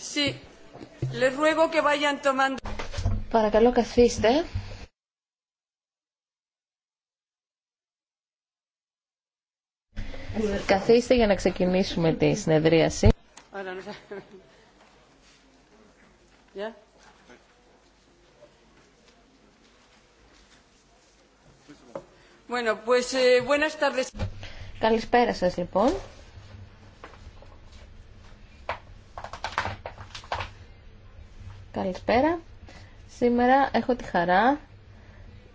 Sí. Le ruego que vayan tomando... Παρακαλώ καθίστε. Καθίστε για να ξεκινήσουμε τη συνεδρίαση. Bueno, pues, eh, buenas tardes. Καλησπέρα σας λοιπόν. Καλησπέρα. Σήμερα έχω τη χαρά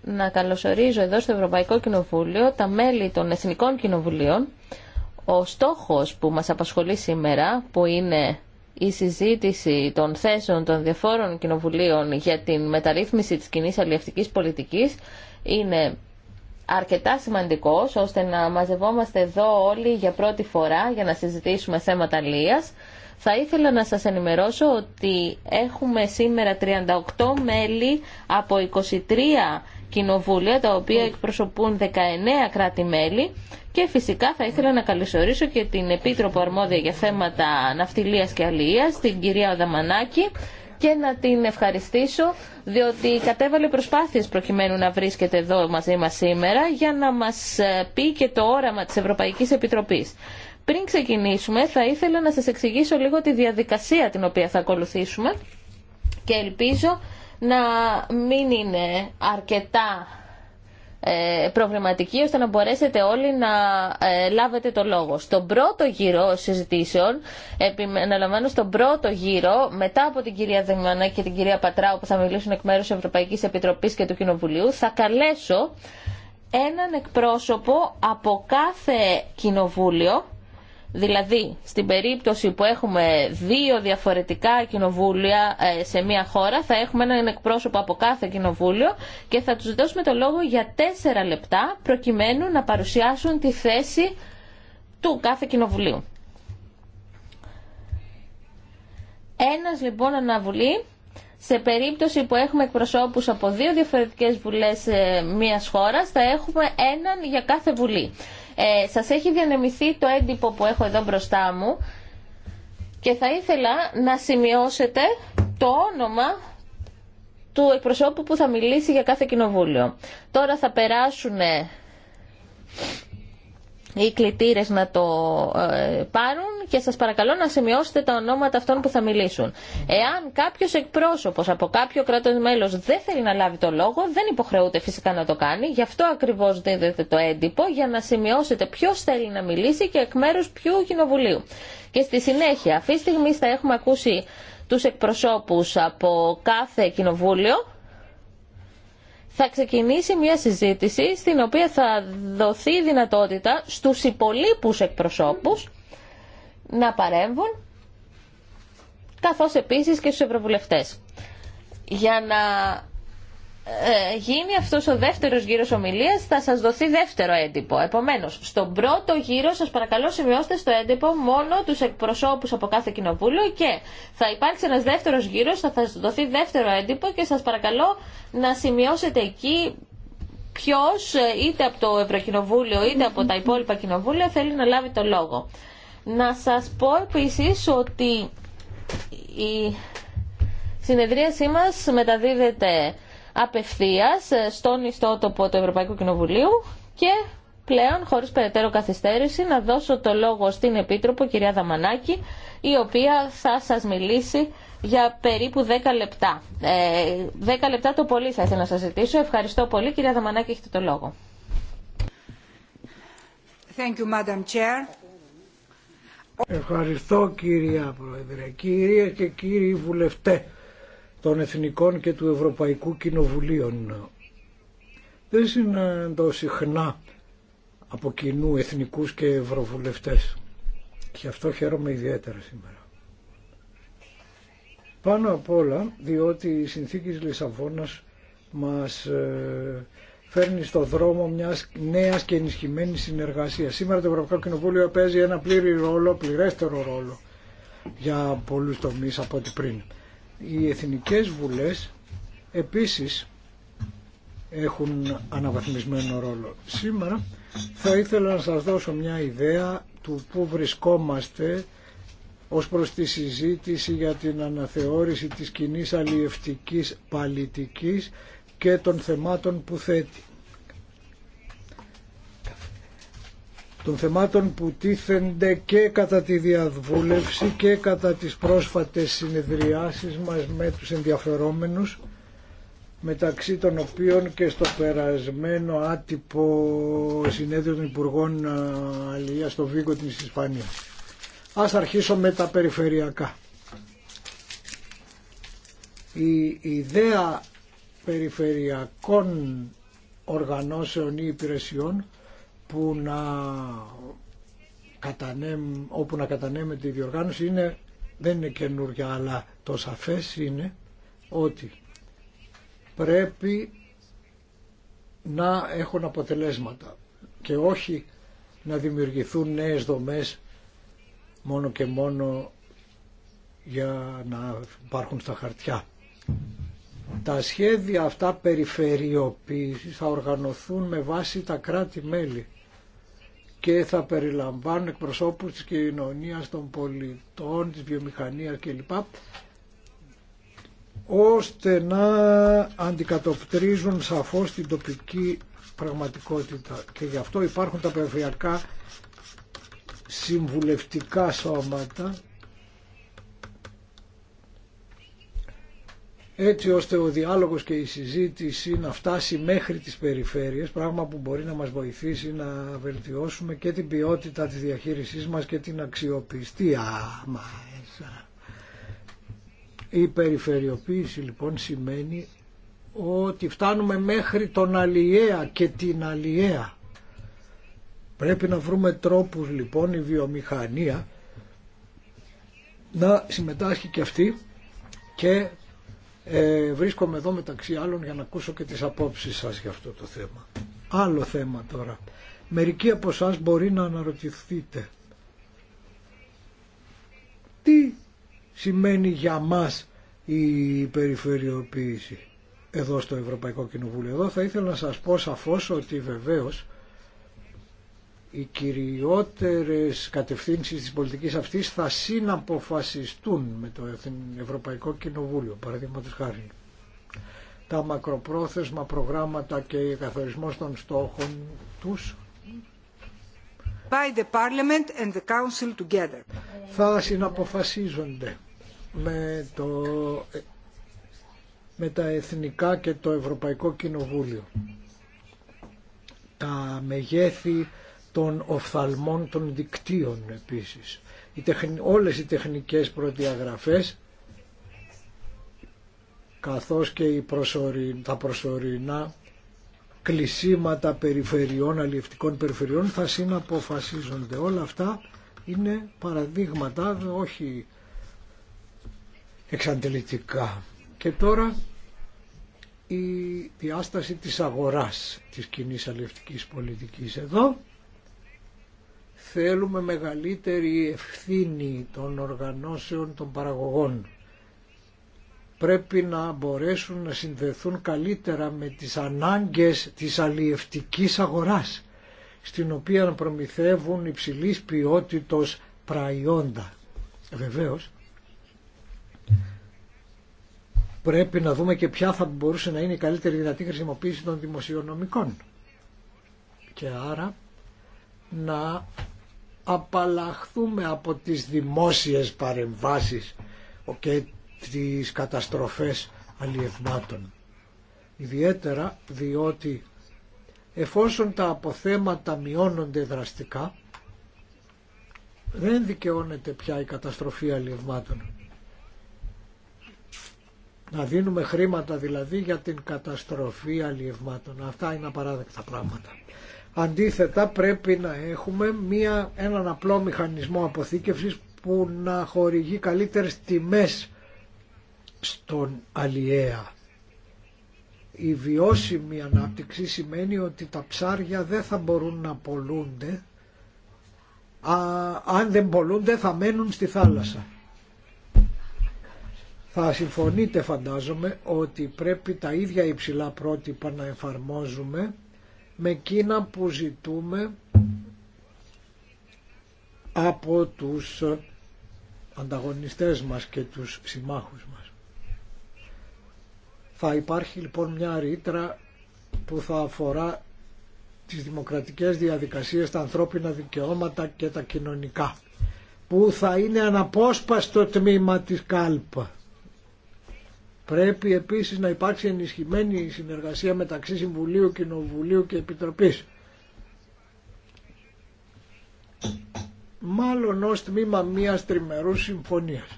να καλωσορίζω εδώ στο Ευρωπαϊκό Κοινοβούλιο τα μέλη των Εθνικών Κοινοβουλίων. Ο στόχος που μας απασχολεί σήμερα, που είναι η συζήτηση των θέσεων των διαφόρων κοινοβουλίων για την μεταρρύθμιση της κοινή αλληλευτικής πολιτικής, είναι αρκετά σημαντικός, ώστε να μαζευόμαστε εδώ όλοι για πρώτη φορά για να συζητήσουμε θέματα αλληλείας θα ήθελα να σας ενημερώσω ότι έχουμε σήμερα 38 μέλη από 23 κοινοβούλια, τα οποία εκπροσωπούν 19 κράτη-μέλη και φυσικά θα ήθελα να καλωσορίσω και την Επίτροπο Αρμόδια για θέματα ναυτιλίας και αλληλείας, την κυρία Οδαμανάκη, και να την ευχαριστήσω διότι κατέβαλε προσπάθειες προκειμένου να βρίσκεται εδώ μαζί μας σήμερα για να μας πει και το όραμα της Ευρωπαϊκής Επιτροπής. Πριν ξεκινήσουμε, θα ήθελα να σας εξηγήσω λίγο τη διαδικασία την οποία θα ακολουθήσουμε και ελπίζω να μην είναι αρκετά ε, προβληματική ώστε να μπορέσετε όλοι να ε, λάβετε το λόγο. Στον πρώτο γύρο συζητήσεων, επαναλαμβάνω στον πρώτο γύρο, μετά από την κυρία Δεμιανά και την κυρία Πατράου που θα μιλήσουν εκ μέρους Ευρωπαϊκής Επιτροπής και του Κοινοβουλίου, θα καλέσω έναν εκπρόσωπο από κάθε κοινοβούλιο Δηλαδή, στην περίπτωση που έχουμε δύο διαφορετικά κοινοβούλια ε, σε μία χώρα, θα έχουμε έναν εκπρόσωπο από κάθε κοινοβούλιο και θα τους δώσουμε το λόγο για τέσσερα λεπτά, προκειμένου να παρουσιάσουν τη θέση του κάθε κοινοβουλίου. Ένας λοιπόν αναβουλή σε περίπτωση που έχουμε εκπροσώπους από δύο διαφορετικές βουλές ε, μίας χώρας θα έχουμε έναν για κάθε βουλή. Ε, σας έχει διανεμηθεί το έντυπο που έχω εδώ μπροστά μου και θα ήθελα να σημειώσετε το όνομα του εκπροσώπου που θα μιλήσει για κάθε κοινοβούλιο. Τώρα θα περάσουν οι κλητήρε να το ε, πάρουν και σας παρακαλώ να σημειώσετε τα ονόματα αυτών που θα μιλήσουν. Εάν κάποιος εκπρόσωπος από κάποιο κράτος μέλος δεν θέλει να λάβει το λόγο, δεν υποχρεούται φυσικά να το κάνει. Γι' αυτό ακριβώς δίδεται το έντυπο για να σημειώσετε ποιος θέλει να μιλήσει και εκ μέρου ποιου κοινοβουλίου. Και στη συνέχεια, αυτή τη στιγμή θα έχουμε ακούσει τους εκπροσώπους από κάθε κοινοβούλιο θα ξεκινήσει μια συζήτηση στην οποία θα δοθεί δυνατότητα στους υπολείπους εκπροσώπους να παρέμβουν καθώς επίσης και στους ευρωβουλευτές. Για να ε, γίνει αυτός ο δεύτερος γύρος ομιλίας θα σας δοθεί δεύτερο έντυπο. Επομένως, στον πρώτο γύρο σας παρακαλώ σημειώστε στο έντυπο μόνο τους εκπροσώπους από κάθε κοινοβούλιο και θα υπάρξει ένας δεύτερος γύρος, θα σας δοθεί δεύτερο έντυπο και σας παρακαλώ να σημειώσετε εκεί ποιο, ε, είτε από το Ευρωκοινοβούλιο είτε από τα υπόλοιπα κοινοβούλια θέλει να λάβει το λόγο. Να σας πω επίση ότι η συνεδρίασή μας μεταδίδεται απευθείας ε, στον ιστότοπο του Ευρωπαϊκού Κοινοβουλίου και πλέον χωρίς περαιτέρω καθυστέρηση να δώσω το λόγο στην Επίτροπο κυρία Δαμανάκη η οποία θα σας μιλήσει για περίπου 10 λεπτά. 10 ε, λεπτά το πολύ θα ήθελα να σας ζητήσω. Ευχαριστώ πολύ. Κυρία Δαμανάκη, έχετε το λόγο. Thank you, Madam Chair. Ευχαριστώ κυρία Πρόεδρε. κυρίες και κύριοι βουλευτές των Εθνικών και του Ευρωπαϊκού Κοινοβουλίων. Δεν συναντώ συχνά από κοινού εθνικούς και ευρωβουλευτές. Και αυτό χαίρομαι ιδιαίτερα σήμερα. Πάνω απ' όλα διότι η συνθήκη της Λισαβόνας μας ε, φέρνει στο δρόμο μιας νέας και ενισχυμένης συνεργασίας. Σήμερα το Ευρωπαϊκό Κοινοβούλιο παίζει ένα πλήρη ρόλο, πληρέστερο ρόλο για πολλούς τομείς από ό,τι πριν. Οι εθνικές βουλές επίσης έχουν αναβαθμισμένο ρόλο. Σήμερα θα ήθελα να σας δώσω μια ιδέα του πού βρισκόμαστε ως προς τη συζήτηση για την αναθεώρηση της κοινή αλλιευτικής παλιτικής και των θεμάτων που θέτει. των θεμάτων που τίθενται και κατά τη διαβούλευση και κατά τις πρόσφατες συνεδριάσεις μας με τους ενδιαφερόμενους μεταξύ των οποίων και στο περασμένο άτυπο συνέδριο των Υπουργών Αλληλείας στο Βίγκο της Ισπανίας. Ας αρχίσω με τα περιφερειακά. Η ιδέα περιφερειακών οργανώσεων ή υπηρεσιών όπου να, κατανέμ, όπου να κατανέμεται η διοργάνωση είναι, δεν είναι καινούργια, αλλά το σαφές είναι ότι πρέπει να έχουν αποτελέσματα και όχι να δημιουργηθούν νέες δομές μόνο και μόνο για να υπάρχουν στα χαρτιά. Τα σχέδια αυτά περιφερειοποίησης θα οργανωθούν με βάση τα κράτη-μέλη και θα περιλαμβάνουν εκπροσώπους της κοινωνίας των πολιτών, της βιομηχανίας κλπ ώστε να αντικατοπτρίζουν σαφώς την τοπική πραγματικότητα και γι' αυτό υπάρχουν τα περιφερειακά συμβουλευτικά σώματα έτσι ώστε ο διάλογος και η συζήτηση να φτάσει μέχρι τις περιφέρειες, πράγμα που μπορεί να μας βοηθήσει να βελτιώσουμε και την ποιότητα της διαχείρισής μας και την αξιοπιστία μας. Η περιφερειοποίηση λοιπόν σημαίνει ότι φτάνουμε μέχρι τον Αλιέα και την Αλιέα. Πρέπει να βρούμε τρόπους λοιπόν η βιομηχανία να συμμετάσχει και αυτή και ε, βρίσκομαι εδώ μεταξύ άλλων για να ακούσω και τις απόψεις σας για αυτό το θέμα. Άλλο θέμα τώρα. Μερικοί από εσά μπορεί να αναρωτηθείτε τι σημαίνει για μας η περιφερειοποίηση εδώ στο Ευρωπαϊκό Κοινοβούλιο. Εδώ θα ήθελα να σας πω σαφώς ότι βεβαίως οι κυριότερες κατευθύνσεις της πολιτικής αυτής θα συναποφασιστούν με το Ευρωπαϊκό Κοινοβούλιο, παραδείγματος χάρη. Τα μακροπρόθεσμα προγράμματα και η καθορισμός των στόχων τους θα συναποφασίζονται με, το, με τα Εθνικά και το Ευρωπαϊκό Κοινοβούλιο. Τα μεγέθη των οφθαλμών των δικτύων επίσης. Οι όλες οι τεχνικές προδιαγραφές καθώς και οι τα προσωρινά κλεισίματα περιφερειών, αλλιευτικών περιφερειών θα συναποφασίζονται. Όλα αυτά είναι παραδείγματα, όχι εξαντλητικά. Και τώρα η διάσταση της αγοράς της κοινής αλληλευτικής πολιτικής εδώ θέλουμε μεγαλύτερη ευθύνη των οργανώσεων των παραγωγών. Πρέπει να μπορέσουν να συνδεθούν καλύτερα με τις ανάγκες της αλλιευτικής αγοράς, στην οποία προμηθεύουν υψηλής ποιότητος προϊόντα. Βεβαίως, πρέπει να δούμε και ποια θα μπορούσε να είναι η καλύτερη δυνατή χρησιμοποίηση των δημοσιονομικών. Και άρα να απαλλαχθούμε από τις δημόσιες παρεμβάσεις και τις καταστροφές αλλιευμάτων. Ιδιαίτερα διότι εφόσον τα αποθέματα μειώνονται δραστικά δεν δικαιώνεται πια η καταστροφή αλλιευμάτων. Να δίνουμε χρήματα δηλαδή για την καταστροφή αλλιευμάτων. Αυτά είναι απαράδεκτα πράγματα. Αντίθετα πρέπει να έχουμε μια, έναν απλό μηχανισμό αποθήκευσης που να χορηγεί καλύτερες τιμές στον αλιέα. Η βιώσιμη ανάπτυξη σημαίνει ότι τα ψάρια δεν θα μπορούν να πολλούνται. αν δεν πολλούνται θα μένουν στη θάλασσα. Θα συμφωνείτε φαντάζομαι ότι πρέπει τα ίδια υψηλά πρότυπα να εφαρμόζουμε με εκείνα που ζητούμε από τους ανταγωνιστές μας και τους συμμάχους μας. Θα υπάρχει λοιπόν μια ρήτρα που θα αφορά τις δημοκρατικές διαδικασίες, τα ανθρώπινα δικαιώματα και τα κοινωνικά που θα είναι αναπόσπαστο τμήμα της κάλπα. Πρέπει επίσης να υπάρξει ενισχυμένη συνεργασία μεταξύ Συμβουλίου, Κοινοβουλίου και Επιτροπής. Μάλλον ως τμήμα μιας τριμερούς συμφωνίας.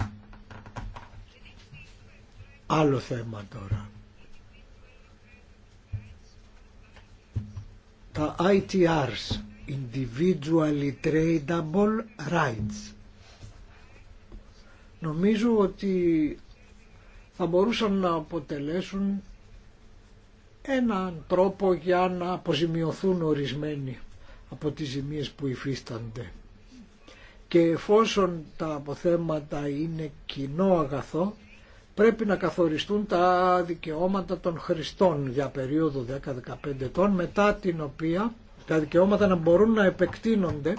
Άλλο θέμα τώρα. Τα ITRs, Individually Tradable Rights. Νομίζω ότι θα μπορούσαν να αποτελέσουν έναν τρόπο για να αποζημιωθούν ορισμένοι από τις ζημίες που υφίστανται. Και εφόσον τα αποθέματα είναι κοινό αγαθό, πρέπει να καθοριστούν τα δικαιώματα των χρηστών για περίοδο 10-15 ετών, μετά την οποία τα δικαιώματα να μπορούν να επεκτείνονται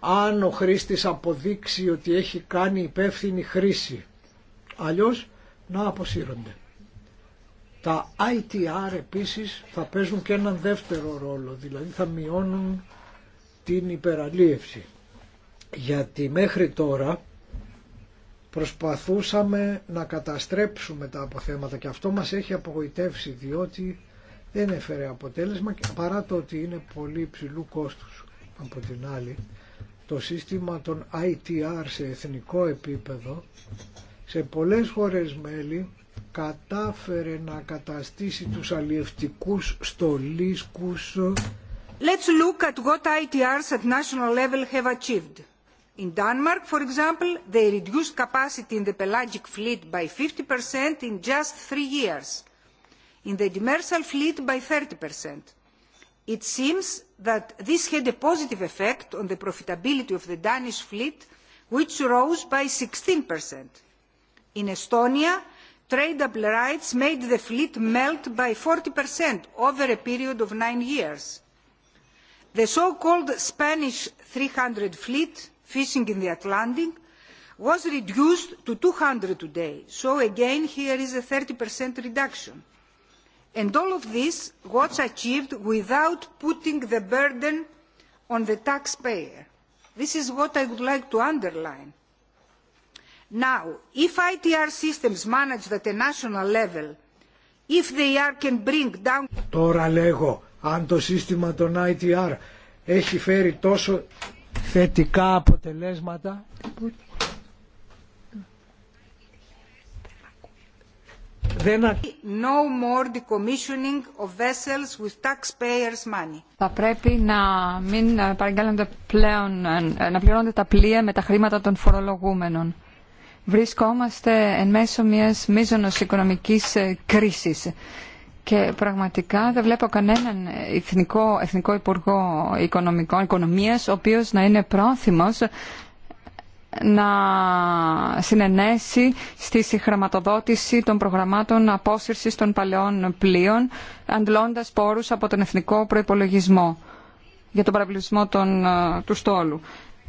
αν ο χρήστης αποδείξει ότι έχει κάνει υπεύθυνη χρήση. Αλλιώς να αποσύρονται. Τα ITR επίσης θα παίζουν και έναν δεύτερο ρόλο, δηλαδή θα μειώνουν την υπεραλίευση. Γιατί μέχρι τώρα προσπαθούσαμε να καταστρέψουμε τα αποθέματα και αυτό μας έχει απογοητεύσει διότι δεν έφερε αποτέλεσμα και παρά το ότι είναι πολύ υψηλού κόστους από την άλλη το σύστημα των ITR σε εθνικό επίπεδο σε πολλές χώρες μέλη κατάφερε να καταστήσει τους αλλιευτικούς στολίσκους Let's look at what ITRs at national level have achieved. In Denmark, for example, they reduced capacity in the pelagic fleet by 50% in just three years, in the demersal fleet by 30%. It seems that this had a positive effect on the profitability of the Danish fleet, which rose by 16%. In Estonia, tradable rights made the fleet melt by 40% over a period of nine years. The so-called Spanish 300 fleet, fishing in the Atlantic, was reduced to 200 today. So again, here is a 30% reduction. And all of this was achieved without putting the burden on the taxpayer. This is what I would like to underline Now, if ITR systems managed at a national level, if they are can bring down... Τώρα λέγω, αν το σύστημα των ITR έχει φέρει τόσο θετικά αποτελέσματα... Δεν... No more decommissioning of vessels with taxpayers money. Θα πρέπει να μην παραγγέλλονται πλέον, να πληρώνονται τα πλοία με τα χρήματα των φορολογούμενων βρισκόμαστε εν μέσω μιας μείζωνος οικονομικής ε, κρίσης και πραγματικά δεν βλέπω κανέναν εθνικό, εθνικό υπουργό οικονομικών, οικονομίας ο οποίος να είναι πρόθυμος να συνενέσει στη συγχρηματοδότηση των προγραμμάτων απόσυρσης των παλαιών πλοίων αντλώντας πόρους από τον εθνικό προϋπολογισμό για τον των, ε, του στόλου.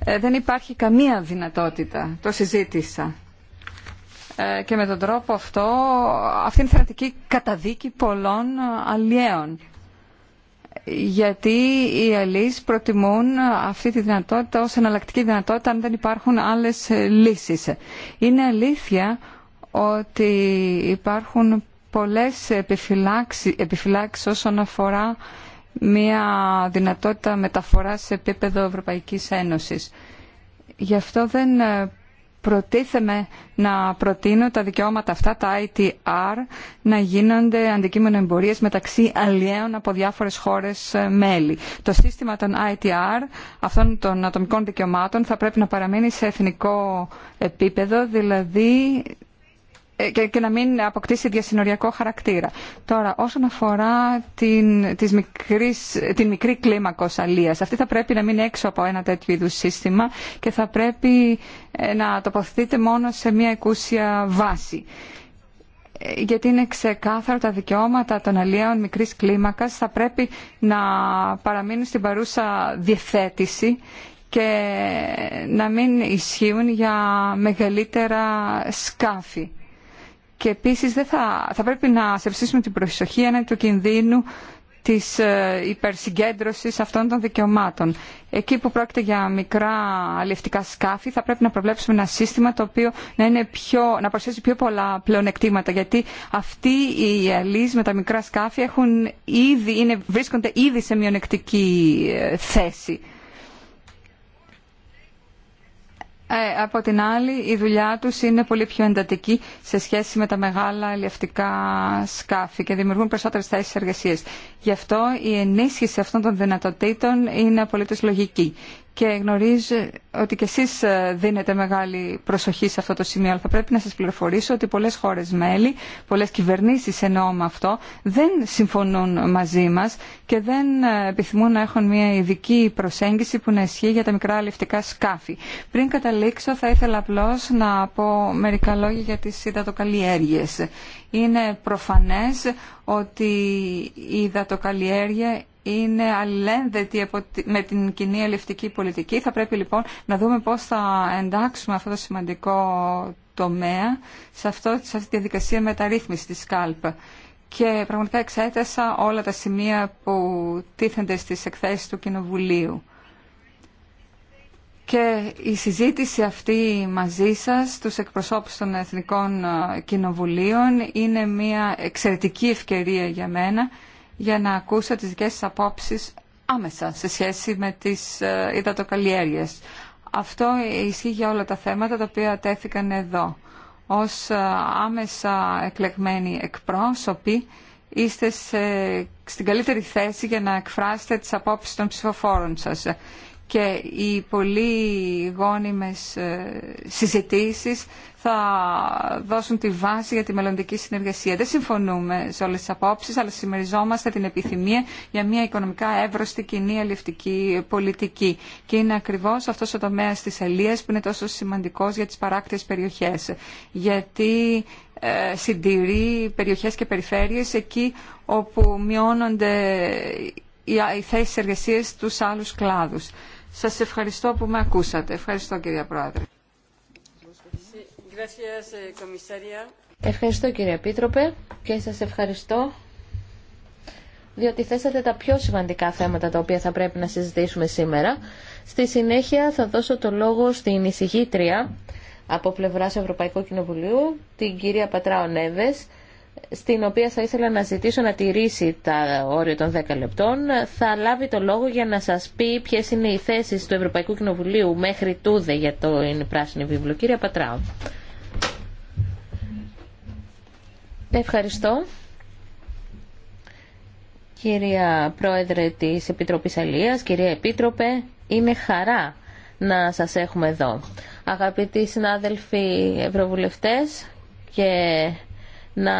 Ε, δεν υπάρχει καμία δυνατότητα. Το συζήτησα. Ε, και με τον τρόπο αυτό αυτή είναι θερατική καταδίκη πολλών ε, αλλιέων. Γιατί οι αλλοίς προτιμούν αυτή τη δυνατότητα ως εναλλακτική δυνατότητα αν δεν υπάρχουν άλλες ε, λύσεις. Είναι αλήθεια ότι υπάρχουν πολλές επιφυλάξεις όσον αφορά μια δυνατότητα μεταφοράς σε επίπεδο Ευρωπαϊκής Ένωσης. Γι' αυτό δεν προτίθεμαι να προτείνω τα δικαιώματα αυτά, τα ITR, να γίνονται αντικείμενο εμπορίας μεταξύ αλλιέων από διάφορε χώρες ε, μέλη. Το σύστημα των ITR, αυτών των ατομικών δικαιωμάτων, θα πρέπει να παραμείνει σε εθνικό επίπεδο, δηλαδή ε, και, να μην αποκτήσει διασυνοριακό χαρακτήρα. Τώρα, όσον αφορά την, της μικρής, την μικρή κλίμακος αλίας, αυτή θα πρέπει να μείνει έξω από ένα τέτοιο είδους σύστημα και θα πρέπει ε, να τοποθετείται μόνο σε μια εκούσια βάση ε, γιατί είναι ξεκάθαρο τα δικαιώματα των αλλίων μικρής κλίμακας θα πρέπει να παραμείνουν στην παρούσα διευθέτηση και να μην ισχύουν για μεγαλύτερα σκάφη και επίσης δεν θα, θα πρέπει να σευσίσουμε την προσοχή έναντι του κινδύνου της ε, υπερσυγκέντρωσης αυτών των δικαιωμάτων. Εκεί που πρόκειται για μικρά αλληλευτικά σκάφη θα πρέπει να προβλέψουμε ένα σύστημα το οποίο να, είναι πιο, να προσθέσει πιο πολλά πλεονεκτήματα γιατί αυτοί οι αλληλείς με τα μικρά σκάφη έχουν ήδη, βρίσκονται ήδη σε μειονεκτική ε, θέση. Ε, από την άλλη, η δουλειά τους είναι πολύ πιο εντατική σε σχέση με τα μεγάλα ελευτικά σκάφη και δημιουργούν περισσότερες θέσεις εργασίας. Γι' αυτό η ενίσχυση αυτών των δυνατοτήτων είναι απολύτως λογική και γνωρίζω ότι και εσείς ε, δίνετε μεγάλη προσοχή σε αυτό το σημείο. Αλλά θα πρέπει να σας πληροφορήσω ότι πολλές χώρες μέλη, πολλές κυβερνήσεις εννοώ με αυτό, δεν συμφωνούν μαζί μας και δεν ε, επιθυμούν να έχουν μια ειδική προσέγγιση που να ισχύει για τα μικρά αλευτικά σκάφη. Πριν καταλήξω θα ήθελα απλώ να πω μερικά λόγια για τις υδατοκαλλιέργειες. Είναι προφανές ότι η υδατοκαλλιέργεια είναι αλληλένδετη με την κοινή ελευτική πολιτική. Θα πρέπει λοιπόν να δούμε πώς θα εντάξουμε αυτό το σημαντικό τομέα σε, αυτό, αυτή τη διαδικασία μεταρρύθμισης της ΚΑΛΠ. Και πραγματικά εξέτασα όλα τα σημεία που τίθενται στις εκθέσεις του Κοινοβουλίου. Και η συζήτηση αυτή μαζί σας, τους εκπροσώπους των Εθνικών Κοινοβουλίων, είναι μια εξαιρετική ευκαιρία για μένα για να ακούσω τις δικές σας απόψεις άμεσα σε σχέση με τις ε, υδατοκαλλιέργειες. Αυτό ισχύει για όλα τα θέματα τα οποία τέθηκαν εδώ. Ως ε, άμεσα εκλεγμένοι εκπρόσωποι είστε σε, στην καλύτερη θέση για να εκφράσετε τις απόψεις των ψηφοφόρων σας. Και οι πολύ γόνιμες ε, συζητήσεις θα δώσουν τη βάση για τη μελλοντική συνεργασία. Δεν συμφωνούμε σε όλες τις απόψεις, αλλά συμμεριζόμαστε την επιθυμία για μια οικονομικά εύρωστη κοινή αλληλευτική πολιτική. Και είναι ακριβώς αυτό ο τομέας της Ελίας που είναι τόσο σημαντικός για τις παράκτηε περιοχές. Γιατί ε, συντηρεί περιοχές και περιφέρειες εκεί όπου μειώνονται οι θέσει εργασία στους άλλους κλάδους. Σας ευχαριστώ που με ακούσατε. Ευχαριστώ κυρία Πρόεδρε. Eh, ευχαριστώ κύριε Επίτροπε και σας ευχαριστώ διότι θέσατε τα πιο σημαντικά θέματα τα οποία θα πρέπει να συζητήσουμε σήμερα. Στη συνέχεια θα δώσω το λόγο στην εισηγήτρια από πλευράς Ευρωπαϊκού Κοινοβουλίου, την κυρία Πατράο Νέβες, στην οποία θα ήθελα να ζητήσω να τηρήσει τα όρια των 10 λεπτών, θα λάβει το λόγο για να σας πει ποιες είναι οι θέσεις του Ευρωπαϊκού Κοινοβουλίου μέχρι τούδε για το πράσινο Βίβλο. Κύριε Πατράου. Ευχαριστώ. Κυρία Πρόεδρε της Επιτροπής Αλίας, κυρία Επίτροπε, είναι χαρά να σας έχουμε εδώ. Αγαπητοί συνάδελφοι ευρωβουλευτές και να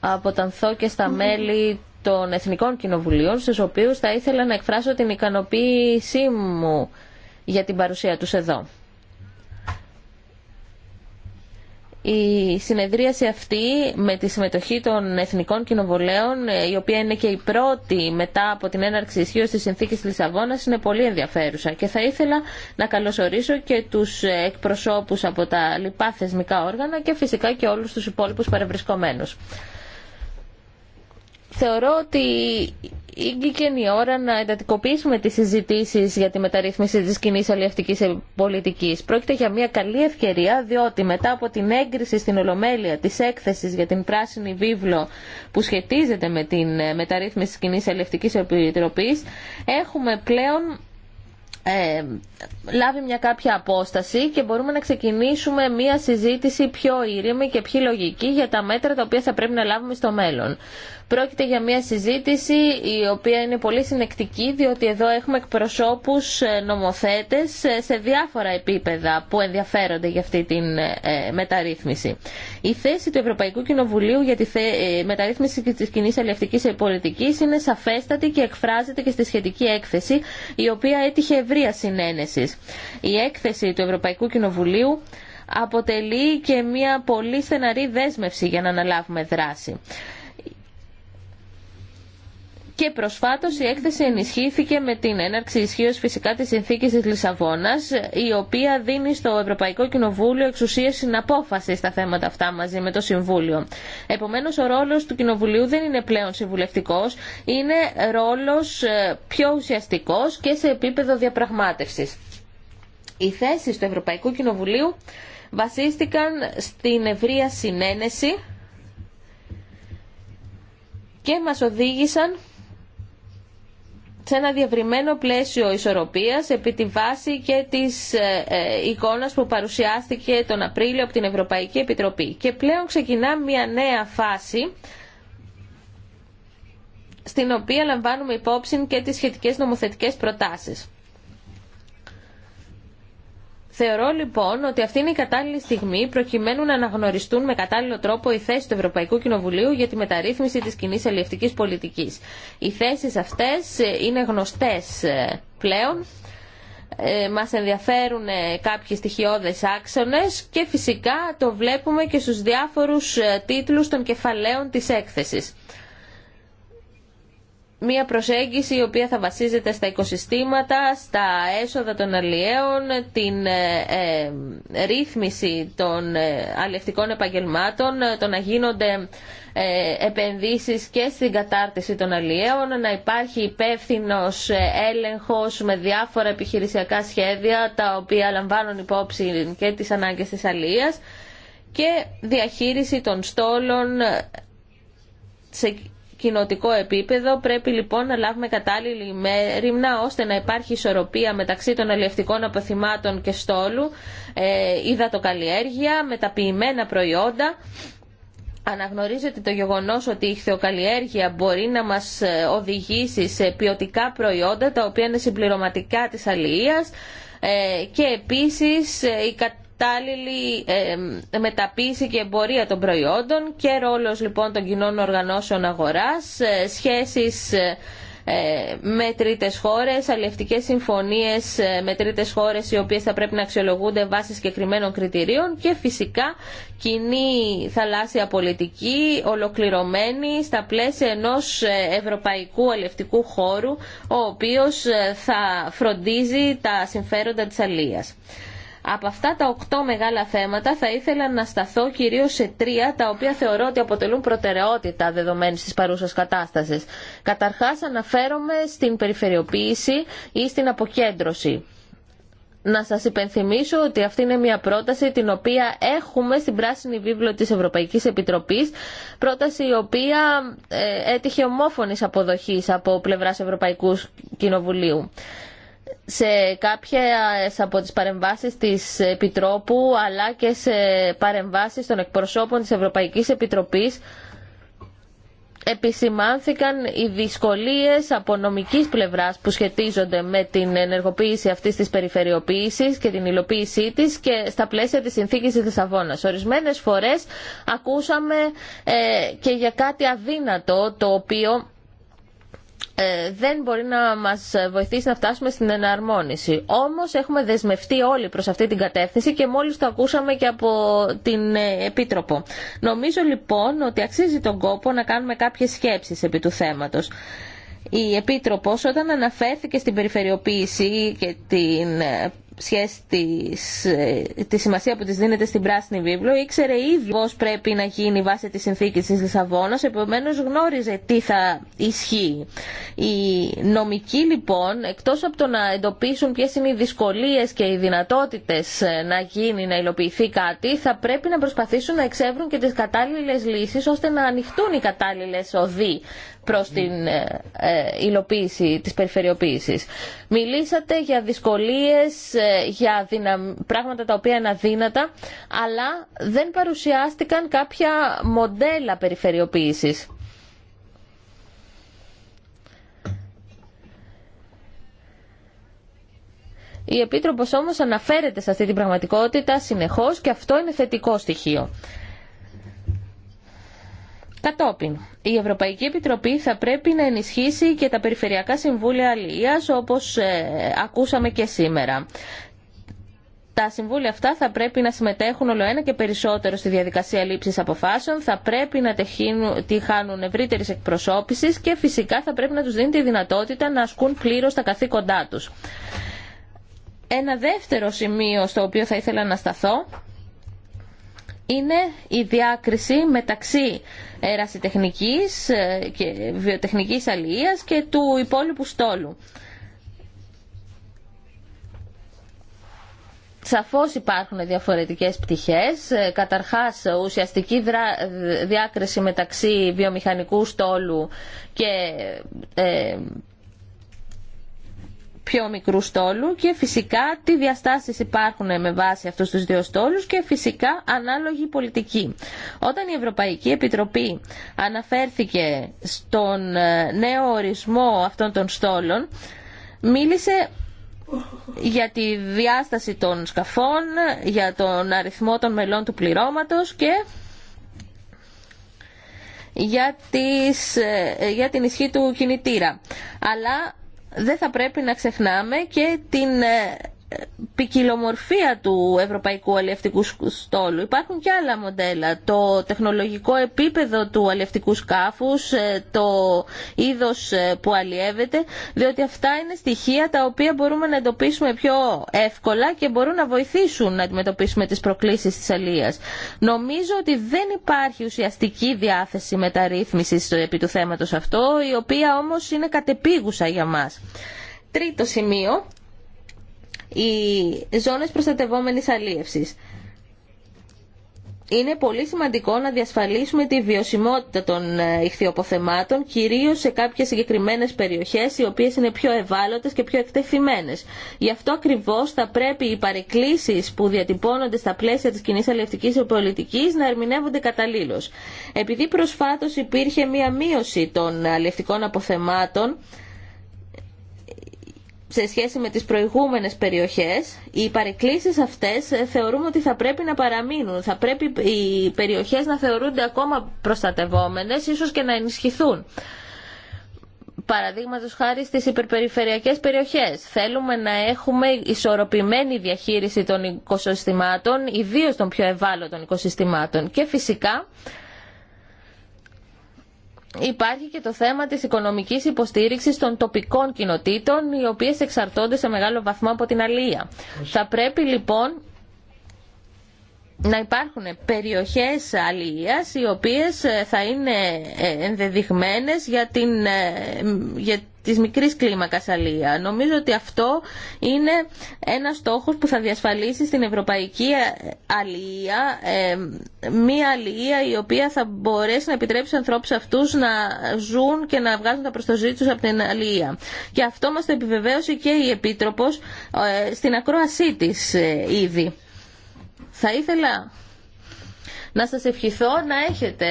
αποτανθώ και στα μέλη των Εθνικών Κοινοβουλίων, στους οποίους θα ήθελα να εκφράσω την ικανοποίησή μου για την παρουσία τους εδώ. Η συνεδρίαση αυτή με τη συμμετοχή των Εθνικών Κοινοβουλέων, ε, η οποία είναι και η πρώτη μετά από την έναρξη ισχύω τη συνθήκη τη Λισαβόνα, είναι πολύ ενδιαφέρουσα. Και θα ήθελα να καλωσορίσω και του ε, εκπροσώπου από τα λοιπά θεσμικά όργανα και φυσικά και όλου του υπόλοιπου παρευρισκόμενου. Θεωρώ ότι ήγηκε η ώρα να εντατικοποιήσουμε τις συζητήσεις για τη μεταρρύθμιση της κοινή αλληλευτικής πολιτικής. Πρόκειται για μια καλή ευκαιρία, διότι μετά από την έγκριση στην Ολομέλεια της έκθεσης για την πράσινη βίβλο που σχετίζεται με την ε, μεταρρύθμιση της κοινή αλληλευτικής επιτροπής, έχουμε πλέον ε, λάβει μια κάποια απόσταση και μπορούμε να ξεκινήσουμε μια συζήτηση πιο ήρεμη και πιο λογική για τα μέτρα τα οποία θα πρέπει να λάβουμε στο μέλλον. Πρόκειται για μια συζήτηση η οποία είναι πολύ συνεκτική διότι εδώ έχουμε εκπροσώπους ε, νομοθέτες ε, σε διάφορα επίπεδα που ενδιαφέρονται για αυτή τη ε, μεταρρύθμιση. Η θέση του Ευρωπαϊκού Κοινοβουλίου για τη μεταρρύθμιση τη κοινή αλληλευτική πολιτική είναι σαφέστατη και εκφράζεται και στη σχετική έκθεση η οποία έτυχε ευρεία συνένεση. Η έκθεση του Ευρωπαϊκού Κοινοβουλίου αποτελεί και μια πολύ στεναρή δέσμευση για να αναλάβουμε δράση. Και προσφάτω, η έκθεση ενισχύθηκε με την έναρξη ισχύω φυσικά τη συνθήκη τη Λισαβόνα, η οποία δίνει στο Ευρωπαϊκό Κοινοβούλιο εξουσία συναπόφαση στα θέματα αυτά μαζί με το Συμβούλιο. Επομένω, ο ρόλο του Κοινοβουλίου δεν είναι πλέον συμβουλευτικό, είναι ρόλο ε, πιο ουσιαστικό και σε επίπεδο διαπραγματευση. Οι θέσει του Ευρωπαϊκού Κοινοβουλίου βασίστηκαν στην ευρεία συνένεση και μας οδήγησαν σε ένα διευρυμένο πλαίσιο ισορροπίας επί τη βάση και της ε, ε, εικόνας που παρουσιάστηκε τον Απρίλιο από την Ευρωπαϊκή Επιτροπή. Και πλέον ξεκινά μια νέα φάση στην οποία λαμβάνουμε υπόψη και τις σχετικές νομοθετικές προτάσεις. Θεωρώ λοιπόν ότι αυτή είναι η κατάλληλη στιγμή προκειμένου να αναγνωριστούν με κατάλληλο τρόπο οι θέσει του Ευρωπαϊκού Κοινοβουλίου για τη μεταρρύθμιση τη κοινή αλληλευτική πολιτική. Οι θέσει αυτέ ε, είναι γνωστέ ε, πλέον. Ε, μας ενδιαφέρουν ε, κάποιες στοιχειώδες άξονες και φυσικά το βλέπουμε και στους διάφορους τίτλους των κεφαλαίων της έκθεσης μια προσέγγιση η οποία θα βασίζεται στα οικοσυστήματα, στα έσοδα των αλλιέων, την ε, ε, ρύθμιση των ε, αλλιευτικών επαγγελμάτων, το να γίνονται επενδύσεις και στην κατάρτιση των αλλιέων, να υπάρχει υπεύθυνο έλεγχος με διάφορα επιχειρησιακά σχέδια τα οποία λαμβάνουν υπόψη και τις ανάγκες της αλλίας και διαχείριση των στόλων κοινοτικό επίπεδο πρέπει λοιπόν να λάβουμε κατάλληλη μέρημνα ώστε να υπάρχει ισορροπία μεταξύ των αλλιευτικών αποθυμάτων και στόλου, ε, υδατοκαλλιέργεια, μεταποιημένα προϊόντα. Αναγνωρίζετε το γεγονός ότι η χθεοκαλλιέργεια μπορεί να μας ε, οδηγήσει σε ποιοτικά προϊόντα τα οποία είναι συμπληρωματικά της αλληλείας ε, και επίσης ε, η κατάλληλη ε, μεταποίηση και εμπορία των προϊόντων και ρόλος λοιπόν των κοινών οργανώσεων αγοράς, ε, σχέσεις ε, ε, με τρίτες χώρες, αλληλευτικές συμφωνίες με τρίτες χώρες οι οποίες θα πρέπει να αξιολογούνται βάσει συγκεκριμένων κριτηρίων και φυσικά κοινή θαλάσσια πολιτική ολοκληρωμένη στα πλαίσια ενός ευρωπαϊκού αλληλευτικού χώρου ο οποίος θα φροντίζει τα συμφέροντα της αλίας. Από αυτά τα οκτώ μεγάλα θέματα θα ήθελα να σταθώ κυρίως σε τρία τα οποία θεωρώ ότι αποτελούν προτεραιότητα δεδομένης της παρούσας κατάστασης. Καταρχάς αναφέρομαι στην περιφερειοποίηση ή στην αποκέντρωση. Να σας υπενθυμίσω ότι αυτή είναι μια πρόταση την οποία έχουμε στην Πράσινη Βίβλο της Ευρωπαϊκής Επιτροπής, πρόταση η οποία ε, έτυχε ομόφωνης αποδοχής από πλευράς Ευρωπαϊκού Κοινοβουλίου σε κάποιες από τις παρεμβάσεις της Επιτρόπου αλλά και σε παρεμβάσεις των εκπροσώπων της Ευρωπαϊκής Επιτροπής επισημάνθηκαν οι δυσκολίες από νομικής πλευράς που σχετίζονται με την ενεργοποίηση αυτής της περιφερειοποίησης και την υλοποίησή της και στα πλαίσια της συνθήκης της Λισαβόνας. Ορισμένες φορές ακούσαμε ε, και για κάτι αδύνατο το οποίο ε, δεν μπορεί να μας βοηθήσει να φτάσουμε στην εναρμόνιση. Όμως έχουμε δεσμευτεί όλοι προς αυτή την κατεύθυνση και μόλις το ακούσαμε και από την ε, Επίτροπο. Νομίζω λοιπόν ότι αξίζει τον κόπο να κάνουμε κάποιες σκέψεις επί του θέματος. Η Επίτροπος όταν αναφέρθηκε στην περιφερειοποίηση και την ε, σχέση της, ε, τη σημασία που της δίνεται στην πράσινη βίβλο ήξερε ήδη πώς πρέπει να γίνει βάσει της συνθήκης της Λισαβόνας επομένως γνώριζε τι θα ισχύει. Οι νομικοί λοιπόν εκτός από το να εντοπίσουν ποιες είναι οι δυσκολίες και οι δυνατότητες ε, να γίνει, να υλοποιηθεί κάτι θα πρέπει να προσπαθήσουν να εξεύρουν και τις κατάλληλες λύσεις ώστε να ανοιχτούν οι κατάλληλες οδοί προς την ε, ε, υλοποίηση της περιφερειοποίησης. Μιλήσατε για δυσκολίες, ε, για πράγματα τα οποία είναι αδύνατα, αλλά δεν παρουσιάστηκαν κάποια μοντέλα περιφερειοποίηση. Η Επίτροπος όμως αναφέρεται σε αυτή την πραγματικότητα συνεχώς και αυτό είναι θετικό στοιχείο. Κατόπιν, η Ευρωπαϊκή Επιτροπή θα πρέπει να ενισχύσει και τα Περιφερειακά Συμβούλια Αλληλείας, όπως ε, ακούσαμε και σήμερα. Τα συμβούλια αυτά θα πρέπει να συμμετέχουν όλο ένα και περισσότερο στη διαδικασία λήψη αποφάσεων, θα πρέπει να τυχάνουν χάνουν ευρύτερη εκπροσώπηση και φυσικά θα πρέπει να του δίνει τη δυνατότητα να ασκούν πλήρω τα καθήκοντά του. Ένα δεύτερο σημείο στο οποίο θα ήθελα να σταθώ είναι η διάκριση μεταξύ ερασιτεχνικής ε, και βιοτεχνικής αλληλείας και του υπόλοιπου στόλου. Σαφώς υπάρχουν διαφορετικές πτυχές. Ε, καταρχάς, ουσιαστική διάκριση μεταξύ βιομηχανικού στόλου και ε, πιο μικρού στόλου και φυσικά τι διαστάσεις υπάρχουν με βάση αυτούς τους δύο στόλους και φυσικά ανάλογη πολιτική. Όταν η Ευρωπαϊκή Επιτροπή αναφέρθηκε στον ε, νέο ορισμό αυτών των στόλων, μίλησε για τη διάσταση των σκαφών, για τον αριθμό των μελών του πληρώματος και για, ε, για την ισχύ του κινητήρα. Αλλά δεν θα πρέπει να ξεχνάμε και την ε, ποικιλομορφία του ευρωπαϊκού αλληλευτικού στόλου. Υπάρχουν και άλλα μοντέλα. Το τεχνολογικό επίπεδο του αλληλευτικού σκάφους, ε, το είδος ε, που αλλιεύεται, διότι αυτά είναι στοιχεία τα οποία μπορούμε να εντοπίσουμε πιο εύκολα και μπορούν να βοηθήσουν να αντιμετωπίσουμε τις προκλήσεις της αλιείας. Νομίζω ότι δεν υπάρχει ουσιαστική διάθεση μεταρρύθμισης επί του θέματος αυτό, η οποία όμως είναι κατεπίγουσα για μας. Τρίτο σημείο, οι ζώνες προστατευόμενης αλίευσης. Είναι πολύ σημαντικό να διασφαλίσουμε τη βιωσιμότητα των ε, ηχθειοποθεμάτων, κυρίως σε κάποιες συγκεκριμένες περιοχές, οι οποίες είναι πιο ευάλωτες και πιο εκτεθειμένες. Γι' αυτό ακριβώς θα πρέπει οι παρεκκλήσεις που διατυπώνονται στα πλαίσια της κοινής αλληλευτικής πολιτικής να ερμηνεύονται καταλήλως. Επειδή προσφάτως υπήρχε μία μείωση των αλληλευτικών αποθεμάτων, σε σχέση με τις προηγούμενες περιοχές, οι παρεκκλήσεις αυτές ε, θεωρούμε ότι θα πρέπει να παραμείνουν. Θα πρέπει οι περιοχές να θεωρούνται ακόμα προστατευόμενες, ίσως και να ενισχυθούν. Παραδείγματος χάρη στις υπερπεριφερειακές περιοχές. Θέλουμε να έχουμε ισορροπημένη διαχείριση των οικοσυστημάτων, ιδίως των πιο ευάλωτων οικοσυστημάτων. Και φυσικά Υπάρχει και το θέμα της οικονομικής υποστήριξης των τοπικών κοινοτήτων, οι οποίες εξαρτώνται σε μεγάλο βαθμό από την αλία. Θα πρέπει λοιπόν να υπάρχουν περιοχές αλληλείας οι οποίες ε, θα είναι ε, ενδεδειγμένες για, την, ε, για της μικρής κλίμακας αλληλεία. Νομίζω ότι αυτό είναι ένα στόχος που θα διασφαλίσει στην ευρωπαϊκή αλληλεία μία αλληλεία η οποία θα μπορέσει να επιτρέψει στους ανθρώπους αυτούς να ζουν και να βγάζουν τα προστοζή τους από την αλληλεία. Και αυτό μας το επιβεβαίωσε και η Επίτροπος στην ακρόασή της ήδη. Θα ήθελα να σας ευχηθώ να έχετε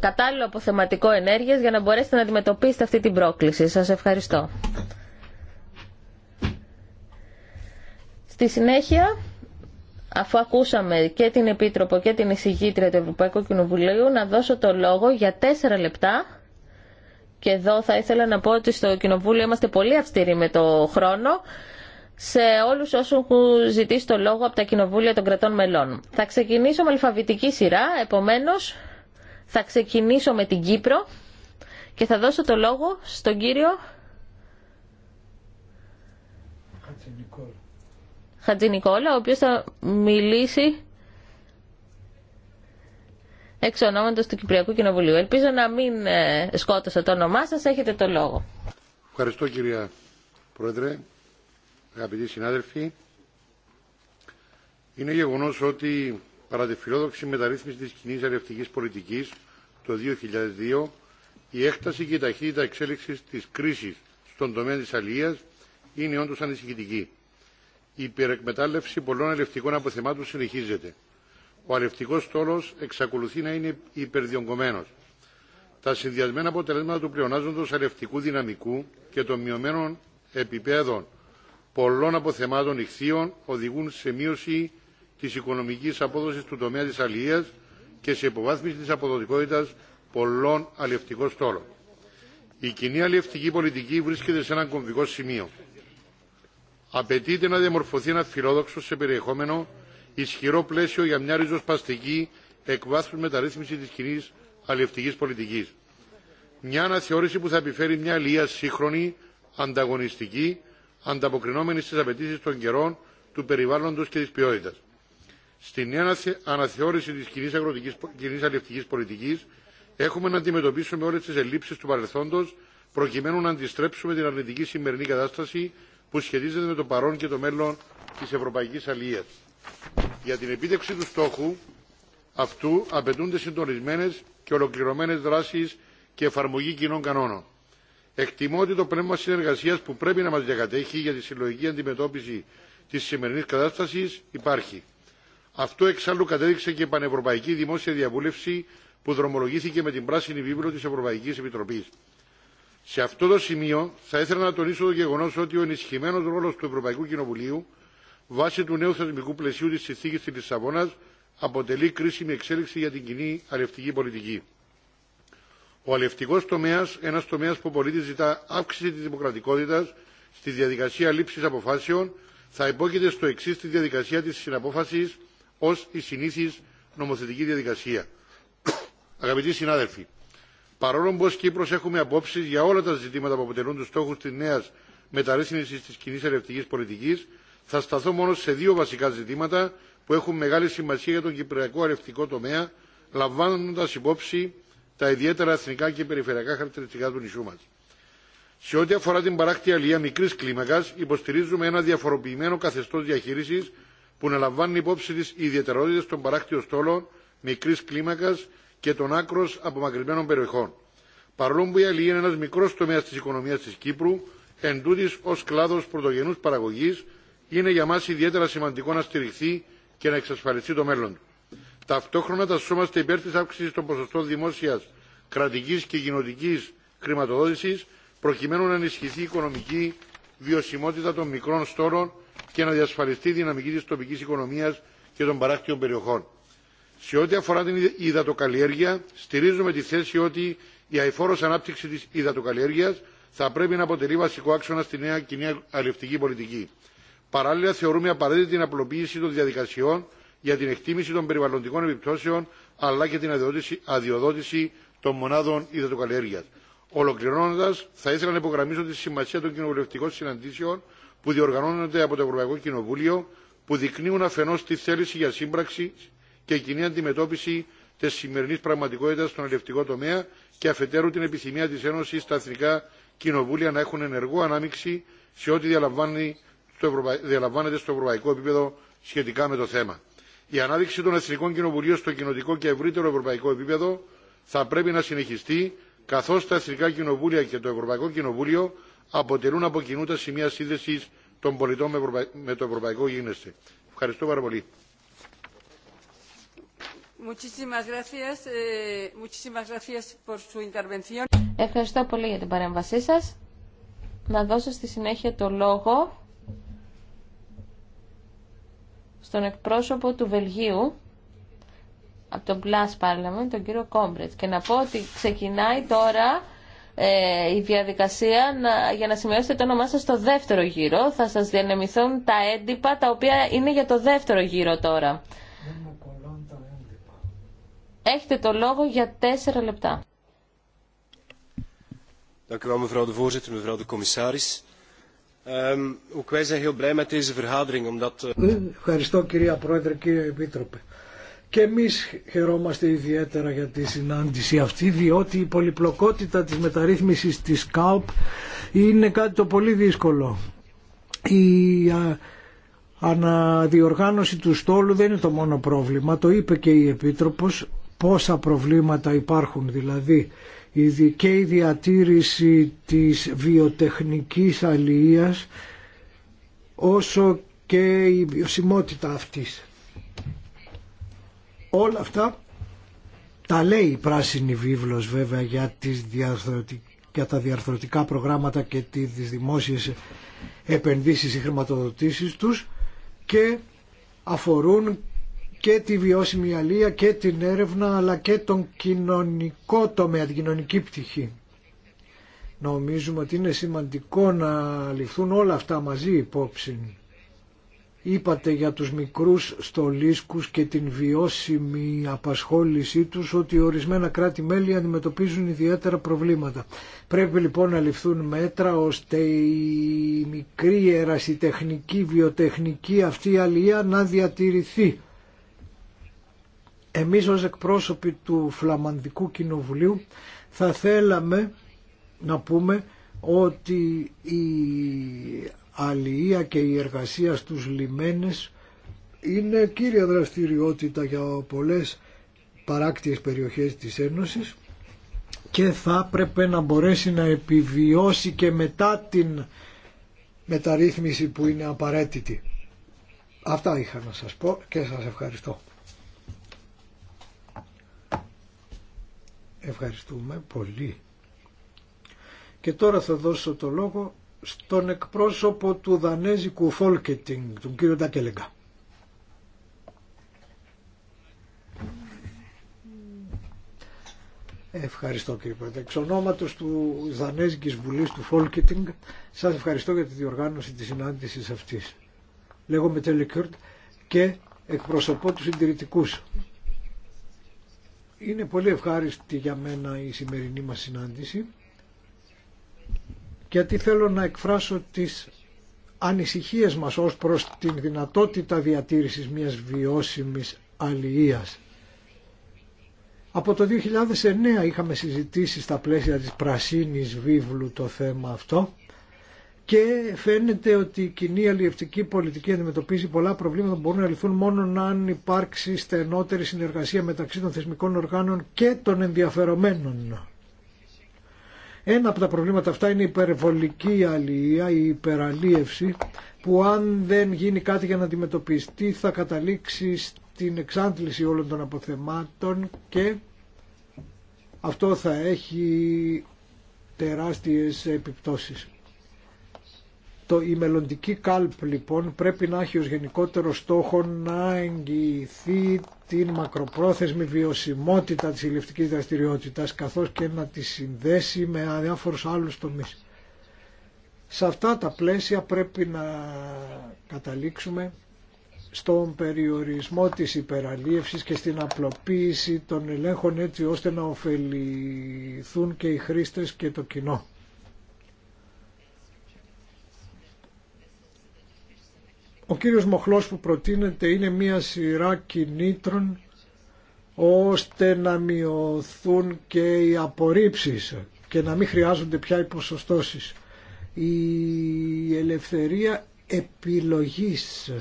κατάλληλο αποθεματικό ενέργειας για να μπορέσετε να αντιμετωπίσετε αυτή την πρόκληση. Σας ευχαριστώ. Στη συνέχεια, αφού ακούσαμε και την Επίτροπο και την Εισηγήτρια του Ευρωπαϊκού Κοινοβουλίου, να δώσω το λόγο για τέσσερα λεπτά. Και εδώ θα ήθελα να πω ότι στο Κοινοβούλιο είμαστε πολύ αυστηροί με το χρόνο σε όλους όσου έχουν ζητήσει το λόγο από τα κοινοβούλια των κρατών μελών. Θα ξεκινήσω με αλφαβητική σειρά, επομένω. θα ξεκινήσω με την Κύπρο και θα δώσω το λόγο στον κύριο Χατζη Νικόλα, ο οποίος θα μιλήσει εξ ονόματος του Κυπριακού Κοινοβουλίου. Ελπίζω να μην ε, σκότωσα το όνομά σας, έχετε το λόγο. Ευχαριστώ κυρία Πρόεδρε αγαπητοί συνάδελφοι, είναι γεγονό ότι παρά τη φιλόδοξη μεταρρύθμιση τη κοινή αλληλευτική πολιτική το 2002, η έκταση και η ταχύτητα εξέλιξη τη κρίση στον τομέα τη αλληλεία είναι όντω ανησυχητική. Η υπερεκμετάλλευση πολλών αλληλευτικών αποθεμάτων συνεχίζεται. Ο αλληλευτικό στόλο εξακολουθεί να είναι υπερδιογκωμένο. Τα συνδυασμένα αποτελέσματα του πλεονάζοντο αλληλευτικού δυναμικού και των μειωμένων επιπέδων πολλών αποθεμάτων ηχθείων οδηγούν σε μείωση της οικονομικής απόδοσης του τομέα της αλληλείας και σε υποβάθμιση της αποδοτικότητας πολλών αλληλευτικών στόλων. Η κοινή αλληλευτική πολιτική βρίσκεται σε ένα κομβικό σημείο. Απαιτείται να διαμορφωθεί ένα φιλόδοξο σε περιεχόμενο ισχυρό πλαίσιο για μια ριζοσπαστική εκβάθμιση μεταρρύθμιση της κοινή αλληλευτικής πολιτικής. Μια αναθεώρηση που θα επιφέρει μια αλληλεία σύγχρονη, ανταγωνιστική ανταποκρινόμενοι στις απαιτήσει των καιρών, του περιβάλλοντος και της ποιότητας. Στην αναθεώρηση της κοινής αγροτικής κοινής πολιτικής έχουμε να αντιμετωπίσουμε όλες τις ελλείψεις του παρελθόντος προκειμένου να αντιστρέψουμε την αρνητική σημερινή κατάσταση που σχετίζεται με το παρόν και το μέλλον της ευρωπαϊκής αλληλείας. Για την επίτευξη του στόχου αυτού απαιτούνται συντονισμένες και ολοκληρωμένες δράσεις και εφαρμογή κοινών κανόνων. Εκτιμώ ότι το πνεύμα συνεργασία που πρέπει να μα διακατέχει για τη συλλογική αντιμετώπιση τη σημερινή κατάσταση υπάρχει. Αυτό εξάλλου κατέδειξε και η πανευρωπαϊκή δημόσια διαβούλευση που δρομολογήθηκε με την πράσινη βίβλο τη Ευρωπαϊκή Επιτροπή. Σε αυτό το σημείο θα ήθελα να τονίσω το γεγονό ότι ο ενισχυμένο ρόλο του Ευρωπαϊκού Κοινοβουλίου βάσει του νέου θεσμικού πλαισίου τη συνθήκη τη Λισαβόνα αποτελεί κρίσιμη εξέλιξη για την κοινή αλληλευτική πολιτική. Ο αλληλευτικό τομέα, ένα τομέα που ο πολίτη ζητά αύξηση τη δημοκρατικότητα στη διαδικασία λήψη αποφάσεων, θα υπόκειται στο εξή τη διαδικασία τη συναπόφαση ω η συνήθι νομοθετική διαδικασία. Αγαπητοί συνάδελφοι, παρόλο που ω Κύπρο έχουμε απόψει για όλα τα ζητήματα που αποτελούν του στόχου τη νέα μεταρρύθμιση τη κοινή ελευτική πολιτική, θα σταθώ μόνο σε δύο βασικά ζητήματα που έχουν μεγάλη σημασία για τον κυπριακό αλευτικό τομέα, λαμβάνοντα υπόψη τα ιδιαίτερα εθνικά και περιφερειακά χαρακτηριστικά του νησιού μα. Σε ό,τι αφορά την παράκτη αλληλεία μικρή κλίμακα, υποστηρίζουμε ένα διαφοροποιημένο καθεστώ διαχείριση που να λαμβάνει υπόψη τι ιδιαιτερότητε των παράκτηων στόλων μικρή κλίμακα και των άκρο απομακρυμένων περιοχών. Παρόλο που η αλληλεία είναι ένα μικρό τομέα τη οικονομία τη Κύπρου, εν τούτη ω κλάδο πρωτογενού παραγωγή, είναι για μα ιδιαίτερα σημαντικό να στηριχθεί και να εξασφαλιστεί το μέλλον του. Ταυτόχρονα τασσόμαστε υπέρ της αύξηση των ποσοστών δημόσιας, κρατικής και κοινωτικής χρηματοδότηση, προκειμένου να ενισχυθεί η οικονομική βιωσιμότητα των μικρών στόρων και να διασφαλιστεί η δυναμική της τοπικής οικονομίας και των παράκτιων περιοχών. Σε ό,τι αφορά την υδατοκαλλιέργεια, στηρίζουμε τη θέση ότι η αηφόρο ανάπτυξη της υδατοκαλλιέργειας θα πρέπει να αποτελεί βασικό άξονα στη νέα κοινή αλληλευτική πολιτική. Παράλληλα, θεωρούμε απαραίτητη την απλοποίηση των διαδικασιών για την εκτίμηση των περιβαλλοντικών επιπτώσεων αλλά και την αδειοδότηση των μονάδων υδατοκαλλιέργεια. Ολοκληρώνοντα, θα ήθελα να υπογραμμίσω τη σημασία των κοινοβουλευτικών συναντήσεων που διοργανώνονται από το Ευρωπαϊκό Κοινοβούλιο, που δεικνύουν αφενό τη θέληση για σύμπραξη και κοινή αντιμετώπιση τη σημερινή πραγματικότητα στον ελευτικό τομέα και αφετέρου την επιθυμία τη Ένωση στα εθνικά κοινοβούλια να έχουν ενεργό ανάμειξη σε ό,τι διαλαμβάνεται στο ευρωπαϊκό επίπεδο σχετικά με το θέμα η ανάδειξη των εθνικών κοινοβουλίων στο κοινοτικό και ευρύτερο ευρωπαϊκό επίπεδο θα πρέπει να συνεχιστεί καθώ τα εθνικά κοινοβούλια και το ευρωπαϊκό κοινοβούλιο αποτελούν από κοινού τα σημεία σύνδεση των πολιτών με το ευρωπαϊκό γίγνεσθε. Ευχαριστώ πάρα πολύ. Eh, Ευχαριστώ πολύ για την παρέμβασή σα. Να δώσω στη συνέχεια το λόγο στον εκπρόσωπο του Βελγίου από τον Πλάσ Parliament, τον κύριο Κόμπρετ. και να πω ότι ξεκινάει τώρα ε, η διαδικασία να, για να σημειώσετε το όνομά σας στο δεύτερο γύρο. Θα σας διανεμηθούν τα έντυπα τα οποία είναι για το δεύτερο γύρο τώρα. Έχετε το λόγο για τέσσερα λεπτά. Dank u wel mevrouw de voorzitter, mevrouw de commissaris. Ευχαριστώ κυρία Πρόεδρε, κύριε Επίτροπε. Και εμείς χαιρόμαστε ιδιαίτερα για τη συνάντηση αυτή, διότι η πολυπλοκότητα της μεταρρύθμισης της ΚΑΟΠ είναι κάτι το πολύ δύσκολο. Η αναδιοργάνωση του στόλου δεν είναι το μόνο πρόβλημα, το είπε και η Επίτροπος, πόσα προβλήματα υπάρχουν δηλαδή και η διατήρηση της βιοτεχνικής αλληλείας όσο και η βιωσιμότητα αυτής. Όλα αυτά τα λέει η πράσινη βίβλος βέβαια για, τις τα διαρθρωτικά προγράμματα και τις δημόσιες επενδύσεις ή χρηματοδοτήσεις τους και αφορούν και τη βιώσιμη αλία και την έρευνα αλλά και τον κοινωνικό τομέα, την κοινωνική πτυχή. Νομίζουμε ότι είναι σημαντικό να ληφθούν όλα αυτά μαζί υπόψη. Είπατε για τους μικρούς στολίσκους και την βιώσιμη απασχόλησή τους ότι ορισμένα κράτη-μέλη αντιμετωπίζουν ιδιαίτερα προβλήματα. Πρέπει λοιπόν να ληφθούν μέτρα ώστε η μικρή ερασιτεχνική, βιοτεχνική αυτή αλία να διατηρηθεί εμείς ως εκπρόσωποι του Φλαμανδικού Κοινοβουλίου θα θέλαμε να πούμε ότι η αλληλεία και η εργασία στους λιμένες είναι κύρια δραστηριότητα για πολλές παράκτιες περιοχές της Ένωσης και θα πρέπει να μπορέσει να επιβιώσει και μετά την μεταρρύθμιση που είναι απαραίτητη. Αυτά είχα να σας πω και σας ευχαριστώ. Ευχαριστούμε πολύ. Και τώρα θα δώσω το λόγο στον εκπρόσωπο του Δανέζικου Φόλκετινγκ, τον κύριο Ντακέλεγκα. Ευχαριστώ κύριε Πρόεδρε. Εξ ονόματος του Δανέζικης Βουλής του Φόλκετινγκ σας ευχαριστώ για τη διοργάνωση της συνάντησης αυτής. Λέγομαι Τελεκιούρτ και εκπροσωπώ τους συντηρητικούς είναι πολύ ευχάριστη για μένα η σημερινή μας συνάντηση γιατί θέλω να εκφράσω τις ανησυχίες μας ως προς την δυνατότητα διατήρησης μιας βιώσιμης αλληλείας. Από το 2009 είχαμε συζητήσει στα πλαίσια της Πρασίνης Βίβλου το θέμα αυτό και φαίνεται ότι η κοινή αλληλευτική πολιτική αντιμετωπίζει πολλά προβλήματα που μπορούν να λυθούν μόνο αν υπάρξει στενότερη συνεργασία μεταξύ των θεσμικών οργάνων και των ενδιαφερομένων. Ένα από τα προβλήματα αυτά είναι η υπερβολική αλληλεία, η υπεραλίευση, που αν δεν γίνει κάτι για να αντιμετωπιστεί θα καταλήξει στην εξάντληση όλων των αποθεμάτων και αυτό θα έχει τεράστιες επιπτώσεις. Το, η μελλοντική κάλπ λοιπόν πρέπει να έχει ως γενικότερο στόχο να εγγυηθεί την μακροπρόθεσμη βιωσιμότητα της ηλεκτρικής δραστηριότητας καθώς και να τη συνδέσει με διάφορους άλλους τομείς. Σε αυτά τα πλαίσια πρέπει να καταλήξουμε στον περιορισμό της υπεραλίευσης και στην απλοποίηση των ελέγχων έτσι ώστε να ωφεληθούν και οι χρήστες και το κοινό. Ο κύριος Μοχλός που προτείνεται είναι μία σειρά κινήτρων ώστε να μειωθούν και οι απορρίψεις και να μην χρειάζονται πια οι ποσοστώσεις. Η ελευθερία επιλογής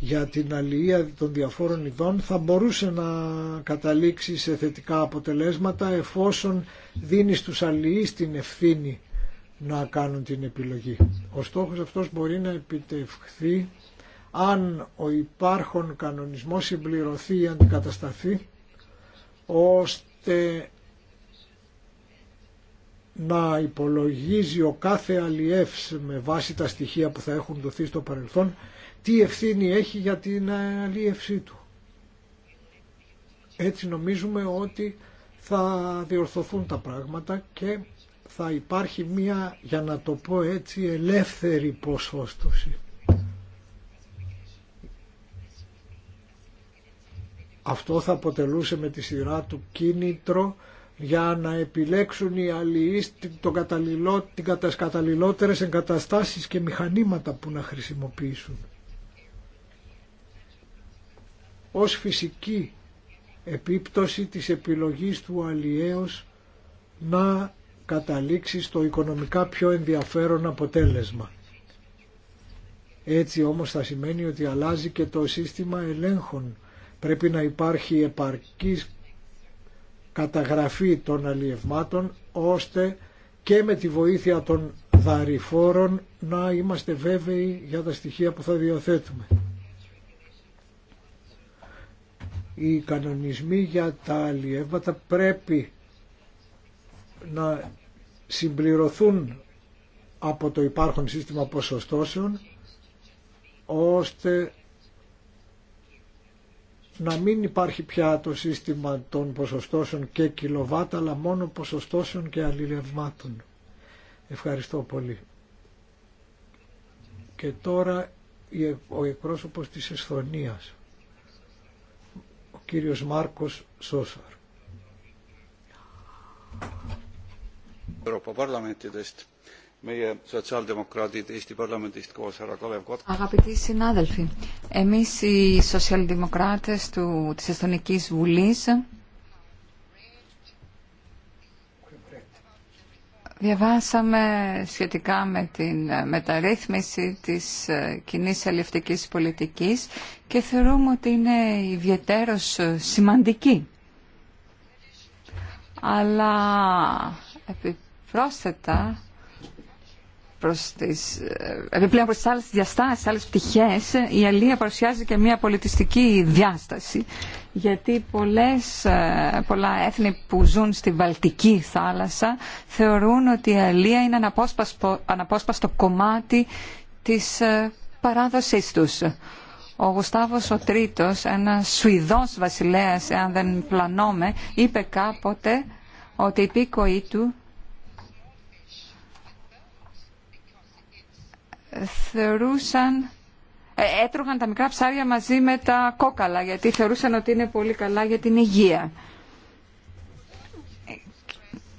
για την αλληλεία των διαφόρων ειδών θα μπορούσε να καταλήξει σε θετικά αποτελέσματα εφόσον δίνει στους αλληλείς την ευθύνη να κάνουν την επιλογή. Ο στόχος αυτός μπορεί να επιτευχθεί αν ο υπάρχον κανονισμός συμπληρωθεί ή αντικατασταθεί ώστε να υπολογίζει ο κάθε αλλιεύς με βάση τα στοιχεία που θα έχουν δοθεί στο παρελθόν τι ευθύνη έχει για την αλλιεύσή του. Έτσι νομίζουμε ότι θα διορθωθούν τα πράγματα και θα υπάρχει μία, για να το πω έτσι, ελεύθερη ποσόστοση. Αυτό θα αποτελούσε με τη σειρά του κίνητρο για να επιλέξουν οι αλληλείς τις καταλληλότερες εγκαταστάσεις και μηχανήματα που να χρησιμοποιήσουν. Ως φυσική επίπτωση της επιλογής του αλλιέως να καταλήξει στο οικονομικά πιο ενδιαφέρον αποτέλεσμα. Έτσι όμως θα σημαίνει ότι αλλάζει και το σύστημα ελέγχων Πρέπει να υπάρχει επαρκής καταγραφή των αλλιευμάτων ώστε και με τη βοήθεια των δαρυφόρων να είμαστε βέβαιοι για τα στοιχεία που θα διαθέτουμε. Οι κανονισμοί για τα αλλιεύματα πρέπει να συμπληρωθούν από το υπάρχον σύστημα ποσοστώσεων ώστε να μην υπάρχει πια το σύστημα των ποσοστώσεων και κιλοβάτα, αλλά μόνο ποσοστώσεων και αλληλευμάτων. Ευχαριστώ πολύ. Και τώρα ο εκπρόσωπος της Εσθονίας, ο κύριος Μάρκος Σόσαρ. Αγαπητοί συνάδελφοι, εμείς οι σοσιαλδημοκράτες του, της Εστονικής Βουλής διαβάσαμε σχετικά με την μεταρρύθμιση της κοινή αλληλευτικής πολιτικής και θεωρούμε ότι είναι ιδιαίτερος σημαντική. Αλλά επιπρόσθετα προς τις, ε, επιπλέον προς τις άλλες διαστάσεις, άλλες πτυχές, η Αλία παρουσιάζει και μια πολιτιστική διάσταση. Γιατί πολλές, ε, πολλά έθνη που ζουν στη Βαλτική θάλασσα θεωρούν ότι η Αλία είναι αναπόσπαστο, κομμάτι της ε, παράδοσής τους. Ο Γουστάβος ο Τρίτος, ένας Σουηδός βασιλέας, εάν δεν πλανώμε, είπε κάποτε ότι η πίκοή του θεωρούσαν, ε, έτρωγαν τα μικρά ψάρια μαζί με τα κόκαλα γιατί θεωρούσαν ότι είναι πολύ καλά για την υγεία.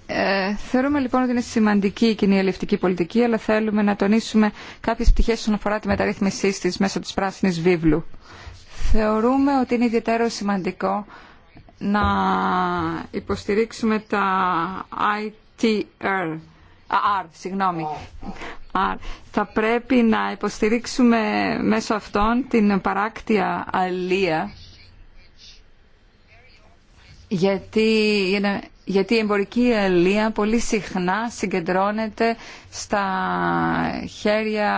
Ε, θεωρούμε λοιπόν ότι είναι σημαντική η κοινή ελευτική πολιτική, αλλά θέλουμε να τονίσουμε κάποιες πτυχές όσον αφορά τη μεταρρύθμισή της μέσω της πράσινης βίβλου. Θεωρούμε ότι είναι ιδιαίτερο σημαντικό να υποστηρίξουμε τα ITR, R, συγγνώμη, Άρα, Θα πρέπει να υποστηρίξουμε μέσω αυτών την παράκτια αλία γιατί, γιατί η εμπορική αλία πολύ συχνά συγκεντρώνεται στα χέρια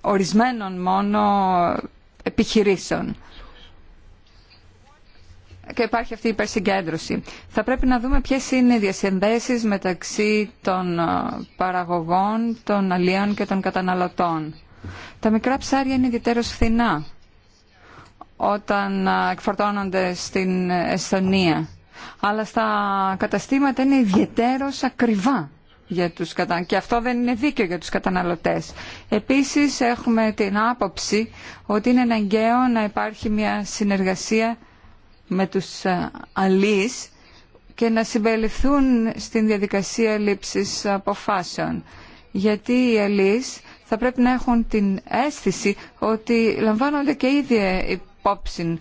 ορισμένων μόνο επιχειρήσεων και υπάρχει αυτή η υπερσυγκέντρωση. Θα πρέπει να δούμε ποιες είναι οι διασυνδέσεις μεταξύ των ε, παραγωγών, των αλλιών και των καταναλωτών. Τα μικρά ψάρια είναι ιδιαίτερως φθηνά όταν ε, εκφορτώνονται στην Εσθονία. Αλλά στα καταστήματα είναι ιδιαίτερως ακριβά για τους και αυτό δεν είναι δίκαιο για τους καταναλωτές. Επίσης έχουμε την άποψη ότι είναι αναγκαίο να υπάρχει μια συνεργασία με τους ε, αλείς και να συμπεριληφθούν στην διαδικασία λήψης αποφάσεων. Γιατί οι αλείς θα πρέπει να έχουν την αίσθηση ότι λαμβάνονται και ήδη υπόψη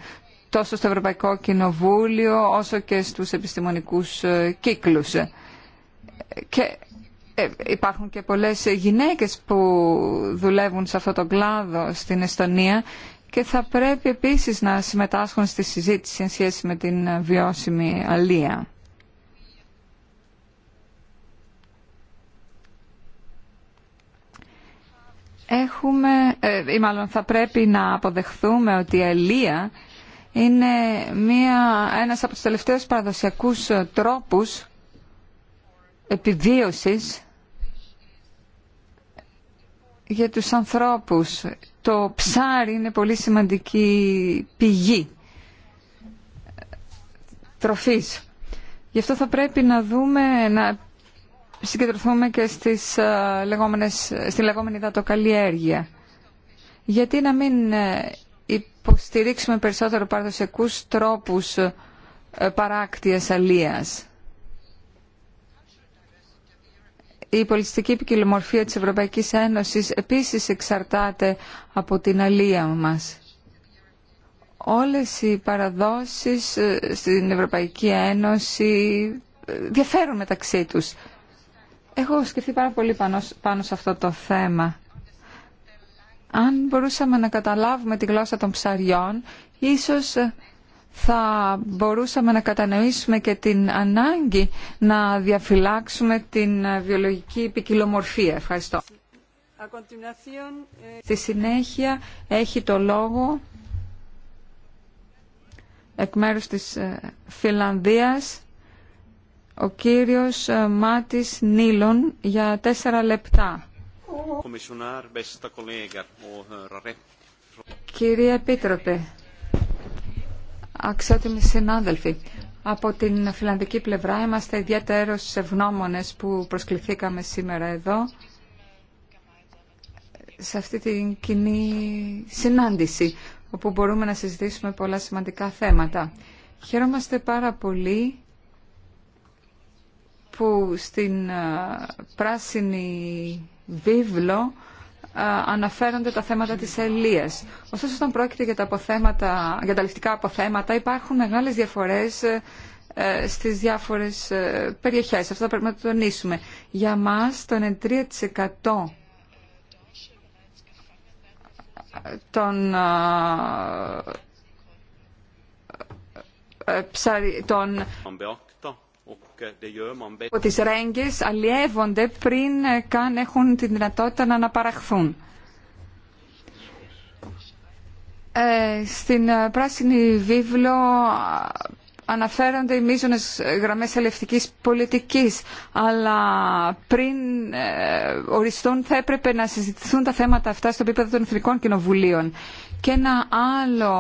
τόσο στο Ευρωπαϊκό Κοινοβούλιο όσο και στους επιστημονικούς ε, κύκλους. Και ε, υπάρχουν και πολλές γυναίκες που δουλεύουν σε αυτό το κλάδο στην Εστονία και θα πρέπει επίσης να συμμετάσχουν στη συζήτηση εν σχέση με την βιώσιμη αλία. Έχουμε, ε, ή μάλλον θα πρέπει να αποδεχθούμε ότι η αλία είναι μία, ένας από τους τελευταίους παραδοσιακούς τρόπους επιβίωσης για τους ανθρώπους το ψάρι είναι πολύ σημαντική πηγή τροφής. Γι' αυτό θα πρέπει να δούμε, να συγκεντρωθούμε και στις, ε, λεγόμενες, στη λεγόμενη δατοκαλλιέργεια. Γιατί να μην ε, υποστηρίξουμε περισσότερο παραδοσιακούς τρόπους ε, παράκτη αλίας. η πολιτιστική ποικιλομορφία της Ευρωπαϊκής Ένωσης επίσης εξαρτάται από την αλία μας. Όλες οι παραδόσεις ε, στην Ευρωπαϊκή Ένωση ε, διαφέρουν μεταξύ τους. Έχω σκεφτεί πάρα πολύ πάνω, πάνω σε αυτό το θέμα. Αν μπορούσαμε να καταλάβουμε τη γλώσσα των ψαριών, ίσως ε, θα μπορούσαμε να κατανοήσουμε και την ανάγκη να διαφυλάξουμε την βιολογική ποικιλομορφία. Ευχαριστώ. Ε, Στη συνέχεια έχει το λόγο εκ μέρους της ε, Φιλανδίας ο κύριος ε, Μάτις Νίλον για τέσσερα λεπτά. Κυρία Επίτροπε, Αξιότιμοι συνάδελφοι, από την φιλανδική πλευρά είμαστε ιδιαίτερως ευγνώμονες που προσκληθήκαμε σήμερα εδώ σε αυτή την κοινή συνάντηση όπου μπορούμε να συζητήσουμε πολλά σημαντικά θέματα. Χαιρόμαστε πάρα πολύ που στην ε, πράσινη βίβλο αναφέρονται τα θέματα της ελίας. Ωστόσο, όταν πρόκειται για τα, αποθέματα, για τα ληφτικά αποθέματα, υπάρχουν μεγάλες διαφορές ε, ε, στις διάφορες ε, περιοχές. Αυτό πρέπει να το τονίσουμε. Για μας, το 93% των των από τις ρέγγες αλλιεύονται πριν ε, καν έχουν τη δυνατότητα να αναπαραχθούν. Ε, στην ε, Πράσινη Βίβλο αναφέρονται οι μείζονες γραμμές ελευτικής πολιτικής, αλλά πριν οριστούν θα έπρεπε να συζητηθούν τα θέματα αυτά στο επίπεδο των Εθνικών Κοινοβουλίων. Και ένα άλλο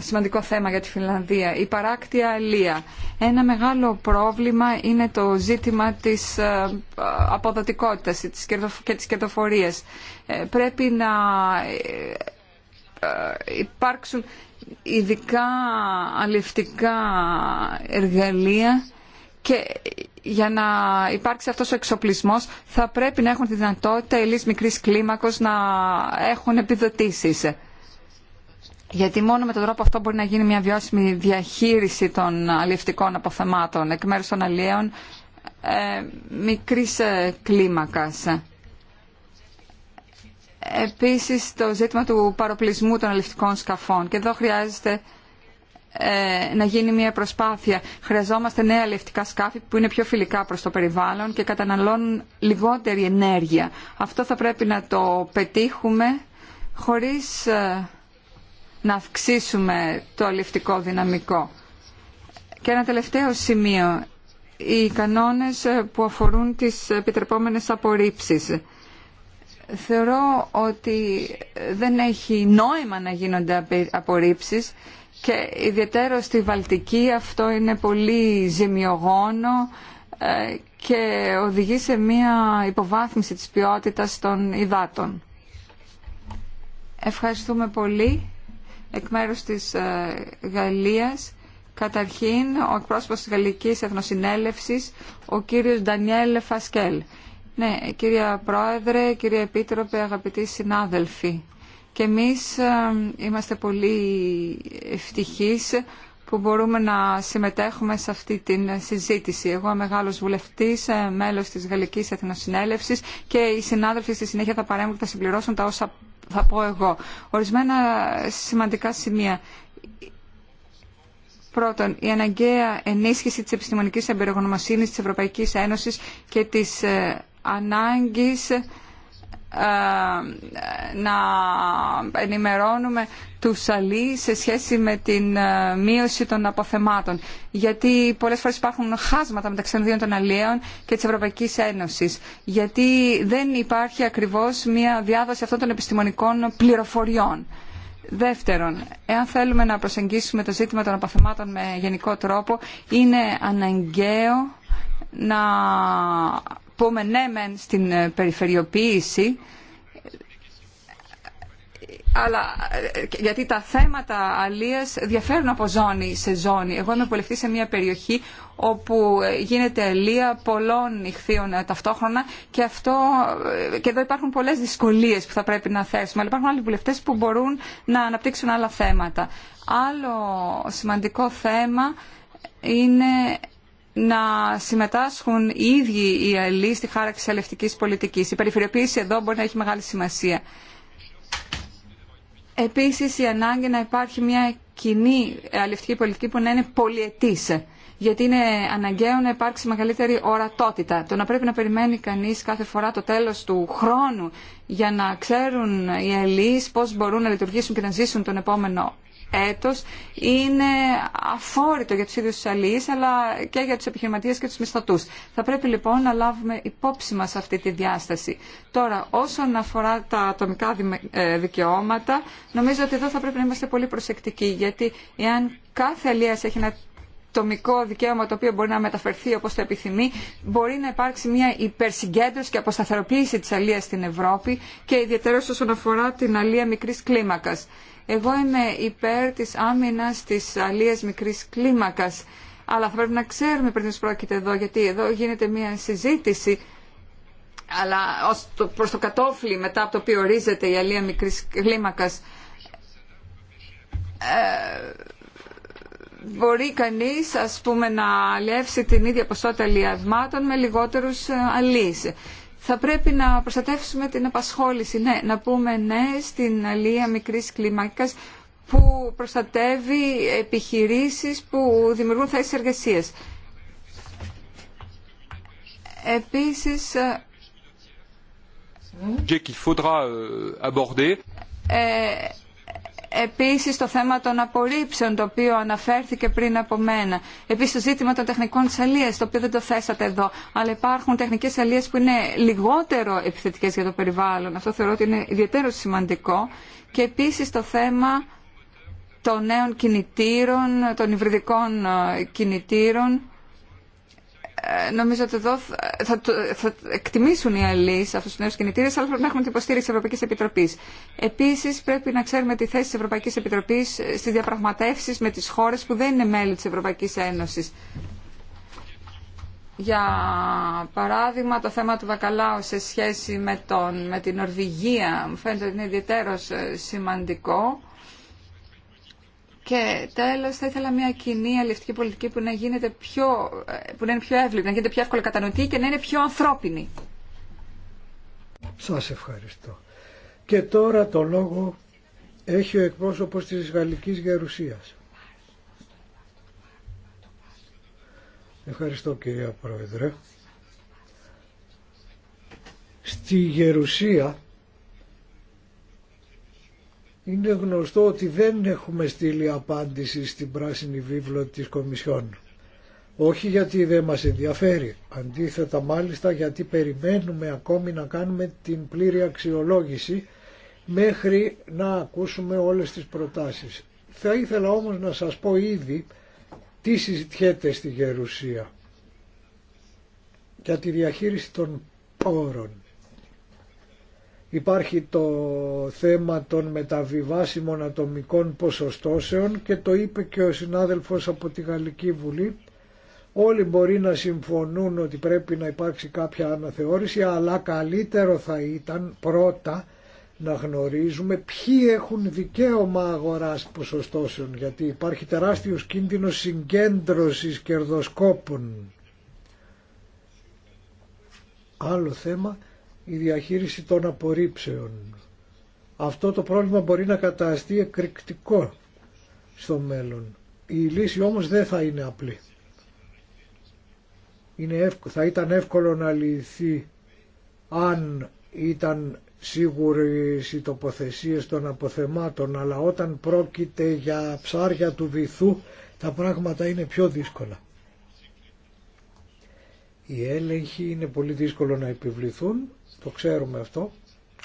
σημαντικό θέμα για τη Φιλανδία, η παράκτια αλία. Ένα μεγάλο πρόβλημα είναι το ζήτημα της ε, αποδοτικότητας και της κερδοφορίας. Ε, πρέπει να ε, υπάρξουν ειδικά αλληλευτικά εργαλεία και για να υπάρξει αυτός ο εξοπλισμός θα πρέπει να έχουν τη δυνατότητα ελής μικρής κλίμακος να έχουν επιδοτήσεις γιατί μόνο με τον τρόπο αυτό μπορεί να γίνει μια βιώσιμη διαχείριση των αλληλευτικών αποθεμάτων εκ μέρους των αλλιέων ε, μικρής ε, κλίμακας. Επίσης το ζήτημα του παροπλισμού των αλληλευτικών σκαφών και εδώ χρειάζεται ε, να γίνει μια προσπάθεια. Χρειαζόμαστε νέα αλληλευτικά σκάφη που είναι πιο φιλικά προς το περιβάλλον και καταναλώνουν λιγότερη ενέργεια. Αυτό θα πρέπει να το πετύχουμε χωρίς... Ε, να αυξήσουμε το αληφτικό δυναμικό. Και ένα τελευταίο σημείο, οι κανόνες που αφορούν τις επιτρεπόμενες απορρίψεις. Θεωρώ ότι δεν έχει νόημα να γίνονται απορρίψεις και ιδιαίτερα στη Βαλτική αυτό είναι πολύ ζημιογόνο ε, και οδηγεί σε μια υποβάθμιση της ποιότητας των υδάτων. Ευχαριστούμε πολύ εκ μέρους της ε, Γαλλίας. Καταρχήν, ο εκπρόσωπος της Γαλλικής Εθνοσυνέλευσης, ο κύριος Ντανιέλ Φασκέλ. Ναι, κυρία Πρόεδρε, κύριε Επίτροπε, αγαπητοί συνάδελφοι. Και εμείς ε, είμαστε πολύ ευτυχείς που μπορούμε να συμμετέχουμε σε αυτή τη συζήτηση. Εγώ μεγάλος βουλευτής, ε, μέλος της Γαλλικής Εθνοσυνέλευσης και οι συνάδελφοι στη συνέχεια θα παρέμβουν και θα συμπληρώσουν τα όσα θα πω εγώ. Ορισμένα σημαντικά σημεία. Πρώτον, η αναγκαία ενίσχυση της επιστημονικής εμπειρογνωμοσύνης της Ευρωπαϊκής Ένωσης και της ε, ανάγκης ε, να ενημερώνουμε του αλλοί σε σχέση με την ε, μείωση των αποθεμάτων. Γιατί πολλές φορές υπάρχουν χάσματα μεταξύ των δύο των αλλιέων και της Ευρωπαϊκής Ένωσης. Γιατί δεν υπάρχει ακριβώς μια διάδοση αυτών των επιστημονικών πληροφοριών. Δεύτερον, εάν θέλουμε να προσεγγίσουμε το ζήτημα των αποθεμάτων με γενικό τρόπο, είναι αναγκαίο να πούμε ναι μεν στην ε, περιφερειοποίηση αλλά ε, γιατί τα θέματα αλίες διαφέρουν από ζώνη σε ζώνη. Εγώ είμαι βουλευτή σε μια περιοχή όπου ε, γίνεται αλία πολλών νυχθείων ταυτόχρονα και, αυτό, και εδώ υπάρχουν πολλές δυσκολίες που θα πρέπει να θέσουμε. Αλλά υπάρχουν άλλοι βουλευτές που μπορούν να αναπτύξουν άλλα θέματα. Άλλο σημαντικό θέμα είναι να συμμετάσχουν οι ίδιοι οι αλλοί στη χάραξη αλληλευτικής πολιτικής. Η περιφερειοποίηση εδώ μπορεί να έχει μεγάλη σημασία. Επίσης η ανάγκη να υπάρχει μια κοινή αλληλευτική πολιτική που να είναι πολυετής γιατί είναι αναγκαίο να υπάρξει μεγαλύτερη ορατότητα. Το να πρέπει να περιμένει κανείς κάθε φορά το τέλο του χρόνου για να ξέρουν οι ΑΕΛΗ πώ μπορούν να λειτουργήσουν και να ζήσουν τον επόμενο έτος είναι αφόρητο για τους ίδιους τους αλληλείς αλλά και για τους επιχειρηματίες και τους μισθωτούς. Θα πρέπει λοιπόν να λάβουμε υπόψη μας αυτή τη διάσταση. Τώρα όσον αφορά τα ατομικά ε, δικαιώματα νομίζω ότι εδώ θα πρέπει να είμαστε πολύ προσεκτικοί γιατί εάν κάθε αλληλείας έχει ένα ατομικό δικαίωμα το οποίο μπορεί να μεταφερθεί όπως το επιθυμεί, μπορεί να υπάρξει μια υπερσυγκέντρωση και αποσταθεροποίηση της αλίας στην Ευρώπη και ιδιαίτερα όσον αφορά την αλία μικρής κλίμακας. Εγώ είμαι υπέρ της άμυνας της αλίας μικρής κλίμακας, αλλά θα πρέπει να ξέρουμε πριν πρόκειται εδώ, γιατί εδώ γίνεται μια συζήτηση αλλά ως το, προς κατόφλι μετά από το οποίο ορίζεται η αλία μικρής κλίμακας ε, μπορεί κανείς ας πούμε να αλλιεύσει την ίδια ποσότητα αλλιευμάτων με λιγότερους ε, αλείς θα πρέπει να προστατεύσουμε την απασχόληση. Ναι, να πούμε ναι στην αλία μικρής κλίμακας που προστατεύει επιχειρήσεις που δημιουργούν θέσεις εργασίας. Επίσης, ε, Επίσης το θέμα των απορρίψεων το οποίο αναφέρθηκε πριν από μένα. Επίσης το ζήτημα των τεχνικών της το οποίο δεν το θέσατε εδώ. Αλλά υπάρχουν τεχνικές αλίες που είναι λιγότερο επιθετικές για το περιβάλλον. Αυτό θεωρώ ότι είναι ιδιαίτερο σημαντικό. Και επίσης το θέμα των νέων κινητήρων, των υβριδικών ε, κινητήρων νομίζω ότι εδώ θα, εκτιμήσουν οι αλλοί σε αυτού του νέου κινητήρε, αλλά πρέπει να έχουμε την υποστήριξη τη Ευρωπαϊκή Επιτροπή. Επίση, πρέπει να ξέρουμε τη θέση τη Ευρωπαϊκή Επιτροπή στι διαπραγματεύσει με τι χώρε που δεν είναι μέλη τη Ευρωπαϊκή Ένωση. Για παράδειγμα, το θέμα του Βακαλάου σε σχέση με, τον, με την Ορβηγία μου φαίνεται ότι είναι ιδιαίτερο ε, σημαντικό και τέλο, θα ήθελα μια κοινή αλληλευτική πολιτική που να, γίνεται πιο, ε, που να είναι πιο εύλογη, να γίνεται πιο εύκολα κατανοητή και να είναι πιο ανθρώπινη. Σας ευχαριστώ. Και τώρα το λόγο έχει ο εκπρόσωπος της Γαλλική Γερουσίας. Ευχαριστώ κυρία Πρόεδρε. Στη Γερουσία είναι γνωστό ότι δεν έχουμε στείλει απάντηση στην πράσινη βίβλο της Κομισιόν. Όχι γιατί δεν μας ενδιαφέρει, αντίθετα μάλιστα γιατί περιμένουμε ακόμη να κάνουμε την πλήρη αξιολόγηση μέχρι να ακούσουμε όλες τις προτάσεις. Θα ήθελα όμως να σας πω ήδη τι συζητιέται στη Γερουσία για τη διαχείριση των πόρων. Υπάρχει το θέμα των μεταβιβάσιμων ατομικών ποσοστώσεων και το είπε και ο συνάδελφος από τη Γαλλική Βουλή. Όλοι μπορεί να συμφωνούν ότι πρέπει να υπάρξει κάποια αναθεώρηση, αλλά καλύτερο θα ήταν πρώτα να γνωρίζουμε ποιοι έχουν δικαίωμα αγοράς ποσοστώσεων, γιατί υπάρχει τεράστιος κίνδυνος συγκέντρωσης κερδοσκόπων. Άλλο θέμα η διαχείριση των απορρίψεων. Αυτό το πρόβλημα μπορεί να καταστεί εκρηκτικό στο μέλλον. Η λύση όμως δεν θα είναι απλή. Είναι θα ήταν εύκολο να λυθεί αν ήταν σίγουρες οι τοποθεσίες των αποθεμάτων, αλλά όταν πρόκειται για ψάρια του βυθού τα πράγματα είναι πιο δύσκολα. Οι έλεγχοι είναι πολύ δύσκολο να επιβληθούν το ξέρουμε αυτό,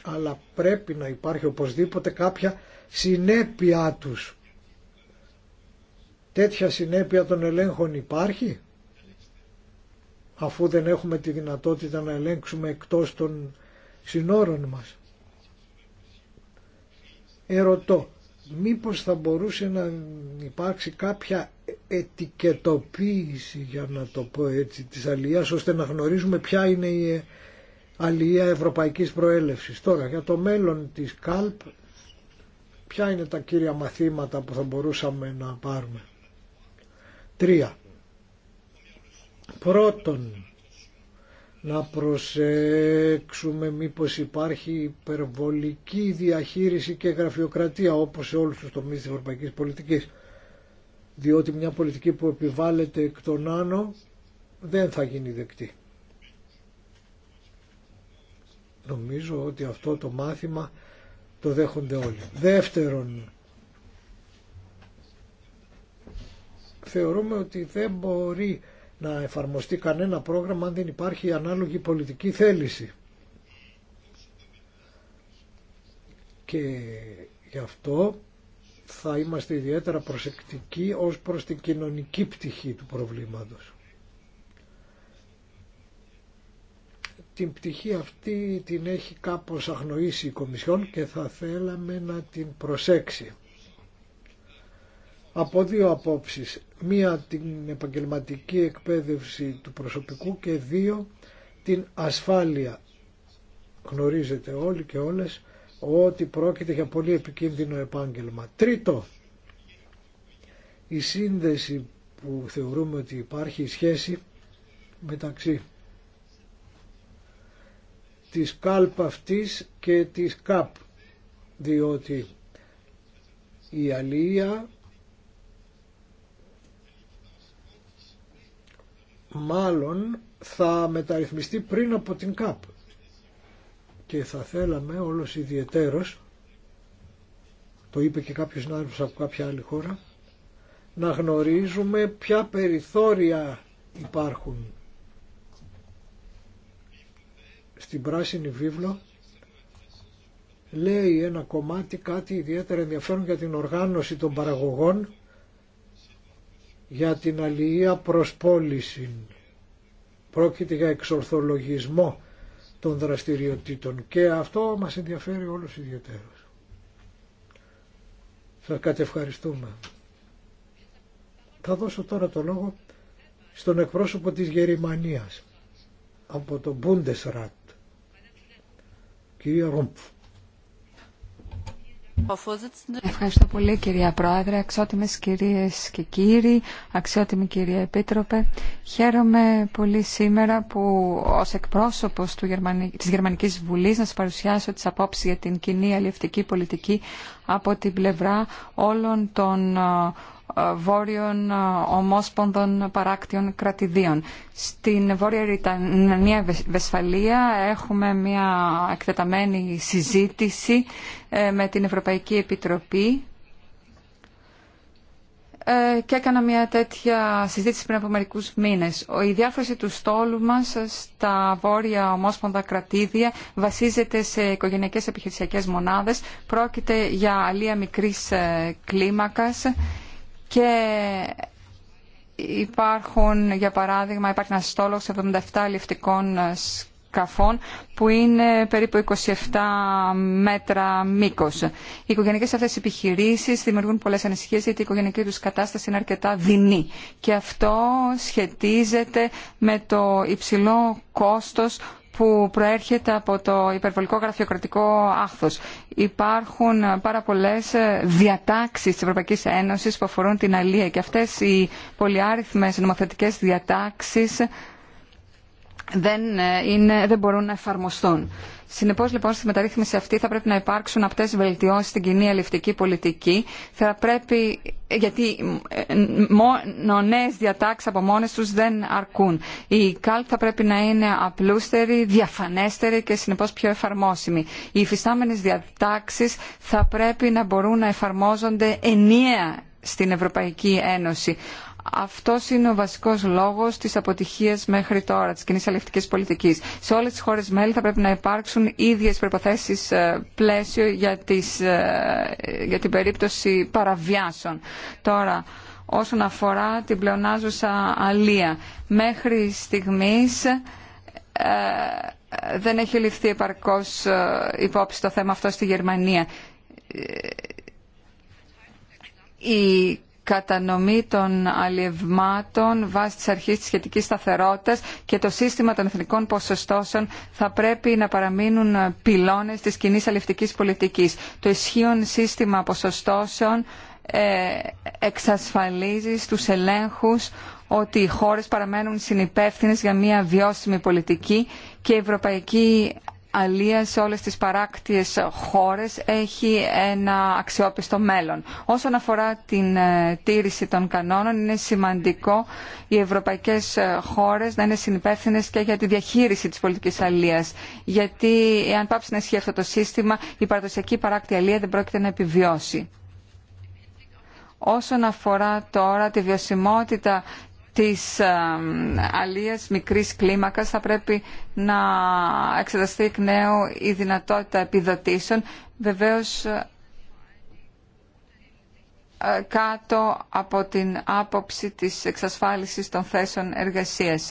αλλά πρέπει να υπάρχει οπωσδήποτε κάποια συνέπειά τους. Τέτοια συνέπεια των ελέγχων υπάρχει, αφού δεν έχουμε τη δυνατότητα να ελέγξουμε εκτός των συνόρων μας. Ερωτώ, μήπως θα μπορούσε να υπάρξει κάποια ετικετοποίηση, για να το πω έτσι, της αλληλίας, ώστε να γνωρίζουμε ποια είναι η αλληλεία ευρωπαϊκής προέλευσης. Τώρα για το μέλλον της ΚΑΛΠ ποια είναι τα κύρια μαθήματα που θα μπορούσαμε να πάρουμε. Τρία. Πρώτον, να προσέξουμε μήπως υπάρχει υπερβολική διαχείριση και γραφειοκρατία όπως σε όλους τους τομείς της ευρωπαϊκής πολιτικής. Διότι μια πολιτική που επιβάλλεται εκ των άνω δεν θα γίνει δεκτή. Νομίζω ότι αυτό το μάθημα το δέχονται όλοι. Δεύτερον, θεωρούμε ότι δεν μπορεί να εφαρμοστεί κανένα πρόγραμμα αν δεν υπάρχει ανάλογη πολιτική θέληση. Και γι' αυτό θα είμαστε ιδιαίτερα προσεκτικοί ως προς την κοινωνική πτυχή του προβλήματος. την πτυχή αυτή την έχει κάπως αγνοήσει η Κομισιόν και θα θέλαμε να την προσέξει. Από δύο απόψεις. Μία την επαγγελματική εκπαίδευση του προσωπικού και δύο την ασφάλεια. Γνωρίζετε όλοι και όλες ότι πρόκειται για πολύ επικίνδυνο επάγγελμα. Τρίτο, η σύνδεση που θεωρούμε ότι υπάρχει, η σχέση μεταξύ της ΚΑΛΠ αυτής και της ΚΑΠ διότι η αλία μάλλον θα μεταρρυθμιστεί πριν από την ΚΑΠ και θα θέλαμε όλος ιδιαιτέρως το είπε και κάποιος συνάδελφος από κάποια άλλη χώρα να γνωρίζουμε ποια περιθώρια υπάρχουν στην πράσινη βίβλο λέει ένα κομμάτι κάτι ιδιαίτερα ενδιαφέρον για την οργάνωση των παραγωγών για την αλληλεία προς πώληση. Πρόκειται για εξορθολογισμό των δραστηριοτήτων και αυτό μας ενδιαφέρει όλους ιδιαίτερως. Σας κατευχαριστούμε. Θα δώσω τώρα το λόγο στον εκπρόσωπο της Γερμανίας από τον Bundesrat. Ευχαριστώ πολύ κυρία Πρόεδρε, αξιότιμες κυρίες και κύριοι, αξιότιμη κυρία Επίτροπε. Χαίρομαι πολύ σήμερα που ως εκπρόσωπος του της Γερμανικής Βουλής να σας παρουσιάσω τις απόψεις για την κοινή αλληλευτική πολιτική από την πλευρά όλων των βόρειων ε, ομόσπονδων παράκτιων κρατηδίων. Στην Βόρεια Ριτανία Βεσφαλία έχουμε μια εκτεταμένη συζήτηση ε, με την Ευρωπαϊκή Επιτροπή ε, και έκανα μια τέτοια συζήτηση πριν από μερικού μήνε. Η διάφραση του στόλου μα στα βόρεια ομόσπονδα κρατήδια βασίζεται σε οικογενειακέ επιχειρησιακέ μονάδε. Πρόκειται για αλία μικρή κλίμακα και υπάρχουν, για παράδειγμα, υπάρχει ένα στόλο 77 ληφτικών ε, σκαφών που είναι περίπου 27 μέτρα μήκος. Οι οικογενειακές αυτές επιχειρήσει επιχειρήσεις δημιουργούν πολλές ανησυχίες γιατί η οικογενειακή τους κατάσταση είναι αρκετά δεινή και αυτό σχετίζεται με το υψηλό κόστος που προέρχεται από το υπερβολικό γραφειοκρατικό άχθος. Υπάρχουν πάρα πολλές διατάξεις της Ευρωπαϊκής Ένωσης που αφορούν την αλία και αυτές οι πολυάριθμες νομοθετικές διατάξεις δεν, ε, είναι, δεν μπορούν να εφαρμοστούν. Συνεπώ λοιπόν στη μεταρρύθμιση αυτή θα πρέπει να υπάρξουν απτές βελτιώσει στην κοινή αλληλευτική πολιτική. Θα πρέπει, γιατί ε, μόνο νέε διατάξει από μόνε του δεν αρκούν. Η ΚΑΛΤ θα πρέπει να είναι απλούστερη, διαφανέστερη και συνεπώ πιο εφαρμόσιμη. Οι υφιστάμενε διατάξει θα πρέπει να μπορούν να εφαρμόζονται ενιαία στην Ευρωπαϊκή Ένωση. Αυτό είναι ο βασικός λόγος της αποτυχίας μέχρι τώρα της κοινής αλληλευτικής πολιτικής. Σε όλες τις χώρες μέλη θα πρέπει να υπάρξουν ίδιες προϋποθέσεις ε, πλαίσιο για, τις, ε, για την περίπτωση παραβιάσεων. Τώρα, όσον αφορά την πλεονάζουσα αλία, μέχρι στιγμής ε, δεν έχει ληφθεί επαρκώς υπόψη το θέμα αυτό στη Γερμανία κατανομή των αλλιευμάτων βάσει τη αρχής τη σχετική σταθερότητα και το σύστημα των εθνικών ποσοστώσεων θα πρέπει να παραμείνουν πυλώνε της κοινή αλληλευτικής πολιτικής. Το ισχύον σύστημα ποσοστώσεων ε, εξασφαλίζει στους ελέγχους ότι οι χώρες παραμένουν συνυπεύθυνες για μια βιώσιμη πολιτική και η Ευρωπαϊκή αλία σε όλες τις παράκτιες χώρες έχει ένα αξιόπιστο μέλλον. Όσον αφορά την ε, τήρηση των κανόνων, είναι σημαντικό οι ευρωπαϊκές ε, χώρες να είναι συνυπεύθυνες και για τη διαχείριση της πολιτικής αλίας. Γιατί αν πάψει να ισχύει αυτό το σύστημα, η παραδοσιακή παράκτη αλία δεν πρόκειται να επιβιώσει. Όσον αφορά τώρα τη βιωσιμότητα της αλίας μικρής κλίμακας θα πρέπει να εξεταστεί εκ νέου η δυνατότητα επιδοτήσεων βεβαίως ε, κάτω από την άποψη της εξασφάλισης των θέσεων εργασίας.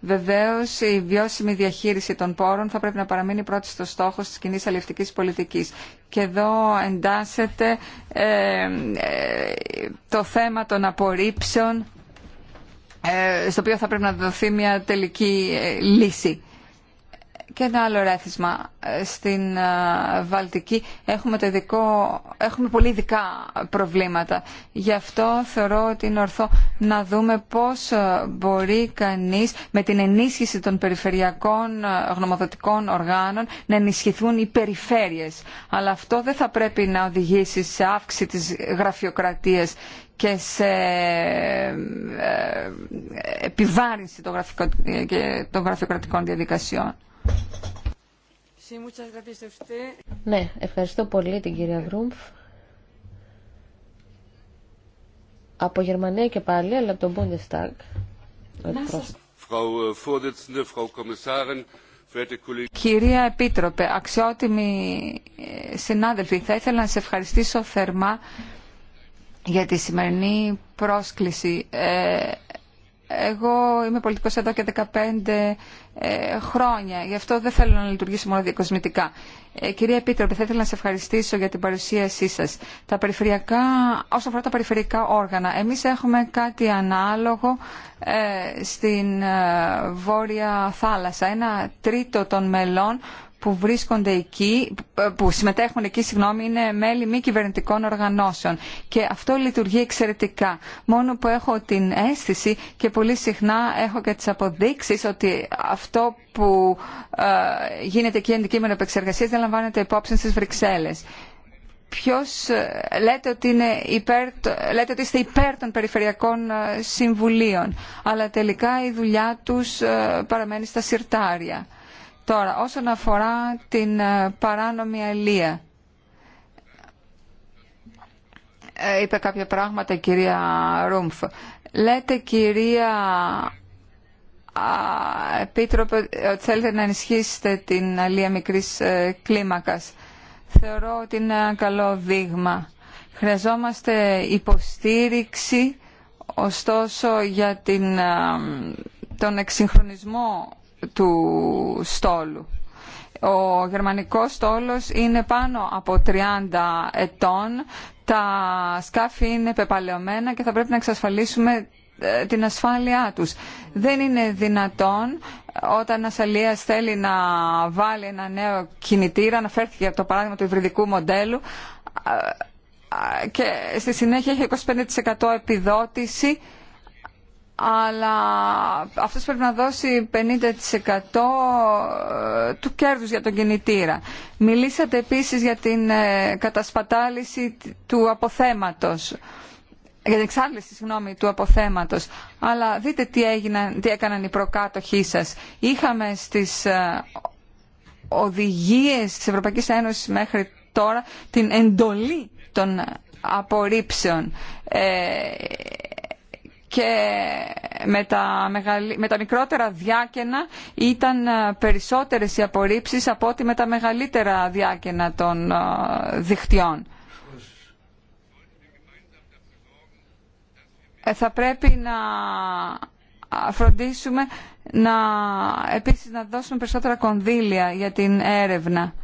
Βεβαίως η βιώσιμη διαχείριση των πόρων θα πρέπει να παραμείνει πρώτη στο στόχο της κοινή αλληλευτικής πολιτικής. Και εδώ εντάσσεται ε, ε, το θέμα των απορρίψεων ε, στο οποίο θα πρέπει να δοθεί μια τελική ε, λύση. Και ένα άλλο ρέθισμα. Ε, στην Βαλτική έχουμε, το ειδικό, έχουμε πολύ ειδικά προβλήματα. Γι' αυτό θεωρώ ότι είναι ορθό να δούμε πώς μπορεί κανείς με την ενίσχυση των περιφερειακών γνωμοδοτικών οργάνων να ενισχυθούν οι περιφέρειες. Αλλά αυτό δεν θα πρέπει να οδηγήσει σε αύξηση της γραφειοκρατίας και σε ε, επιβάρυνση των γραφειοκρατικών διαδικασιών. Ναι, ευχαριστώ πολύ την κυρία Γρούμφ. Από Γερμανία και πάλι, αλλά από τον Bundestag. Ε, κυρία Επίτροπε, αξιότιμοι ε, συνάδελφοι, θα ήθελα να σε ευχαριστήσω θερμά για τη σημερινή πρόσκληση. Ε, εγώ είμαι πολιτικός εδώ και 15 ε, χρόνια, γι' αυτό δεν θέλω να λειτουργήσω μόνο διακοσμητικά. Ε, κυρία Επίτροπε, θα ήθελα να σε ευχαριστήσω για την παρουσίασή σας. Τα περιφερειακά, όσον αφορά τα περιφερειακά όργανα, εμείς έχουμε κάτι ανάλογο στην Βόρεια Θάλασσα. Ένα τρίτο των μελών που βρίσκονται εκεί, που συμμετέχουν εκεί, συγγνώμη, είναι μέλη μη κυβερνητικών οργανώσεων. Και αυτό λειτουργεί εξαιρετικά. Μόνο που έχω την αίσθηση και πολύ συχνά έχω και τις αποδείξεις ότι αυτό που ε, γίνεται εκεί αντικείμενο επεξεργασίας δεν λαμβάνεται υπόψη στις Βρυξέλλες ποιος ε, λέτε ότι, λέτε ότι είστε υπέρ των περιφερειακών ε, συμβουλίων, αλλά τελικά η δουλειά τους παραμένει στα συρτάρια. Τώρα, όσον αφορά την ε, παράνομη αλία, ε, είπε κάποια πράγματα κυρία Ρούμφ. Λέτε κυρία Επίτροπε ότι θέλετε να ενισχύσετε την αλία μικρής ε, κλίμακας. Θεωρώ ότι είναι ένα καλό δείγμα. Χρειαζόμαστε υποστήριξη, ωστόσο, για την, τον εξυγχρονισμό του στόλου. Ο γερμανικός στόλος είναι πάνω από 30 ετών, τα σκάφη είναι πεπαλαιωμένα και θα πρέπει να εξασφαλίσουμε ε, την ασφάλειά τους. Δεν είναι δυνατόν όταν η αλλιέας θέλει να βάλει ένα νέο κινητήρα, αναφέρθηκε από το παράδειγμα του υβριδικού μοντέλου, ε, ε, και στη συνέχεια έχει 25% επιδότηση αλλά αυτός πρέπει να δώσει 50% ε, του κέρδους για τον κινητήρα. Μιλήσατε επίσης για την ε, κατασπατάληση του αποθέματος για την εξάρτηση του αποθέματος. Αλλά δείτε τι, τι έκαναν οι προκάτοχοί σας. Είχαμε στις ε, οδηγίες της Ευρωπαϊκής Ένωσης μέχρι τώρα την εντολή των απορρίψεων και με τα, μικρότερα διάκαινα ήταν ε, περισσότερες οι απορρίψεις από ό,τι με τα μεγαλύτερα διάκαινα των ε, δικτυών. Ε, θα πρέπει να φροντίσουμε να επίσης να δώσουμε περισσότερα κονδύλια για την έρευνα.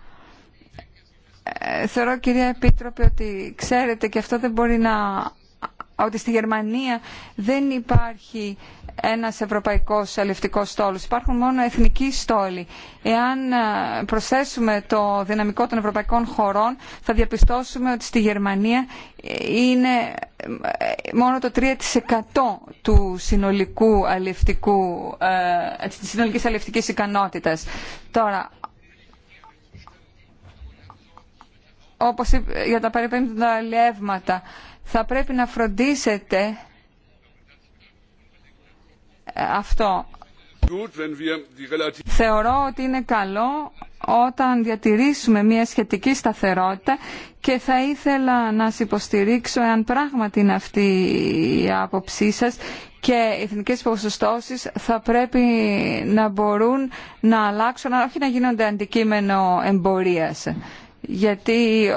Θεωρώ κυρία Επίτροπε ότι ξέρετε και αυτό δεν μπορεί να ότι στη Γερμανία δεν υπάρχει ένας ευρωπαϊκός αλληλευτικός στόλος. Υπάρχουν μόνο εθνικοί στόλοι. Εάν ε, προσθέσουμε το δυναμικό των ευρωπαϊκών χωρών, θα διαπιστώσουμε ότι στη Γερμανία ε, είναι ε, μόνο το 3% του συνολικού αλληλευτικού, της συνολικής αλληλευτικής ικανότητας. Τώρα, όπως για τα παρεπέμπτοντα αλληλεύματα, θα πρέπει να φροντίσετε αυτό. Θεωρώ ότι είναι καλό όταν διατηρήσουμε μια σχετική σταθερότητα και θα ήθελα να σας υποστηρίξω εάν πράγματι είναι αυτή η άποψή σας και οι εθνικές ποσοστώσεις θα πρέπει να μπορούν να αλλάξουν, αλλά όχι να γίνονται αντικείμενο εμπορίας. Γιατί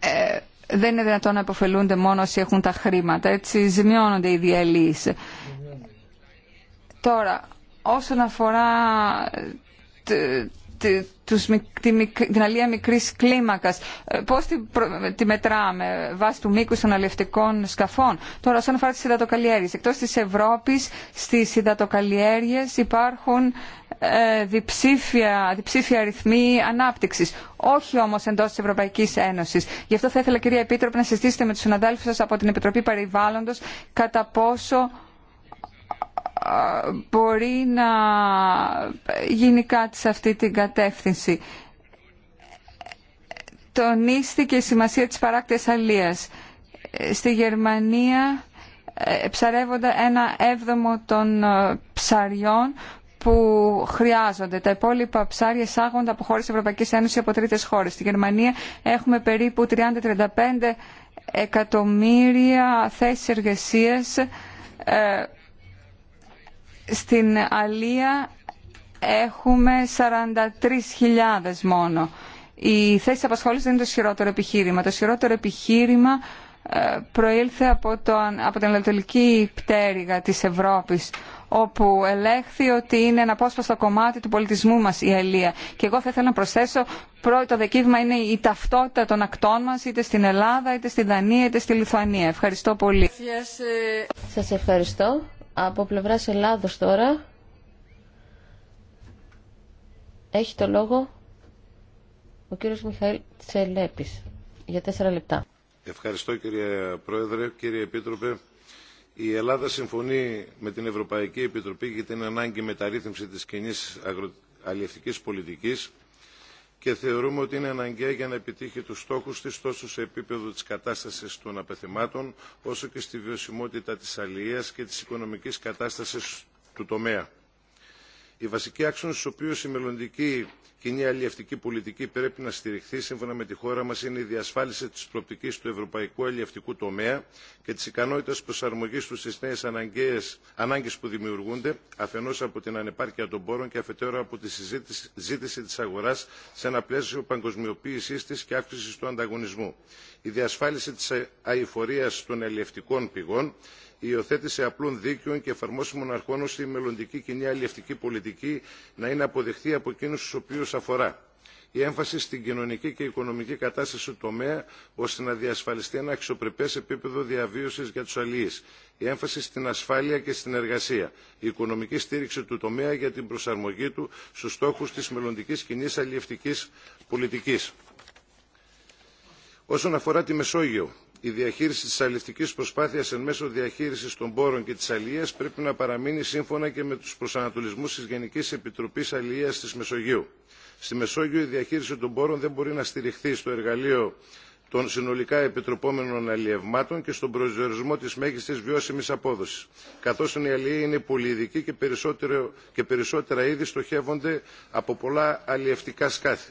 ε, δεν είναι δυνατόν να υποφελούνται μόνο όσοι έχουν τα χρήματα. Έτσι ζημιώνονται οι διαλύσεις. Τώρα, όσον αφορά την αλλία μικρής κλίμακας. Ε, πώς τη μετράμε βάσει του μήκους των αλληλευτικών σκαφών. Τώρα, όσον αφορά τις υδατοκαλλιέργειες, εκτός της Ευρώπης, στις υδατοκαλλιέργειες υπάρχουν ε, διψήφια, διψήφια αριθμοί ανάπτυξης. Όχι όμως εντός της Ευρωπαϊκής Ένωσης. Γι' αυτό θα ήθελα, κυρία Επίτροπη, να συζητήσετε με τους συναντάλφους σας από την Επιτροπή Περιβάλλοντος κατά πόσο μπορεί να γίνει κάτι σε αυτή την κατεύθυνση. Τονίστηκε η σημασία της παράκτης αλίας. Στη Γερμανία ε, ψαρεύονται ένα έβδομο των ε, ψαριών που χρειάζονται. Τα υπόλοιπα ψάρια εισάγονται από χώρες της Ευρωπαϊκής Ένωσης από τρίτες χώρες. Στη Γερμανία έχουμε περίπου 30-35 εκατομμύρια θέσεις εργασίας ε, στην Αλία έχουμε 43.000 μόνο. Η θέση απασχόληση δεν είναι το ισχυρότερο επιχείρημα. Το ισχυρότερο επιχείρημα ε, προήλθε από, το, από την ανατολική πτέρυγα της Ευρώπης όπου ελέγχθη ότι είναι ένα απόσπαστο κομμάτι του πολιτισμού μας η Αλία. Και εγώ θα ήθελα να προσθέσω, πρώτο δεκίβημα είναι η ταυτότητα των ακτών μας, είτε στην Ελλάδα, είτε στη Δανία, είτε στη Λιθουανία. Ευχαριστώ πολύ. Σας ευχαριστώ. Από πλευράς Ελλάδος τώρα έχει το λόγο ο κύριος Μιχαήλ Τσελέπης για τέσσερα λεπτά. Ευχαριστώ κύριε Πρόεδρε, κύριε Επίτροπε. Η Ελλάδα συμφωνεί με την Ευρωπαϊκή Επιτροπή για την ανάγκη μεταρρύθμιση της κοινή αγρο... αλληλευτικής πολιτικής και θεωρούμε ότι είναι αναγκαία για να επιτύχει τους στόχους της τόσο σε επίπεδο της κατάστασης των απεθυμάτων όσο και στη βιωσιμότητα της αλληλείας και της οικονομικής κατάστασης του τομέα. Η βασική άξονε στου οποίου η μελλοντική κοινή αλλιευτική πολιτική πρέπει να στηριχθεί σύμφωνα με τη χώρα μα είναι η διασφάλιση τη προοπτική του ευρωπαϊκού αλλιευτικού τομέα και τη ικανότητα προσαρμογή του στι νέε ανάγκε που δημιουργούνται αφενό από την ανεπάρκεια των πόρων και αφετέρου από τη ζήτηση τη αγορά σε ένα πλαίσιο παγκοσμιοποίηση τη και αύξηση του ανταγωνισμού. Η διασφάλιση τη αηφορία των αλλιευτικών πηγών υιοθέτηση απλών δίκαιων και εφαρμόσιμων αρχών ώστε η μελλοντική κοινή αλλιευτική πολιτική να είναι αποδεκτή από εκείνου του οποίου αφορά. Η έμφαση στην κοινωνική και οικονομική κατάσταση του τομέα ώστε να διασφαλιστεί ένα αξιοπρεπέ επίπεδο διαβίωση για του αλληλεί. Η έμφαση στην ασφάλεια και στην εργασία. Η οικονομική στήριξη του τομέα για την προσαρμογή του στου στόχου τη μελλοντική κοινή αλληλευτική πολιτική. Όσον αφορά τη Μεσόγειο, η διαχείριση της αλληλευτικής προσπάθειας εν μέσω διαχείρισης των πόρων και της αλληλείας πρέπει να παραμείνει σύμφωνα και με τους προσανατολισμούς της Γενικής Επιτροπής Αλληλείας της Μεσογείου. Στη Μεσόγειο η διαχείριση των πόρων δεν μπορεί να στηριχθεί στο εργαλείο των συνολικά επιτροπόμενων αλλιευμάτων και στον προσδιορισμό της μέγιστης βιώσιμης απόδοσης, καθώς η αλληλεία είναι πολυειδική και, και περισσότερα είδη στοχεύονται από πολλά αλλιευτικά σκάφη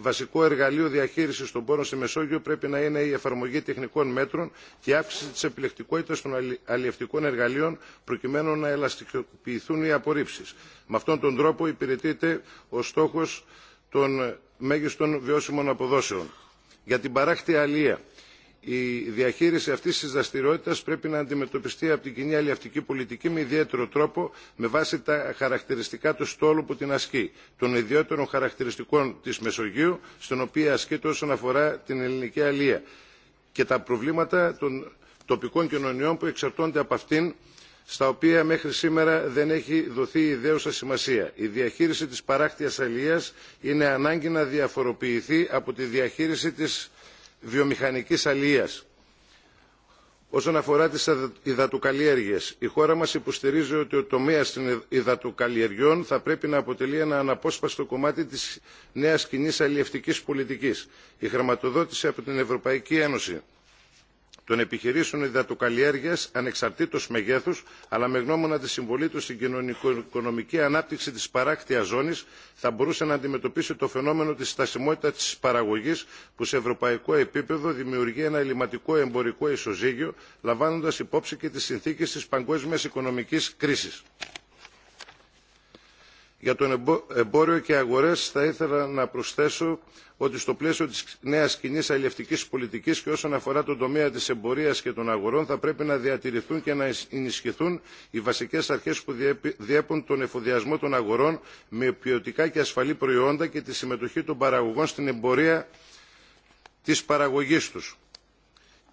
βασικό εργαλείο διαχείριση των πόρων στη Μεσόγειο πρέπει να είναι η εφαρμογή τεχνικών μέτρων και η αύξηση τη επιλεκτικότητα των αλλιευτικών εργαλείων προκειμένου να ελαστικοποιηθούν οι απορρίψει. Με αυτόν τον τρόπο υπηρετείται ο στόχο των μέγιστων βιώσιμων αποδόσεων. Για την παράκτη αλία η διαχείριση αυτής της δραστηριότητα πρέπει να αντιμετωπιστεί από την κοινή αλληλευτική πολιτική με ιδιαίτερο τρόπο με βάση τα χαρακτηριστικά του στόλου που την ασκεί των ιδιαίτερων χαρακτηριστικών της μεσογείου στην οποία ασκείται όσον αφορά την ελληνική αλληλεία και τα προβλήματα των τοπικών κοινωνιών που εξαρτώνται από αυτήν στα οποία μέχρι σήμερα δεν έχει δοθεί ιδέουσα σημασία. Η διαχείριση της παράκτιας αλληλείας είναι ανάγκη να διαφοροποιηθεί από τη διαχείριση της βιομηχανικής αλληλείας. Όσον αφορά τις υδατοκαλλιέργειες, η χώρα μας υποστηρίζει ότι ο τομέα των υδατοκαλλιεργειών θα πρέπει να αποτελεί ένα αναπόσπαστο κομμάτι της νέας κοινή αλλιευτικής πολιτικής. Η χρηματοδότηση από την Ευρωπαϊκή Ένωση των επιχειρήσεων υδατοκαλλιέργειας ανεξαρτήτως μεγέθους αλλά με γνώμονα τη συμβολή του στην κοινωνικο-οικονομική ανάπτυξη της παράκτιας ζώνης θα μπορούσε να αντιμετωπίσει το φαινόμενο της στασιμότητας της παραγωγής που σε ευρωπαϊκό επίπεδο δημιουργεί ένα ελληματικό εμπορικό ισοζύγιο λαμβάνοντας υπόψη και τις συνθήκες της παγκόσμιας οικονομικής κρίσης. Για το εμπόριο και αγορές θα ήθελα να προσθέσω ότι στο πλαίσιο της νέας κοινή αλληλευτικής πολιτικής και όσον αφορά τον τομέα της εμπορίας και των αγορών θα πρέπει να διατηρηθούν και να ενισχυθούν οι βασικές αρχές που διέπουν τον εφοδιασμό των αγορών με ποιοτικά και ασφαλή προϊόντα και τη συμμετοχή των παραγωγών στην εμπορία της παραγωγής τους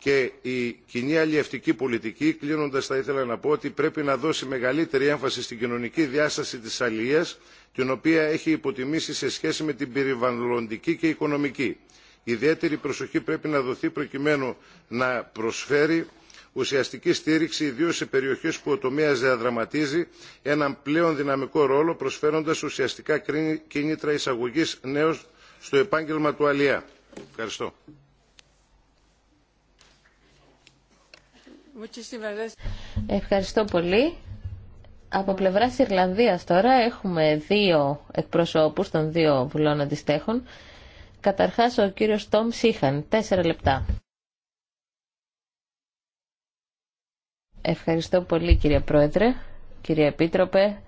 και η κοινή αλλιευτική πολιτική κλείνοντας θα ήθελα να πω ότι πρέπει να δώσει μεγαλύτερη έμφαση στην κοινωνική διάσταση της αλληλείας την οποία έχει υποτιμήσει σε σχέση με την περιβαλλοντική και οικονομική. ιδιαίτερη προσοχή πρέπει να δοθεί προκειμένου να προσφέρει ουσιαστική στήριξη ιδίω σε περιοχέ που ο τομέα διαδραματίζει έναν πλέον δυναμικό ρόλο προσφέροντα ουσιαστικά κίνητρα εισαγωγή νέων στο επάγγελμα του αλληλεία. Ευχαριστώ. Ευχαριστώ πολύ. Από πλευρά Ιρλανδίας τώρα έχουμε δύο εκπροσώπους των δύο βουλών αντιστέχων. Καταρχά ο κύριο Τόμ Σίχαν, τέσσερα λεπτά. Ευχαριστώ πολύ κύριε Πρόεδρε, κύριε Επίτροπε,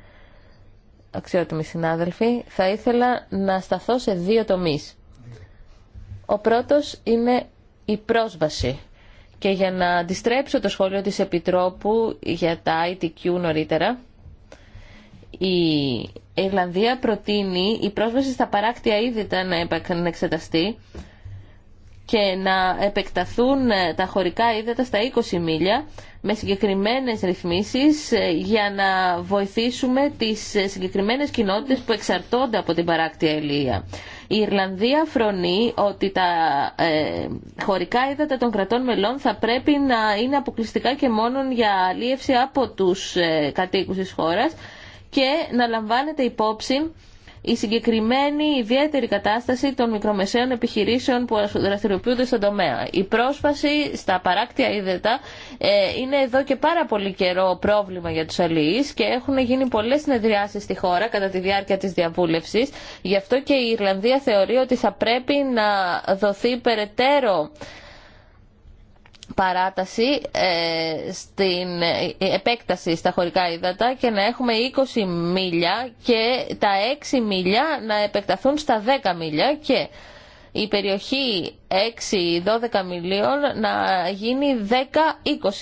αξιότιμοι συνάδελφοι. Θα ήθελα να σταθώ σε δύο τομείς. Ο πρώτος είναι η πρόσβαση και για να αντιστρέψω το σχόλιο της Επιτρόπου για τα ITQ νωρίτερα, η Ιρλανδία προτείνει η πρόσβαση στα παράκτια είδητα να εξεταστεί και να επεκταθούν ε, τα χωρικά είδατα στα 20 μίλια με συγκεκριμένες ρυθμίσεις ε, για να βοηθήσουμε τις ε, συγκεκριμένες κοινότητες που εξαρτώνται από την παράκτια ηλία. Η Ιρλανδία φρονεί ότι τα ε, χωρικά ύδατα των κρατών μελών θα πρέπει να είναι αποκλειστικά και μόνο για αλίευση από τους ε, κατοίκους της χώρας και να λαμβάνεται υπόψη η συγκεκριμένη ιδιαίτερη κατάσταση των μικρομεσαίων επιχειρήσεων που δραστηριοποιούνται στον τομέα. Η πρόσφαση στα παράκτια είδετα ε, είναι εδώ και πάρα πολύ καιρό πρόβλημα για τους αλληλείς και έχουν γίνει πολλές συνεδριάσεις στη χώρα κατά τη διάρκεια της διαβούλευσης. Γι' αυτό και η Ιρλανδία θεωρεί ότι θα πρέπει να δοθεί περαιτέρω παράταση ε, στην ε, επέκταση στα χωρικά ύδατα και να έχουμε 20 μίλια και τα 6 μίλια να επεκταθούν στα 10 μίλια και η περιοχή 6-12 μιλίων να γίνει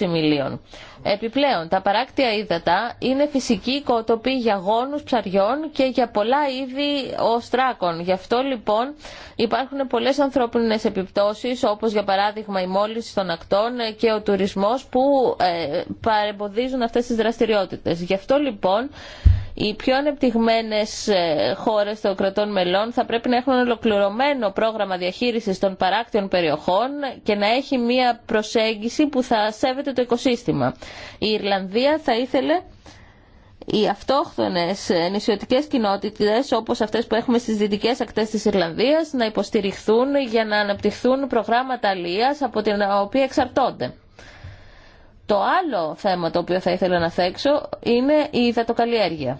10-20 μιλίων. Επιπλέον, τα παράκτια ύδατα είναι φυσική οικοτοπή για γόνους ψαριών και για πολλά είδη οστράκων. Γι' αυτό λοιπόν υπάρχουν πολλές ανθρώπινες επιπτώσεις, όπως για παράδειγμα η μόλυνση των ακτών και ο τουρισμός που ε, παρεμποδίζουν αυτές τις δραστηριότητες. Γι' αυτό λοιπόν οι πιο ανεπτυγμένε ε, χώρες των κρατών μελών θα πρέπει να έχουν ολοκληρωμένο πρόγραμμα διαχείρισης των παράκτιων περιοχών και να έχει μία προσέγγιση που θα σέβεται το οικοσύστημα. Η Ιρλανδία θα ήθελε οι αυτόχθονες νησιωτικές κοινότητες όπως αυτές που έχουμε στις δυτικές ακτές της Ιρλανδίας να υποστηριχθούν για να αναπτυχθούν προγράμματα αλίας από την οποία εξαρτώνται. Το άλλο θέμα το οποίο θα ήθελα να θέξω είναι η υδατοκαλλιέργεια.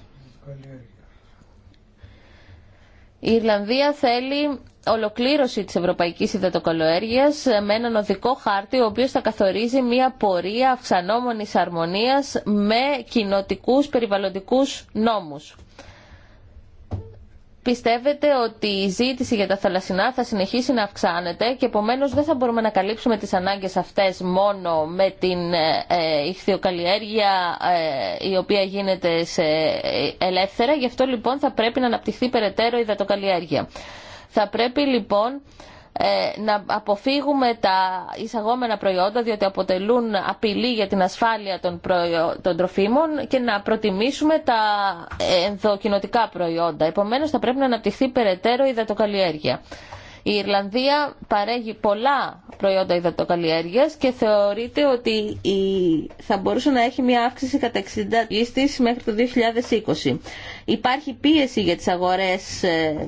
Η Ιρλανδία θέλει ολοκλήρωση της ευρωπαϊκής Ιδετοκολοέργειας με έναν οδικό χάρτη ο οποίος θα καθορίζει μια πορεία αυξανόμενης αρμονίας με κοινοτικούς περιβαλλοντικούς νόμους πιστεύετε ότι η ζήτηση για τα θαλασσινά θα συνεχίσει να αυξάνεται και επομένως δεν θα μπορούμε να καλύψουμε τις ανάγκες αυτές μόνο με την ε, ε ηχθειοκαλλιέργεια ε, η οποία γίνεται σε ε, ελεύθερα. Γι' αυτό λοιπόν θα πρέπει να αναπτυχθεί περαιτέρω η δατοκαλλιέργεια. Θα πρέπει λοιπόν ε, να αποφύγουμε τα εισαγόμενα προϊόντα διότι αποτελούν απειλή για την ασφάλεια των, προϊό... τροφίμων και να προτιμήσουμε τα ενδοκινοτικά προϊόντα. Επομένως θα πρέπει να αναπτυχθεί περαιτέρω η υδατοκαλλιέργεια. Η Ιρλανδία παρέχει πολλά προϊόντα υδατοκαλλιέργειας και θεωρείται ότι θα μπορούσε να έχει μια αύξηση κατά 60% μέχρι το 2020. Υπάρχει πίεση για τις αγορές ε,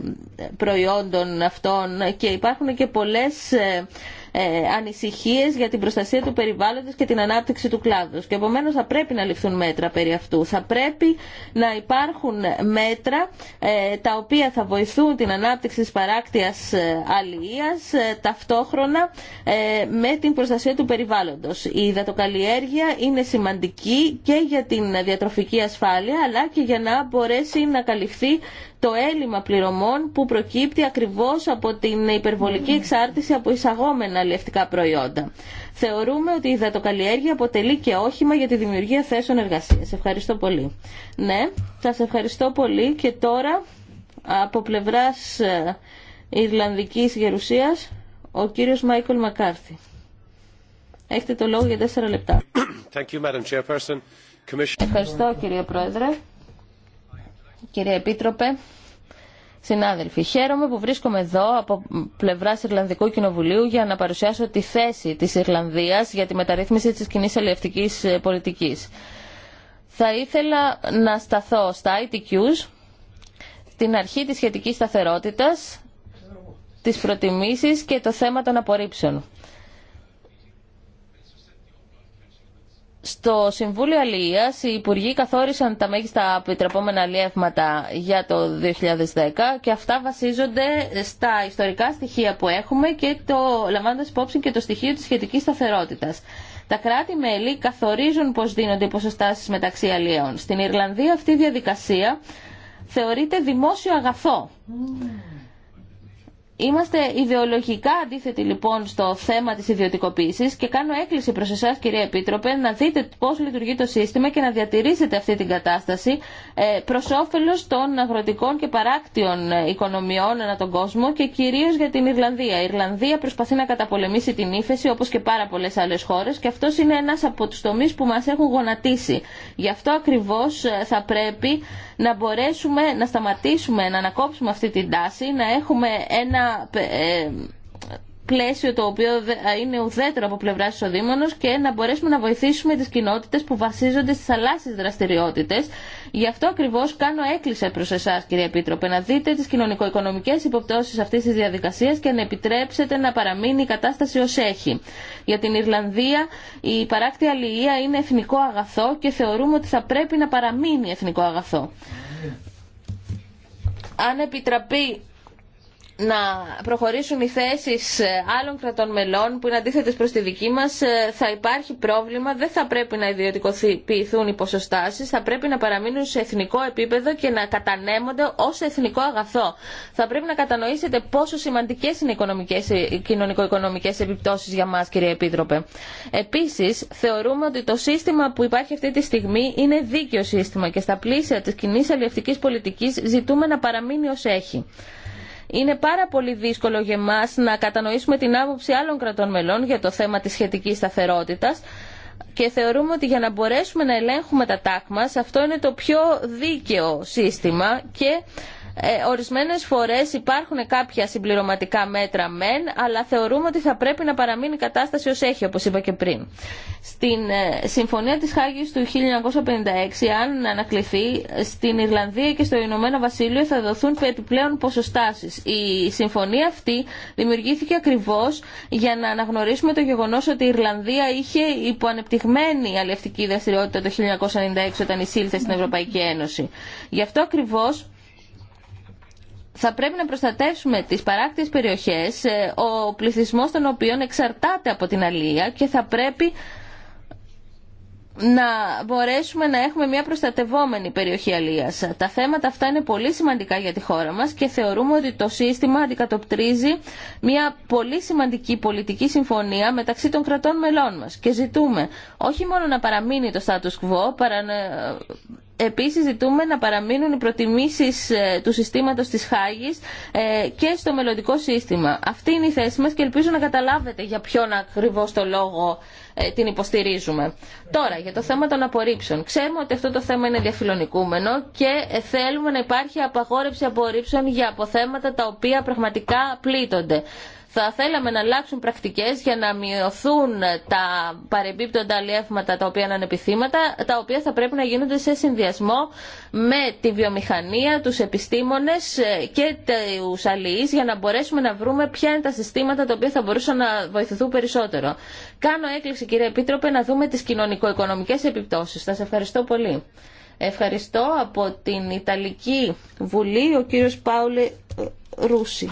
προϊόντων αυτών και υπάρχουν και πολλές ε, ε, Ανησυχίε για την προστασία του περιβάλλοντος και την ανάπτυξη του κλάδου. Και επομένω θα πρέπει να ληφθούν μέτρα περί αυτού. Θα πρέπει να υπάρχουν μέτρα ε, τα οποία θα βοηθούν την ανάπτυξη της αλληλεία ε, αλληλείας ταυτόχρονα με την προστασία του περιβάλλοντος. Η υδατοκαλλιέργεια είναι σημαντική και για την διατροφική ασφάλεια αλλά και για να μπορέσει να καλυφθεί το έλλειμμα πληρωμών που προκύπτει ακριβώς από την υπερβολική εξάρτηση από εισαγόμενα αλλιευτικά προϊόντα. Θεωρούμε ότι η υδατοκαλλιέργεια αποτελεί και όχημα για τη δημιουργία θέσεων εργασίας. Ευχαριστώ πολύ. Ναι, σας ευχαριστώ πολύ και τώρα από πλευράς ε, Ιρλανδικής Γερουσίας ο κύριος Μάικολ Μακάρθη. Έχετε το λόγο για τέσσερα λεπτά. Ευχαριστώ κύριε Πρόεδρε. Κύριε Επίτροπε, Συνάδελφοι, χαίρομαι που βρίσκομαι εδώ από πλευρά Ιρλανδικού Κοινοβουλίου για να παρουσιάσω τη θέση της Ιρλανδία για τη μεταρρύθμιση της κοινή ελευθερικής ε, πολιτικής. Θα ήθελα να σταθώ στα ITQs, την αρχή της σχετικής σταθερότητας, τις προτιμήσεις και το θέμα των απορρίψεων. Στο Συμβούλιο Αλληλείας οι Υπουργοί καθόρισαν τα μέγιστα επιτρεπόμενα αλλιεύματα για το 2010 και αυτά βασίζονται στα ιστορικά στοιχεία που έχουμε και το λαμβάνοντας υπόψη και το στοιχείο της σχετικής σταθερότητας. Τα κράτη-μέλη καθορίζουν πώς δίνονται οι ποσοστάσεις μεταξύ αλλιέων. Στην Ιρλανδία αυτή η διαδικασία θεωρείται δημόσιο αγαθό. Mm. Είμαστε ιδεολογικά αντίθετοι λοιπόν στο θέμα της ιδιωτικοποίησης και κάνω έκκληση προς εσάς κυρία Επίτροπε να δείτε πώς λειτουργεί το σύστημα και να διατηρήσετε αυτή την κατάσταση ε, προς όφελος των αγροτικών και παράκτιων ε, οικονομιών ανά τον κόσμο και κυρίως για την Ιρλανδία. Η Ιρλανδία προσπαθεί να καταπολεμήσει την ύφεση όπως και πάρα πολλές άλλες χώρες και αυτός είναι ένας από τους τομείς που μας έχουν γονατίσει. Γι' αυτό ακριβώς ε, θα πρέπει να μπορέσουμε να σταματήσουμε, να ανακόψουμε αυτή την τάση, να έχουμε ένα ε, πλαίσιο το οποίο είναι ουδέτερο από πλευρά εισοδήμων και να μπορέσουμε να βοηθήσουμε τι κοινότητε που βασίζονται στι θαλάσσιε δραστηριότητε. Γι' αυτό ακριβώ κάνω έκκληση προ εσά, κύριε Επίτροπε να δείτε τι κοινωνικο οικονομικέ υποπτώσει αυτή τη διαδικασία και να επιτρέψετε να παραμείνει η κατάσταση ω έχει. Για την Ιρλανδία η παράκτη αλληλεία είναι εθνικό αγαθό και θεωρούμε ότι θα πρέπει να παραμείνει εθνικό αγαθό. Αν επιτραπεί να προχωρήσουν οι θέσεις ε, άλλων κρατών μελών που είναι αντίθετες προς τη δική μας, ε, θα υπάρχει πρόβλημα, δεν θα πρέπει να ιδιωτικοποιηθούν οι ποσοστάσεις, θα πρέπει να παραμείνουν σε εθνικό επίπεδο και να κατανέμονται ως εθνικό αγαθό. Θα πρέπει να κατανοήσετε πόσο σημαντικές είναι οι ε, κοινωνικο-οικονομικές επιπτώσεις για μας, κύριε Επίτροπε. Επίσης, θεωρούμε ότι το σύστημα που υπάρχει αυτή τη στιγμή είναι δίκαιο σύστημα και στα πλαίσια τη κοινή αλληλευτικής πολιτικής ζητούμε να παραμείνει ως έχει είναι πάρα πολύ δύσκολο για εμά να κατανοήσουμε την άποψη άλλων κρατών μελών για το θέμα της σχετικής σταθερότητα. και θεωρούμε ότι για να μπορέσουμε να ελέγχουμε τα τάκ αυτό είναι το πιο δίκαιο σύστημα και ε, ορισμένες φορές υπάρχουν κάποια συμπληρωματικά μέτρα μεν, αλλά θεωρούμε ότι θα πρέπει να παραμείνει η κατάσταση ως έχει, όπως είπα και πριν. Στην ε, Συμφωνία της Χάγης του 1956, αν ανακληθεί, στην Ιρλανδία και στο Ηνωμένο Βασίλειο θα δοθούν επιπλέον ποσοστάσεις. Η συμφωνία αυτή δημιουργήθηκε ακριβώς για να αναγνωρίσουμε το γεγονός ότι η Ιρλανδία είχε υποανεπτυγμένη αλληλευτική δραστηριότητα το 1996 όταν εισήλθε στην Ευρωπαϊκή Ένωση. Γι' αυτό ακριβώς θα πρέπει να προστατεύσουμε τις παράκτιες περιοχές, ε, ο πληθυσμός των οποίων εξαρτάται από την αλληλεία και θα πρέπει να μπορέσουμε να έχουμε μια προστατευόμενη περιοχή αλίας. Τα θέματα αυτά είναι πολύ σημαντικά για τη χώρα μας και θεωρούμε ότι το σύστημα αντικατοπτρίζει μια πολύ σημαντική πολιτική συμφωνία μεταξύ των κρατών μελών μας και ζητούμε όχι μόνο να παραμείνει το status quo, παρά Επίσης ζητούμε να παραμείνουν οι προτιμήσεις ε, του συστήματος της Χάγης ε, και στο μελλοντικό σύστημα. Αυτή είναι η θέση μας και ελπίζω να καταλάβετε για ποιον ακριβώς το λόγο ε, την υποστηρίζουμε. Τώρα, για το θέμα των απορρίψεων. Ξέρουμε ότι αυτό το θέμα είναι διαφιλονικούμενο και ε, θέλουμε να υπάρχει απαγόρευση απορρίψεων για αποθέματα τα οποία πραγματικά πλήττονται θα θέλαμε να αλλάξουν πρακτικές για να μειωθούν τα παρεμπίπτοντα αλλιεύματα τα οποία είναι επιθύματα, τα οποία θα πρέπει να γίνονται σε συνδυασμό με τη βιομηχανία, τους επιστήμονες ε, και τους αλληλείς για να μπορέσουμε να βρούμε ποια είναι τα συστήματα τα οποία θα μπορούσαν να βοηθηθούν περισσότερο. Κάνω έκκληση κύριε Επίτροπε να δούμε τις κοινωνικο-οικονομικές επιπτώσεις. Σας ευχαριστώ πολύ. Ευχαριστώ από την Ιταλική Βουλή ο κύριος Πάουλε Ρούσι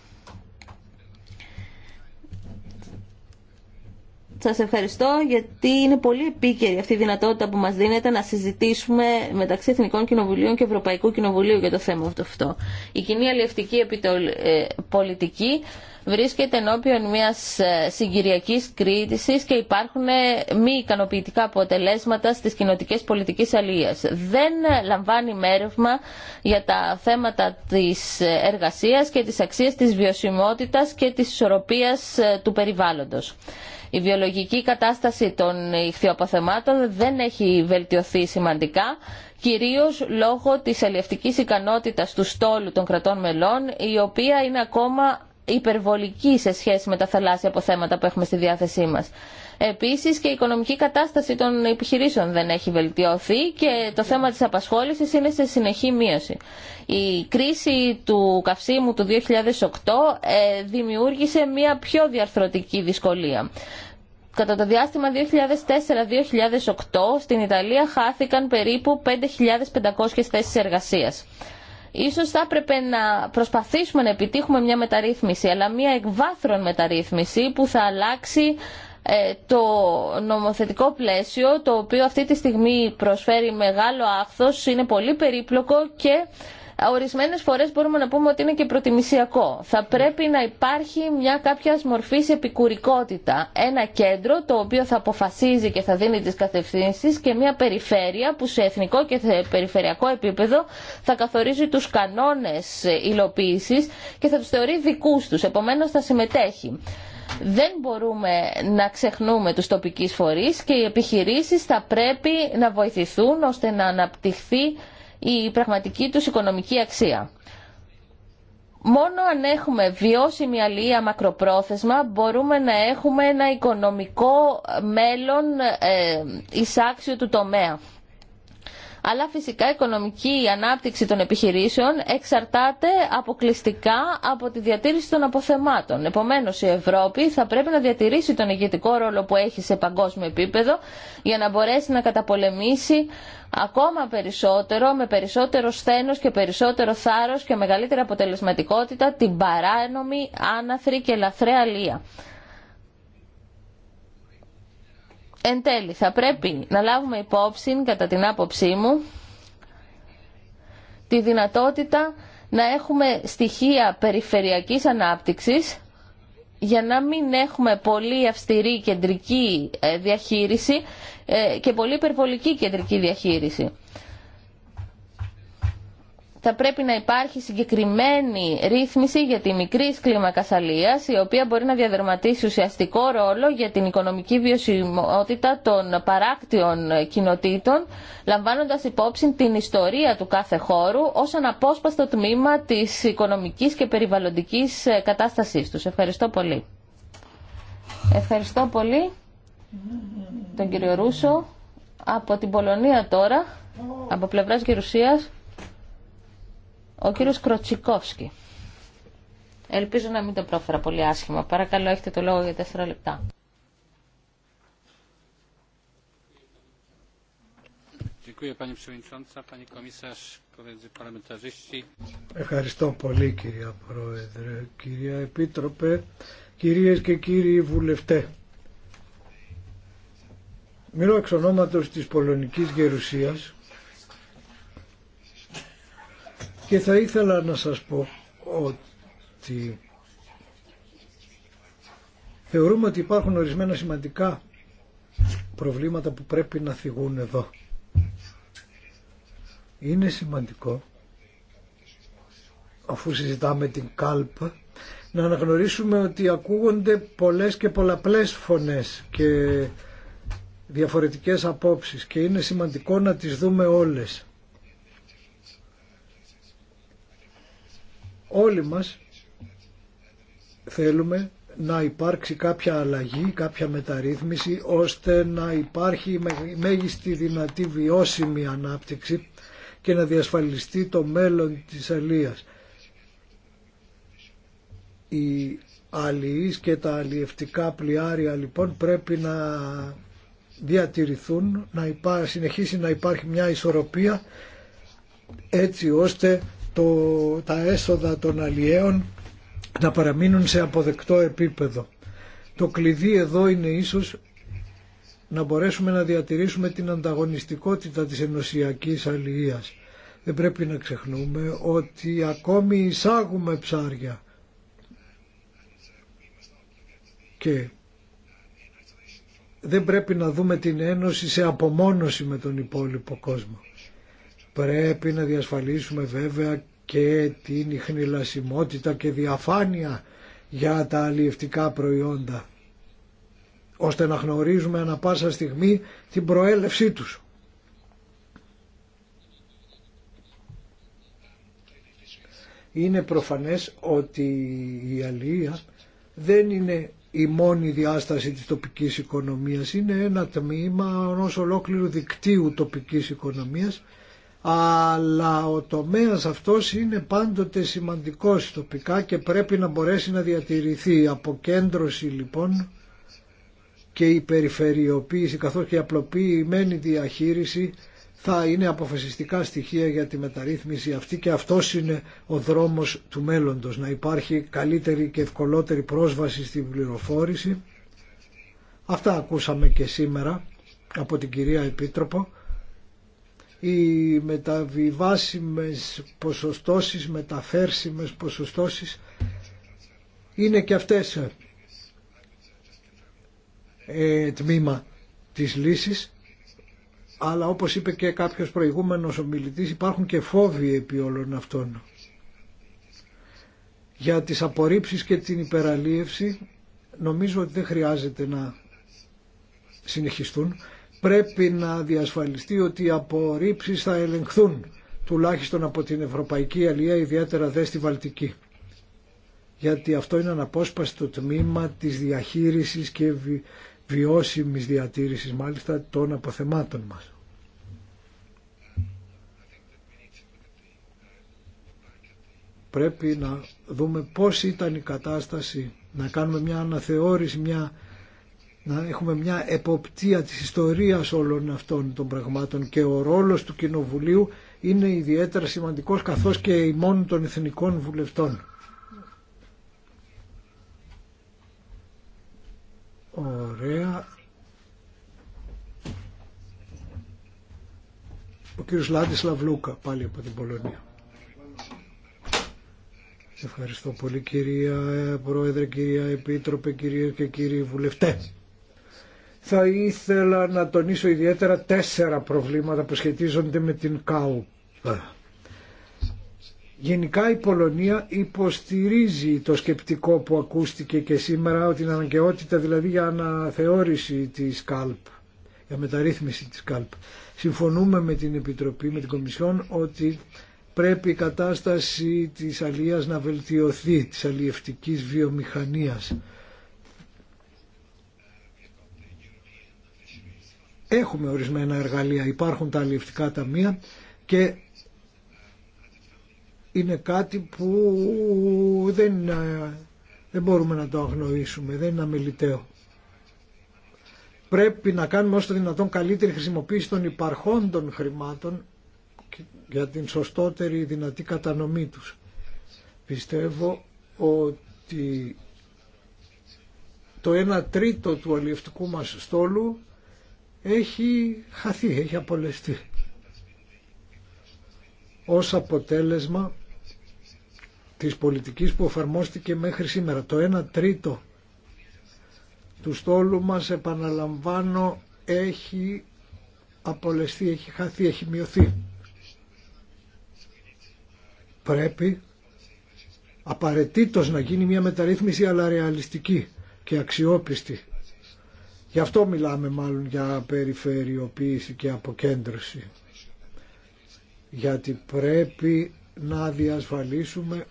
Σας ευχαριστώ γιατί είναι πολύ επίκαιρη αυτή η δυνατότητα που μας δίνεται να συζητήσουμε μεταξύ Εθνικών Κοινοβουλίων και Ευρωπαϊκού Κοινοβουλίου για το θέμα αυτό. Η κοινή αλληλευτική ε, πολιτική βρίσκεται ενώπιον μιας ε, συγκυριακής κρίτησης και υπάρχουν ε, μη ικανοποιητικά αποτελέσματα στις κοινοτικέ πολιτικές αλληλείας. Δεν λαμβάνει μέρευμα για τα θέματα της εργασίας και της αξίας της βιωσιμότητας και της ισορροπίας του περιβάλλοντος. Η βιολογική κατάσταση των ηχθειοποθεμάτων δεν έχει βελτιωθεί σημαντικά, κυρίως λόγω της αλλιευτικής ικανότητας του στόλου των κρατών μελών, η οποία είναι ακόμα υπερβολική σε σχέση με τα θαλάσσια αποθέματα που έχουμε στη διάθεσή μας. Επίσης και η οικονομική κατάσταση των επιχειρήσεων δεν έχει βελτιωθεί και το θέμα της απασχόλησης είναι σε συνεχή μείωση. Η κρίση του καυσίμου του 2008 ε, δημιούργησε μια πιο διαρθρωτική δυσκολία. Κατά το διάστημα 2004-2008 στην Ιταλία χάθηκαν περίπου 5.500 θέσεις εργασίας. Ίσως θα έπρεπε να προσπαθήσουμε να επιτύχουμε μια μεταρρύθμιση, αλλά μια εκβάθρον μεταρρύθμιση που θα αλλάξει ε, το νομοθετικό πλαίσιο το οποίο αυτή τη στιγμή προσφέρει μεγάλο άχθος, είναι πολύ περίπλοκο και ορισμένες φορές μπορούμε να πούμε ότι είναι και προτιμησιακό. Θα πρέπει να υπάρχει μια κάποια μορφή επικουρικότητα. Ένα κέντρο το οποίο θα αποφασίζει και θα δίνει τις κατευθύνσεις και μια περιφέρεια που σε εθνικό και περιφερειακό επίπεδο θα καθορίζει τους κανόνες υλοποίησης και θα τους θεωρεί δικούς τους. Επομένως θα συμμετέχει. Δεν μπορούμε να ξεχνούμε τους τοπικείς φορείς και οι επιχειρήσεις θα πρέπει να βοηθηθούν ώστε να αναπτυχθεί η πραγματική τους οικονομική αξία. Μόνο αν έχουμε βιώσιμη αλληλεία μακροπρόθεσμα μπορούμε να έχουμε ένα οικονομικό μέλλον ε, εισάξιο του τομέα αλλά φυσικά η οικονομική ανάπτυξη των επιχειρήσεων εξαρτάται αποκλειστικά από τη διατήρηση των αποθεμάτων. Επομένως η Ευρώπη θα πρέπει να διατηρήσει τον ηγετικό ρόλο που έχει σε παγκόσμιο επίπεδο για να μπορέσει να καταπολεμήσει ακόμα περισσότερο, με περισσότερο σθένος και περισσότερο θάρρος και μεγαλύτερη αποτελεσματικότητα την παράνομη, άναθρη και λαθρέα λία. εν τέλει θα πρέπει να λάβουμε υπόψη, κατά την άποψή μου, τη δυνατότητα να έχουμε στοιχεία περιφερειακής ανάπτυξης για να μην έχουμε πολύ αυστηρή κεντρική ε, διαχείριση ε, και πολύ υπερβολική κεντρική διαχείριση θα πρέπει να υπάρχει συγκεκριμένη ρύθμιση για τη μικρή κλίμακα η οποία μπορεί να διαδερματίσει ουσιαστικό ρόλο για την οικονομική βιωσιμότητα των παράκτιων κοινοτήτων, λαμβάνοντας υπόψη την ιστορία του κάθε χώρου ω αναπόσπαστο τμήμα της οικονομικής και περιβαλλοντικής κατάστασής του. Ευχαριστώ πολύ. Ευχαριστώ πολύ τον κύριο Ρούσο. Από την Πολωνία τώρα, από πλευράς Γερουσίας. Ο κύριος Κροτσικόφσκι. Ελπίζω να μην το πρόφερα πολύ άσχημα. Παρακαλώ, έχετε το λόγο για τέσσερα λεπτά. Ευχαριστώ πολύ κυρία Πρόεδρε, κυρία Επίτροπε, κυρίες και κύριοι βουλευτέ. Μιλώ εξ ονόματος της Πολωνικής Γερουσίας Και θα ήθελα να σας πω ότι θεωρούμε ότι υπάρχουν ορισμένα σημαντικά προβλήματα που πρέπει να θυγούν εδώ. Είναι σημαντικό, αφού συζητάμε την κάλπα, να αναγνωρίσουμε ότι ακούγονται πολλές και πολλαπλές φωνές και διαφορετικές απόψεις και είναι σημαντικό να τις δούμε όλες. Όλοι μας θέλουμε να υπάρξει κάποια αλλαγή, κάποια μεταρρύθμιση, ώστε να υπάρχει η μέγιστη δυνατή βιώσιμη ανάπτυξη και να διασφαλιστεί το μέλλον της αλίας. Οι αλληλείς και τα αλλιευτικά πλοιάρια λοιπόν πρέπει να διατηρηθούν, να υπά... συνεχίσει να υπάρχει μια ισορροπία έτσι ώστε το, τα έσοδα των αλλιέων να παραμείνουν σε αποδεκτό επίπεδο. Το κλειδί εδώ είναι ίσως να μπορέσουμε να διατηρήσουμε την ανταγωνιστικότητα της ενωσιακής αλληλείας. Δεν πρέπει να ξεχνούμε ότι ακόμη εισάγουμε ψάρια και δεν πρέπει να δούμε την Ένωση σε απομόνωση με τον υπόλοιπο κόσμο. Πρέπει να διασφαλίσουμε βέβαια και την ιχνηλασιμότητα και διαφάνεια για τα αλλιευτικά προϊόντα ώστε να γνωρίζουμε ανα πάσα στιγμή την προέλευσή τους. Είναι προφανές ότι η αλληλεία δεν είναι η μόνη διάσταση της τοπικής οικονομίας, είναι ένα τμήμα ενός ολόκληρου δικτύου τοπικής οικονομίας αλλά ο τομέας αυτός είναι πάντοτε σημαντικός τοπικά και πρέπει να μπορέσει να διατηρηθεί. Η αποκέντρωση λοιπόν και η περιφερειοποίηση καθώς και η απλοποιημένη διαχείριση θα είναι αποφασιστικά στοιχεία για τη μεταρρύθμιση αυτή και αυτός είναι ο δρόμος του μέλλοντος, να υπάρχει καλύτερη και ευκολότερη πρόσβαση στην πληροφόρηση. Αυτά ακούσαμε και σήμερα από την κυρία Επίτροπο οι μεταβιβάσιμες ποσοστώσεις, μεταφέρσιμες ποσοστώσεις είναι και αυτές ε, τμήμα της λύσης αλλά όπως είπε και κάποιος προηγούμενος ομιλητής υπάρχουν και φόβοι επί όλων αυτών για τις απορρίψεις και την υπεραλίευση νομίζω ότι δεν χρειάζεται να συνεχιστούν πρέπει να διασφαλιστεί ότι οι απορρίψει θα ελεγχθούν τουλάχιστον από την Ευρωπαϊκή Αλία, ιδιαίτερα δε στη Βαλτική. Γιατί αυτό είναι αναπόσπαστο τμήμα της διαχείρισης και βιώσιμης διατήρησης μάλιστα των αποθεμάτων μας. Πρέπει να δούμε πώς ήταν η κατάσταση, να κάνουμε μια αναθεώρηση, μια να έχουμε μια εποπτεία της ιστορίας όλων αυτών των πραγμάτων και ο ρόλος του Κοινοβουλίου είναι ιδιαίτερα σημαντικός καθώς και η μόνη των εθνικών βουλευτών. Ωραία. Ο κύριος Λάντης Λαβλούκα πάλι από την Πολωνία. Ευχαριστώ πολύ κυρία Πρόεδρε, κυρία Επίτροπε, κυρία και κύριοι βουλευτές θα ήθελα να τονίσω ιδιαίτερα τέσσερα προβλήματα που σχετίζονται με την ΚΑΟ. Γενικά η Πολωνία υποστηρίζει το σκεπτικό που ακούστηκε και σήμερα ότι την αναγκαιότητα δηλαδή για αναθεώρηση της ΚΑΛΠ, για μεταρρύθμιση της ΚΑΛΠ. Συμφωνούμε με την Επιτροπή, με την Κομισιόν ότι πρέπει η κατάσταση της αλίας να βελτιωθεί, της αλιευτικής βιομηχανίας Έχουμε ορισμένα εργαλεία, υπάρχουν τα αλληλευτικά ταμεία και είναι κάτι που δεν, ε, δεν μπορούμε να το αγνοήσουμε, δεν είναι αμεληταίο. Πρέπει να κάνουμε όσο το δυνατόν καλύτερη χρησιμοποίηση των υπάρχοντων χρημάτων για την σωστότερη δυνατή κατανομή τους. Πιστεύω ότι το 1 τρίτο του αλληλευτικού μας στόλου έχει χαθεί, έχει απολεστεί. Ως αποτέλεσμα της πολιτικής που εφαρμόστηκε μέχρι σήμερα. Το 1 τρίτο του στόλου μας, επαναλαμβάνω, έχει απολεστεί, έχει χαθεί, έχει μειωθεί. Πρέπει απαραίτητος να γίνει μια μεταρρύθμιση αλλά ρεαλιστική και αξιόπιστη Γι' αυτό μιλάμε μάλλον για περιφερειοποίηση και αποκέντρωση. Γιατί πρέπει να διασφαλίσουμε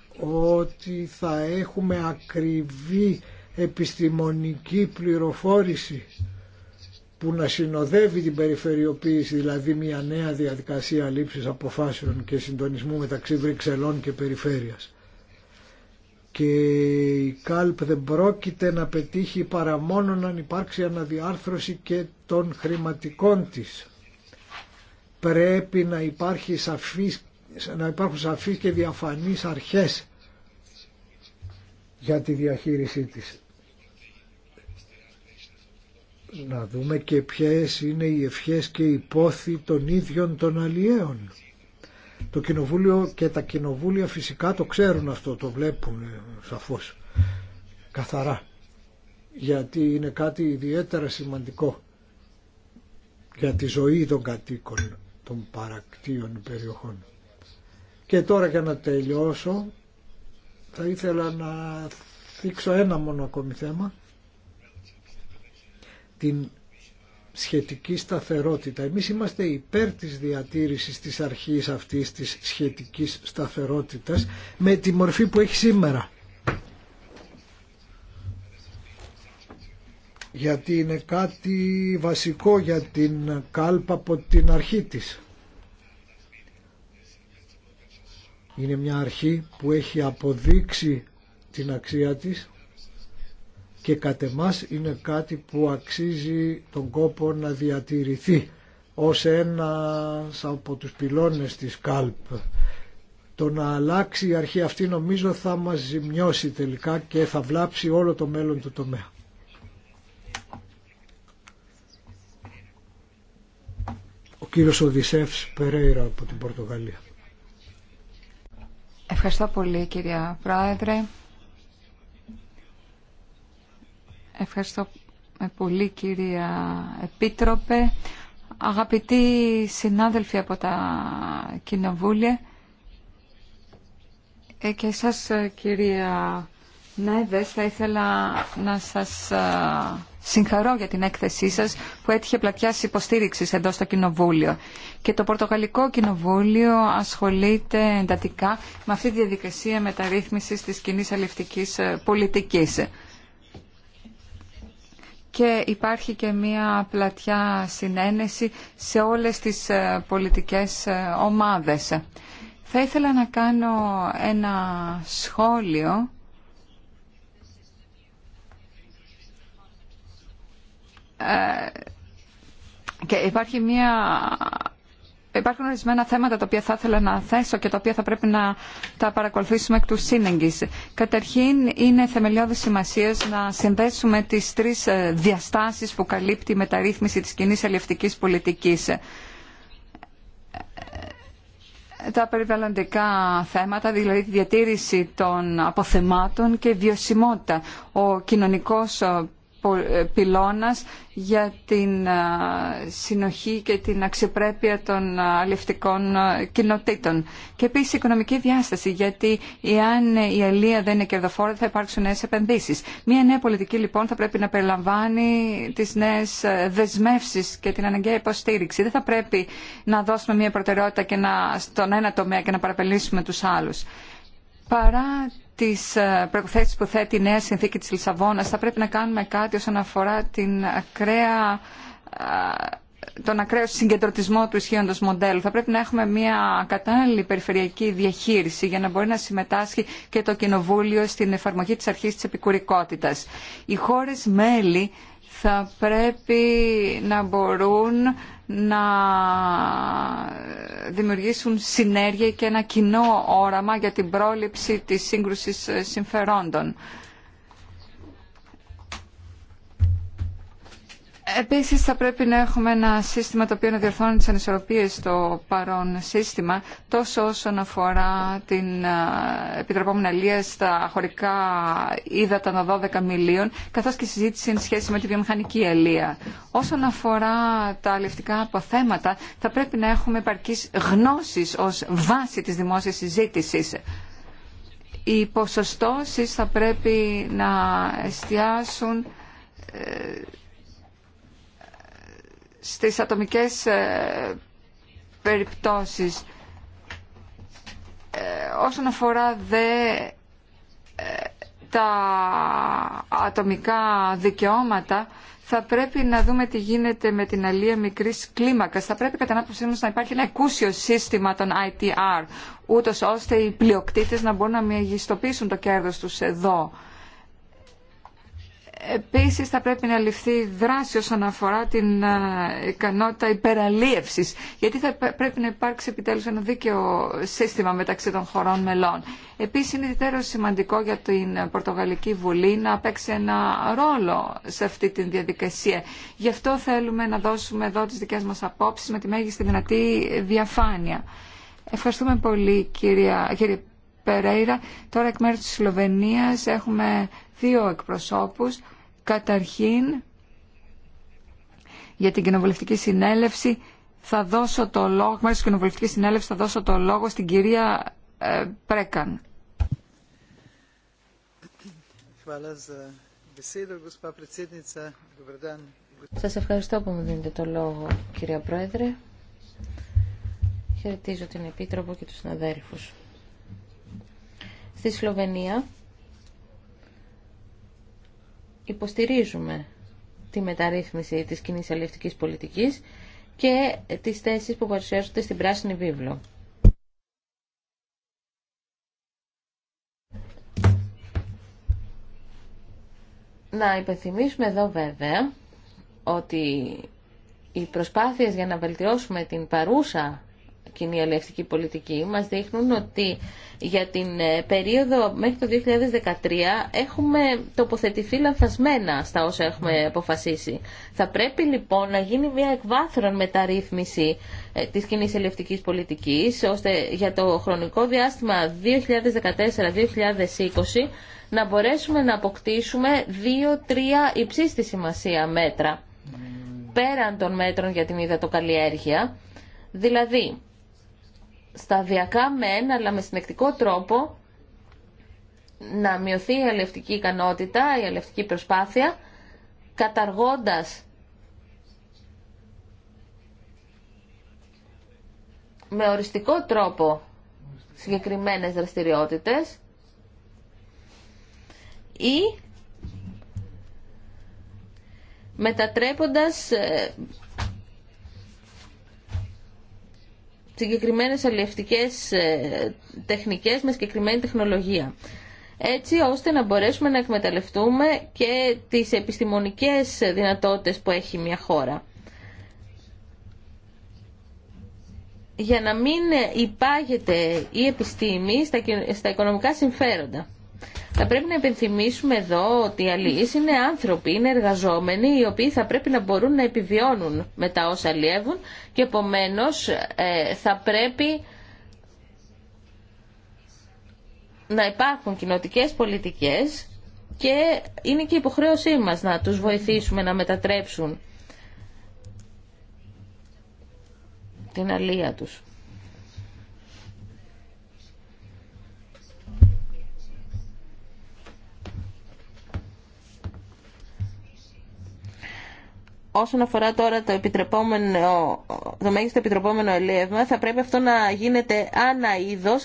ότι θα έχουμε ακριβή επιστημονική πληροφόρηση που να συνοδεύει την περιφερειοποίηση, δηλαδή μια νέα διαδικασία λήψης αποφάσεων και συντονισμού μεταξύ Βρυξελών και περιφέρειας και η ΚΑΛΠ δεν πρόκειται να πετύχει παρά μόνο να υπάρξει αναδιάρθρωση και των χρηματικών της. Πρέπει να, υπάρχει σαφής, να υπάρχουν σαφείς και διαφανείς αρχές για τη διαχείρισή της. Να δούμε και ποιες είναι οι ευχές και οι πόθη των ίδιων των αλλιέων. Το κοινοβούλιο και τα κοινοβούλια φυσικά το ξέρουν αυτό, το βλέπουν ε, σαφώς, καθαρά. Γιατί είναι κάτι ιδιαίτερα σημαντικό για τη ζωή των κατοίκων των παρακτήων περιοχών. Και τώρα για να τελειώσω θα ήθελα να δείξω ένα μόνο ακόμη θέμα σχετική σταθερότητα. Εμείς είμαστε υπέρ της διατήρησης της αρχής αυτής της σχετικής σταθερότητας με τη μορφή που έχει σήμερα. Γιατί είναι κάτι βασικό για την κάλπα από την αρχή της. Είναι μια αρχή που έχει αποδείξει την αξία της και κατ' εμάς είναι κάτι που αξίζει τον κόπο να διατηρηθεί ως ένα από τους πυλώνες της ΚΑΛΠ. Το να αλλάξει η αρχή αυτή νομίζω θα μας ζημιώσει τελικά και θα βλάψει όλο το μέλλον του τομέα. Ο κύριος Οδυσσεύς Περέιρα από την Πορτογαλία. Ευχαριστώ πολύ κυρία Πρόεδρε. Ευχαριστώ πολύ κυρία Επίτροπε. Αγαπητοί συνάδελφοι από τα κοινοβούλια ε, και σας ε, κυρία Νέδες, θα ήθελα να σας ε, συγχαρώ για την έκθεσή σας που έτυχε πλατιάς υποστήριξη εδώ στο Κοινοβούλιο. Και το Πορτογαλικό Κοινοβούλιο ασχολείται εντατικά με αυτή τη διαδικασία μεταρρύθμισης της κοινή αλληλευτικής πολιτικής και υπάρχει και μία πλατιά συνένεση σε όλες τις ε, πολιτικές ε, ομάδες. Θα ήθελα να κάνω ένα σχόλιο ε, και υπάρχει μία υπάρχουν ορισμένα θέματα τα οποία θα ήθελα να θέσω και τα οποία θα πρέπει να τα παρακολουθήσουμε εκ του σύνεγγυς. Καταρχήν είναι θεμελιώδης σημασία να συνδέσουμε τις τρεις ε, διαστάσεις που καλύπτει η μεταρρύθμιση της κοινή αλληλευτικής πολιτικής. Ε, τα περιβαλλοντικά θέματα, δηλαδή τη διατήρηση των αποθεμάτων και βιωσιμότητα. Ο κοινωνικός ε, πυλώνας για την συνοχή και την αξιοπρέπεια των αλληλευτικών κοινοτήτων. Και επίσης η οικονομική διάσταση, γιατί εάν η αλία δεν είναι κερδοφόρα θα υπάρξουν νέες επενδύσεις. Μία νέα πολιτική λοιπόν θα πρέπει να περιλαμβάνει τις νέες δεσμεύσεις και την αναγκαία υποστήριξη. Δεν θα πρέπει να δώσουμε μία προτεραιότητα στον ένα τομέα και να παραπελήσουμε τους άλλους. Παρά τις ε, προϋποθέσεις που θέτει η νέα συνθήκη της Λισαβόνας θα πρέπει να κάνουμε κάτι όσον αφορά την ακραία, ε, τον ακραίο συγκεντρωτισμό του ισχύοντος μοντέλου. Θα πρέπει να έχουμε μια κατάλληλη περιφερειακή διαχείριση για να μπορεί να συμμετάσχει και το Κοινοβούλιο στην εφαρμογή της αρχής της επικουρικότητας. Οι χώρες μέλη θα πρέπει να μπορούν να δημιουργήσουν συνέργεια και ένα κοινό όραμα για την πρόληψη της σύγκρουσης συμφερόντων. Επίσης θα πρέπει να έχουμε ένα σύστημα το οποίο να διορθώνει τις ανισορροπίες στο παρόν σύστημα τόσο όσον αφορά την επιτρεπόμενη αλία στα χωρικά ύδατα των 12 μιλίων καθώς και συζήτηση εν σχέση με τη βιομηχανική αλία. Όσον αφορά τα αλληλευτικά αποθέματα θα πρέπει να έχουμε επαρκείς γνώσεις ως βάση της δημόσιας συζήτησης οι ποσοστώσεις θα πρέπει να εστιάσουν ε, στις ατομικές ε, περιπτώσεις. Ε, όσον αφορά δε ε, τα ατομικά δικαιώματα, θα πρέπει να δούμε τι γίνεται με την αλία μικρής κλίμακας. Θα πρέπει κατά άποψή να υπάρχει ένα εκούσιο σύστημα των ITR, ούτως ώστε οι πλειοκτήτες να μπορούν να μεγιστοποιήσουν το κέρδος τους εδώ. Επίσης θα πρέπει να ληφθεί δράση όσον αφορά την ικανότητα υπεραλίευσης, γιατί θα πρέπει να υπάρξει επιτέλους ένα δίκαιο σύστημα μεταξύ των χωρών μελών. Επίσης είναι ιδιαίτερο σημαντικό για την Πορτογαλική Βουλή να παίξει ένα ρόλο σε αυτή τη διαδικασία. Γι' αυτό θέλουμε να δώσουμε εδώ τις δικές μας απόψεις με τη μέγιστη δυνατή διαφάνεια. Ευχαριστούμε πολύ κύριε κύριε Τώρα εκ μέρους της Σλοβενίας έχουμε δύο εκπροσώπους. Καταρχήν, για την κοινοβουλευτική συνέλευση θα δώσω το λόγο, θα δώσω το λόγο στην κυρία ε, Πρέκαν. Σας ευχαριστώ που μου δίνετε το λόγο, κυρία Πρόεδρε. Χαιρετίζω την Επίτροπο και τους συναδέλφους. Στη Σλοβενία υποστηρίζουμε τη μεταρρύθμιση της κοινή αλληλευτικής πολιτικής και τις θέσεις που παρουσιάζονται στην Πράσινη Βίβλο. Να υπενθυμίσουμε εδώ βέβαια ότι οι προσπάθειες για να βελτιώσουμε την παρούσα κοινή πολιτική μας δείχνουν ότι για την ε, περίοδο μέχρι το 2013 έχουμε τοποθετηθεί λανθασμένα στα όσα έχουμε αποφασίσει. Θα πρέπει λοιπόν να γίνει μια εκβάθρον μεταρρύθμιση ε, της κοινή ελευτικής πολιτικής ώστε για το χρονικό διάστημα 2014-2020 να μπορέσουμε να αποκτήσουμε δύο-τρία υψίστη σημασία μέτρα πέραν των μέτρων για την υδατοκαλλιέργεια. Δηλαδή, σταδιακά μεν, αλλά με συνεκτικό τρόπο να μειωθεί η αλευτική ικανότητα, η αλευτική προσπάθεια, καταργώντας με οριστικό τρόπο συγκεκριμένες δραστηριότητες ή μετατρέποντας ε, συγκεκριμένες αλλιευτικές ε, τεχνικές με συγκεκριμένη τεχνολογία έτσι ώστε να μπορέσουμε να εκμεταλλευτούμε και τις επιστημονικές δυνατότητες που έχει μια χώρα. Για να μην υπάγεται η επιστήμη στα οικονομικά συμφέροντα. Θα πρέπει να υπενθυμίσουμε εδώ ότι οι αλληλείς είναι άνθρωποι, είναι εργαζόμενοι οι οποίοι θα πρέπει να μπορούν να επιβιώνουν με τα όσα αλλιεύουν και επομένως ε, θα πρέπει να υπάρχουν κοινοτικές πολιτικές και είναι και η υποχρέωσή μας να τους βοηθήσουμε να μετατρέψουν την αλία τους. Όσον αφορά τώρα το, επιτρεπόμενο, το μέγιστο επιτρεπόμενο ελίευμα, θα πρέπει αυτό να γίνεται ανά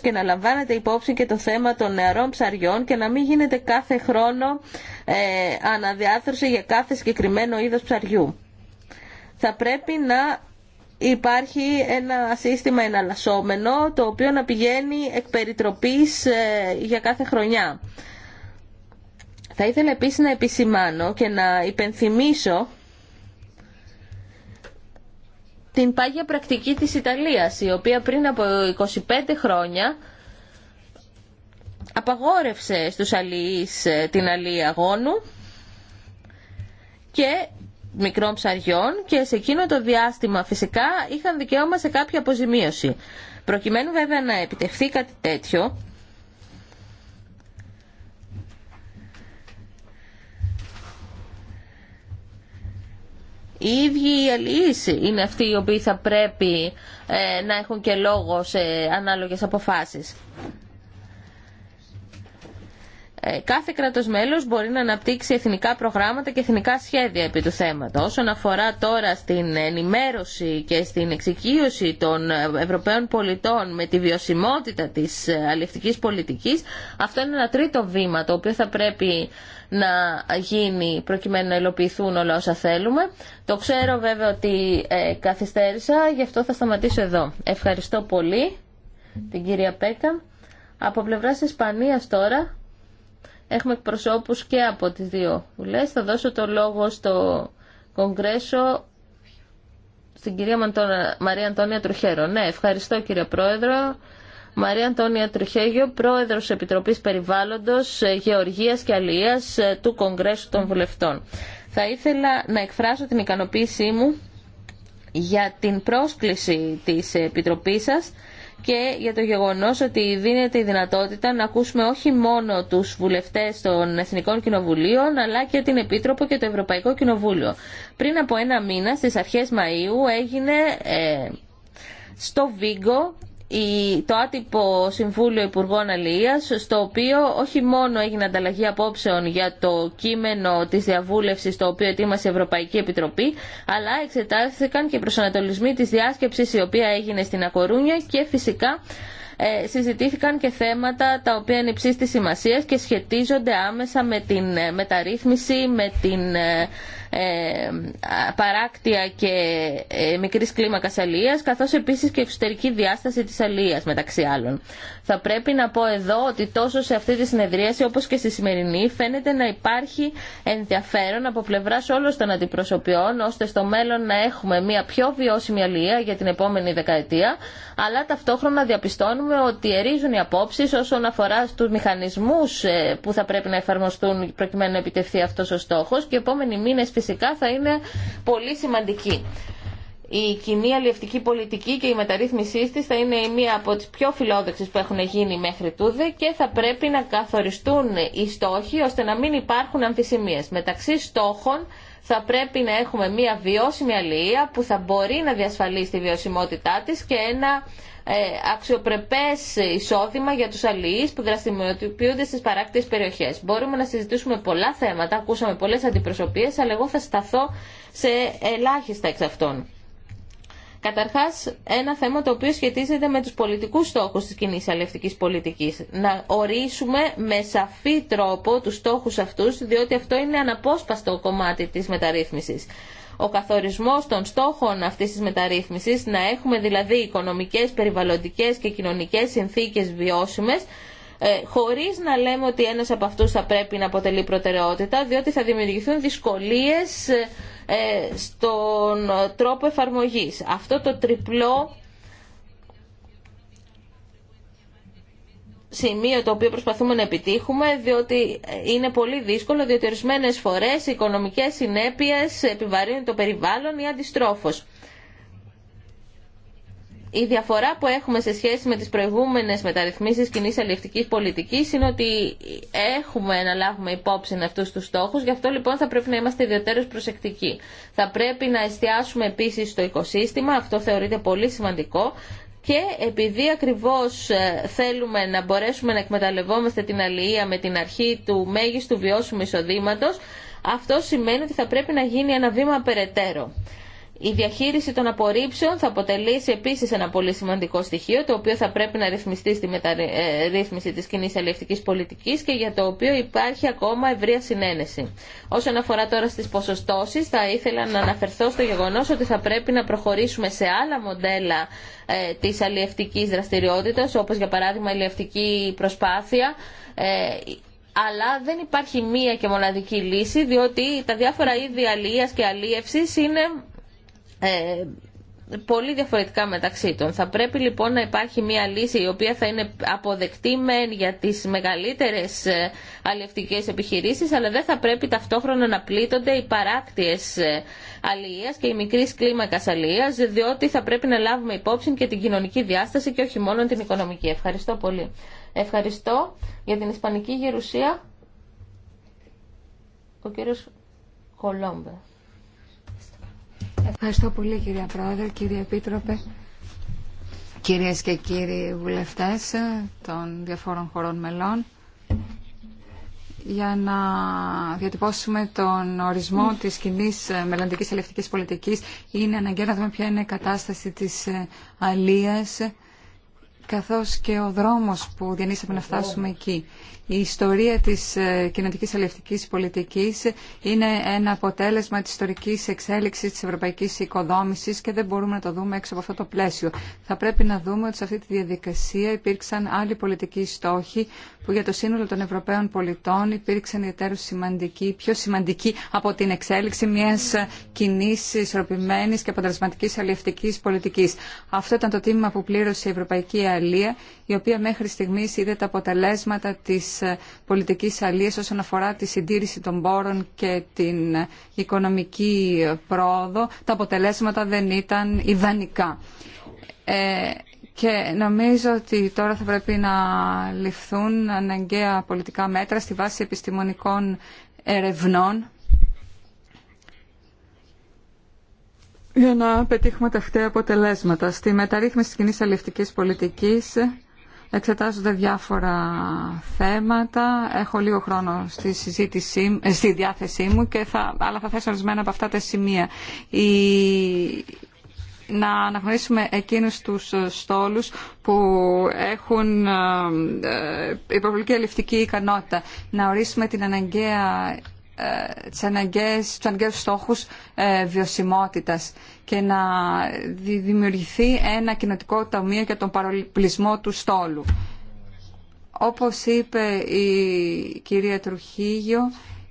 και να λαμβάνεται υπόψη και το θέμα των νεαρών ψαριών και να μην γίνεται κάθε χρόνο ε, αναδιάθρωση για κάθε συγκεκριμένο είδος ψαριού. Θα πρέπει να υπάρχει ένα σύστημα εναλλασσόμενο το οποίο να πηγαίνει εκ ε, για κάθε χρονιά. Θα ήθελα επίσης να επισημάνω και να υπενθυμίσω την πάγια πρακτική της Ιταλίας, η οποία πριν από 25 χρόνια απαγόρευσε στους αλληλείς ε, την αλληλή αγώνου και μικρών ψαριών και σε εκείνο το διάστημα φυσικά είχαν δικαίωμα σε κάποια αποζημίωση. Προκειμένου βέβαια να επιτευχθεί κάτι τέτοιο, οι ίδιοι οι αλληλείς είναι αυτοί οι οποίοι θα πρέπει ε, να έχουν και λόγο σε ανάλογες αποφάσεις. Ε, κάθε κράτο μέλος μπορεί να αναπτύξει εθνικά προγράμματα και εθνικά σχέδια επί του θέματος. Όσον αφορά τώρα στην ενημέρωση και στην εξοικείωση των Ευρωπαίων πολιτών με τη βιωσιμότητα τη αλληλευτική πολιτική, αυτό είναι ένα τρίτο βήμα το οποίο θα πρέπει να γίνει προκειμένου να υλοποιηθούν όλα όσα θέλουμε. Το ξέρω βέβαια ότι ε, καθυστέρησα, γι' αυτό θα σταματήσω εδώ. Ευχαριστώ πολύ την κυρία Πέκα. Από πλευράς Ισπανίας τώρα Έχουμε εκπροσώπους και από τις δύο βουλές. Θα δώσω το λόγο στο Κογκρέσο στην κυρία Μαρία Αντώνια Τρουχέρο. Ναι, ευχαριστώ κύριε Πρόεδρο. Μαρία Αντώνια Τρουχέγιο, Πρόεδρος Επιτροπής Περιβάλλοντος, Γεωργίας και Αλίας του Κογκρέσου των Βουλευτών. Θα ήθελα να εκφράσω την ικανοποίησή μου για την πρόσκληση της Επιτροπής σας και για το γεγονός ότι δίνεται η δυνατότητα να ακούσουμε όχι μόνο τους βουλευτές των Εθνικών Κοινοβουλίων αλλά και την Επίτροπο και το Ευρωπαϊκό Κοινοβούλιο. Πριν από ένα μήνα στις αρχές Μαΐου έγινε ε, στο Βίγκο το άτυπο Συμβούλιο Υπουργών Αλληλείας στο οποίο όχι μόνο έγινε ανταλλαγή απόψεων για το κείμενο της διαβούλευσης το οποίο ετοίμασε η Ευρωπαϊκή Επιτροπή αλλά εξετάστηκαν και προσανατολισμοί της διάσκεψης η οποία έγινε στην Ακορούνια και φυσικά ε, συζητήθηκαν και θέματα τα οποία είναι υψής της σημασίας και σχετίζονται άμεσα με την ε, μεταρρύθμιση, με την ε, ε, παράκτια και ε, μικρής κλίμακας αλίας, καθώς επίσης και εξωτερική διάσταση της αλίας μεταξύ άλλων. Θα πρέπει να πω εδώ ότι τόσο σε αυτή τη συνεδρίαση όπως και στη σημερινή φαίνεται να υπάρχει ενδιαφέρον από πλευρά όλων των αντιπροσωπιών ώστε στο μέλλον να έχουμε μια πιο βιώσιμη αλληλεία για την επόμενη δεκαετία αλλά ταυτόχρονα διαπιστώνουμε ότι ερίζουν οι απόψεις όσον αφορά στους μηχανισμούς ε, που θα πρέπει να εφαρμοστούν προκειμένου να επιτευχθεί αυτός ο στόχος και οι επόμενοι μήνες φυσικά θα είναι πολύ σημαντική. Η κοινή αλληλευτική πολιτική και η μεταρρύθμισή τη θα είναι μία από τι πιο φιλόδοξε που έχουν γίνει μέχρι τούδε και θα πρέπει να καθοριστούν οι στόχοι ώστε να μην υπάρχουν αμφισημίε. Μεταξύ στόχων θα πρέπει να έχουμε μία βιώσιμη αλληλεία που θα μπορεί να διασφαλίσει τη βιωσιμότητά τη και ένα ε, Αξιοπρεπέ εισόδημα για τους αλληλεί που δραστηριοποιούνται στι παράκτητε περιοχές. Μπορούμε να συζητήσουμε πολλά θέματα, ακούσαμε πολλές αντιπροσωπείες, αλλά εγώ θα σταθώ σε ελάχιστα εξ αυτών. Καταρχάς, ένα θέμα το οποίο σχετίζεται με τους πολιτικούς στόχους της κοινή αλληλευτικής πολιτική. Να ορίσουμε με σαφή τρόπο του στόχου αυτού, διότι αυτό είναι αναπόσπαστο κομμάτι τη μεταρρύθμισης ο καθορισμός των στόχων αυτής της μεταρρύθμισης, να έχουμε δηλαδή οικονομικές, περιβαλλοντικές και κοινωνικές συνθήκες βιώσιμες, ε, χωρίς να λέμε ότι ένας από αυτούς θα πρέπει να αποτελεί προτεραιότητα, διότι θα δημιουργηθούν δυσκολίες ε, ε, στον τρόπο εφαρμογής. Αυτό το τριπλό σημείο το οποίο προσπαθούμε να επιτύχουμε, διότι είναι πολύ δύσκολο, διότι ορισμένε φορέ οι οικονομικέ συνέπειε επιβαρύνουν το περιβάλλον ή αντιστρόφω. Η διαφορά που έχουμε σε σχέση με τις προηγούμενες μεταρρυθμίσεις κοινή αλληλευτικής πολιτικής είναι ότι έχουμε να λάβουμε υπόψη αυτούς τους στόχους, γι' αυτό λοιπόν θα πρέπει να είμαστε ιδιαίτερως προσεκτικοί. Θα πρέπει να εστιάσουμε επίσης στο οικοσύστημα, αυτό θεωρείται πολύ σημαντικό, και επειδή ακριβώς ε, θέλουμε να μπορέσουμε να εκμεταλλευόμαστε την αλληλεία με την αρχή του μέγιστου βιώσιμου εισοδήματος, αυτό σημαίνει ότι θα πρέπει να γίνει ένα βήμα περαιτέρω. Η διαχείριση των απορρίψεων θα αποτελήσει επίση ένα πολύ σημαντικό στοιχείο, το οποίο θα πρέπει να ρυθμιστεί στη μεταρρύθμιση ε, τη κοινή αλληλευτική πολιτική και για το οποίο υπάρχει ακόμα ευρεία συνένεση. Όσον αφορά τώρα στι ποσοστώσεις, θα ήθελα να αναφερθώ στο γεγονό ότι θα πρέπει να προχωρήσουμε σε άλλα μοντέλα ε, της δραστηριότητα, δραστηριότητας, όπως για παράδειγμα η αλληλευτική προσπάθεια, ε, αλλά δεν υπάρχει μία και μοναδική λύση, διότι τα διάφορα είδη αλληλεία και αλλίευση είναι ε, πολύ διαφορετικά μεταξύ των. Θα πρέπει λοιπόν να υπάρχει μια λύση η οποία θα είναι αποδεκτή μεν για τις μεγαλύτερες ε, αλλιευτικές επιχειρήσεις αλλά δεν θα πρέπει ταυτόχρονα να πλήττονται οι παράκτιες ε, αλληλείας και οι μικρής κλίμακας αλληλείας διότι θα πρέπει να λάβουμε υπόψη και την κοινωνική διάσταση και όχι μόνο την οικονομική. Ευχαριστώ πολύ. Ευχαριστώ για την Ισπανική Γερουσία. Ο κύριος Κολόμπερ. Ευχαριστώ πολύ κυρία Πρόεδρε, κύριε Επίτροπε, κυρίες και κύριοι βουλευτές των διαφόρων χωρών μελών για να διατυπώσουμε τον ορισμό της κοινή μελλοντικής ελευτικής πολιτικής είναι αναγκαίο να δούμε ποια είναι η κατάσταση της αλίας καθώς και ο δρόμος που διανύσαμε να φτάσουμε εκεί. Η ιστορία της ε, κοινωνικής αλληλευτικής πολιτικής είναι ένα αποτέλεσμα της ιστορικής εξέλιξης της ευρωπαϊκής οικοδόμησης και δεν μπορούμε να το δούμε έξω από αυτό το πλαίσιο. Θα πρέπει να δούμε ότι σε αυτή τη διαδικασία υπήρξαν άλλοι πολιτικοί στόχοι που για το σύνολο των Ευρωπαίων πολιτών υπήρξαν ιδιαίτερως σημαντικοί, πιο σημαντικοί από την εξέλιξη μιας κοινή ισορροπημένης και αποτελεσματικής αλληλευτικής πολιτικής. Αυτό ήταν το τίμημα που πλήρωσε η Ευρωπαϊκή Αλία, η οποία μέχρι στιγμής είδε τα αποτελέσματα της ε, πολιτικής αλίας όσον αφορά τη συντήρηση των πόρων και την οικονομική πρόοδο, τα αποτελέσματα δεν ήταν ιδανικά. Ε, και νομίζω ότι τώρα θα πρέπει να ληφθούν αναγκαία πολιτικά μέτρα στη βάση επιστημονικών ερευνών για να πετύχουμε τα αποτελέσματα. Στη μεταρρύθμιση της κοινής αλληλευτικής πολιτικής εξετάζονται διάφορα θέματα. Έχω λίγο χρόνο στη, συζήτησή, ε, στη διάθεσή μου, και θα, αλλά θα θέσω ορισμένα από αυτά τα σημεία. να αναγνωρίσουμε εκείνους τους ε, στόλους που έχουν ε, υπερβολική αληφτική ικανότητα. Να ορίσουμε την αναγκαία ε, τις αναγκαίες, τους αναγκαίους στόχους ε, βιωσιμότητας και να δημιουργηθεί ένα κοινοτικό ταμείο για τον παροπλισμό του στόλου. Όπως είπε η κυρία Τρουχίγιο,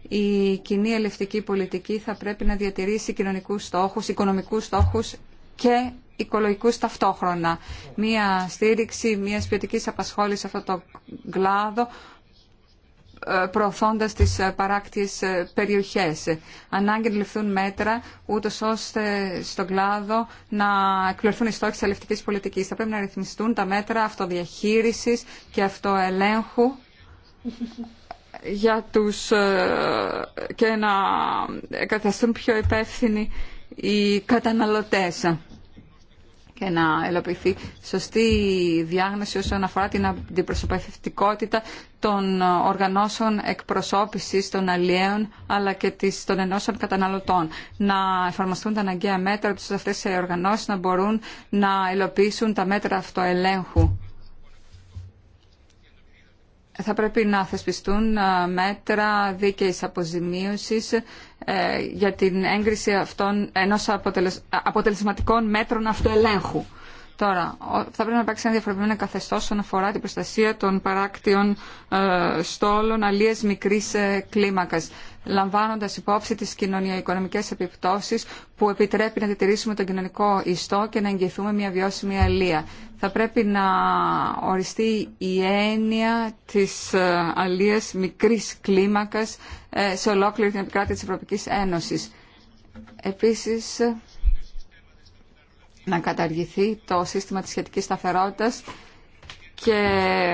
η κοινή ελευτική πολιτική θα πρέπει να διατηρήσει κοινωνικούς στόχους, οικονομικούς στόχους και οικολογικούς ταυτόχρονα. Μία στήριξη, μία ποιοτική απασχόληση σε αυτό το κλάδο προωθώντας τις ε, παράκτιες ε, περιοχές. Ανάγκη να ληφθούν μέτρα ούτως ώστε στον κλάδο να εκπληρωθούν οι στόχοι της αλληλευτικής πολιτικής. Θα πρέπει να ρυθμιστούν τα μέτρα αυτοδιαχείρισης και αυτοελέγχου για τους ε, και να καταστούν πιο υπεύθυνοι οι καταναλωτές και να ελοπιθεί σωστή διάγνωση όσον αφορά την αντιπροσωπευτικότητα των οργανώσεων εκπροσώπησης των αλλιέων αλλά και των ενώσεων καταναλωτών. Να εφαρμοστούν τα αναγκαία μέτρα ώστε αυτές οι οργανώσεις να μπορούν να ελοπίσουν τα μέτρα αυτοελέγχου θα πρέπει να θεσπιστούν ε, μέτρα δίκαιης αποζημίωσης ε, για την έγκριση αυτών ενός αποτελεσματικών μέτρων αυτοελέγχου. Τώρα, θα πρέπει να υπάρξει ένα διαφορετικό καθεστώ όσον αφορά την προστασία των παράκτιων ε, στόλων αλλία μικρή ε, κλίμακα, λαμβάνοντα υπόψη τι κοινωνιο-οικονομικέ επιπτώσει που επιτρέπει να διατηρήσουμε τον κοινωνικό ιστό και να εγγυηθούμε μια βιώσιμη αλία. Θα πρέπει να οριστεί η έννοια τη ε, αλία μικρή κλίμακα σε ολόκληρη την επικράτεια τη Ευρωπαϊκή Ένωση. Επίσης, να καταργηθεί το σύστημα της σχετικής σταθερότητας και ε,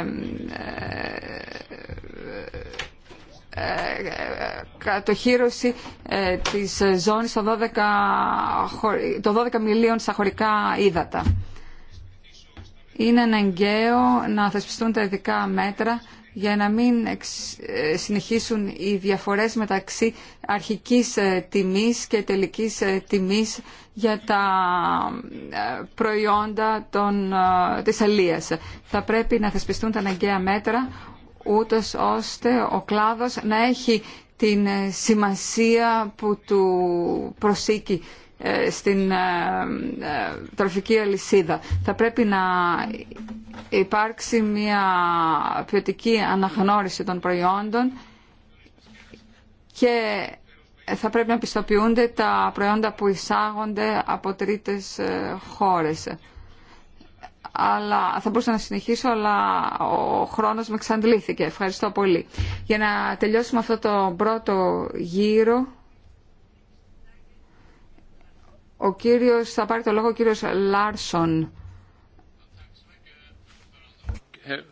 ε, ε, κατοχύρωση της ζώνης των 12, 12 μιλίων στα χωρικά ύδατα. Είναι αναγκαίο να θεσπιστούν τα ειδικά μέτρα για να μην ε, συνεχίσουν οι διαφορές μεταξύ αρχικής ε, τιμής και τελικής ε, τιμής για τα προϊόντα των, της αλίας. Θα πρέπει να θεσπιστούν τα αναγκαία μέτρα ούτως ώστε ο κλάδος να έχει την σημασία που του προσήκει ε, στην ε, ε, τροφική αλυσίδα. Θα πρέπει να υπάρξει μια ποιοτική αναγνώριση των προϊόντων και θα πρέπει να πιστοποιούνται τα προϊόντα που εισάγονται από τρίτες χώρες. Αλλά θα μπορούσα να συνεχίσω, αλλά ο χρόνος με εξαντλήθηκε. Ευχαριστώ πολύ. Για να τελειώσουμε αυτό το πρώτο γύρο, ο θα πάρει το λόγο ο κύριος Λάρσον. Eh,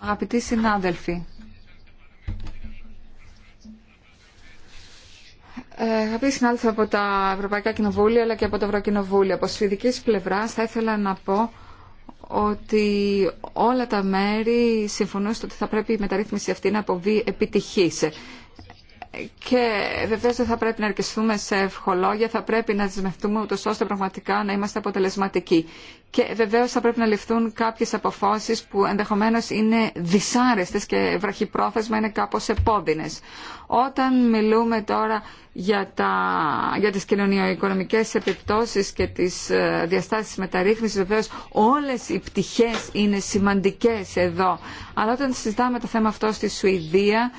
αγαπητοί συνάδελφοι, ε, Αγαπητοί συνάδελφοι από τα Ευρωπαϊκά Κοινοβούλια αλλά και από το Ευρωκοινοβούλιο, από σφυδική πλευρά, θα ήθελα να πω ότι όλα τα μέρη συμφωνούν στο ότι θα πρέπει η μεταρρύθμιση αυτή να αποβεί επιτυχής και βεβαίω δεν θα πρέπει να αρκεστούμε σε ευχολόγια, θα πρέπει να δεσμευτούμε ούτω ώστε πραγματικά να είμαστε αποτελεσματικοί. Και βεβαίω θα πρέπει να ληφθούν κάποιε αποφάσει που ενδεχομένω είναι δυσάρεστε και βραχυπρόθεσμα είναι κάπω επώδυνε. Όταν μιλούμε τώρα για, τα, για τις κοινωνιοοικονομικές επιπτώσεις και τις ε, διαστάσεις μεταρρύθμισης, βεβαίως όλες οι πτυχές είναι σημαντικές εδώ. Αλλά όταν συζητάμε το θέμα αυτό στη Σουηδία,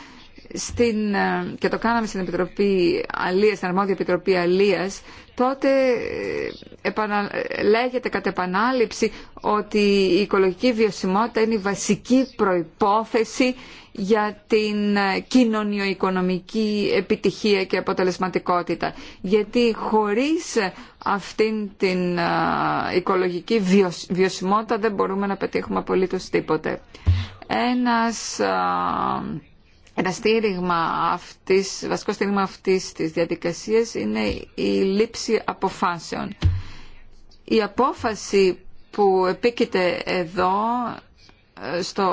στην, ε, και το κάναμε στην Επιτροπή Αλίας, στην Αρμόδια Επιτροπή Αλίας, τότε ε, ε, λέγεται κατ' επανάληψη ότι η οικολογική βιωσιμότητα είναι η βασική προϋπόθεση για την κοινωνιοοικονομική επιτυχία και αποτελεσματικότητα. Γιατί χωρίς αυτήν την οικολογική βιωσιμότητα δεν μπορούμε να πετύχουμε απολύτως τίποτε. Ένας ένα στήριγμα αυτής, βασικό στήριγμα αυτής της διαδικασίας είναι η λήψη αποφάσεων. Η απόφαση που επίκειται εδώ ε, στο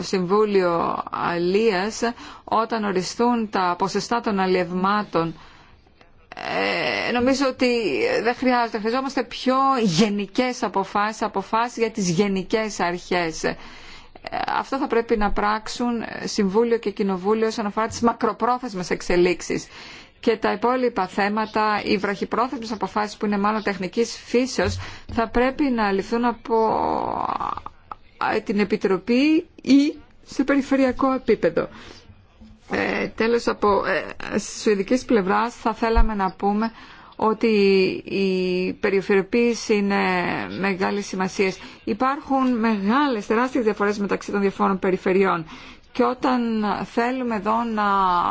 Συμβούλιο Αλίας όταν οριστούν τα ποσοστά των αλλιευμάτων ε, νομίζω ότι δεν χρειάζεται. Χρειαζόμαστε πιο γενικές αποφάσεις, αποφάσεις για τις γενικές αρχές αυτό θα πρέπει να πράξουν Συμβούλιο και Κοινοβούλιο όσον αφορά τις μακροπρόθεσμες εξελίξεις και τα υπόλοιπα θέματα, οι βραχυπρόθεσμες αποφάσεις που είναι μάλλον τεχνικής φύσεως θα πρέπει να ληφθούν από την Επιτροπή ή σε περιφερειακό επίπεδο. Ε, τέλος, από ε, ε, σουηδικής πλευράς θα θέλαμε να πούμε ότι η περιφερειοποίηση είναι μεγάλη σημασία. Υπάρχουν μεγάλες, τεράστιες διαφορές μεταξύ των διαφόρων περιφερειών και όταν θέλουμε εδώ να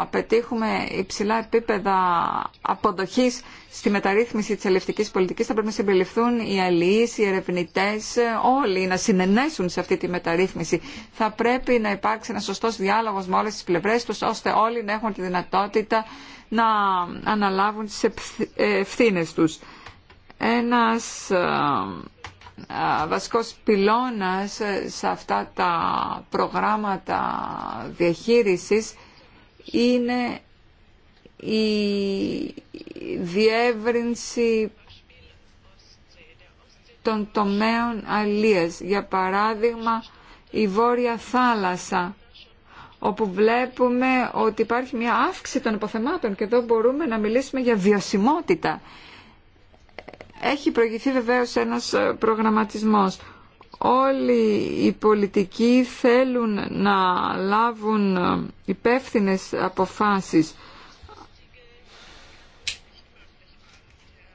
πετύχουμε υψηλά επίπεδα αποδοχής στη μεταρρύθμιση της ελευτικής πολιτικής θα πρέπει να συμπεριληφθούν οι αλληλείς, οι ερευνητές, όλοι να συνενέσουν σε αυτή τη μεταρρύθμιση. Θα πρέπει να υπάρξει ένα σωστός διάλογος με όλες τις πλευρές τους ώστε όλοι να έχουν τη δυνατότητα να αναλάβουν τις ευθύνες τους. Ένας ε, βασικός πυλώνας ε, σε αυτά τα προγράμματα διαχείρισης είναι η διεύρυνση των τομέων αλίας. Για παράδειγμα, η Βόρεια Θάλασσα, όπου βλέπουμε ότι υπάρχει μια αύξηση των υποθεμάτων και εδώ μπορούμε να μιλήσουμε για βιωσιμότητα. Έχει προηγηθεί βεβαίως ένας ε, προγραμματισμός. Όλοι οι πολιτικοί θέλουν να λάβουν ε, υπεύθυνες αποφάσεις.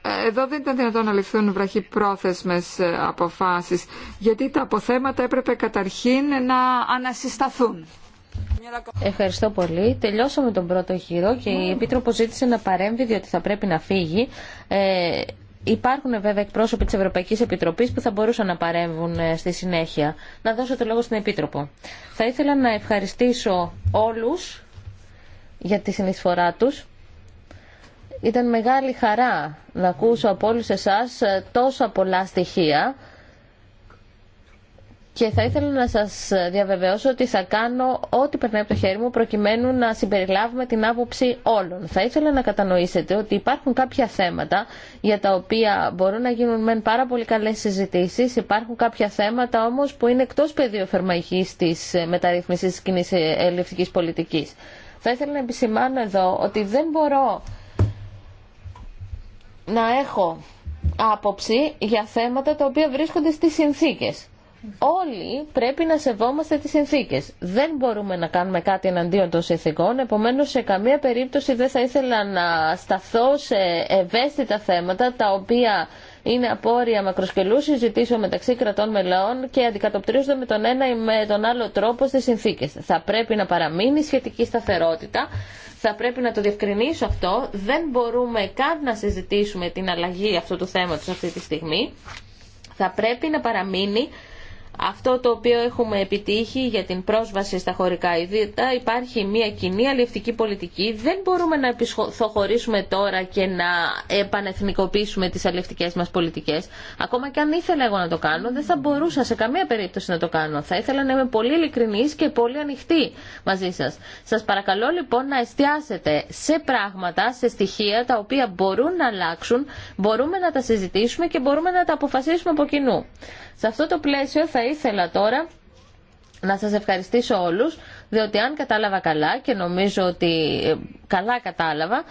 Ε, εδώ δεν ήταν δυνατόν να ληφθούν βραχυπρόθεσμες αποφάσεις, γιατί τα αποθέματα έπρεπε καταρχήν να ανασυσταθούν. Ευχαριστώ πολύ. Τελειώσαμε τον πρώτο γύρο και η ναι. Επίτροπο ζήτησε να παρέμβει διότι θα πρέπει να φύγει. Υπάρχουν βέβαια εκπρόσωποι τη Ευρωπαϊκή Επιτροπής που θα μπορούσαν να παρέμβουν ε, στη συνέχεια. Να δώσω το λόγο στην Επίτροπο. Θα ήθελα να ευχαριστήσω όλους για τη συνεισφορά τους. Ήταν μεγάλη χαρά να ακούσω από όλου εσά ε, τόσα πολλά στοιχεία και θα ήθελα να σα διαβεβαιώσω ότι θα κάνω ό,τι περνάει από το χέρι μου προκειμένου να συμπεριλάβουμε την άποψη όλων. Θα ήθελα να κατανοήσετε ότι υπάρχουν κάποια θέματα για τα οποία μπορούν να γίνουν μεν πάρα πολύ καλέ συζητήσει. υπάρχουν κάποια θέματα όμω που είναι εκτό πεδίου φερμαϊκή τη μεταρρύθμισης της κοινή ελευθερικής πολιτικής. Θα ήθελα να επισημάνω εδώ ότι δεν μπορώ να έχω άποψη για θέματα τα οποία βρίσκονται στις συνθήκες όλοι πρέπει να σεβόμαστε τις συνθήκες. Δεν μπορούμε να κάνουμε κάτι εναντίον των συνθήκων, επομένως σε καμία περίπτωση δεν θα ήθελα να σταθώ σε ευαίσθητα θέματα τα οποία είναι απόρρια μακροσκελού συζητήσεων μεταξύ κρατών μελών και αντικατοπτρίζονται με τον ένα ή με τον άλλο τρόπο στις συνθήκες. Θα πρέπει να παραμείνει σχετική σταθερότητα, θα πρέπει να το διευκρινίσω αυτό, δεν μπορούμε καν να συζητήσουμε την αλλαγή αυτού του θέματος αυτή τη στιγμή. Θα πρέπει να παραμείνει αυτό το οποίο έχουμε επιτύχει για την πρόσβαση στα χωρικά ιδίωτα υπάρχει μια κοινή αλληλευτική πολιτική. Δεν μπορούμε να επισχωρήσουμε τώρα και να επανεθνικοποιήσουμε τις αλληλευτικές μας πολιτικές. Ακόμα και αν ήθελα εγώ να το κάνω, δεν θα μπορούσα σε καμία περίπτωση να το κάνω. Θα ήθελα να είμαι πολύ ειλικρινής και πολύ ανοιχτή μαζί σας. Σας παρακαλώ λοιπόν να εστιάσετε σε πράγματα, σε στοιχεία τα οποία μπορούν να αλλάξουν, μπορούμε να τα συζητήσουμε και μπορούμε να τα αποφασίσουμε από κοινού. Σε αυτό το πλαίσιο θα ήθελα τώρα να σας ευχαριστήσω όλους, διότι αν κατάλαβα καλά και νομίζω ότι ε, καλά κατάλαβα,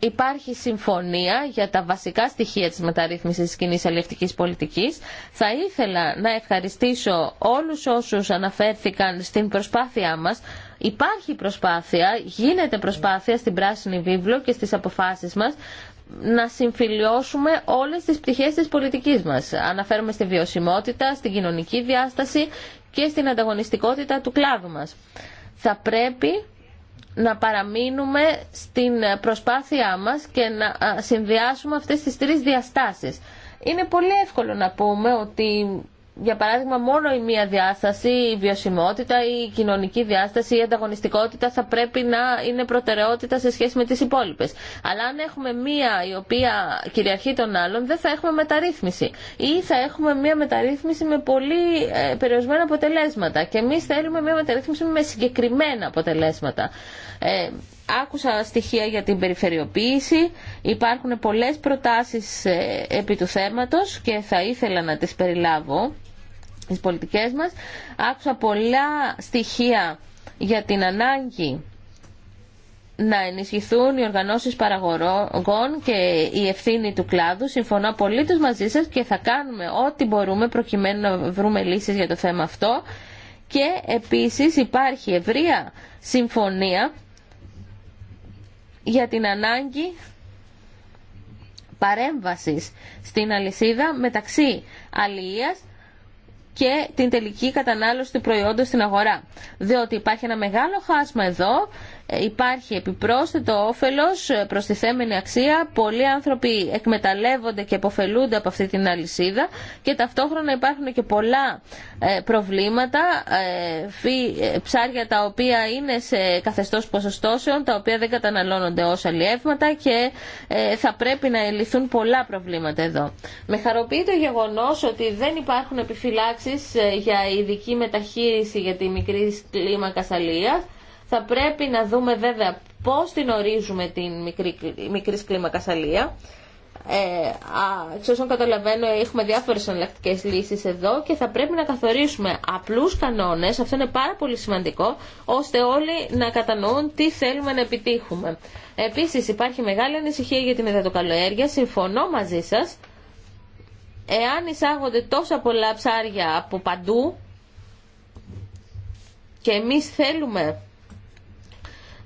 υπάρχει συμφωνία για τα βασικά στοιχεία της μεταρρύθμισης της κοινής αλληλευτικής πολιτικής. Θα ήθελα να ευχαριστήσω όλους όσους αναφέρθηκαν στην προσπάθειά μας. Υπάρχει προσπάθεια, γίνεται προσπάθεια στην Πράσινη Βίβλο και στις αποφάσεις μας να συμφιλιώσουμε όλες τις πτυχές της πολιτικής μας. Αναφέρουμε στη βιωσιμότητα, στην κοινωνική διάσταση και στην ανταγωνιστικότητα του κλάδου μας. Θα πρέπει να παραμείνουμε στην προσπάθειά μας και να συνδυάσουμε αυτές τις τρεις διαστάσεις. Είναι πολύ εύκολο να πούμε ότι για παράδειγμα μόνο η μία διάσταση, η βιωσιμότητα, η κοινωνική διάσταση, η ανταγωνιστικότητα θα πρέπει να είναι προτεραιότητα σε σχέση με τις υπόλοιπες. Αλλά αν έχουμε μία η οποία κυριαρχεί των άλλων δεν θα έχουμε μεταρρύθμιση ή θα έχουμε μία μεταρρύθμιση με πολύ ε, περιορισμένα αποτελέσματα και εμείς θέλουμε μία μεταρρύθμιση με συγκεκριμένα αποτελέσματα. Ε, Άκουσα στοιχεία για την περιφερειοποίηση. Υπάρχουν πολλές προτάσεις ε, επί του θέματος και θα ήθελα να τις περιλάβω τις πολιτικές μας. Άκουσα πολλά στοιχεία για την ανάγκη να ενισχυθούν οι οργανώσεις παραγωγών και η ευθύνη του κλάδου. Συμφωνώ τους μαζί σας και θα κάνουμε ό,τι μπορούμε προκειμένου να βρούμε λύσεις για το θέμα αυτό. Και επίσης υπάρχει ευρεία συμφωνία για την ανάγκη παρέμβασης στην αλυσίδα μεταξύ αλληλείας και την τελική κατανάλωση του προϊόντος στην αγορά. Διότι υπάρχει ένα μεγάλο χάσμα εδώ υπάρχει επιπρόσθετο όφελος, ε, προστιθέμενη αξία, πολλοί άνθρωποι εκμεταλλεύονται και αποφελούνται από αυτή την αλυσίδα και ταυτόχρονα υπάρχουν και πολλά ε, προβλήματα, ε, ψάρια τα οποία είναι σε καθεστώς ποσοστώσεων, τα οποία δεν καταναλώνονται ως αλλιεύματα και θα πρέπει να λυθούν πολλά προβλήματα εδώ. Με χαροποιεί το γεγονός ότι δεν υπάρχουν επιφυλάξεις για ειδική μεταχείριση για τη μικρή κλίμακα σαλίας, θα πρέπει να δούμε βέβαια πώς την ορίζουμε την μικρή, μικρής κλίμακα αλία. Ε, α, καταλαβαίνω έχουμε διάφορες εναλλακτικέ λύσεις εδώ και θα πρέπει να καθορίσουμε απλούς κανόνες, αυτό είναι πάρα πολύ σημαντικό, ώστε όλοι να κατανοούν τι θέλουμε να επιτύχουμε. Επίσης υπάρχει μεγάλη ανησυχία για την υδατοκαλλιέργεια, συμφωνώ μαζί σας. Εάν εισάγονται τόσα πολλά ψάρια από παντού και εμείς θέλουμε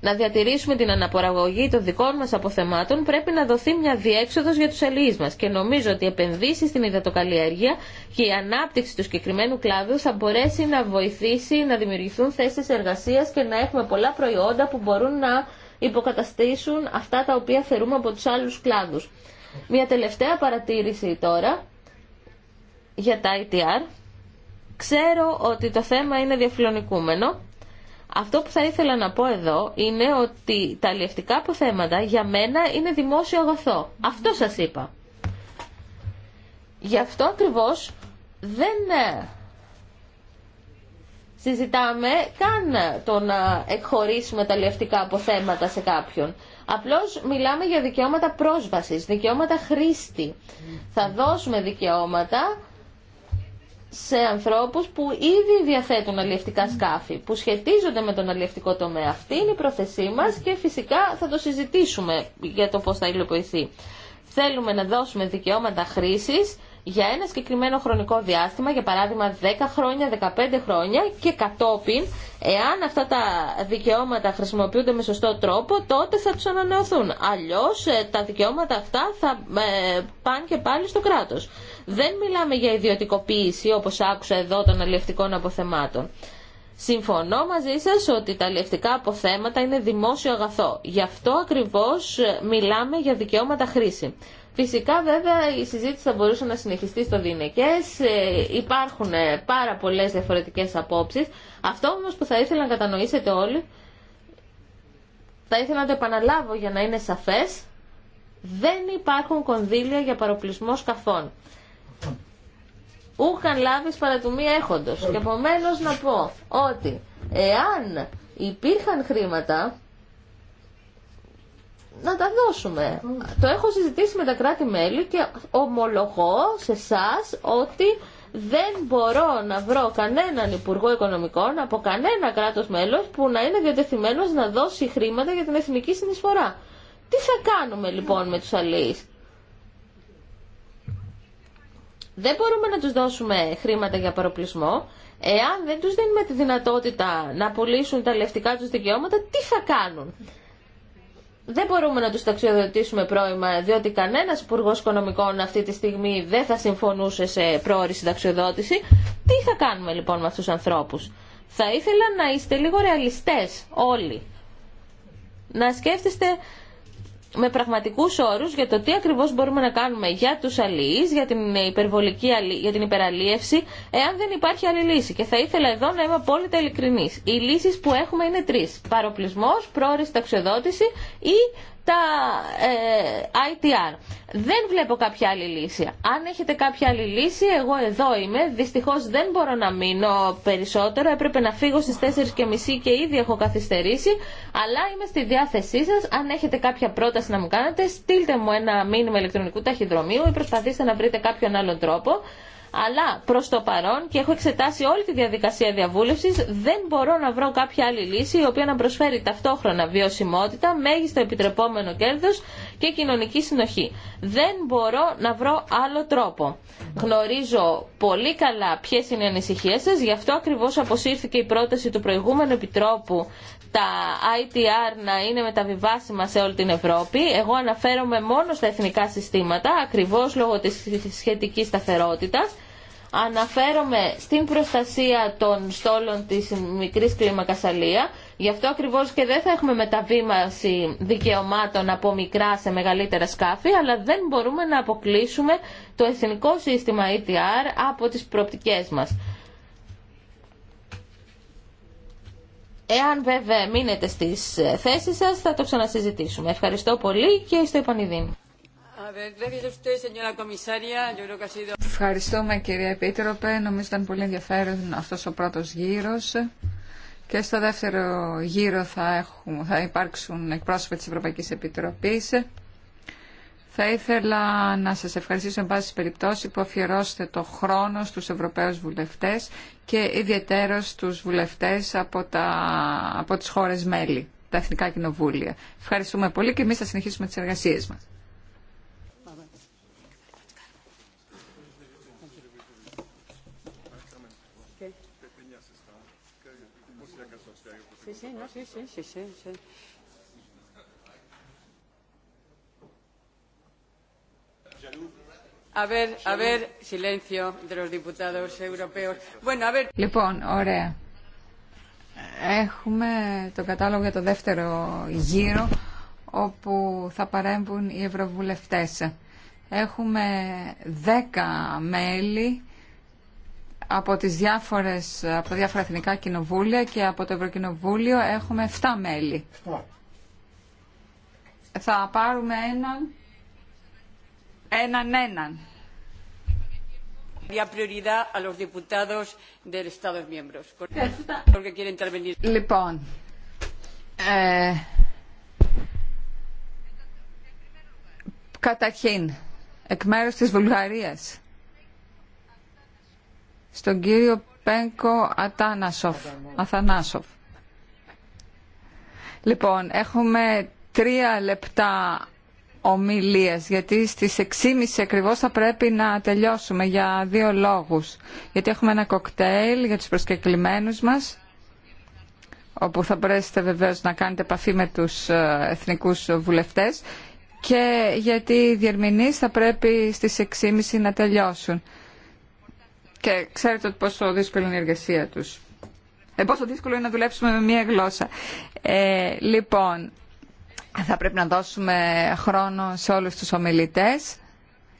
να διατηρήσουμε την αναποραγωγή των δικών μας αποθεμάτων, πρέπει να δοθεί μια διέξοδος για τους ελλείς μας. Και νομίζω ότι οι επενδύσεις στην υδατοκαλλιέργεια και η ανάπτυξη του συγκεκριμένου κλάδου θα μπορέσει να βοηθήσει να δημιουργηθούν θέσεις εργασίας και να έχουμε πολλά προϊόντα που μπορούν να υποκαταστήσουν αυτά τα οποία θερούμε από τους άλλους κλάδους. Μια τελευταία παρατήρηση τώρα για τα ITR. Ξέρω ότι το θέμα είναι διαφιλονικούμενο αυτό που θα ήθελα να πω εδώ είναι ότι τα αλλιευτικά αποθέματα για μένα είναι δημόσιο αγαθό. Αυτό σας είπα. Γι' αυτό ακριβώς δεν ε, συζητάμε καν το να εκχωρήσουμε τα λευτικά αποθέματα σε κάποιον. Απλώς μιλάμε για δικαιώματα πρόσβασης, δικαιώματα χρήστη. Θα δώσουμε δικαιώματα σε ανθρώπους που ήδη διαθέτουν αλλιευτικά σκάφη, που σχετίζονται με τον αλλιευτικό τομέα. Αυτή είναι η πρόθεσή μας και φυσικά θα το συζητήσουμε για το πώς θα υλοποιηθεί. Θέλουμε να δώσουμε δικαιώματα χρήσης για ένα συγκεκριμένο χρονικό διάστημα, για παράδειγμα 10 χρόνια, 15 χρόνια και κατόπιν, εάν αυτά τα δικαιώματα χρησιμοποιούνται με σωστό τρόπο, τότε θα τους ανανεωθούν. Αλλιώς ε, τα δικαιώματα αυτά θα ε, πάνε και πάλι στο κράτος. Δεν μιλάμε για ιδιωτικοποίηση όπως άκουσα εδώ των αλληλευτικών αποθεμάτων. Συμφωνώ μαζί σας ότι τα αλληλευτικά αποθέματα είναι δημόσιο αγαθό. Γι' αυτό ακριβώς ε, μιλάμε για δικαιώματα χρήση. Φυσικά βέβαια η συζήτηση θα μπορούσε να συνεχιστεί στο δινεκές, ε, υπάρχουν ε, πάρα πολλές διαφορετικές απόψεις. Αυτό όμως που θα ήθελα να κατανοήσετε όλοι, θα ήθελα να το επαναλάβω για να είναι σαφές, δεν υπάρχουν κονδύλια για παροπλισμό σκαφών. Ούχαν λάβεις παρά του μη έχοντος. Και επομένω να πω ότι εάν υπήρχαν χρήματα, να τα δώσουμε. Το έχω συζητήσει με τα κράτη-μέλη και ομολογώ σε εσά ότι δεν μπορώ να βρω κανέναν Υπουργό Οικονομικών από κανένα κράτος μέλος που να είναι διατεθειμένος να δώσει χρήματα για την εθνική συνεισφορά. Τι θα κάνουμε λοιπόν με τους αλληλείς δεν μπορούμε να τους δώσουμε χρήματα για παροπλισμό. Εάν δεν τους δίνουμε τη δυνατότητα να πουλήσουν τα λεφτικά τους δικαιώματα, τι θα κάνουν. Δεν μπορούμε να τους ταξιοδοτήσουμε πρώιμα, διότι κανένας υπουργό οικονομικών αυτή τη στιγμή δεν θα συμφωνούσε σε πρόορη συνταξιοδότηση. Τι θα κάνουμε λοιπόν με αυτούς τους ανθρώπους. Θα ήθελα να είστε λίγο ρεαλιστές όλοι. Να σκέφτεστε με πραγματικούς όρου, για το τι ακριβώς μπορούμε να κάνουμε για τους αλληλεί, για την, υπερβολική για την υπεραλίευση, εάν δεν υπάρχει άλλη λύση. Και θα ήθελα εδώ να είμαι απόλυτα ειλικρινή. Οι λύσεις που έχουμε είναι τρεις. Παροπλισμό, πρόορη ταξιοδότηση ή τα ε, ITR. Δεν βλέπω κάποια άλλη λύση. Αν έχετε κάποια άλλη λύση, εγώ εδώ είμαι. Δυστυχώς δεν μπορώ να μείνω περισσότερο. Έπρεπε να φύγω στις 4.30 και ήδη έχω καθυστερήσει. Αλλά είμαι στη διάθεσή σας. Αν έχετε κάποια πρόταση να μου κάνετε, στείλτε μου ένα μήνυμα ηλεκτρονικού ταχυδρομείου ή προσπαθήστε να βρείτε κάποιον άλλον τρόπο. Αλλά προ το παρόν και έχω εξετάσει όλη τη διαδικασία διαβούλευση, δεν μπορώ να βρω κάποια άλλη λύση η οποία να προσφέρει ταυτόχρονα βιωσιμότητα, μέγιστο επιτρεπόμενο κέρδο και κοινωνική συνοχή. Δεν μπορώ να βρω άλλο τρόπο. Γνωρίζω πολύ καλά ποιε είναι οι ανησυχίε σα, γι' αυτό ακριβώ αποσύρθηκε η πρόταση του προηγούμενου επιτρόπου τα ITR να είναι μεταβιβάσιμα σε όλη την Ευρώπη. Εγώ αναφέρομαι μόνο στα εθνικά συστήματα, ακριβώς λόγω τη σχετική σταθερότητα αναφέρομαι στην προστασία των στόλων της μικρής κλίμακας Γι' αυτό ακριβώς και δεν θα έχουμε μεταβήμαση δικαιωμάτων από μικρά σε μεγαλύτερα σκάφη, αλλά δεν μπορούμε να αποκλείσουμε το εθνικό σύστημα ETR από τις προοπτικές μας. Εάν βέβαια μείνετε στις θέσεις σας, θα το ξανασυζητήσουμε. Ευχαριστώ πολύ και στο επανειδήν. Ευχαριστούμε κυρία Επίτροπε. Νομίζω ήταν πολύ ενδιαφέρον αυτός ο πρώτος γύρος. Και στο δεύτερο γύρο θα, θα υπάρξουν εκπρόσωποι της Ευρωπαϊκής Επιτροπής. Θα ήθελα να σας ευχαριστήσω εν πάση περιπτώσει που αφιερώσετε το χρόνο στους Ευρωπαίους βουλευτές και ιδιαίτερα στους βουλευτές από, από τις χώρες μέλη, τα Εθνικά Κοινοβούλια. Ευχαριστούμε πολύ και εμείς θα συνεχίσουμε τις εργασίες μας. no, sí, sí, sí, sí. sí. A ver, a ver, silencio de los diputados europeos. Bueno, a ver. Λοιπόν, ωραία. Έχουμε το κατάλογο για το δεύτερο γύρο όπου θα παρέμβουν οι ευρωβουλευτές. Έχουμε δέκα μέλη από, τις διάφορες, από τα διάφορα εθνικά κοινοβούλια και από το Ευρωκοινοβούλιο έχουμε 7 μέλη. Θα πάρουμε έναν έναν έναν. Λοιπόν, ε, καταρχήν, εκ μέρους της Βουλγαρίας, στον κύριο Πένκο Ατάνασοφ, Αθανάσοφ. Λοιπόν, έχουμε τρία λεπτά ομιλίες, γιατί στις 6.30 ακριβώς θα πρέπει να τελειώσουμε για δύο λόγους. Γιατί έχουμε ένα κοκτέιλ για τους προσκεκλημένους μας, όπου θα μπορέσετε βεβαίως να κάνετε επαφή με τους ε, εθνικούς βουλευτές και γιατί οι διερμηνείς θα πρέπει στις 6.30 να τελειώσουν και ξέρετε πόσο δύσκολη είναι η εργασία τους. Ε, πόσο δύσκολο είναι να δουλέψουμε με μία γλώσσα. Ε, λοιπόν, θα πρέπει να δώσουμε χρόνο σε όλους τους ομιλητές.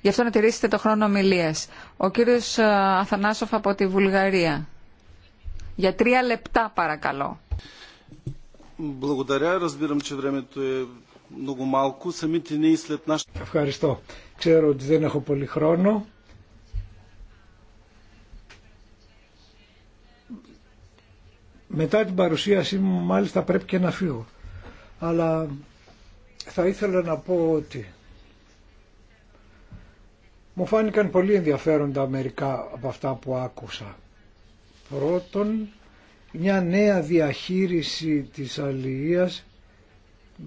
Γι' αυτό να τηρήσετε το χρόνο ομιλίας. Ο κύριος ε, Αθανάσοφ από τη Βουλγαρία. Για τρία λεπτά παρακαλώ. Ευχαριστώ. Ξέρω ότι δεν έχω πολύ χρόνο. Μετά την παρουσίασή μου μάλιστα πρέπει και να φύγω. Αλλά θα ήθελα να πω ότι μου φάνηκαν πολύ ενδιαφέροντα μερικά από αυτά που άκουσα. Πρώτον, μια νέα διαχείριση της αλληλείας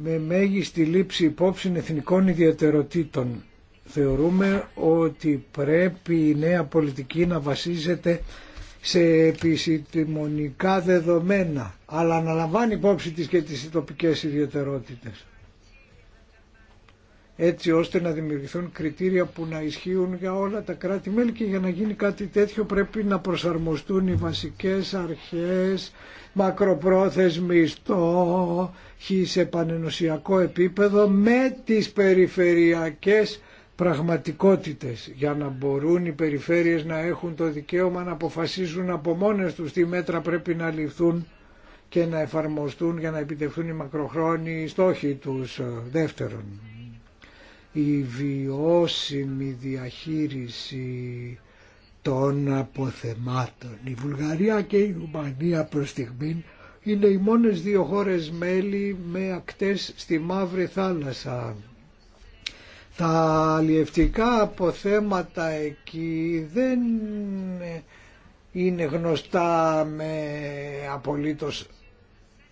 με μέγιστη λήψη υπόψη εθνικών ιδιαιτεροτήτων. Θεωρούμε ότι πρέπει η νέα πολιτική να βασίζεται σε επιστημονικά δεδομένα, αλλά να λαμβάνει υπόψη της και τις τοπικές ιδιαιτερότητες. Έτσι ώστε να δημιουργηθούν κριτήρια που να ισχύουν για όλα τα κράτη-μέλη και για να γίνει κάτι τέτοιο πρέπει να προσαρμοστούν οι βασικές αρχές, μακροπρόθεσμοι στο σε πανενωσιακό επίπεδο με τις περιφερειακές πραγματικότητες για να μπορούν οι περιφέρειες να έχουν το δικαίωμα να αποφασίζουν από μόνες τους τι μέτρα πρέπει να ληφθούν και να εφαρμοστούν για να επιτευχθούν οι μακροχρόνιοι στόχοι τους δεύτερον. Η βιώσιμη διαχείριση των αποθεμάτων. Η Βουλγαρία και η Ρουμανία προς στιγμή είναι οι μόνες δύο χώρες μέλη με ακτές στη Μαύρη Θάλασσα τα αλλιευτικά αποθέματα εκεί δεν είναι γνωστά με απολύτως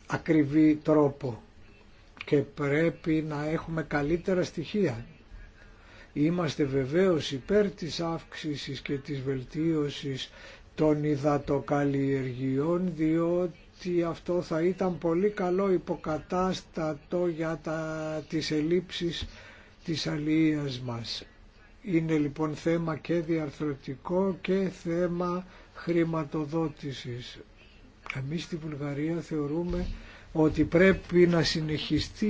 ακριβή τρόπο και πρέπει να έχουμε καλύτερα στοιχεία. Είμαστε βεβαίως υπέρ της αύξησης και της βελτίωσης των υδατοκαλλιεργειών διότι αυτό θα ήταν πολύ καλό υποκατάστατο για τα, τις ελλείψεις της αλίας μας. Είναι λοιπόν θέμα και διαρθρωτικό και θέμα χρηματοδότησης. Εμείς στη Βουλγαρία θεωρούμε ότι πρέπει να συνεχιστεί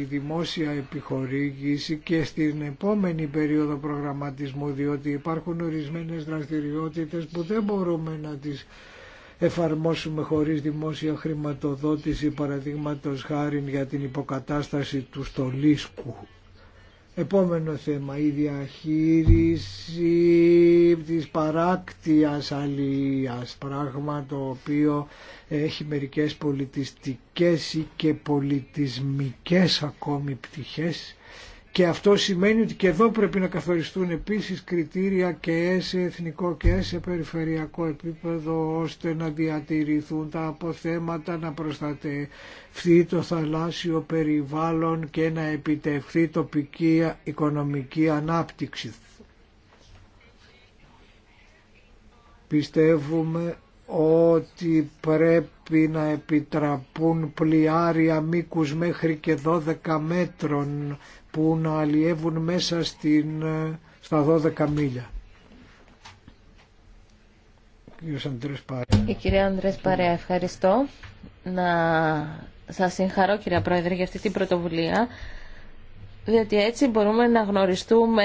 η δημόσια επιχορήγηση και στην επόμενη περίοδο προγραμματισμού διότι υπάρχουν ορισμένες δραστηριότητες που δεν μπορούμε να τις εφαρμόσουμε χωρίς δημόσια χρηματοδότηση παραδείγματος χάρη για την υποκατάσταση του στολίσκου Επόμενο θέμα, η διαχείριση της παράκτιας αλίας, πράγμα το οποίο έχει μερικές πολιτιστικές ή και πολιτισμικές ακόμη πτυχές και αυτό σημαίνει ότι και εδώ πρέπει να καθοριστούν επίσης κριτήρια και σε εθνικό και σε περιφερειακό επίπεδο ώστε να διατηρηθούν τα αποθέματα, να προστατευτεί το θαλάσσιο περιβάλλον και να επιτευχθεί τοπική οικονομική ανάπτυξη. Πιστεύουμε ότι πρέπει να επιτραπούν πλοιάρια μήκους μέχρι και 12 μέτρων που να αλλιεύουν μέσα στην, στα 12 μίλια. Η κυρία Ανδρές Παρέα, ευχαριστώ. Να σας συγχαρώ κυρία Πρόεδρε για αυτή την πρωτοβουλία, διότι έτσι μπορούμε να γνωριστούμε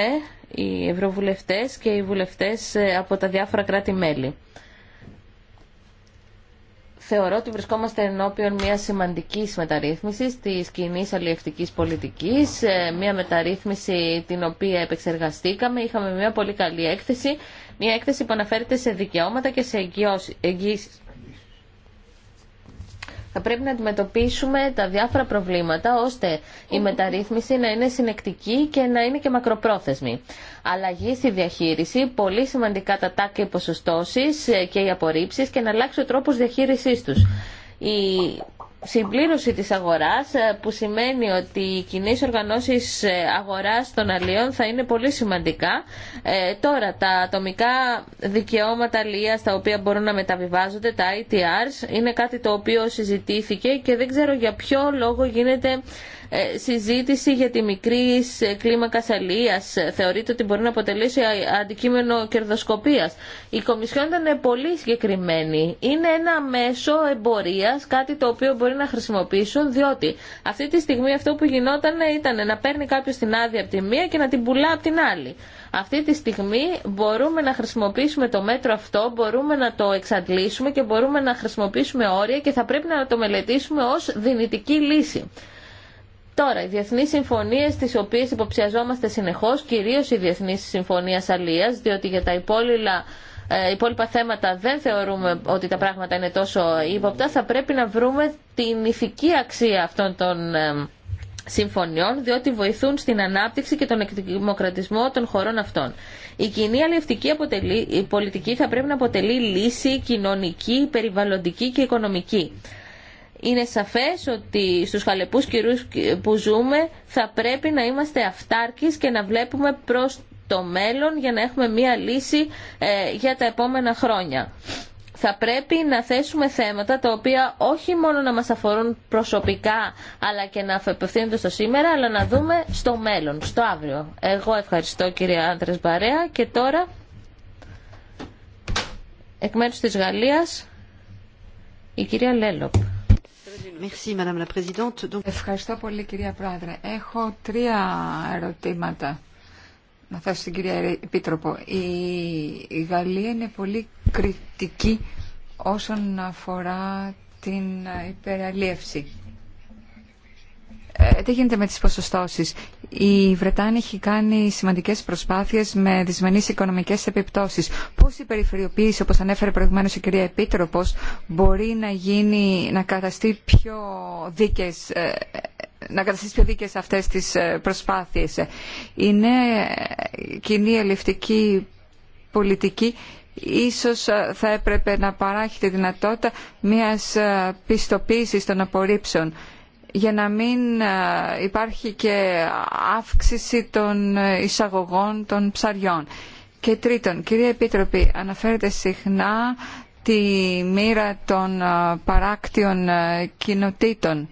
οι ευρωβουλευτές και οι βουλευτές ε, από τα διάφορα κράτη-μέλη θεωρώ ότι βρισκόμαστε ενώπιον μια σημαντική μεταρρύθμιση τη κοινή μία μεταρύθμιση την πολιτική. Ε, μια μεταρρύθμιση την οποία επεξεργαστήκαμε. Είχαμε μια πολύ καλή έκθεση. Μια έκθεση που αναφέρεται σε δικαιώματα και σε εγγυήσει. Θα πρέπει να αντιμετωπίσουμε τα διάφορα προβλήματα ώστε η μεταρρύθμιση να είναι συνεκτική και να είναι και μακροπρόθεσμη. Αλλαγή στη διαχείριση, πολύ σημαντικά τα τάκια ποσοστώσεις και οι απορρίψει και να αλλάξει ο τρόπο διαχείρισή του. Η συμπλήρωση της αγοράς ε, που σημαίνει ότι οι κοινέ οργανώσεις ε, αγοράς των αλλιών θα είναι πολύ σημαντικά. Ε, τώρα τα ατομικά δικαιώματα αλλιάς τα οποία μπορούν να μεταβιβάζονται, τα ITRs, είναι κάτι το οποίο συζητήθηκε και δεν ξέρω για ποιο λόγο γίνεται ε, συζήτηση για τη μικρή κλίμακα αλεία θεωρείται ότι μπορεί να αποτελέσει αντικείμενο κερδοσκοπία. Η Κομισιόν ήταν πολύ συγκεκριμένη. Είναι ένα μέσο εμπορία κάτι το οποίο μπορεί να χρησιμοποιήσουν, διότι αυτή τη στιγμή αυτό που γινόταν ήταν να παίρνει κάποιο την άδεια από τη μία και να την πουλά από την άλλη. Αυτή τη στιγμή μπορούμε να χρησιμοποιήσουμε το μέτρο αυτό, μπορούμε να το εξαντλήσουμε και μπορούμε να χρησιμοποιήσουμε όρια και θα πρέπει να το μελετήσουμε ως δυνητική λύση. Τώρα, οι διεθνεί συμφωνίε τι οποίε υποψιαζόμαστε συνεχώ, κυρίω η Διεθνή Συμφωνία Αλία, διότι για τα ε, υπόλοιπα, ε, θέματα δεν θεωρούμε ότι τα πράγματα είναι τόσο ύποπτα, θα πρέπει να βρούμε την ηθική αξία αυτών των ε, συμφωνιών, διότι βοηθούν στην ανάπτυξη και τον εκδημοκρατισμό των χωρών αυτών. Η κοινή αλληλευτική πολιτική θα πρέπει να αποτελεί λύση κοινωνική, περιβαλλοντική και οικονομική είναι σαφές ότι στους χαλεπούς καιρούς που ζούμε θα πρέπει να είμαστε αυτάρκεις και να βλέπουμε προς το μέλλον για να έχουμε μία λύση ε, για τα επόμενα χρόνια. Θα πρέπει να θέσουμε θέματα τα οποία όχι μόνο να μας αφορούν προσωπικά αλλά και να απευθύνονται στο σήμερα αλλά να δούμε στο μέλλον, στο αύριο. Εγώ ευχαριστώ κύριε Άντρες Μπαρέα και τώρα εκ μέρους της Γαλλίας η κυρία Λέλοπ. Ευχαριστώ πολύ κυρία Πρόεδρε. Έχω τρία ερωτήματα να θέσω στην κυρία Επίτροπο. Η Γαλλία είναι πολύ κριτική όσον αφορά την υπεραλίευση. Ε, τι γίνεται με τις ποσοστώσεις η Βρετάνη έχει κάνει σημαντικές προσπάθειες με δυσμενείς οικονομικές επιπτώσεις. Πώ η περιφερειοποίηση, όπω ανέφερε προηγουμένως η κυρία Επίτροπο, μπορεί να, γίνει, να καταστεί πιο δίκες ε, να καταστήσει πιο δίκαιες αυτές τις ε, προσπάθειες. Η ε, κοινή ελευτική πολιτική ίσως θα έπρεπε να παράχει τη δυνατότητα μιας πιστοποίησης των απορρίψεων για να μην ε, υπάρχει και αύξηση των ε, εισαγωγών των ψαριών. Και τρίτον, κυρία Επίτροπη, αναφέρετε συχνά τη μοίρα των ε, παράκτιων κοινοτήτων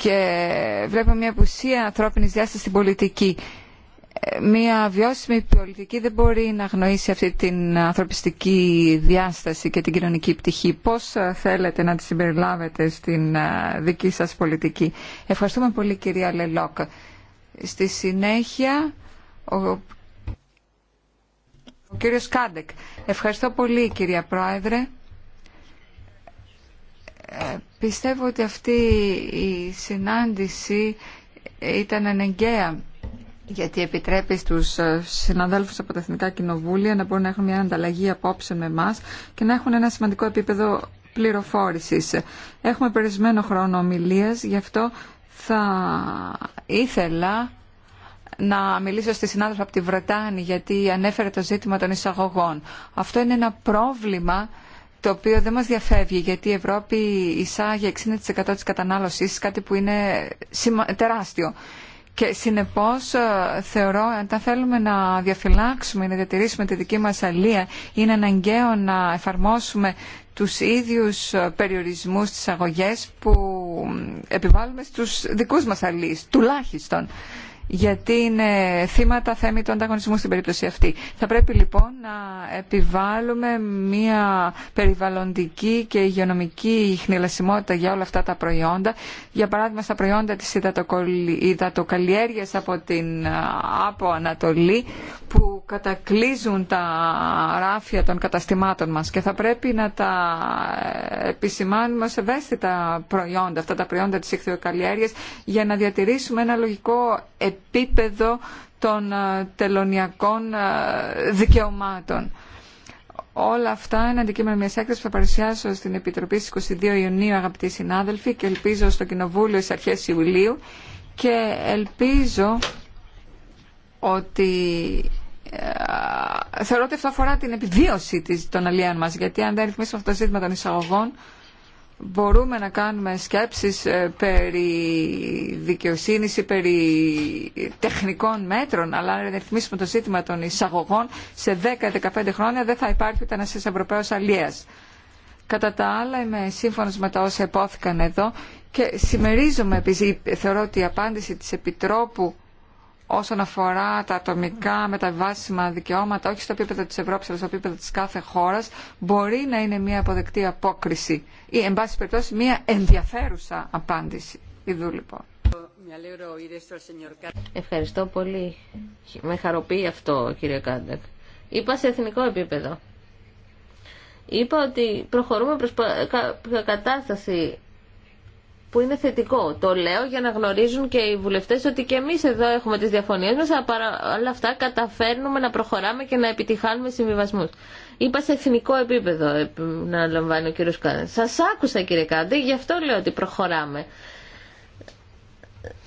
και βλέπω μια απουσία ανθρώπινης διάστασης στην πολιτική μια βιώσιμη πολιτική δεν μπορεί να γνωρίσει αυτή την ανθρωπιστική διάσταση και την κοινωνική πτυχή. Πώς ε, θέλετε να τη συμπεριλάβετε στην ε, δική σας πολιτική. Ευχαριστούμε πολύ κυρία Λελόκ. Στη συνέχεια ο, ο κύριος Κάντεκ. Ευχαριστώ πολύ κυρία Πρόεδρε. Ε, πιστεύω ότι αυτή η συνάντηση ήταν αναγκαία γιατί επιτρέπει στους ε, συναδέλφους από τα Εθνικά Κοινοβούλια να μπορούν να έχουν μια ανταλλαγή απόψε με εμά και να έχουν ένα σημαντικό επίπεδο πληροφόρησης. Έχουμε περισμένο χρόνο ομιλίας, γι' αυτό θα ήθελα να μιλήσω στη συνάδελφα από τη Βρετάνη γιατί ανέφερε το ζήτημα των εισαγωγών. Αυτό είναι ένα πρόβλημα το οποίο δεν μας διαφεύγει γιατί η Ευρώπη εισάγει 60% της κατανάλωσης, κάτι που είναι τεράστιο. Και συνεπώς ε, θεωρώ αν τα θέλουμε να διαφυλάξουμε ή να διατηρήσουμε τη δική μας αλία είναι αναγκαίο να εφαρμόσουμε τους ίδιους ε, περιορισμούς στις αγωγές που επιβάλλουμε στους δικούς μας αλείς, τουλάχιστον γιατί είναι θύματα θέμη του ανταγωνισμού στην περίπτωση αυτή. Θα πρέπει λοιπόν να επιβάλλουμε μια περιβαλλοντική και υγειονομική χνηλασιμότητα για όλα αυτά τα προϊόντα. Για παράδειγμα στα προϊόντα της υδατοκαλλιέργειας από την από Ανατολή που κατακλείζουν τα ράφια των καταστημάτων μας και θα πρέπει να τα ε, επισημάνουμε ως ευαίσθητα προϊόντα, αυτά τα προϊόντα της ηχθειοκαλλιέργειας για να διατηρήσουμε ένα λογικό επίπεδο επίπεδο των ε, τελωνιακών ε, δικαιωμάτων. Όλα αυτά είναι αντικείμενο μια έκθεση που θα παρουσιάσω στην Επιτροπή στις 22 Ιουνίου, αγαπητοί συνάδελφοι, και ελπίζω στο Κοινοβούλιο στις αρχές Ιουλίου και ελπίζω ότι ε, θεωρώ ότι αυτό αφορά την επιβίωση των αλλιών μας, γιατί αν δεν ρυθμίσουμε αυτό το ζήτημα των εισαγωγών, μπορούμε να κάνουμε σκέψεις ε, περί δικαιοσύνης ή περί τεχνικών μέτρων, αλλά αν ρυθμίσουμε το ζήτημα των εισαγωγών, σε 10-15 χρόνια δεν θα υπάρχει ούτε ένας Ευρωπαίος αλλιέας. Κατά τα άλλα είμαι σύμφωνος με τα όσα υπόθηκαν εδώ και συμμερίζομαι, επειδή θεωρώ ότι η απάντηση της Επιτρόπου όσον αφορά τα ατομικά μεταβάσιμα δικαιώματα, όχι στο επίπεδο της Ευρώπης, αλλά στο επίπεδο της κάθε χώρας, μπορεί να είναι μια αποδεκτή απόκριση ή, εν πάση περιπτώσει, μια ενδιαφέρουσα απάντηση. Ιδού, λοιπόν. Ευχαριστώ πολύ. Με χαροποιεί αυτό, κύριε Κάντεκ. Είπα σε εθνικό επίπεδο. Είπα ότι προχωρούμε προς κατάσταση που είναι θετικό. Το λέω για να γνωρίζουν και οι βουλευτές ότι και εμείς εδώ έχουμε τις διαφωνίε μας, αλλά παρά αυτά καταφέρνουμε να προχωράμε και να επιτυχάνουμε συμβιβασμού. Είπα σε εθνικό επίπεδο, ε, να λαμβάνει ο κύριο Κάντε. Σας άκουσα κύριε Κάντε, γι' αυτό λέω ότι προχωράμε.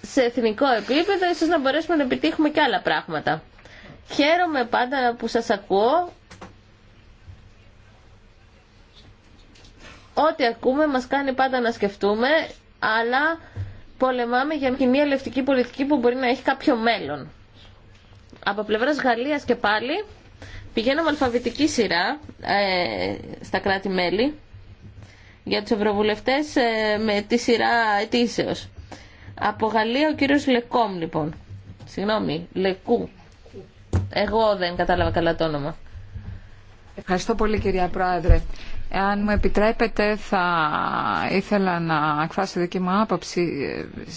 Σε εθνικό επίπεδο ίσως να μπορέσουμε να επιτύχουμε και άλλα πράγματα. Χαίρομαι πάντα που σας ακούω. Ό,τι ακούμε μας κάνει πάντα να σκεφτούμε αλλά πολεμάμε για μια λευτική πολιτική που μπορεί να έχει κάποιο μέλλον. Από πλευράς Γαλλίας και πάλι πηγαίνουμε αλφαβητική σειρά ε, στα κράτη-μέλη για τους ευρωβουλευτές ε, με τη σειρά ετήσεως. Από Γαλλία ο κύριος Λεκόμ λοιπόν. Συγγνώμη, Λεκού. Εγώ δεν κατάλαβα καλά το όνομα. Ευχαριστώ πολύ κυρία Πρόεδρε αν μου επιτρέπετε θα ήθελα να εκφράσω δική μου άποψη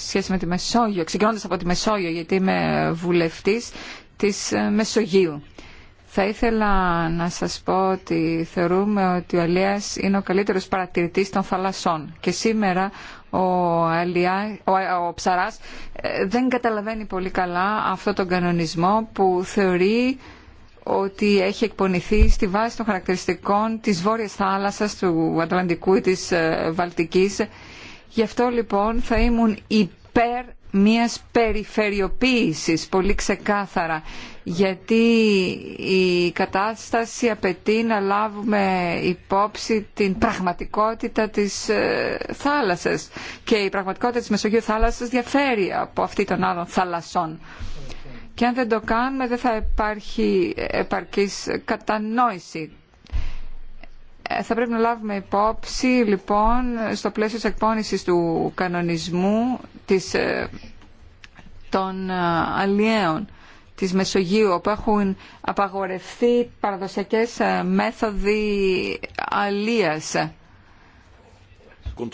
σχέση με τη Μεσόγειο, ξεκινώντας από τη Μεσόγειο γιατί είμαι βουλευτής της Μεσογείου. Θα ήθελα να σας πω ότι θεωρούμε ότι ο Αλίας είναι ο καλύτερος παρατηρητής των θαλασσών και σήμερα ο, Αλιά, ο, ε, δεν καταλαβαίνει πολύ καλά αυτό τον κανονισμό που θεωρεί ότι έχει εκπονηθεί στη βάση των χαρακτηριστικών της Βόρειας Θάλασσας, του Ατλαντικού ή της ε, Βαλτικής. Γι' αυτό λοιπόν θα ήμουν υπέρ μιας περιφερειοποίησης πολύ ξεκάθαρα γιατί η κατάσταση απαιτεί να λάβουμε υπόψη την πραγματικότητα της ε, θάλασσας και η πραγματικότητα της Μεσογείου θάλασσας διαφέρει από αυτή των άλλων θαλασσών. Και αν δεν το κάνουμε δεν θα υπάρχει επαρκής κατανόηση. Ε, θα πρέπει να λάβουμε υπόψη λοιπόν στο πλαίσιο της εκπόνησης του κανονισμού της, ε, των ε, αλλιέων της Μεσογείου όπου έχουν απαγορευτεί παραδοσιακές μέθοδοι αλίας Euh,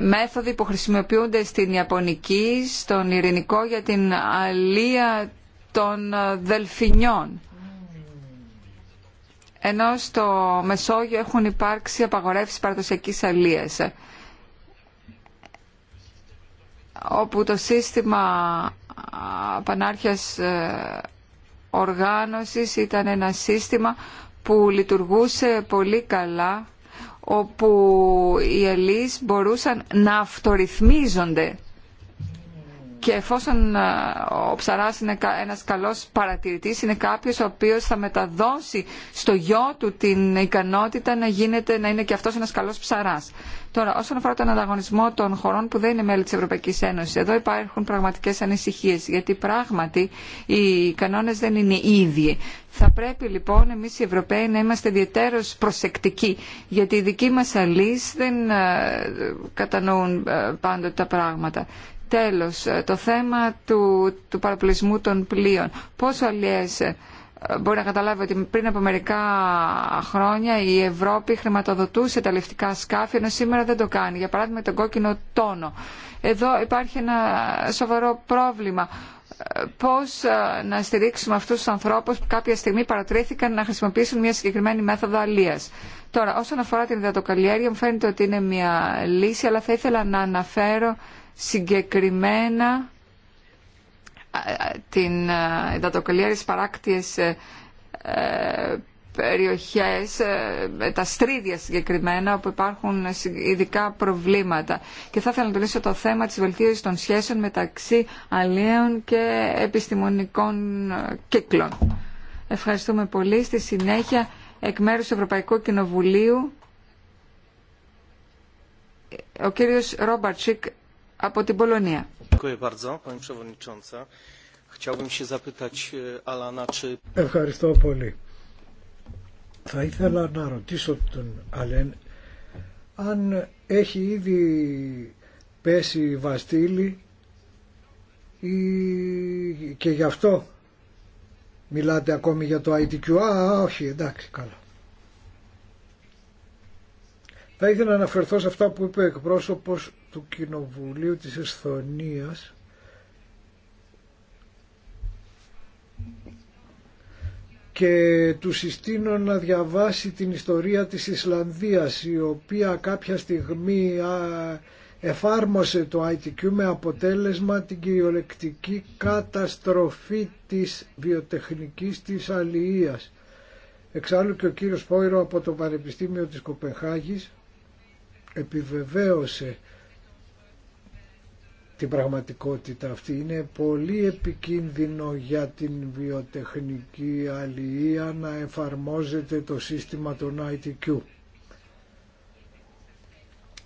μέθοδοι που χρησιμοποιούνται στην Ιαπωνική, στον Ειρηνικό για την αλία των ε, δελφινιών. Ενώ στο Μεσόγειο έχουν υπάρξει απαγορεύσεις παραδοσιακής αλίας όπου το σύστημα ε, πανάρχιας ε, οργάνωσης ήταν ένα σύστημα που λειτουργούσε πολύ καλά όπου οι ελείς μπορούσαν να αυτορυθμίζονται και εφόσον ε, ο ψαράς είναι ένας καλός παρατηρητής, είναι κάποιος ο οποίος θα μεταδώσει στο γιο του την ικανότητα να, γίνεται, να είναι και αυτός ένας καλός ψαράς. Τώρα, όσον αφορά τον ανταγωνισμό των χωρών που δεν είναι μέλη της Ευρωπαϊκής Ένωσης, εδώ υπάρχουν πραγματικές ανησυχίες, γιατί πράγματι οι κανόνες δεν είναι οι ίδιοι. Θα πρέπει λοιπόν εμείς οι Ευρωπαίοι να είμαστε ιδιαίτερως προσεκτικοί, γιατί οι δικοί μας αλείς δεν ε, κατανοούν ε, πάντοτε τα πράγματα. Τέλος, ε, το θέμα του, του παραπλησμού των πλοίων. Πόσο αλλιές ε, μπορεί να καταλάβει ότι πριν από μερικά χρόνια η Ευρώπη χρηματοδοτούσε τα λεφτικά σκάφη, ενώ σήμερα δεν το κάνει. Για παράδειγμα, τον κόκκινο τόνο. Εδώ υπάρχει ένα σοβαρό πρόβλημα. Ε, πώς να στηρίξουμε αυτούς τους ανθρώπους που κάποια στιγμή παρατρέθηκαν να χρησιμοποιήσουν μια συγκεκριμένη μέθοδο αλίας. Τώρα, όσον αφορά την υδατοκαλλιέργεια, μου φαίνεται ότι είναι μια λύση, αλλά θα ήθελα να αναφέρω συγκεκριμένα ε, την εντατοκαλλιέρεια στις παράκτιες ε, περιοχές, ε, τα στρίδια συγκεκριμένα, όπου υπάρχουν ειδικά προβλήματα. Και θα ήθελα να τονίσω το θέμα της βελτίωσης των σχέσεων μεταξύ αλλαίων και επιστημονικών κύκλων. Ευχαριστούμε πολύ. Στη συνέχεια, εκ μέρους του Ευρωπαϊκού Κοινοβουλίου, ο κύριος Ρόμπαρτσικ από Πολωνία. E, Ευχαριστώ πολύ. Θα ήθελα να ρωτήσω τον Αλέν αν έχει ήδη πέσει η Βαστήλη ή... και γι' αυτό μιλάτε ακόμη για το ITQ. Α, όχι, εντάξει, καλά. Θα ήθελα να αναφερθώ σε αυτά που είπε ο εκπρόσωπος του Κοινοβουλίου της Εσθονίας και του συστήνω να διαβάσει την ιστορία της Ισλανδίας η οποία κάποια στιγμή εφάρμοσε το ITQ με αποτέλεσμα την κυριολεκτική καταστροφή της βιοτεχνικής της αλληλείας. Εξάλλου και ο κύριος Πόηρο από το Πανεπιστήμιο της Κοπεχάγης επιβεβαίωσε την πραγματικότητα αυτή. Είναι πολύ επικίνδυνο για την βιοτεχνική αλληλεία να εφαρμόζεται το σύστημα των ITQ.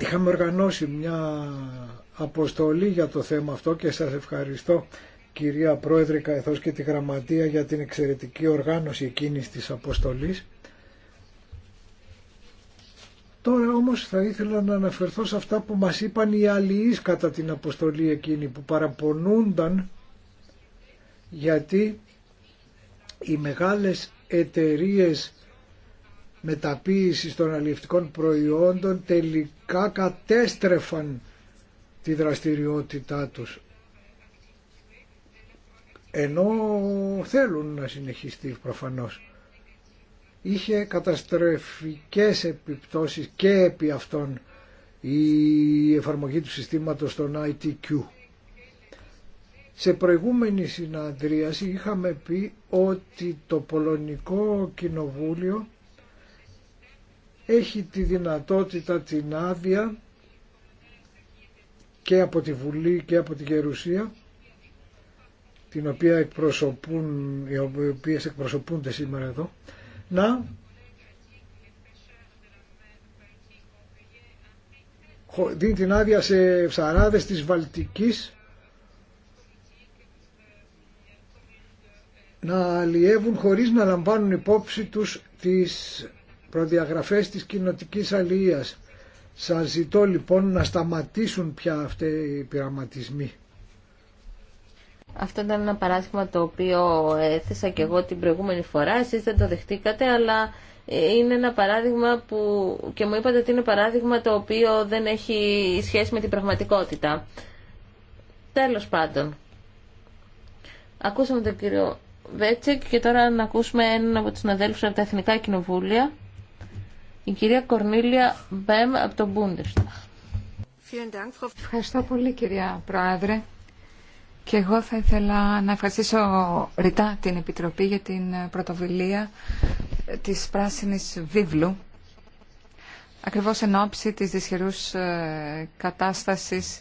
Είχαμε οργανώσει μια αποστολή για το θέμα αυτό και σας ευχαριστώ κυρία Πρόεδρε καθώς και τη Γραμματεία για την εξαιρετική οργάνωση εκείνης της αποστολής Τώρα όμως θα ήθελα να αναφερθώ σε αυτά που μας είπαν οι αλληλείς κατά την αποστολή εκείνη που παραπονούνταν γιατί οι μεγάλες εταιρείες μεταποίησης των αλληλευτικών προϊόντων τελικά κατέστρεφαν τη δραστηριότητά τους ενώ θέλουν να συνεχιστεί προφανώς είχε καταστρεφικές επιπτώσεις και επί αυτών η εφαρμογή του συστήματος των ITQ. Σε προηγούμενη συναντρίαση είχαμε πει ότι το Πολωνικό Κοινοβούλιο έχει τη δυνατότητα την άδεια και από τη Βουλή και από τη Γερουσία την οποία εκπροσωπούν, οι οποίες εκπροσωπούνται σήμερα εδώ να δίνει την άδεια σε ψαράδες της Βαλτικής να αλλιεύουν χωρίς να λαμβάνουν υπόψη τους τις προδιαγραφές της κοινοτικής αλληλείας. Σας ζητώ λοιπόν να σταματήσουν πια αυτοί οι πειραματισμοί. Αυτό ήταν ένα παράδειγμα το οποίο έθεσα και εγώ την προηγούμενη φορά. Εσείς δεν το δεχτήκατε, αλλά ε, είναι ένα παράδειγμα που και μου είπατε ότι είναι παράδειγμα το οποίο δεν έχει σχέση με την πραγματικότητα. Τέλος πάντων. Ακούσαμε τον κύριο Βέτσεκ και τώρα να ακούσουμε έναν από τους συναδέλφους από τα Εθνικά Κοινοβούλια, η κυρία Κορνίλια Μπέμ από τον Bundestag. Ευχαριστώ πολύ κυρία Πρόεδρε. Και εγώ θα ήθελα να ευχαριστήσω ρητά την Επιτροπή για την πρωτοβουλία της Πράσινης Βίβλου ακριβώς εν ώψη της δυσχερούς ε, κατάστασης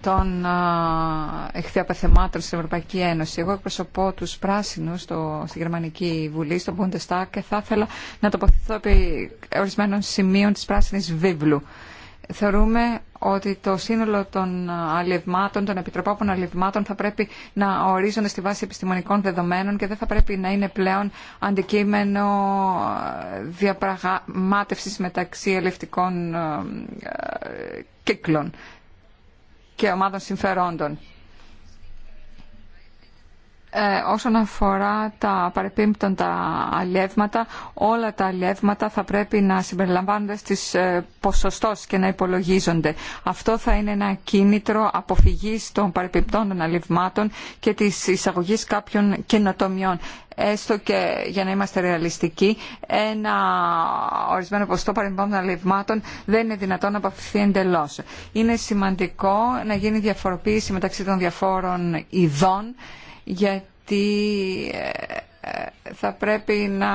των ε, εχθιαπεθεμάτων στην Ευρωπαϊκή Ένωση. Εγώ εκπροσωπώ τους πράσινους στο, στη Γερμανική Βουλή, στο Bundestag και θα ήθελα να τοποθετηθώ επί ορισμένων σημείων της πράσινης βίβλου. Θεωρούμε ότι το σύνολο των αλευμάτων, των επιτροπών αλευμάτων θα πρέπει να ορίζονται στη βάση επιστημονικών δεδομένων και δεν θα πρέπει να είναι πλέον αντικείμενο ε, διαπραγμάτευσης μεταξύ ελευτικών ε, ε, κύκλων και ομάδων συμφερόντων. Ε, όσον αφορά τα παρεπίμπτοντα αλλιεύματα, όλα τα αλλιεύματα θα πρέπει να συμπεριλαμβάνονται στις ε, και να υπολογίζονται. Αυτό θα είναι ένα κίνητρο αποφυγής των παρεπιπτόντων αλλιευμάτων και της εισαγωγής κάποιων καινοτομιών. Έστω και για να είμαστε ρεαλιστικοί, ένα ορισμένο ποσοστό των αλλιευμάτων δεν είναι δυνατόν να αποφευθεί εντελώ. Είναι σημαντικό να γίνει διαφοροποίηση μεταξύ των διαφόρων ειδών γιατί ε, ε, θα πρέπει να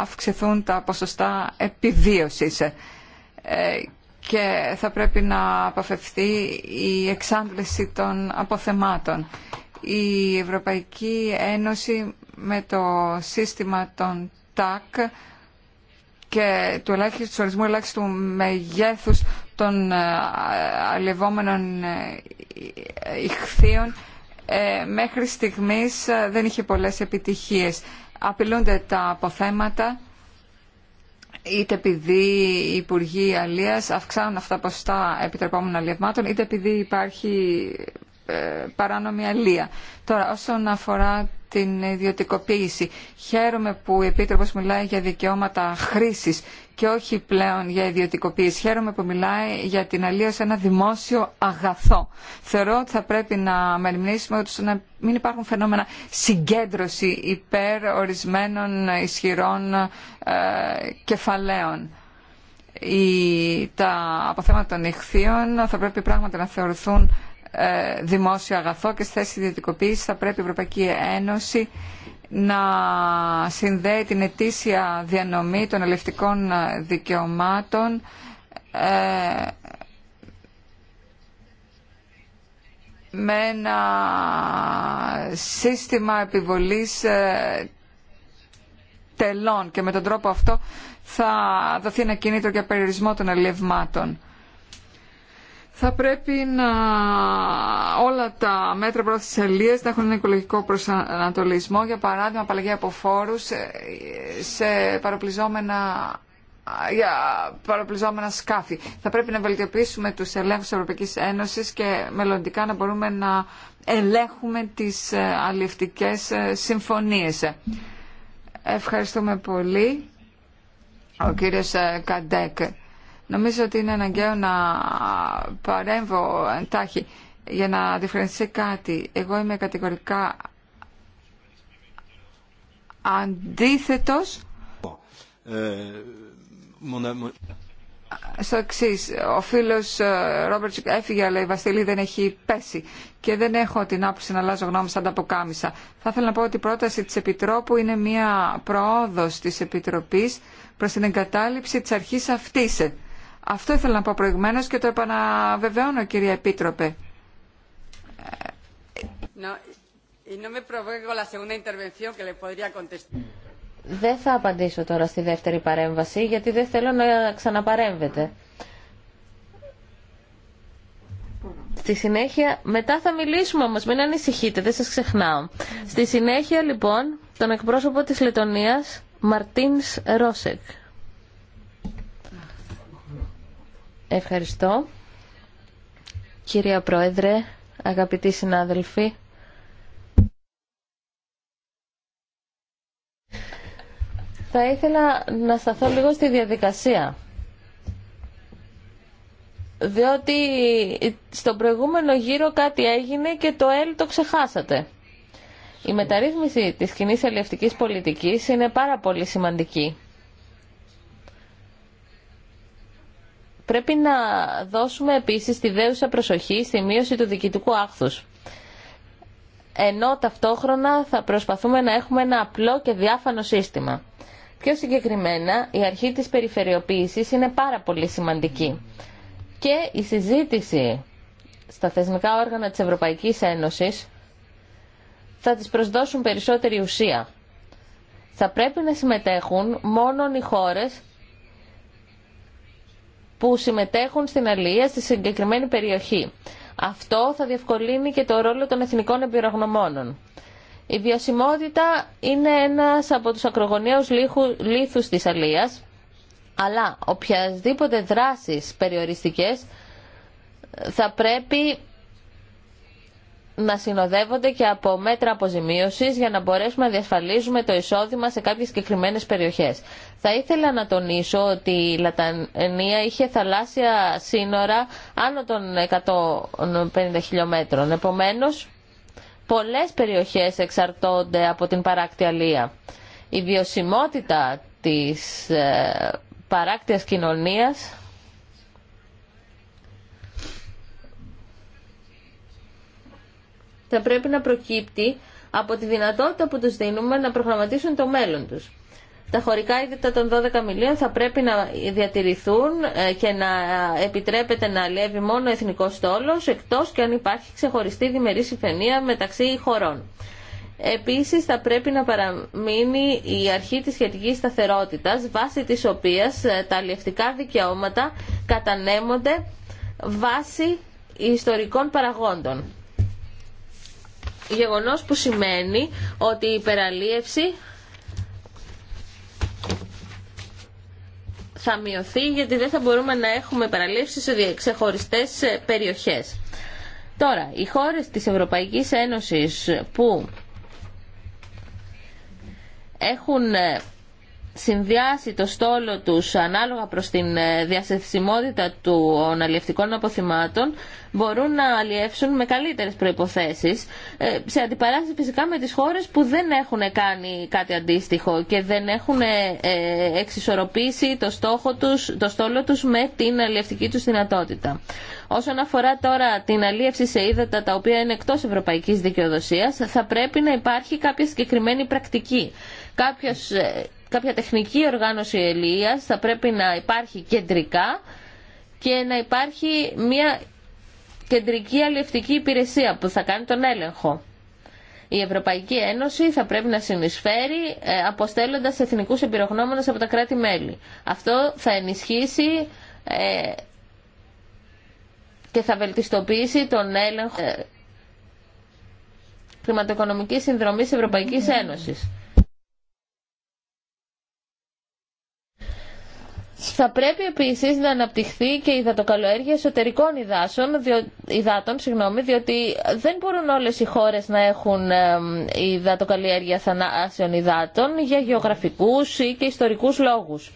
αυξηθούν τα ποσοστά επιβίωσης ε, και θα πρέπει να αποφευθεί η εξάντληση των αποθεμάτων. Η Ευρωπαϊκή Ένωση με το σύστημα των ΤΑΚ και του, ελάχιστου, του ορισμού ελάχιστου μεγέθους των αλευόμενων ηχθείων ε, μέχρι στιγμής ε, δεν είχε πολλές επιτυχίες. Απειλούνται τα αποθέματα είτε επειδή οι Υπουργοί Αλίας αυξάνουν αυτά τα ποστά επιτρεπόμενων αλλιευμάτων, είτε επειδή υπάρχει ε, παράνομη αλεία. Τώρα, όσον αφορά την ιδιωτικοποίηση, χαίρομαι που η Επίτροπος μιλάει για δικαιώματα χρήσης και όχι πλέον για ιδιωτικοποίηση. Χαίρομαι που μιλάει για την αλεία σε ένα δημόσιο αγαθό. Θεωρώ ότι θα πρέπει να μεριμνήσουμε ότι να μην υπάρχουν φαινόμενα συγκέντρωση υπέρ ορισμένων ισχυρών ε, κεφαλαίων. Η, τα αποθέματα των ηχθείων θα πρέπει πράγματι να θεωρηθούν ε, δημόσιο αγαθό και στη θέση ιδιωτικοποίηση θα πρέπει η Ευρωπαϊκή Ένωση να συνδέει την ετήσια διανομή των ελευτικών δικαιωμάτων ε, με ένα σύστημα επιβολής ε, τελών και με τον τρόπο αυτό θα δοθεί ένα κίνητρο για περιορισμό των ελευμάτων θα πρέπει να όλα τα μέτρα πρώτης τις να έχουν ένα οικολογικό προσανατολισμό, για παράδειγμα απαλλαγή από φόρους ε, σε παροπλιζόμενα για παροπλιζόμενα σκάφη. Θα πρέπει να βελτιωποιήσουμε τους ελέγχους της Ευρωπαϊκής Ένωσης και μελλοντικά να μπορούμε να ελέγχουμε τις ε, αλληλευτικές ε, συμφωνίες. Ευχαριστούμε πολύ. Ο κύριος Καντέκ. Νομίζω ότι είναι αναγκαίο να παρέμβω εντάχει για να διευκρινιστεί κάτι. Εγώ είμαι κατηγορικά αντίθετος στο εξή. Ο φίλο ε, Ρόμπερτ έφυγε, αλλά η Βασιλή δεν έχει πέσει. Και δεν έχω την άποψη να αλλάζω γνώμη σαν τα αποκάμισα. Θα ήθελα να πω ότι η πρόταση τη Επιτρόπου είναι μια προόδο τη Επιτροπή προ την εγκατάλειψη τη αρχή αυτή. Αυτό ήθελα να πω προηγουμένως και το επαναβεβαιώνω κυρία Επίτροπε. Δεν θα απαντήσω τώρα στη δεύτερη παρέμβαση γιατί δεν θέλω να ξαναπαρέμβετε. Στη συνέχεια, μετά θα μιλήσουμε όμως, μην ανησυχείτε, δεν σας ξεχνάω. Στη συνέχεια λοιπόν, τον εκπρόσωπο της Λετωνίας, Μαρτίνς Ρόσεκ. Ευχαριστώ. Κυρία Πρόεδρε, αγαπητοί συνάδελφοι, θα ήθελα να σταθώ λίγο στη διαδικασία. Διότι στον προηγούμενο γύρο κάτι έγινε και το ΕΛ το ξεχάσατε. Η μεταρρύθμιση της κοινής ελευτικής πολιτικής είναι πάρα πολύ σημαντική Πρέπει να δώσουμε επίσης τη δέουσα προσοχή στη μείωση του διοικητικού άχθους. Ενώ ταυτόχρονα θα προσπαθούμε να έχουμε ένα απλό και διάφανο σύστημα. Πιο συγκεκριμένα, η αρχή της περιφερειοποίησης είναι πάρα πολύ σημαντική. Και η συζήτηση στα θεσμικά όργανα της Ευρωπαϊκής Ένωσης θα τις προσδώσουν περισσότερη ουσία. Θα πρέπει να συμμετέχουν μόνο οι χώρες που συμμετέχουν στην αλληλεία στη συγκεκριμένη περιοχή. Αυτό θα διευκολύνει και το ρόλο των εθνικών εμπειρογνωμόνων. Η βιωσιμότητα είναι ένας από τους ακρογωνιαίους λίθους της αλίας, αλλά οποιασδήποτε δράσεις περιοριστικές θα πρέπει να συνοδεύονται και από μέτρα αποζημίωσης για να μπορέσουμε να διασφαλίζουμε το εισόδημα σε κάποιες συγκεκριμένες περιοχές. Θα ήθελα να τονίσω ότι η Λατανία είχε θαλάσσια σύνορα άνω των 150 χιλιόμετρων. Επομένως, πολλές περιοχές εξαρτώνται από την παράκτια Η βιωσιμότητα της ε, παράκτιας κοινωνίας θα πρέπει να προκύπτει από τη δυνατότητα που τους δίνουμε να προγραμματίσουν το μέλλον τους τα χωρικά είδητα των 12 μιλίων θα πρέπει να διατηρηθούν ε, και να επιτρέπεται να αλλιεύει μόνο ο εθνικός στόλος, εκτός και αν υπάρχει ξεχωριστή διμερή συμφωνία μεταξύ χωρών. Επίσης θα πρέπει να παραμείνει η αρχή της σχετικής σταθερότητας, βάσει της οποίας ε, τα αλλιευτικά δικαιώματα κατανέμονται βάσει ιστορικών παραγόντων. Γεγονός που σημαίνει ότι η υπεραλίευση θα μειωθεί γιατί δεν θα μπορούμε να έχουμε παραλήψεις σε ξεχωριστές ε, περιοχές. Τώρα, οι χώρες της Ευρωπαϊκής Ένωσης που έχουν ε, συνδυάσει το στόλο τους ανάλογα προς την ε, διασυνθημότητα των αλλιευτικών αποθυμάτων μπορούν να αλλιεύσουν με καλύτερες προϋποθέσεις ε, σε αντιπαράθεση φυσικά με τις χώρες που δεν έχουν κάνει κάτι αντίστοιχο και δεν έχουν ε, εξισορροπήσει το, στόχο τους, το στόλο τους με την αλλιευτική τους δυνατότητα. Όσον αφορά τώρα την αλίευση σε ύδατα τα οποία είναι εκτός ευρωπαϊκής δικαιοδοσίας, θα πρέπει να υπάρχει κάποια συγκεκριμένη πρακτική κάποια τεχνική οργάνωση ελίας θα πρέπει να υπάρχει κεντρικά και να υπάρχει μια κεντρική αλληλευτική υπηρεσία που θα κάνει τον έλεγχο. Η Ευρωπαϊκή Ένωση θα πρέπει να συνεισφέρει ε, αποστέλλοντας εθνικούς εμπειρογνώμονες από τα κράτη-μέλη. Αυτό θα ενισχύσει ε, και θα βελτιστοποιήσει τον έλεγχο ε, χρηματοοικονομικής συνδρομής Ευρωπαϊκής Ένωσης. Θα πρέπει επίσης να αναπτυχθεί και η υδατοκαλλιέργεια εσωτερικών υδάτων, διότι δεν μπορούν όλες οι χώρες να έχουν υδατοκαλλιέργεια θανάσεων υδάτων για γεωγραφικούς ή και ιστορικούς λόγους.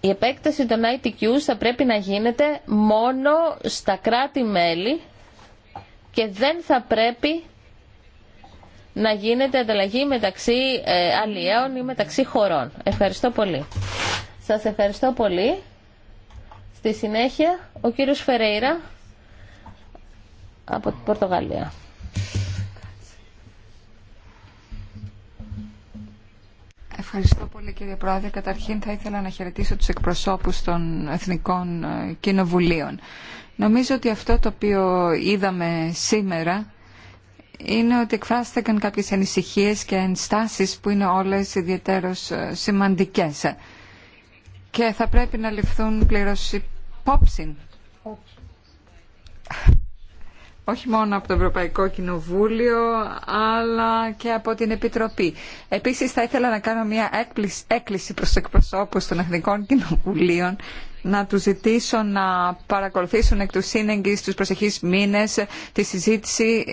Η επέκταση των ITQ θα πρέπει να γίνεται μόνο στα κράτη-μέλη και δεν θα πρέπει να γίνεται ανταλλαγή μεταξύ ε, αλλιέων ή μεταξύ χωρών. Ευχαριστώ πολύ. Σας ευχαριστώ πολύ. Στη συνέχεια, ο κύριος Φερέιρα από την Πορτογαλία. Ευχαριστώ πολύ κύριε Πρόεδρε. Καταρχήν θα ήθελα να χαιρετήσω τους εκπροσώπους των Εθνικών ε, Κοινοβουλίων. Νομίζω ότι αυτό το οποίο είδαμε σήμερα είναι ότι εκφράστηκαν κάποιες ανησυχίες και ενστάσεις που είναι όλες ιδιαίτερως ε, σημαντικές και θα πρέπει να ληφθούν πλήρως υπόψη. Όχι μόνο από το Ευρωπαϊκό Κοινοβούλιο, αλλά και από την Επιτροπή. Επίσης, θα ήθελα να κάνω μια έκκληση προς εκπροσώπους των Εθνικών Κοινοβουλίων να τους ζητήσω να παρακολουθήσουν εκ του σύνεγγυς τους προσεχείς μήνες τη συζήτηση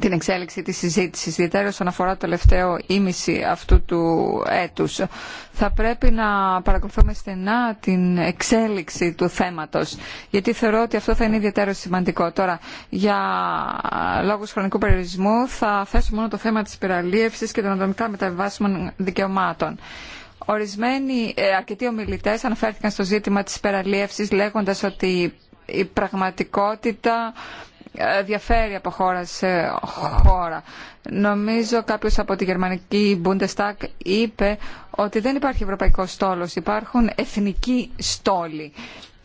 την εξέλιξη της συζήτησης, ιδιαίτερα όσον αφορά το τελευταίο ήμιση αυτού του έτους. Θα πρέπει να παρακολουθούμε στενά την εξέλιξη του θέματος, γιατί θεωρώ ότι αυτό θα είναι ιδιαίτερα σημαντικό. Τώρα, για λόγους χρονικού περιορισμού, θα θέσω μόνο το θέμα της πυραλίευσης και των ατομικά μεταβιβάσιμων δικαιωμάτων. Ορισμένοι ε, αρκετοί ομιλητές αναφέρθηκαν στο ζήτημα της υπεραλίευσης λέγοντας ότι η πραγματικότητα διαφέρει από χώρα σε χώρα. Νομίζω κάποιος από τη γερμανική Bundestag είπε ότι δεν υπάρχει ευρωπαϊκό στόλος, υπάρχουν εθνικοί στόλοι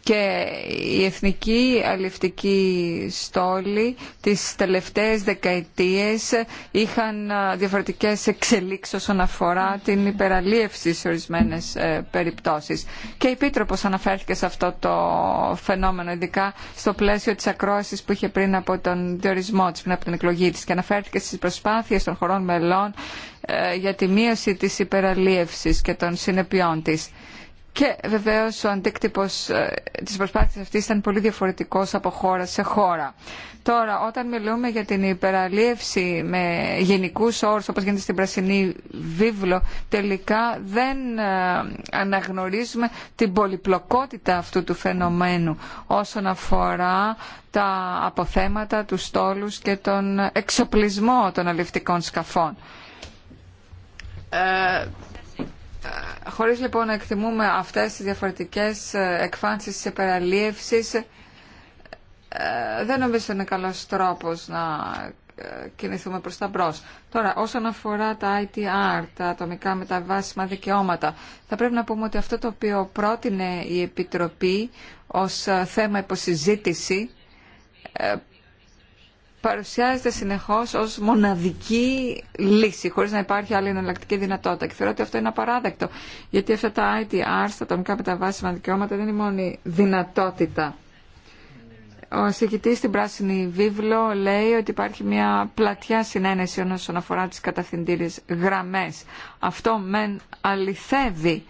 και η εθνική αλληλευτική στόλη τις τελευταίες δεκαετίες είχαν ε, διαφορετικές εξελίξεις όσον αφορά την υπεραλίευση σε ορισμένες ε, περιπτώσεις. Και η Επίτροπος αναφέρθηκε σε αυτό το φαινόμενο, ειδικά στο πλαίσιο της ακρόασης που είχε πριν από τον διορισμό της, πριν από την εκλογή της και αναφέρθηκε στις προσπάθειες των χωρών μελών ε, για τη μείωση της υπεραλίευσης και των συνεπειών της. Και βεβαίω ο αντίκτυπο ε, τη προσπάθεια αυτή ήταν πολύ διαφορετικό από χώρα σε χώρα. Τώρα, όταν μιλούμε για την υπεραλίευση με γενικούς όρου, όπω γίνεται στην Πρασινή Βίβλο, τελικά δεν ε, αναγνωρίζουμε την πολυπλοκότητα αυτού του φαινομένου όσον αφορά τα αποθέματα, του στόλους και τον εξοπλισμό των αληφτικών σκαφών. Ε, ε, χωρίς λοιπόν να εκτιμούμε αυτές τις διαφορετικές ε, εκφάνσεις της επεραλίευσης, ε, δεν νομίζω είναι καλός τρόπος να κινηθούμε προς τα μπρος. Τώρα, όσον αφορά τα ITR, τα ατομικά μεταβάσιμα δικαιώματα, θα πρέπει να πούμε ότι αυτό το οποίο πρότεινε η Επιτροπή ως θέμα υποσυζήτηση, παρουσιάζεται συνεχώς ως μοναδική λύση, χωρίς να υπάρχει άλλη εναλλακτική δυνατότητα. Και θεωρώ ότι αυτό είναι απαράδεκτο, γιατί αυτά τα ITR, τα ατομικά μεταβάσιμα δικαιώματα, δεν είναι η δυνατότητα. Ο εισηγητή στην Πράσινη Βίβλο λέει ότι υπάρχει μια πλατιά συνένεση όσον αφορά τι καταθυντήριε Γραμμέ. Αυτό μεν αληθεύει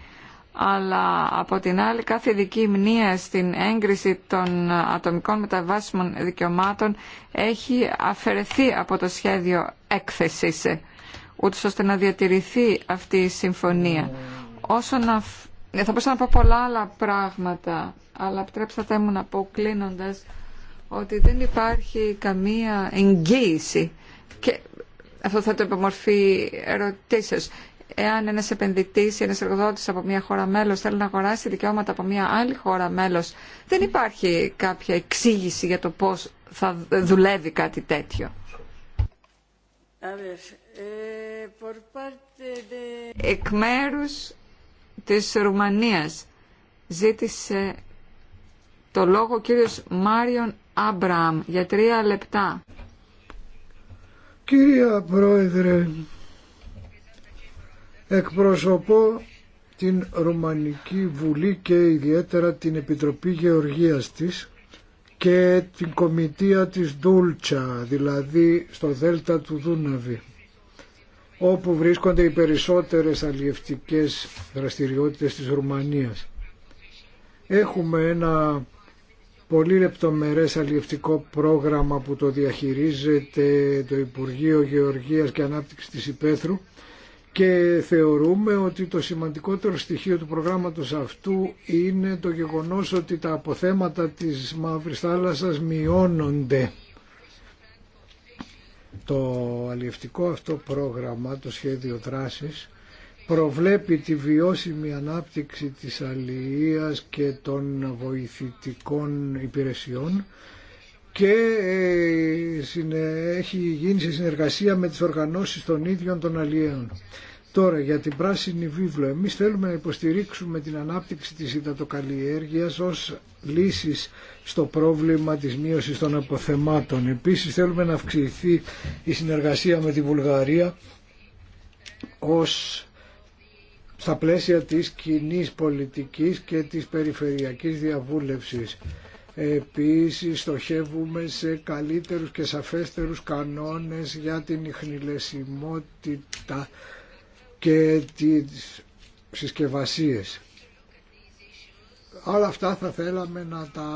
αλλά από την άλλη κάθε ειδική μνήμα στην έγκριση των ατομικών μεταβάσιμων δικαιωμάτων έχει αφαιρεθεί από το σχέδιο έκθεσης, ούτως ώστε να διατηρηθεί αυτή η συμφωνία. Όσον ε, Θα μπορούσα να πω πολλά άλλα πράγματα, αλλά επιτρέψατε μου να πω κλείνοντα ότι δεν υπάρχει καμία εγγύηση και αυτό θα το υπομορφεί ερωτήσεως, Εάν ένα επενδυτή ή ένα εργοδότη από μια χώρα μέλο θέλει να αγοράσει δικαιώματα από μια άλλη χώρα μέλο, δεν υπάρχει κάποια εξήγηση για το πώ θα δουλεύει κάτι τέτοιο. Eh, Εκ μέρου τη Ρουμανία ζήτησε το λόγο ο κύριος Μάριον Άμπραμ για τρία λεπτά. Κυρία Πρόεδρε, Εκπροσωπώ την Ρουμανική Βουλή και ιδιαίτερα την Επιτροπή Γεωργίας της και την Κομιτεία της Δούλτσα, δηλαδή στο Δέλτα του Δούναβη, όπου βρίσκονται οι περισσότερες αλλιευτικές δραστηριότητες της Ρουμανίας. Έχουμε ένα πολύ λεπτομερές αλλιευτικό πρόγραμμα που το διαχειρίζεται το Υπουργείο Γεωργίας και Ανάπτυξης της Υπέθρου και θεωρούμε ότι το σημαντικότερο στοιχείο του προγράμματος αυτού είναι το γεγονός ότι τα αποθέματα της Μαύρης Θάλασσας μειώνονται. Το αλλιευτικό αυτό πρόγραμμα, το σχέδιο δράσης, προβλέπει τη βιώσιμη ανάπτυξη της αλληλείας και των βοηθητικών υπηρεσιών και ε, έχει γίνει σε συνεργασία με τις οργανώσεις των ίδιων των αλλιέων. Τώρα για την πράσινη βίβλο. Εμείς θέλουμε να υποστηρίξουμε την ανάπτυξη της υδατοκαλλιέργειας ως λύσης στο πρόβλημα της μείωσης των αποθεμάτων. Επίσης θέλουμε να αυξηθεί η συνεργασία με τη Βουλγαρία ως στα πλαίσια της κοινής πολιτικής και της περιφερειακής διαβούλευσης. Επίσης στοχεύουμε σε καλύτερους και σαφέστερους κανόνες για την ιχνηλεσιμότητα και τις συσκευασίες. Όλα αυτά θα θέλαμε να τα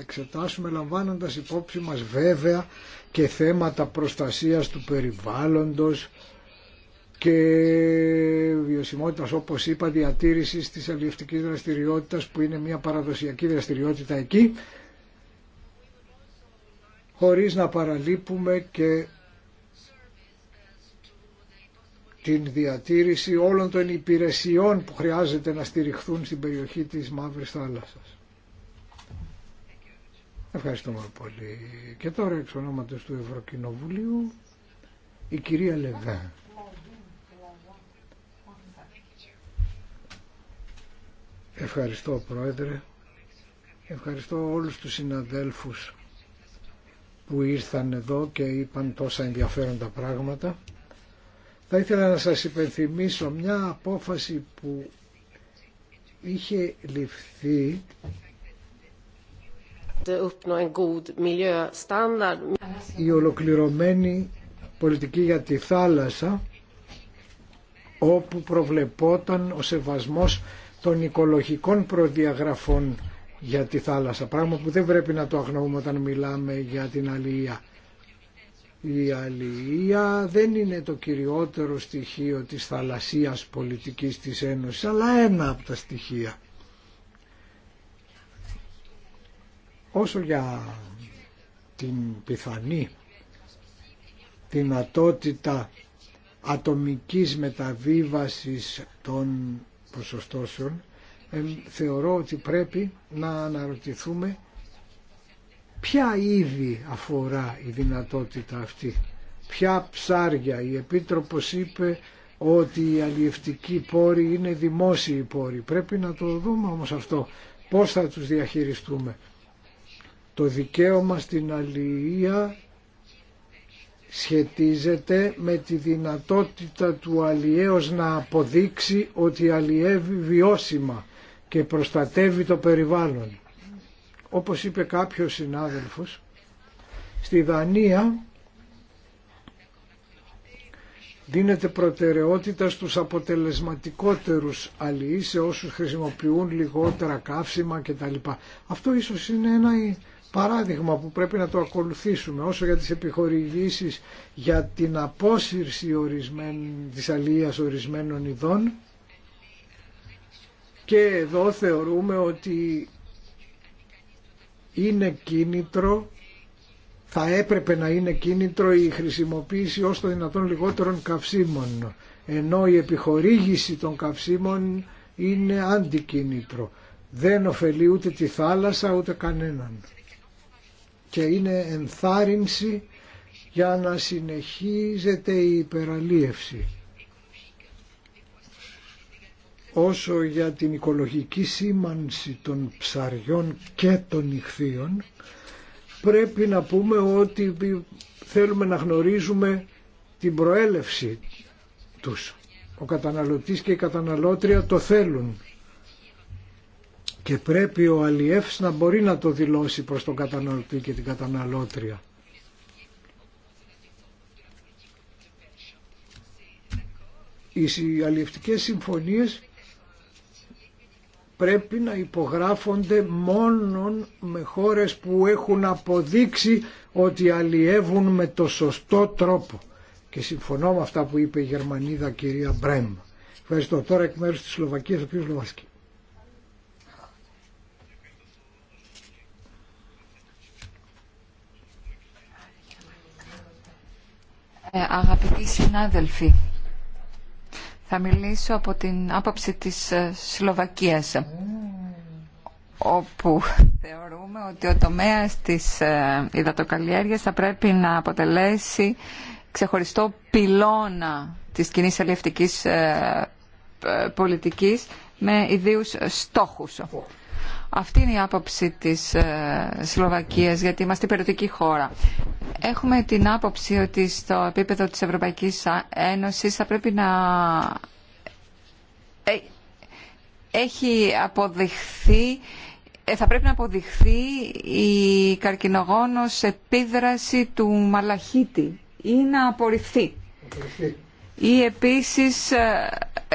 εξετάσουμε λαμβάνοντας υπόψη μας βέβαια και θέματα προστασίας του περιβάλλοντος και βιωσιμότητας όπως είπα διατήρησης της αλληλευτικής δραστηριότητας που είναι μια παραδοσιακή δραστηριότητα εκεί χωρίς να παραλείπουμε και την διατήρηση όλων των υπηρεσιών που χρειάζεται να στηριχθούν στην περιοχή της Μαύρης Θάλασσας. Ευχαριστούμε πολύ. Και τώρα εξ ονόματος του Ευρωκοινοβουλίου η κυρία Λεβέ. Ευχαριστώ Πρόεδρε. Ευχαριστώ όλους τους συναδέλφους που ήρθαν εδώ και είπαν τόσα ενδιαφέροντα πράγματα. Θα ήθελα να σας υπενθυμίσω μια απόφαση που είχε ληφθεί η ολοκληρωμένη πολιτική για τη θάλασσα όπου προβλεπόταν ο σεβασμός των οικολογικών προδιαγραφών για τη θάλασσα, πράγμα που δεν πρέπει να το αγνοούμε όταν μιλάμε για την αλληλεία. Η αλληλεία δεν είναι το κυριότερο στοιχείο της θαλασσίας πολιτικής της Ένωσης, αλλά ένα από τα στοιχεία. Όσο για την πιθανή δυνατότητα ατομικής μεταβίβασης των ποσοστώσεων, θεωρώ ότι πρέπει να αναρωτηθούμε ποια είδη αφορά η δυνατότητα αυτή, ποια ψάρια. Η Επίτροπος είπε ότι οι αλλιευτικοί πόροι είναι δημόσιοι πόροι. Πρέπει να το δούμε όμως αυτό, πώς θα τους διαχειριστούμε. Το δικαίωμα στην αλληλεία σχετίζεται με τη δυνατότητα του αλλιέως να αποδείξει ότι αλλιεύει βιώσιμα και προστατεύει το περιβάλλον. Όπως είπε κάποιος συνάδελφος, στη Δανία δίνεται προτεραιότητα στους αποτελεσματικότερους αλληλείς σε όσους χρησιμοποιούν λιγότερα καύσιμα κτλ. Αυτό ίσως είναι ένα παράδειγμα που πρέπει να το ακολουθήσουμε όσο για τις επιχορηγήσεις για την απόσυρση ορισμέν, της ορισμένων ειδών και εδώ θεωρούμε ότι είναι κίνητρο, θα έπρεπε να είναι κίνητρο η χρησιμοποίηση ως το δυνατόν λιγότερων καυσίμων, ενώ η επιχορήγηση των καυσίμων είναι αντικίνητρο. Δεν ωφελεί ούτε τη θάλασσα ούτε κανέναν. Και είναι ενθάρρυνση για να συνεχίζεται η υπεραλίευση. Όσο για την οικολογική σήμανση των ψαριών και των νυχθείων πρέπει να πούμε ότι θέλουμε να γνωρίζουμε την προέλευση τους. Ο καταναλωτής και η καταναλώτρια το θέλουν και πρέπει ο αλιεύς να μπορεί να το δηλώσει προς τον καταναλωτή και την καταναλώτρια. Οι αλλιευτικές συμφωνίες πρέπει να υπογράφονται μόνον με χώρες που έχουν αποδείξει ότι αλλιεύουν με το σωστό τρόπο. Και συμφωνώ με αυτά που είπε η Γερμανίδα κυρία Μπρέμ. Ευχαριστώ. Τώρα εκ μέρους της Σλοβακίας ο κ. Λοβάσκη. Ε, αγαπητοί συνάδελφοι, θα μιλήσω από την άποψη της ε, Σλοβακίας όπου θεωρούμε ότι ο τομέας της ε, υδατοκαλλιέργειας θα πρέπει να αποτελέσει ξεχωριστό πυλώνα της κοινή αλληλευτικής ε, πολιτικής με ιδίους στόχους. Αυτή είναι η άποψη της ε, Σλοβακίας, γιατί είμαστε περιοτική χώρα. Έχουμε την άποψη ότι στο επίπεδο της Ευρωπαϊκής Ένωσης θα πρέπει να ε, έχει αποδειχθεί ε, θα πρέπει να αποδειχθεί η καρκινογόνος επίδραση του μαλαχίτη ή να απορριφθεί ή επίσης, ε,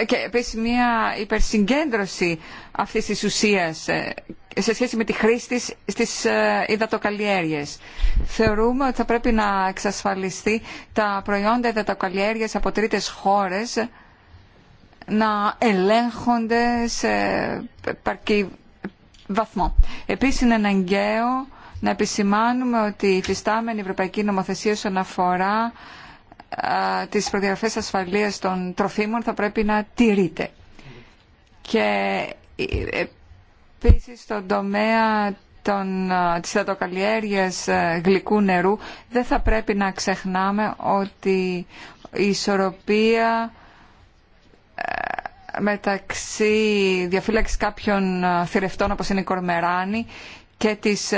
και επίσης μια υπερσυγκέντρωση αυτής της ουσίας ε, σε σχέση με τη χρήση της στις ε, υδατοκαλλιέργειες. Θεωρούμε ότι θα πρέπει να εξασφαλιστεί τα προϊόντα υδατοκαλλιέργειας από τρίτες χώρες να ελέγχονται σε παρκή βαθμό. Επίσης είναι αναγκαίο να επισημάνουμε ότι η φυστάμενη ευρωπαϊκή νομοθεσία όσον αφορά ε, τις προδιαγραφές ασφαλείας των τροφίμων θα πρέπει να τηρείται. Και ε, ε, επίσης στον τομέα των, της γλυκού νερού δεν θα πρέπει να ξεχνάμε ότι η ισορροπία μεταξύ διαφύλαξης κάποιων θηρευτών όπως είναι η κορμεράνη και της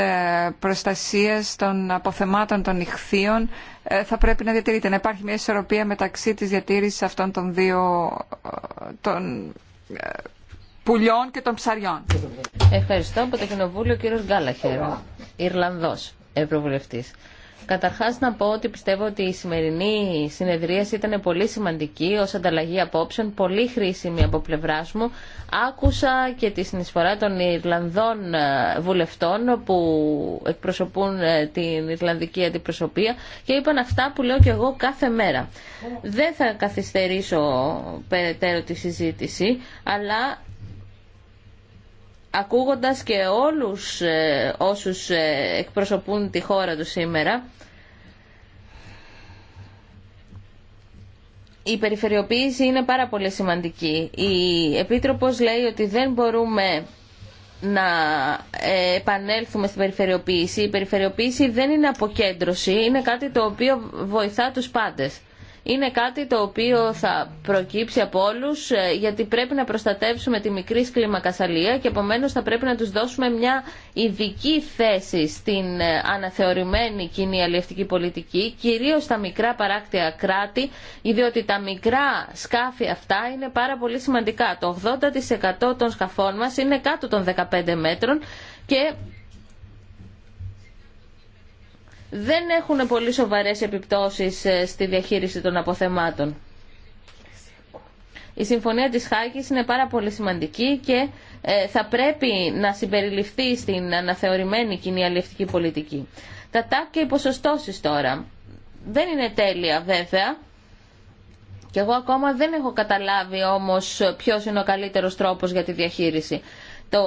προστασίας των αποθεμάτων των ηχθείων ε, θα πρέπει να διατηρείται, να υπάρχει μια ισορροπία μεταξύ της διατήρησης αυτών των δύο ε, των ε, πουλιών και των ψαριών. Ευχαριστώ από το Κοινοβούλιο κύριος Γκάλαχερ, Ιρλανδός, Ευρωβουλευτής. Καταρχάς να πω ότι πιστεύω ότι η σημερινή συνεδρία ήταν πολύ σημαντική ως ανταλλαγή απόψεων, πολύ χρήσιμη από πλευράς μου. Άκουσα και τη συνεισφορά των Ιρλανδών ε, βουλευτών που εκπροσωπούν ε, την Ιρλανδική αντιπροσωπεία και είπαν αυτά που λέω και εγώ κάθε μέρα. Δεν θα καθυστερήσω περαιτέρω τη συζήτηση, αλλά ακούγοντας και όλους ε, όσους ε, εκπροσωπούν τη χώρα του σήμερα, η περιφερειοποίηση είναι πάρα πολύ σημαντική. Η Επίτροπος λέει ότι δεν μπορούμε να ε, επανέλθουμε στην περιφερειοποίηση. Η περιφερειοποίηση δεν είναι αποκέντρωση, είναι κάτι το οποίο βοηθά τους πάντες είναι κάτι το οποίο θα προκύψει από όλου ε, γιατί πρέπει να προστατεύσουμε τη μικρή κλίμακα και επομένω θα πρέπει να του δώσουμε μια ειδική θέση στην ε, αναθεωρημένη κοινή αλληλευτική πολιτική, κυρίω στα μικρά παράκτια κράτη, διότι τα μικρά σκάφη αυτά είναι πάρα πολύ σημαντικά. Το 80% των σκαφών μα είναι κάτω των 15 μέτρων και δεν έχουν πολύ σοβαρές επιπτώσεις ε, στη διαχείριση των αποθεμάτων. Η Συμφωνία της Χάκης είναι πάρα πολύ σημαντική και ε, θα πρέπει να συμπεριληφθεί στην αναθεωρημένη κοινή αλληλευτική πολιτική. Τα τάκ και οι τώρα. Δεν είναι τέλεια βέβαια. Και εγώ ακόμα δεν έχω καταλάβει όμως ποιος είναι ο καλύτερος τρόπος για τη διαχείριση το,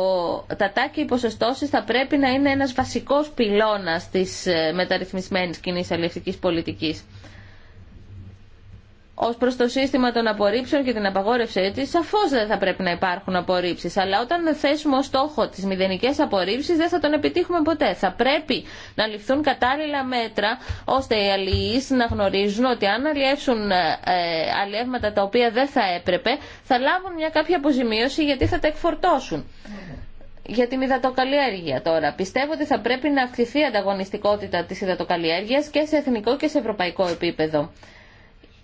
τα τάκια υποσωστώσει θα πρέπει να είναι ένας βασικός πυλώνας της ε, μεταρρυθμισμένης κοινή αλληλευτική πολιτικής. Ω προ το σύστημα των απορρίψεων και την απαγόρευσή τη, σαφώ δεν θα πρέπει να υπάρχουν απορρίψει. Αλλά όταν θέσουμε ω στόχο τι μηδενικέ απορρίψει, δεν θα τον επιτύχουμε ποτέ. Θα πρέπει να ληφθούν κατάλληλα μέτρα, ώστε οι αλληλεί να γνωρίζουν ότι αν αλλιεύσουν ε, ε, αλλιεύματα τα οποία δεν θα έπρεπε, θα λάβουν μια κάποια αποζημίωση γιατί θα τα εκφορτώσουν για την υδατοκαλλιέργεια τώρα. Πιστεύω ότι θα πρέπει να αυξηθεί η ανταγωνιστικότητα τη υδατοκαλλιέργεια και σε εθνικό και σε ευρωπαϊκό επίπεδο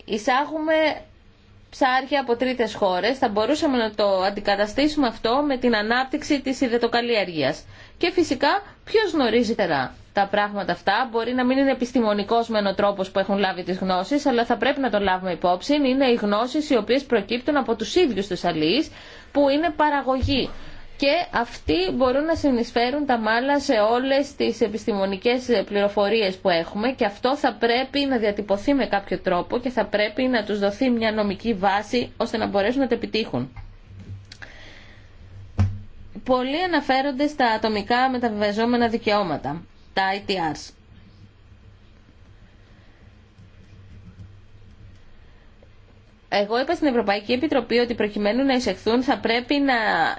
εισάγουμε ψάρια από τρίτες χώρες, θα μπορούσαμε να το αντικαταστήσουμε αυτό με την ανάπτυξη της ιδετοκαλλιέργειας. Και φυσικά, ποιος γνωρίζει τερά τα πράγματα αυτά. Μπορεί να μην είναι επιστημονικό μεν ο τρόπο που έχουν λάβει τι γνώσει, αλλά θα πρέπει να το λάβουμε υπόψη. Είναι οι γνώσει οι οποίε προκύπτουν από του ίδιου του αλληλεί, που είναι παραγωγή και αυτοί μπορούν να συνεισφέρουν τα μάλλα σε όλες τις επιστημονικές πληροφορίες που έχουμε και αυτό θα πρέπει να διατυπωθεί με κάποιο τρόπο και θα πρέπει να τους δοθεί μια νομική βάση ώστε να μπορέσουν να το επιτύχουν. Πολλοί αναφέρονται στα ατομικά μεταβιβαζόμενα δικαιώματα, τα ITRs. Εγώ είπα στην Ευρωπαϊκή Επιτροπή ότι προκειμένου να εισεχθούν θα πρέπει να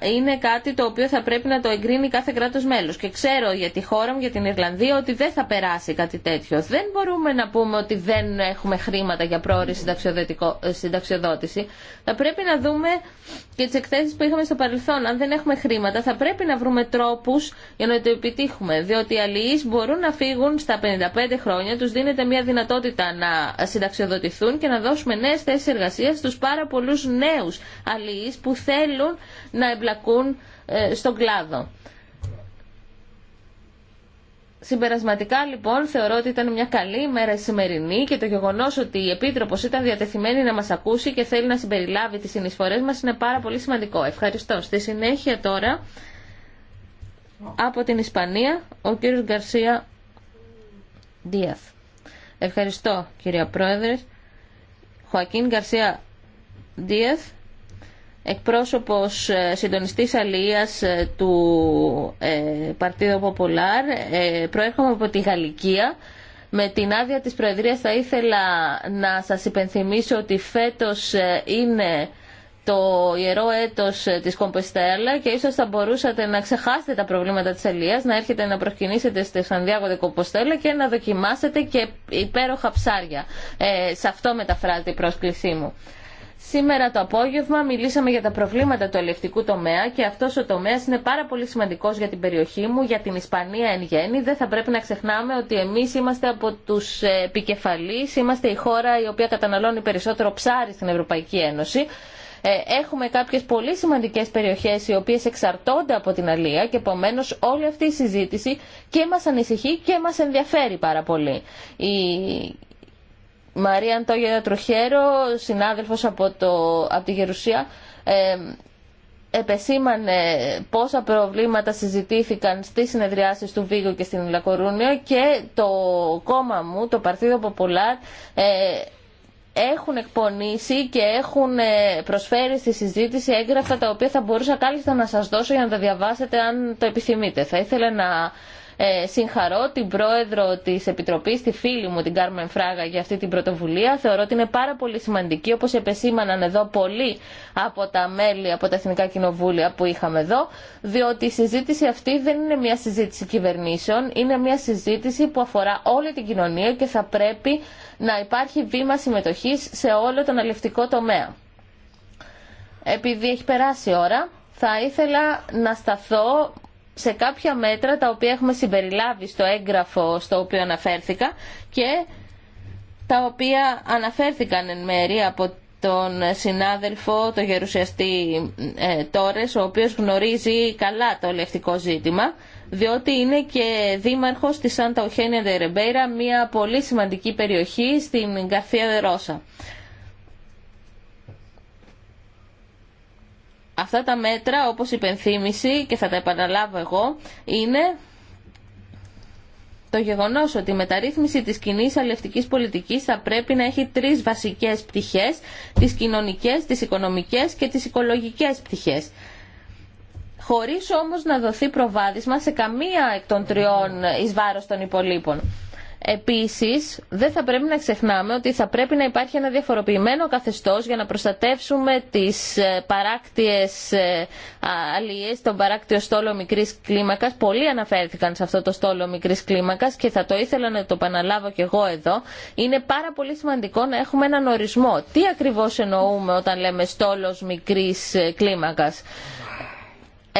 είναι κάτι το οποίο θα πρέπει να το εγκρίνει κάθε κράτος μέλος. Και ξέρω για τη χώρα μου, για την Ιρλανδία, ότι δεν θα περάσει κάτι τέτοιο. Δεν μπορούμε να πούμε ότι δεν έχουμε χρήματα για πρόορη ε, συνταξιοδότηση. Θα πρέπει να δούμε και τις εκθέσεις που είχαμε στο παρελθόν. Αν δεν έχουμε χρήματα θα πρέπει να βρούμε τρόπους για να το επιτύχουμε. Διότι οι αλληλείς μπορούν να φύγουν στα 55 χρόνια, τους δίνεται μια δυνατότητα να συνταξιοδοτηθούν και να δώσουμε νέες θέσεις εργασία στους πάρα πολλούς νέους αλληλείς που θέλουν να εμπλακούν ε, στον κλάδο. Συμπερασματικά λοιπόν θεωρώ ότι ήταν μια καλή ημέρα η σημερινή και το γεγονός ότι η Επίτροπος ήταν διατεθειμένη να μας ακούσει και θέλει να συμπεριλάβει τις συνεισφορές μας είναι πάρα πολύ σημαντικό. Ευχαριστώ. Στη συνέχεια τώρα από την Ισπανία ο κύριος Γκαρσία Δίαθ. Ευχαριστώ κυρία Πρόεδρε. Χωακίν Γκαρσία Δίεθ, εκπρόσωπος ε, συντονιστής αλίας ε, του ε, Παρτίδο Ποπολάρ. Ε, προέρχομαι από τη Γαλλικία. Με την άδεια της Προεδρίας θα ήθελα να σας υπενθυμίσω ότι φέτος είναι το ιερό έτος ε, της Κομπεστέλα και ίσω θα μπορούσατε να ξεχάσετε τα προβλήματα της Ελίας, να έρχετε να προσκυνήσετε στη Σαντιάγο Δε και να δοκιμάσετε και υπέροχα ψάρια. Ε, σε αυτό μεταφράζεται η πρόσκλησή μου. Σήμερα το απόγευμα μιλήσαμε για τα προβλήματα του ελευτικού τομέα και αυτό ο τομέα είναι πάρα πολύ σημαντικός για την περιοχή μου, για την Ισπανία εν γέννη. Δεν θα πρέπει να ξεχνάμε ότι εμείς είμαστε από τους ε, επικεφαλείς, είμαστε η χώρα η οποία καταναλώνει περισσότερο ψάρι στην Ευρωπαϊκή Ένωση ε, έχουμε κάποιες πολύ σημαντικές περιοχές οι οποίες εξαρτώνται από την αλία και επομένω όλη αυτή η συζήτηση και μας ανησυχεί και μας ενδιαφέρει πάρα πολύ. Η... Μαρία Αντόγια Τροχέρο, συνάδελφος από, το, από τη Γερουσία, ε, επεσήμανε πόσα προβλήματα συζητήθηκαν στις συνεδριάσεις του Βίγκο και στην Λακορούνια και το κόμμα μου, το Παρτίδο Ποπολάρ, ε, έχουν εκπονήσει και έχουν ε, προσφέρει στη συζήτηση έγγραφα τα οποία θα μπορούσα κάλλιστα να σας δώσω για να τα διαβάσετε αν το επιθυμείτε. Θα ήθελα να ε, συγχαρώ την πρόεδρο της Επιτροπής, τη φίλη μου την Κάρμεν Φράγα για αυτή την πρωτοβουλία. Θεωρώ ότι είναι πάρα πολύ σημαντική, όπως επεσήμαναν εδώ πολλοί από τα μέλη, από τα Εθνικά Κοινοβούλια που είχαμε εδώ, διότι η συζήτηση αυτή δεν είναι μια συζήτηση κυβερνήσεων, είναι μια συζήτηση που αφορά όλη την κοινωνία και θα πρέπει να υπάρχει βήμα συμμετοχή σε όλο τον αλευτικό τομέα. Επειδή έχει περάσει η ώρα, θα ήθελα να σταθώ σε κάποια μέτρα τα οποία έχουμε συμπεριλάβει στο έγγραφο στο οποίο αναφέρθηκα και τα οποία αναφέρθηκαν εν μέρη από τον συνάδελφο, τον γερουσιαστή ε, Τόρες, ο οποίος γνωρίζει καλά το λευτικό ζήτημα, διότι είναι και δήμαρχος της Σάντα Οχένια Ρεμπέιρα, μια πολύ σημαντική περιοχή στην Καρθία Δερόσα. Αυτά τα μέτρα, όπως υπενθύμηση και θα τα επαναλάβω εγώ, είναι το γεγονός ότι η μεταρρύθμιση της κοινή αλληλευτική πολιτικής θα πρέπει να έχει τρεις βασικές πτυχέ, τις κοινωνικές, τις οικονομικές και τις οικολογικέ πτυχέ. χωρίς όμως να δοθεί προβάδισμα σε καμία εκ των τριών ει βάρο των υπολείπων. Επίσης, δεν θα πρέπει να ξεχνάμε ότι θα πρέπει να υπάρχει ένα διαφοροποιημένο καθεστώς για να προστατεύσουμε τις ε, παράκτιες ε, αλλιές, τον παράκτιο στόλο μικρής κλίμακας. Πολλοί αναφέρθηκαν σε αυτό το στόλο μικρής κλίμακας και θα το ήθελα να το επαναλάβω και εγώ εδώ. Είναι πάρα πολύ σημαντικό να έχουμε έναν ορισμό. Τι ακριβώς εννοούμε όταν λέμε στόλος μικρής ε, κλίμακας.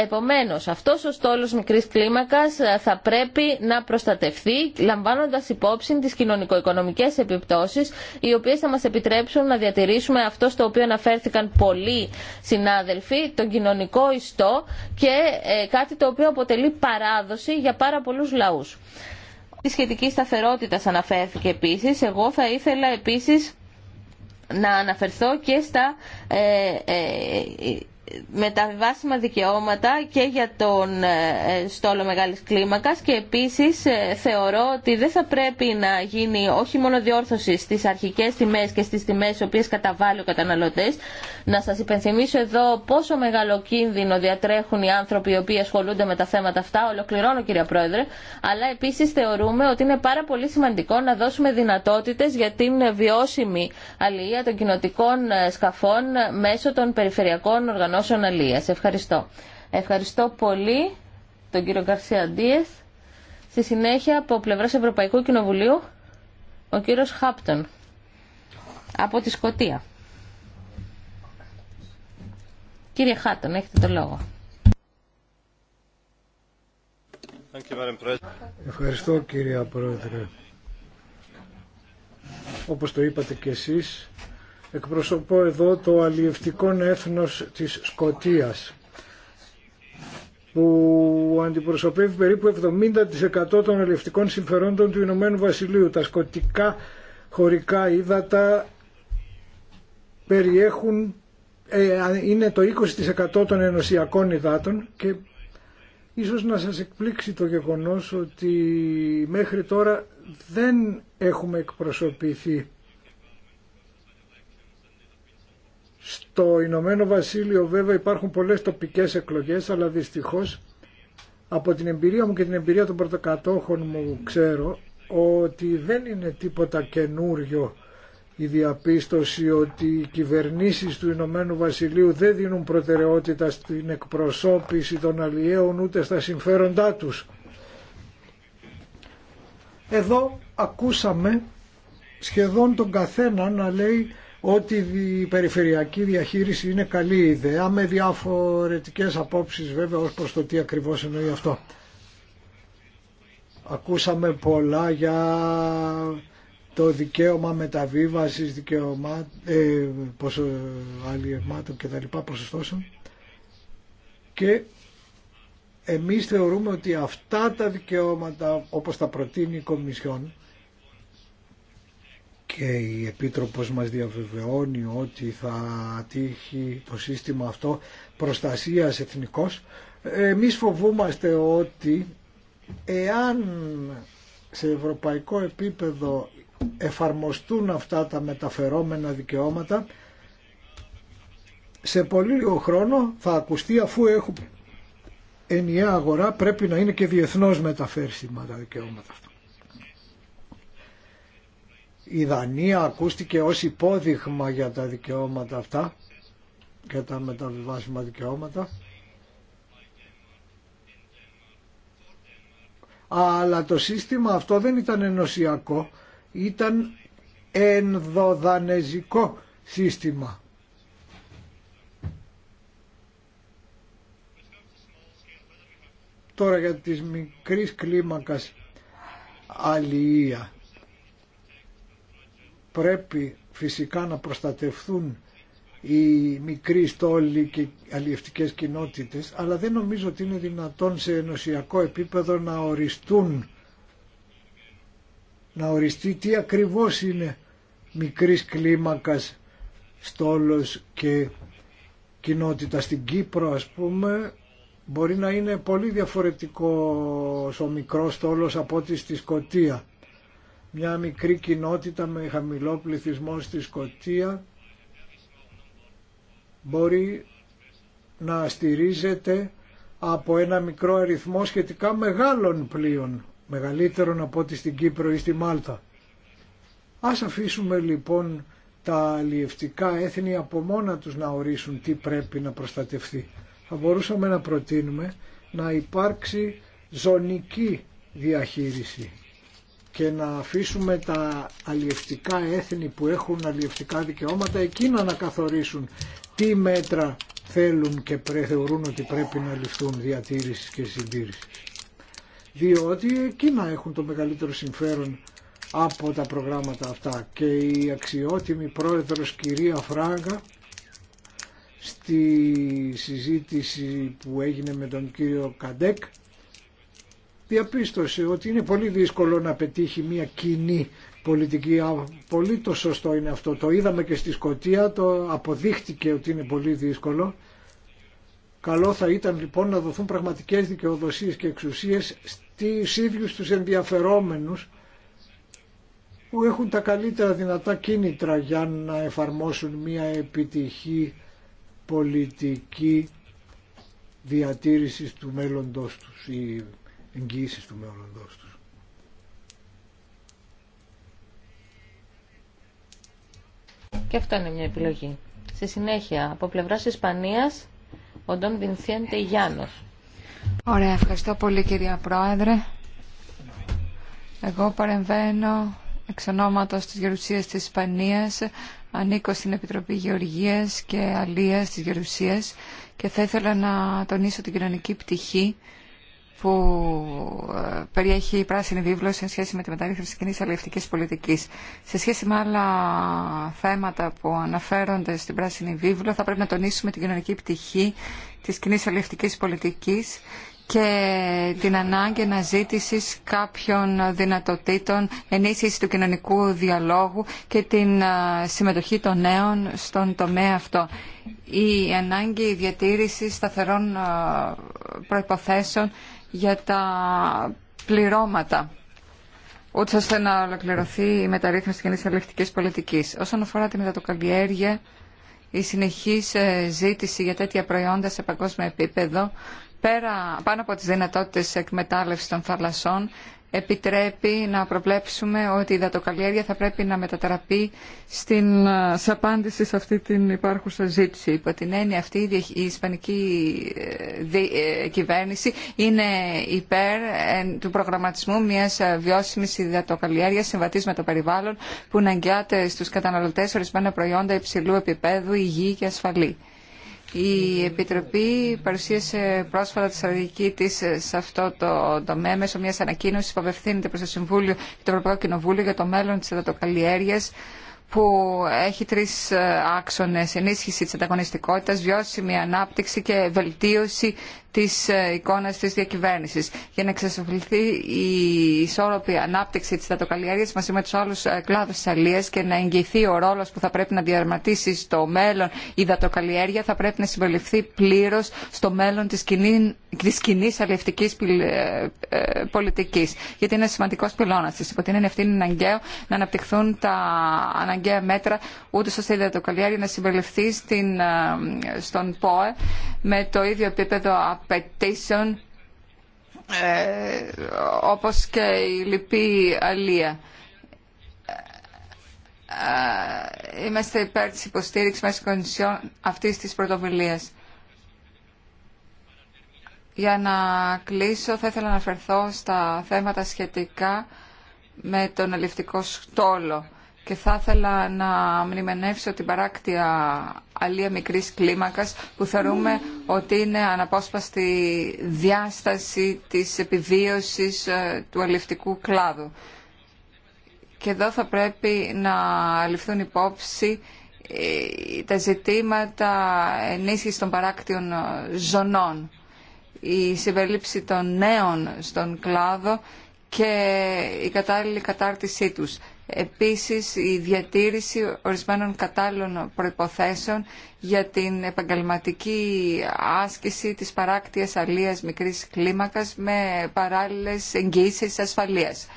Επομένως, αυτός ο στόλος μικρής κλίμακας ε, θα πρέπει να προστατευθεί λαμβάνοντας υπόψη τις κοινωνικο-οικονομικές επιπτώσεις οι οποίες θα μας επιτρέψουν να διατηρήσουμε αυτό στο οποίο αναφέρθηκαν πολλοί συνάδελφοι, τον κοινωνικό ιστό και ε, κάτι το οποίο αποτελεί παράδοση για πάρα πολλούς λαούς. Η σχετική σταθερότητα αναφέρθηκε επίσης. Εγώ θα ήθελα επίσης να αναφερθώ και στα ε, με τα βάσιμα δικαιώματα και για τον ε, ε, στόλο μεγάλης κλίμακας και επίσης ε, θεωρώ ότι δεν θα πρέπει να γίνει όχι μόνο διόρθωση στις αρχικές τιμές και στις τιμές οι οποίες καταβάλει ο καταναλωτές. Να σας υπενθυμίσω εδώ πόσο μεγάλο κίνδυνο διατρέχουν οι άνθρωποι οι οποίοι ασχολούνται με τα θέματα αυτά. Ολοκληρώνω κυρία Πρόεδρε. Αλλά επίσης θεωρούμε ότι είναι πάρα πολύ σημαντικό να δώσουμε δυνατότητες για την βιώσιμη αλληλεία των κοινοτικών σκαφών μέσω των περιφερειακών οργανώσεων οργανώσεων Ευχαριστώ. Ευχαριστώ πολύ τον κύριο Γκαρσία Ντίεθ. Στη συνέχεια από πλευρά Ευρωπαϊκού Κοινοβουλίου ο κύριος Χάπτον από τη Σκοτία. Κύριε Χάπτον, έχετε το λόγο. Ευχαριστώ κύριε Πρόεδρε. Όπως το είπατε και εσείς, Εκπροσωπώ εδώ το αλλιευτικό έθνος της Σκοτίας που αντιπροσωπεύει περίπου 70% των αλλιευτικών συμφερόντων του Ηνωμένου Βασιλείου. Τα σκοτικά χωρικά ύδατα περιέχουν, ε, είναι το 20% των ενωσιακών υδάτων και ίσως να σας εκπλήξει το γεγονός ότι μέχρι τώρα δεν έχουμε εκπροσωπηθεί Στο Ηνωμένο Βασίλειο βέβαια υπάρχουν πολλές τοπικές εκλογές, αλλά δυστυχώς από την εμπειρία μου και την εμπειρία των πρωτοκατόχων μου ξέρω ότι δεν είναι τίποτα καινούριο η διαπίστωση ότι οι κυβερνήσεις του Ηνωμένου Βασιλείου δεν δίνουν προτεραιότητα στην εκπροσώπηση των αλλιέων ούτε στα συμφέροντά τους. Εδώ ακούσαμε σχεδόν τον καθένα να λέει ότι η περιφερειακή διαχείριση είναι καλή ιδέα με διαφορετικές απόψεις βέβαια ως προς το τι ακριβώς εννοεί αυτό. Ακούσαμε πολλά για το δικαίωμα μεταβίβασης δικαιωμάτων, ε, και τα λοιπά ποσοστώσεων και εμείς θεωρούμε ότι αυτά τα δικαιώματα όπως τα προτείνει η Κομισιόν και η Επίτροπος μας διαβεβαιώνει ότι θα τύχει το σύστημα αυτό προστασίας εθνικός. Εμείς φοβούμαστε ότι εάν σε ευρωπαϊκό επίπεδο εφαρμοστούν αυτά τα μεταφερόμενα δικαιώματα σε πολύ λίγο χρόνο θα ακουστεί αφού έχουμε ενιαία αγορά πρέπει να είναι και διεθνώς μεταφέρσιμα τα δικαιώματα αυτά η Δανία ακούστηκε ως υπόδειγμα για τα δικαιώματα αυτά και τα μεταβιβάσιμα δικαιώματα αλλά το σύστημα αυτό δεν ήταν ενωσιακό ήταν ενδοδανεζικό σύστημα τώρα για τις μικρής κλίμακας αλληλεία πρέπει φυσικά να προστατευθούν οι μικροί στόλοι και οι αλλιευτικές κοινότητες, αλλά δεν νομίζω ότι είναι δυνατόν σε ενωσιακό επίπεδο να οριστούν, να οριστεί τι ακριβώς είναι μικρής κλίμακας στόλος και κοινότητα. Στην Κύπρο ας πούμε μπορεί να είναι πολύ διαφορετικό ο μικρός στόλος από ό,τι στη Σκοτία μια μικρή κοινότητα με χαμηλό πληθυσμό στη Σκοτία μπορεί να στηρίζεται από ένα μικρό αριθμό σχετικά μεγάλων πλοίων, μεγαλύτερων από ό,τι στην Κύπρο ή στη Μάλτα. Ας αφήσουμε λοιπόν τα αλλιευτικά έθνη από μόνα τους να ορίσουν τι πρέπει να προστατευτεί. Θα μπορούσαμε να προτείνουμε να υπάρξει ζωνική διαχείριση και να αφήσουμε τα αλλιευτικά έθνη που έχουν αλλιευτικά δικαιώματα εκείνα να καθορίσουν τι μέτρα θέλουν και θεωρούν ότι πρέπει να ληφθούν διατήρησης και συντήρησης. Διότι εκείνα έχουν το μεγαλύτερο συμφέρον από τα προγράμματα αυτά και η αξιότιμη πρόεδρος κυρία Φράγκα στη συζήτηση που έγινε με τον κύριο Καντέκ διαπίστωσε ότι είναι πολύ δύσκολο να πετύχει μια κοινή πολιτική. Πολύ το σωστό είναι αυτό. Το είδαμε και στη Σκοτία, το αποδείχτηκε ότι είναι πολύ δύσκολο. Καλό θα ήταν λοιπόν να δοθούν πραγματικές δικαιοδοσίες και εξουσίες στις ίδιους τους ενδιαφερόμενους που έχουν τα καλύτερα δυνατά κίνητρα για να εφαρμόσουν μια επιτυχή πολιτική διατήρησης του μέλλοντος τους εγγύησης του μέλλοντος Και αυτό είναι μια επιλογή. Στη συνέχεια, από πλευράς Ισπανίας, ο Ντόν Βινθιέντε Γιάννος. Ωραία, ευχαριστώ πολύ κυρία Πρόεδρε. Εγώ παρεμβαίνω εξ ονόματος της Γερουσίας της Ισπανίας, ανήκω στην Επιτροπή Γεωργίας και Αλίας της Γερουσίας και θα ήθελα να τονίσω την κοινωνική πτυχή που ε, περιέχει η πράσινη βίβλο σε σχέση με τη μεταρρύθμιση τη κοινή αλληλευτικής πολιτική. Σε σχέση με άλλα θέματα που αναφέρονται στην πράσινη βίβλο θα πρέπει να τονίσουμε την κοινωνική πτυχή τη κοινή αλληλευτική πολιτική και την ανάγκη αναζήτηση κάποιων δυνατοτήτων, ενίσχυση του κοινωνικού διαλόγου και την ε, συμμετοχή των νέων στον τομέα αυτό. Η ανάγκη διατήρηση σταθερών ε, προποθέσεων για τα πληρώματα ούτως ώστε να ολοκληρωθεί η μεταρρύθμιση της ελεκτικής πολιτικής. Όσον αφορά τη μετατοκαλλιέργεια, η συνεχής ε, ζήτηση για τέτοια προϊόντα σε παγκόσμιο επίπεδο, πέρα, πάνω από τις δυνατότητες εκμετάλλευσης των θαλασσών, επιτρέπει να προβλέψουμε ότι η υδατοκαλλιέργεια θα πρέπει να μετατραπεί στην, ε, σε απάντηση σε αυτή την υπάρχουσα ζήτηση. Υπό την έννοια αυτή η ισπανική ε, ε, κυβέρνηση είναι υπέρ του προγραμματισμού μιας βιώσιμης υδατοκαλλιέργειας συμβατής με το περιβάλλον που να εγγυάται στους καταναλωτές ορισμένα προϊόντα υψηλού επίπεδου υγιή και ασφαλή. Η Επιτροπή παρουσίασε πρόσφατα τη στρατηγική τη σε αυτό το τομέα μέσω μια ανακοίνωση που απευθύνεται προ το Συμβούλιο και το Ευρωπαϊκό Κοινοβούλιο για το μέλλον τη εδατοκαλλιέργεια που έχει τρεις ε, άξονες ενίσχυση της ανταγωνιστικότητας, βιώσιμη ανάπτυξη και βελτίωση της ε, εικόνας της διακυβέρνησης. Για να εξασφαλιστεί η ισόρροπη ανάπτυξη της δατοκαλλιέργειας μαζί με τους άλλους ε, κλάδους της αλίας και να εγγυηθεί ο ρόλος που θα πρέπει να διαρματίσει στο μέλλον η δατοκαλλιέργεια θα πρέπει να συμπεριληφθεί πλήρως στο μέλλον της κοινή τη κοινή ε, πολιτικής. Γιατί είναι σημαντικό πυλώνας τη. Υπό την είναι ευθύνη αναγκαίο να αναπτυχθούν τα αναγκαία μέτρα ούτω ώστε η δατοκαλλιέργεια να συμπεριληφθεί στον ΠΟΕ με το ίδιο επίπεδο expectation ε, όπως και η λυπή αλία. Ε, είμαστε υπέρ της υποστήριξης μέσω κονισιών αυτής της πρωτοβουλίας. Για να κλείσω θα ήθελα να αφερθώ στα θέματα σχετικά με τον αληφτικό στόλο και θα ήθελα να μνημενεύσω την παράκτια αλία μικρής κλίμακας που θεωρούμε ότι είναι αναπόσπαστη διάσταση της επιβίωσης ε, του αλληλευτικού κλάδου. Και εδώ θα πρέπει να ληφθούν υπόψη ε, τα ζητήματα ενίσχυσης των παράκτιων ε, ζωνών, η συμπερίληψη των νέων στον κλάδο και η κατάλληλη κατάρτισή τους. Επίσης, η διατήρηση ορισμένων κατάλληλων προϋποθέσεων για την επαγγελματική άσκηση της παράκτειας αλίας μικρής κλίμακας με παράλληλες εγγύησεις ασφαλείας.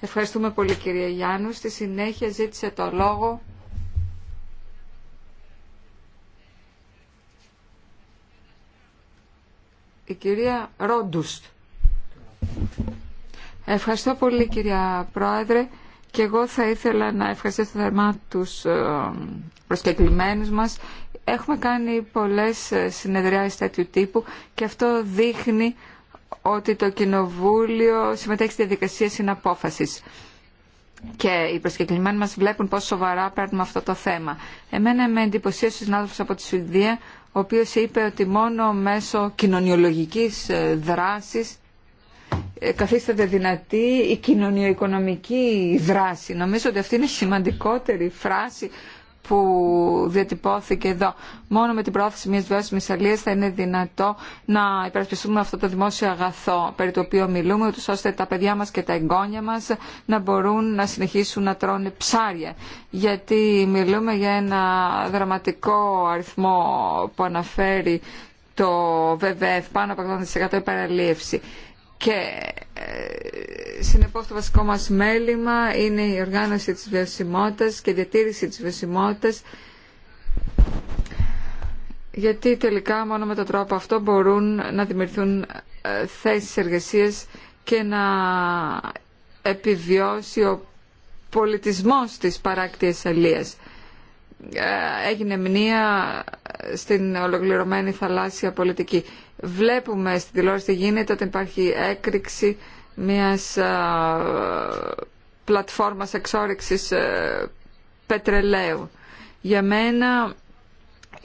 Ευχαριστούμε πολύ κυρία Γιάννου. Στη συνέχεια ζήτησε το λόγο η κυρία Ρόντουστ. Ευχαριστώ πολύ κυρία Πρόεδρε. Και εγώ θα ήθελα να ευχαριστήσω θερμά τους ε, προσκεκλημένους μας. Έχουμε κάνει πολλές ε, συνεδριάσεις τέτοιου τύπου και αυτό δείχνει ότι το Κοινοβούλιο συμμετέχει στη διαδικασία συναπόφασης. Και οι προσκεκλημένοι μας βλέπουν πόσο σοβαρά παίρνουμε αυτό το θέμα. Εμένα με εντυπωσίασε ο συνάδελφος από τη Σουηδία, ο οποίος είπε ότι μόνο μέσω κοινωνιολογικής ε, δράσης ε, καθίσταται δυνατή η κοινωνιοοικονομική οικονομικη δράση. Νομίζω ότι αυτή είναι η σημαντικότερη φράση που διατυπώθηκε εδώ. Μόνο με την πρόθεση μιας βιώσιμης αλίας θα είναι δυνατό να υπερασπιστούμε αυτό το δημόσιο αγαθό περί το οποίο μιλούμε, ούτως ώστε τα παιδιά μας και τα εγγόνια μας να μπορούν να συνεχίσουν να τρώνε ψάρια. Γιατί μιλούμε για ένα δραματικό αριθμό που αναφέρει το ΒΒΕΦ, πάνω από 80% υπεραλίευση. Και ε, συνεπώς το βασικό μας μέλημα είναι η οργάνωση της βιωσιμότητας και η διατήρηση της βιωσιμότητας γιατί τελικά μόνο με τον τρόπο αυτό μπορούν να δημιουργηθούν ε, θέσεις εργασίας και να επιβιώσει ο πολιτισμός της παράκτιας αλίας. Ε, έγινε μνήα στην ολοκληρωμένη θαλάσσια πολιτική. Βλέπουμε στην τηλεόραση τι γίνεται όταν υπάρχει έκρηξη μιας ε, πλατφόρμας εξόριξης ε, πετρελαίου. Για μένα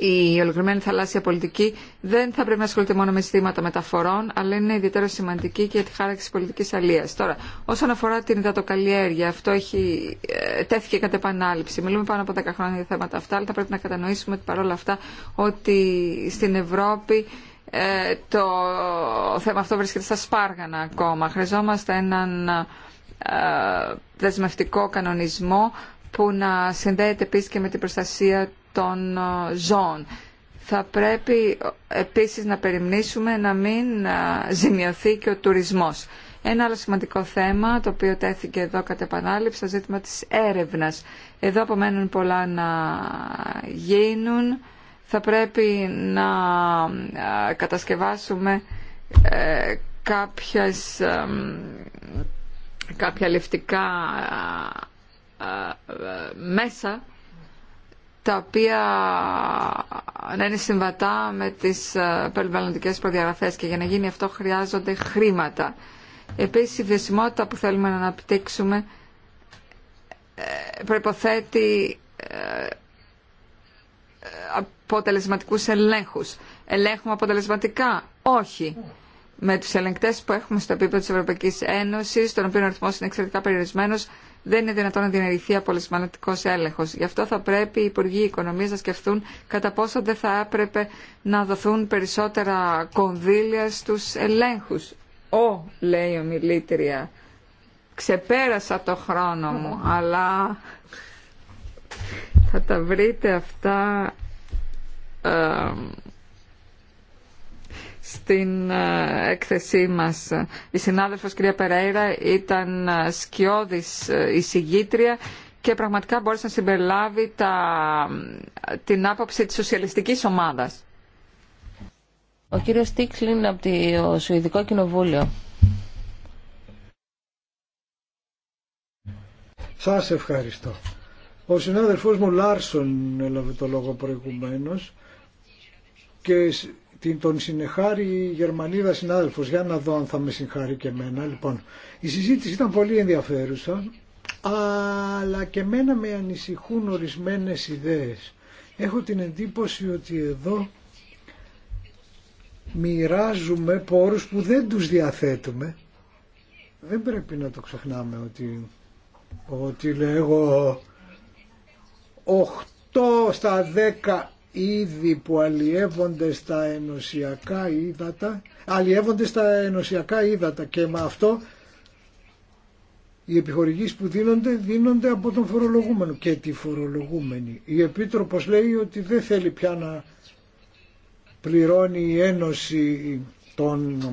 η ολοκληρωμένη θαλάσσια πολιτική δεν θα πρέπει να ασχολείται μόνο με ζητήματα μεταφορών, αλλά είναι ιδιαίτερα σημαντική και για τη χάραξη τη πολιτική αλλία. Τώρα, όσον αφορά την υδατοκαλλιέργεια, αυτό έχει, ε, τέθηκε κατά επανάληψη. Μιλούμε πάνω από 10 χρόνια για θέματα αυτά, αλλά θα πρέπει να κατανοήσουμε ότι παρόλα αυτά ότι στην Ευρώπη ε, το θέμα αυτό βρίσκεται στα σπάργανα ακόμα. Χρειαζόμαστε έναν ε, δεσμευτικό κανονισμό που να συνδέεται επίση και με την προστασία των ε, ζώων. Θα πρέπει ε, επίσης να περιμνήσουμε να μην ε, ζημιωθεί και ο τουρισμός. Ένα άλλο σημαντικό θέμα, το οποίο τέθηκε εδώ κατά επανάληψη, το ζήτημα της έρευνας. Εδώ απομένουν πολλά να γίνουν. Θα πρέπει να κατασκευάσουμε κάποιες, κάποια λεφτικά μέσα τα οποία να είναι συμβατά με τις ε, περιβαλλοντικές προδιαγραφές και για να γίνει αυτό χρειάζονται χρήματα. Επίσης η βιωσιμότητα που θέλουμε να αναπτύξουμε ε, προϋποθέτει ε, αποτελεσματικούς ελέγχους. Ελέγχουμε αποτελεσματικά. Όχι. Με τους ελεγκτές που έχουμε στο επίπεδο της Ευρωπαϊκής Ένωσης, τον οποίο ο αριθμός είναι εξαιρετικά περιορισμένος, δεν είναι δυνατόν να διενεργηθεί απολυσματικό έλεγχο. Γι' αυτό θα πρέπει οι Υπουργοί Οικονομία να σκεφτούν κατά πόσο δεν θα έπρεπε να δοθούν περισσότερα κονδύλια στου ελέγχου. Ω, λέει ο μιλήτρια, ξεπέρασα το χρόνο μου, αλλά θα τα βρείτε αυτά. Ε, στην ε, έκθεσή μας. Η συνάδελφος κυρία Περέιρα ήταν ε, σκιώδης ε, εισηγήτρια και πραγματικά μπόρεσε να συμπεριλάβει τα, την άποψη της σοσιαλιστικής ομάδας. Ο κύριος Στίξλιν από το Σουηδικό Κοινοβούλιο. Σας ευχαριστώ. Ο συνάδελφός μου Λάρσον έλαβε το λόγο προηγουμένως και την, τον συνεχάρει η Γερμανίδα συνάδελφος. Για να δω αν θα με συγχάρει και εμένα. Λοιπόν, η συζήτηση ήταν πολύ ενδιαφέρουσα, αλλά και μένα με ανησυχούν ορισμένες ιδέες. Έχω την εντύπωση ότι εδώ μοιράζουμε πόρους που δεν τους διαθέτουμε. Δεν πρέπει να το ξεχνάμε ότι, ότι λέγω 8 στα 10 Ήδη που αλλιεύονται στα ενωσιακά ύδατα, αλλιεύονται στα ενωσιακά ύδατα και με αυτό οι επιχορηγήσεις που δίνονται, δίνονται από τον φορολογούμενο και τη φορολογούμενη. Η Επίτροπος λέει ότι δεν θέλει πια να πληρώνει η Ένωση τον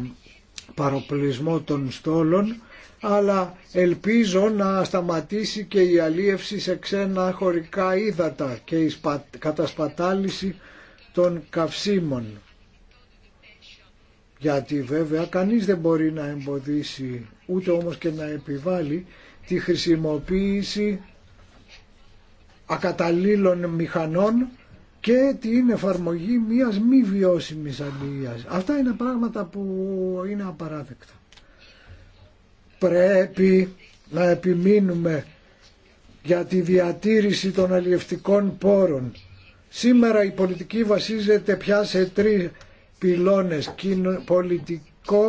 παροπλισμό των στόλων αλλά ελπίζω να σταματήσει και η αλίευση σε ξένα χωρικά ύδατα και η κατασπατάληση των καυσίμων. Γιατί βέβαια κανείς δεν μπορεί να εμποδίσει ούτε όμως και να επιβάλλει τη χρησιμοποίηση ακαταλήλων μηχανών και την εφαρμογή μιας μη βιώσιμης αλληλείας. Αυτά είναι πράγματα που είναι απαράδεκτα πρέπει να επιμείνουμε για τη διατήρηση των αλλιευτικών πόρων. Σήμερα η πολιτική βασίζεται πια σε τρεις πυλώνες, πολιτικό,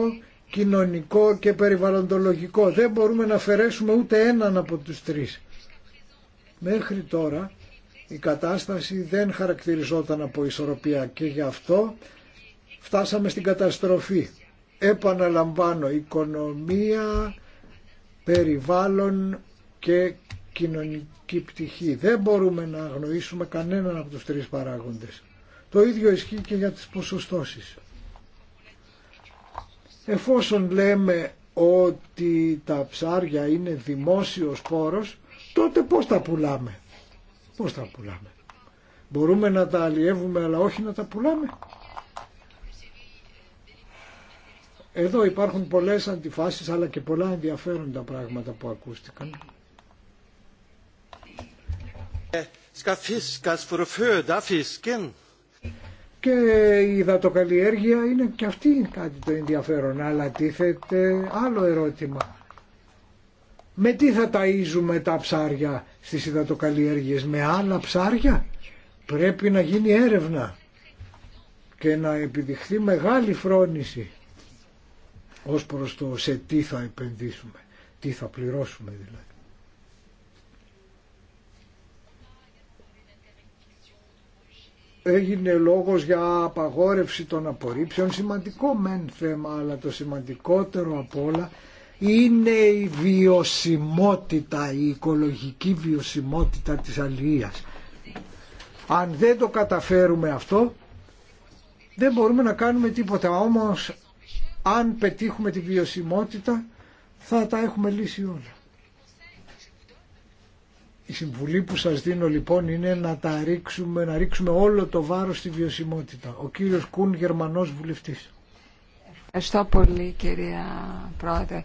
κοινωνικό και περιβαλλοντολογικό. Δεν μπορούμε να αφαιρέσουμε ούτε έναν από τους τρεις. Μέχρι τώρα η κατάσταση δεν χαρακτηριζόταν από ισορροπία και γι' αυτό φτάσαμε στην καταστροφή επαναλαμβάνω, οικονομία, περιβάλλον και κοινωνική πτυχή. Δεν μπορούμε να αγνοήσουμε κανέναν από τους τρεις παράγοντες. Το ίδιο ισχύει και για τις ποσοστώσεις. Εφόσον λέμε ότι τα ψάρια είναι δημόσιος πόρος, τότε πώς τα πουλάμε. Πώς τα πουλάμε. Μπορούμε να τα αλλιεύουμε αλλά όχι να τα πουλάμε. Εδώ υπάρχουν πολλές αντιφάσεις αλλά και πολλά ενδιαφέροντα πράγματα που ακούστηκαν. Και η υδατοκαλλιέργεια είναι και αυτή κάτι το ενδιαφέρον, αλλά τίθεται άλλο ερώτημα. Με τι θα ταΐζουμε τα ψάρια στις υδατοκαλλιέργειες, με άλλα ψάρια πρέπει να γίνει έρευνα και να επιδειχθεί μεγάλη φρόνηση ως προς το σε τι θα επενδύσουμε, τι θα πληρώσουμε δηλαδή. Έγινε λόγος για απαγόρευση των απορρίψεων, σημαντικό μεν θέμα, αλλά το σημαντικότερο από όλα είναι η βιωσιμότητα, η οικολογική βιωσιμότητα της αλληλείας. Αν δεν το καταφέρουμε αυτό, δεν μπορούμε να κάνουμε τίποτα. Όμως αν πετύχουμε τη βιωσιμότητα θα τα έχουμε λύσει όλα. Η συμβουλή που σας δίνω λοιπόν είναι να τα ρίξουμε, να ρίξουμε όλο το βάρος στη βιωσιμότητα. Ο κύριος Κούν, Γερμανός βουλευτής. Ευχαριστώ πολύ κυρία Πρόεδρε.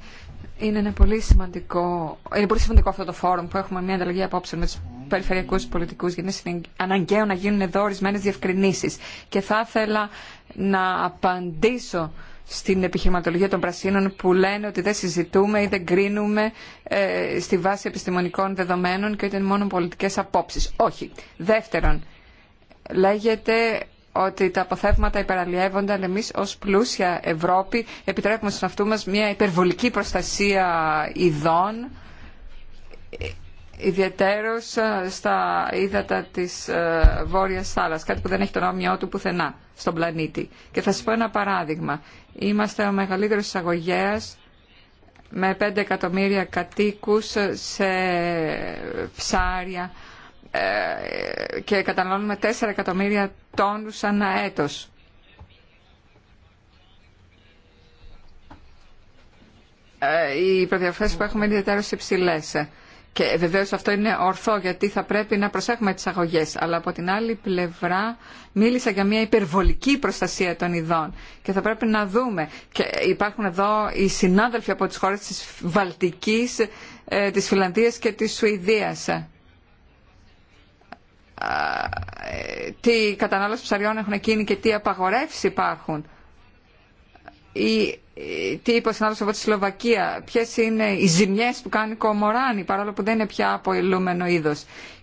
Είναι, ένα πολύ σημαντικό, είναι πολύ αυτό το φόρουμ που έχουμε μια ανταλλαγή απόψεων με του περιφερειακού πολιτικού, γιατί είναι αναγκαίο να γίνουν εδώ ορισμένε διευκρινήσει. Και θα ήθελα να απαντήσω στην επιχειρηματολογία των πρασίνων που λένε ότι δεν συζητούμε ή δεν κρίνουμε ε, στη βάση επιστημονικών δεδομένων και ότι είναι μόνο πολιτικές απόψεις. Όχι. Δεύτερον, λέγεται ότι τα αποθέματα υπεραλλιεύονται, αλλά εμείς ως πλούσια Ευρώπη επιτρέπουμε στον αυτού μας μια υπερβολική προστασία ειδών Ιδιαιτέρως ε, στα ύδατα της ε, Βόρειας Θάλασσας, κάτι που δεν έχει τον όμοιό του πουθενά στον πλανήτη. Και θα σας πω ένα παράδειγμα. Είμαστε ο μεγαλύτερος εισαγωγέας με 5 εκατομμύρια κατοίκους σε ψάρια ε, και καταναλώνουμε 4 εκατομμύρια τόνους ανά έτος. Οι προδιαφθέσεις που έχουμε είναι ιδιαίτερα υψηλές. Και βεβαίως αυτό είναι ορθό γιατί θα πρέπει να προσέχουμε τις αγωγές. Αλλά από την άλλη πλευρά μίλησα για μια υπερβολική προστασία των ειδών. Και θα πρέπει να δούμε. Και υπάρχουν εδώ οι συνάδελφοι από τις χώρες της Βαλτικής, ε, της Φιλανδίας και της Σουηδίας. Ε, τι κατανάλωση ψαριών έχουν εκείνοι και τι απαγορεύσεις υπάρχουν ή ε, τι είπε ο συνάδελφο από τη Σλοβακία, ποιε είναι οι ζημιέ που κάνει Κομοράνη, παρόλο που δεν είναι πια αποελούμενο είδο.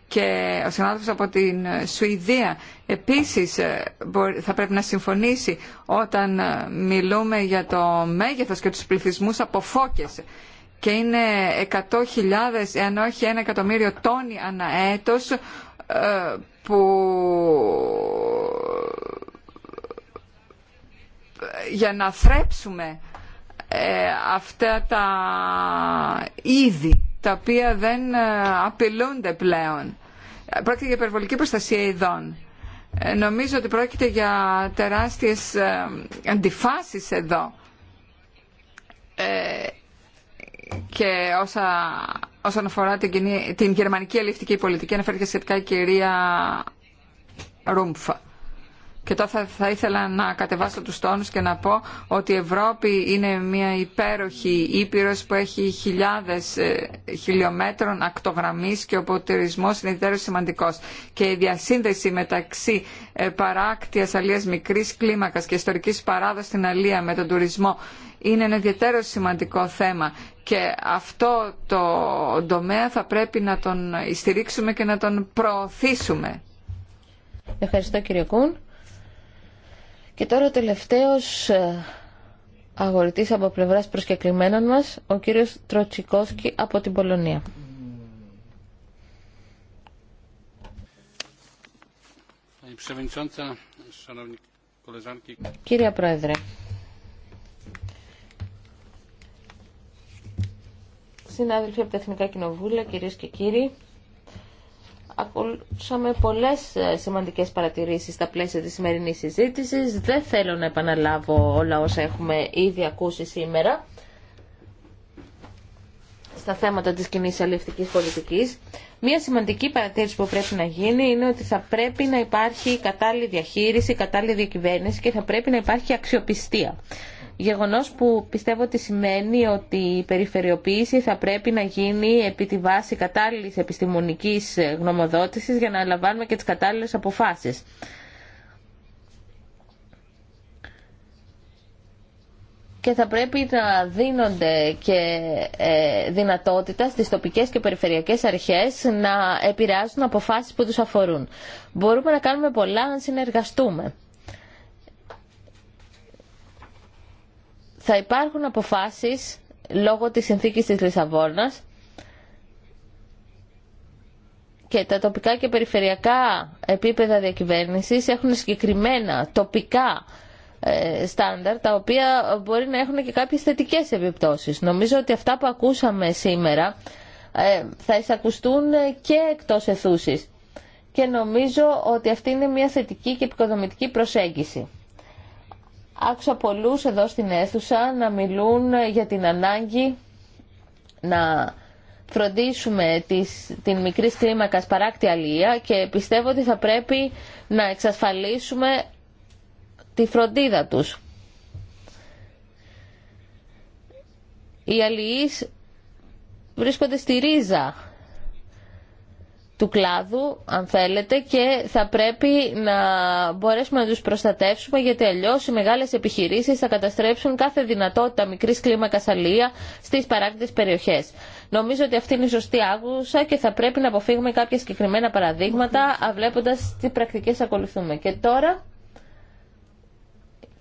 Και ο συνάδελφο από την ε, Σουηδία επίση ε, θα πρέπει να συμφωνήσει όταν μιλούμε για το μέγεθο και του πληθυσμού από Και είναι 100.000, αν όχι ένα εκατομμύριο τόνοι ανά έτος, που για να θρέψουμε ε, αυτά τα είδη τα οποία δεν ε, απειλούνται πλέον. Πρόκειται για υπερβολική προστασία ειδών. Ε, νομίζω ότι πρόκειται για τεράστιες αντιφάσεις εδώ. και όσα, όσον αφορά την, την γερμανική αλληλευτική πολιτική αναφέρθηκε σχετικά η κυρία Ρούμφα. Και τώρα θα, ήθελα να κατεβάσω τους τόνους και να πω ότι η Ευρώπη είναι μια υπέροχη ήπειρος που έχει χιλιάδες ε, χιλιόμετρων ακτογραμμής και ο ποτηρισμός είναι ιδιαίτερο σημαντικός. Και η διασύνδεση μεταξύ ε, παράκτιας αλίας μικρής κλίμακας και ιστορικής παράδοσης στην αλία με τον τουρισμό είναι ένα ιδιαίτερο σημαντικό θέμα και αυτό το τομέα θα πρέπει να τον στηρίξουμε και να τον προωθήσουμε. Ευχαριστώ κύριε Κούν. Και τώρα ο τελευταίος ε, αγορητής από πλευράς προσκεκλημένων μας, ο κύριος Τροτσικόσκι από την Πολωνία. Κύριε Πρόεδρε, συνάδελφοι από τα Εθνικά Κοινοβούλια, κυρίες και κύριοι, ακούσαμε πολλές ε, σημαντικές παρατηρήσεις στα πλαίσια της σημερινής συζήτησης. Δεν θέλω να επαναλάβω όλα όσα έχουμε ήδη ακούσει σήμερα στα θέματα της κοινή αλληλευτικής πολιτικής. Μία σημαντική παρατήρηση που πρέπει να γίνει είναι ότι θα πρέπει να υπάρχει κατάλληλη διαχείριση, κατάλληλη διακυβέρνηση και θα πρέπει να υπάρχει αξιοπιστία. Γεγονός που πιστεύω ότι σημαίνει ότι η περιφερειοποίηση θα πρέπει να γίνει επί τη βάση κατάλληλης επιστημονικής γνωμοδότησης για να λαμβάνουμε και τις κατάλληλες αποφάσεις. και θα πρέπει να δίνονται και ε, δυνατότητα στις τοπικές και περιφερειακές αρχές να επηρεάζουν αποφάσεις που τους αφορούν. Μπορούμε να κάνουμε πολλά αν συνεργαστούμε. θα υπάρχουν αποφάσεις λόγω της συνθήκης της Λισαβόνας και τα τοπικά και περιφερειακά επίπεδα διακυβέρνησης έχουν συγκεκριμένα τοπικά ε, στάνταρ τα οποία μπορεί να έχουν και κάποιες θετικές επιπτώσεις. Νομίζω ότι αυτά που ακούσαμε σήμερα ε, θα εισακουστούν και εκτός εθούσης και νομίζω ότι αυτή είναι μια θετική και επικοδομητική προσέγγιση. Άκουσα πολλούς εδώ στην αίθουσα να μιλούν για την ανάγκη να φροντίσουμε τις, την μικρή κλίμακα παράκτη αλία και πιστεύω ότι θα πρέπει να εξασφαλίσουμε τη φροντίδα τους. Οι αλληλείς βρίσκονται στη ρίζα του κλάδου, αν θέλετε, και θα πρέπει να μπορέσουμε να τους προστατεύσουμε, γιατί αλλιώς οι μεγάλες επιχειρήσεις θα καταστρέψουν κάθε δυνατότητα μικρής κλίμακας αλία στις παράκτητες περιοχές. Νομίζω ότι αυτή είναι η σωστή άγουσα και θα πρέπει να αποφύγουμε κάποια συγκεκριμένα παραδείγματα, βλέποντα τι πρακτικές ακολουθούμε. Και τώρα,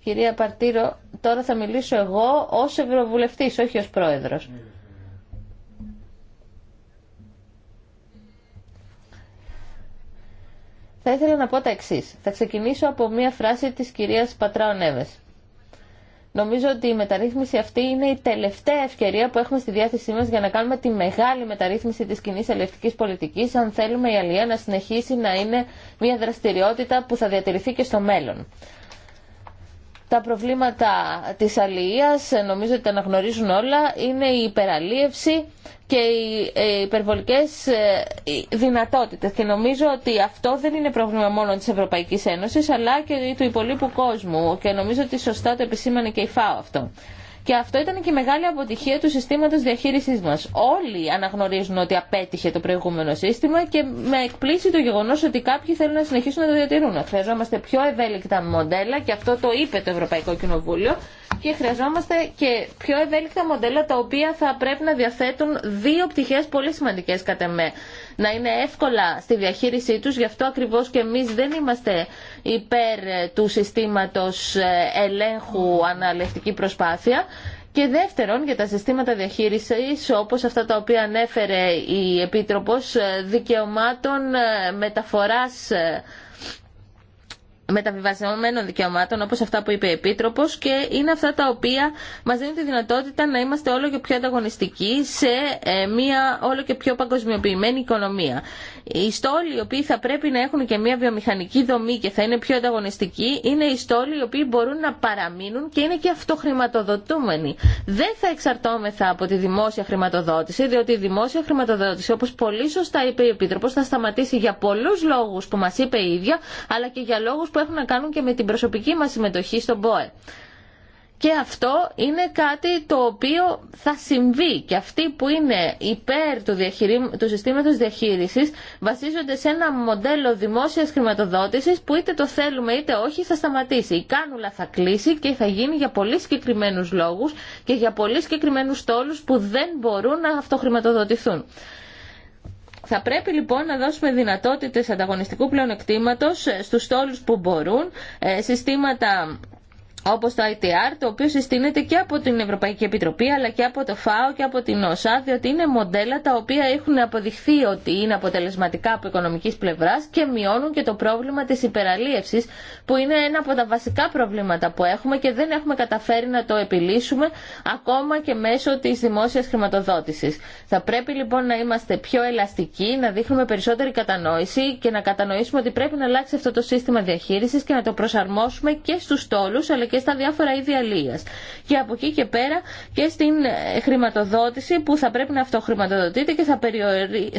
κυρία Παρτήρο, τώρα θα μιλήσω εγώ ως Ευρωβουλευτής, όχι ως Πρόεδρος. Ναι. θα ήθελα να πω τα εξή. Θα ξεκινήσω από μία φράση της κυρίας Πατράο Νομίζω ότι η μεταρρύθμιση αυτή είναι η τελευταία ευκαιρία που έχουμε στη διάθεσή μας για να κάνουμε τη μεγάλη μεταρρύθμιση της κοινή ελευθερική πολιτικής αν θέλουμε η Αλία να συνεχίσει να είναι μια δραστηριότητα που θα διατηρηθεί και στο μέλλον. Τα προβλήματα της αλληλείας, ε, νομίζω ότι τα αναγνωρίζουν όλα, είναι η υπεραλίευση και οι ε, υπερβολικές ε, δυνατότητες. Και νομίζω ότι αυτό δεν είναι πρόβλημα μόνο της Ευρωπαϊκής Ένωσης, αλλά και του υπολείπου κόσμου. Και νομίζω ότι σωστά το επισήμανε και η ΦΑΟ αυτό. Και αυτό ήταν και η μεγάλη αποτυχία του συστήματος διαχείρισής μας. Όλοι αναγνωρίζουν ότι απέτυχε το προηγούμενο σύστημα και με εκπλήσει το γεγονό ότι κάποιοι θέλουν να συνεχίσουν να το διατηρούν. Χρειαζόμαστε πιο ευέλικτα μοντέλα και αυτό το είπε το Ευρωπαϊκό Κοινοβούλιο και χρειαζόμαστε και πιο ευέλικτα μοντέλα τα οποία θα πρέπει να διαθέτουν δύο πτυχές πολύ σημαντικές κατά με. Να είναι εύκολα στη διαχείρισή τους, γι' αυτό ακριβώς και εμείς δεν είμαστε υπέρ του συστήματος ε, ελέγχου αναλυτική προσπάθεια και δεύτερον, για τα συστήματα διαχείρισης, όπως αυτά τα οποία ανέφερε η Επίτροπος, ε, δικαιωμάτων ε, μεταφοράς μεταβιβασμένων δικαιωμάτων όπως αυτά που είπε η Επίτροπος και είναι αυτά τα οποία μας δίνουν τη δυνατότητα να είμαστε όλο και πιο ανταγωνιστικοί σε ε, μια όλο και πιο παγκοσμιοποιημένη οικονομία. Οι στόλοι οι οποίοι θα πρέπει να έχουν και μια βιομηχανική δομή και θα είναι πιο ανταγωνιστικοί είναι οι στόλοι οι οποίοι μπορούν να παραμείνουν και είναι και αυτοχρηματοδοτούμενοι. Δεν θα εξαρτώμεθα από τη δημόσια χρηματοδότηση, διότι η δημόσια χρηματοδότηση, όπω πολύ σωστά είπε η Επίτροπο, θα σταματήσει για πολλού λόγου που μα είπε η αλλά και για λόγου που έχουν να κάνουν και με την προσωπική μας συμμετοχή στον ΠΟΕ. Και αυτό είναι κάτι το οποίο θα συμβεί και αυτοί που είναι υπέρ του, διαχειρι... του συστήματος διαχείρισης βασίζονται σε ένα μοντέλο δημόσιας χρηματοδότησης που είτε το θέλουμε είτε όχι θα σταματήσει. Η κάνουλα θα κλείσει και θα γίνει για πολύ συγκεκριμένου λόγους και για πολύ συγκεκριμένου τόλους που δεν μπορούν να αυτοχρηματοδοτηθούν. Θα πρέπει λοιπόν να δώσουμε δυνατότητες ανταγωνιστικού πλεονεκτήματος ε, στους στόλους που μπορούν, ε, συστήματα Όπω το ITR, το οποίο συστήνεται και από την Ευρωπαϊκή Επιτροπή, αλλά και από το ΦΑΟ και από την ΩΣΑ, διότι είναι μοντέλα τα οποία έχουν αποδειχθεί ότι είναι αποτελεσματικά από οικονομική πλευρά και μειώνουν και το πρόβλημα τη υπεραλίευση, που είναι ένα από τα βασικά προβλήματα που έχουμε και δεν έχουμε καταφέρει να το επιλύσουμε ακόμα και μέσω τη δημόσια χρηματοδότηση. Θα πρέπει λοιπόν να είμαστε πιο ελαστικοί, να δείχνουμε περισσότερη κατανόηση και να κατανοήσουμε ότι πρέπει να αλλάξει αυτό το σύστημα διαχείριση και να το προσαρμόσουμε και στου τόλου αλλά και και στα διάφορα είδη αλίας. Και από εκεί και πέρα και στην ε, χρηματοδότηση που θα πρέπει να αυτοχρηματοδοτείται και θα,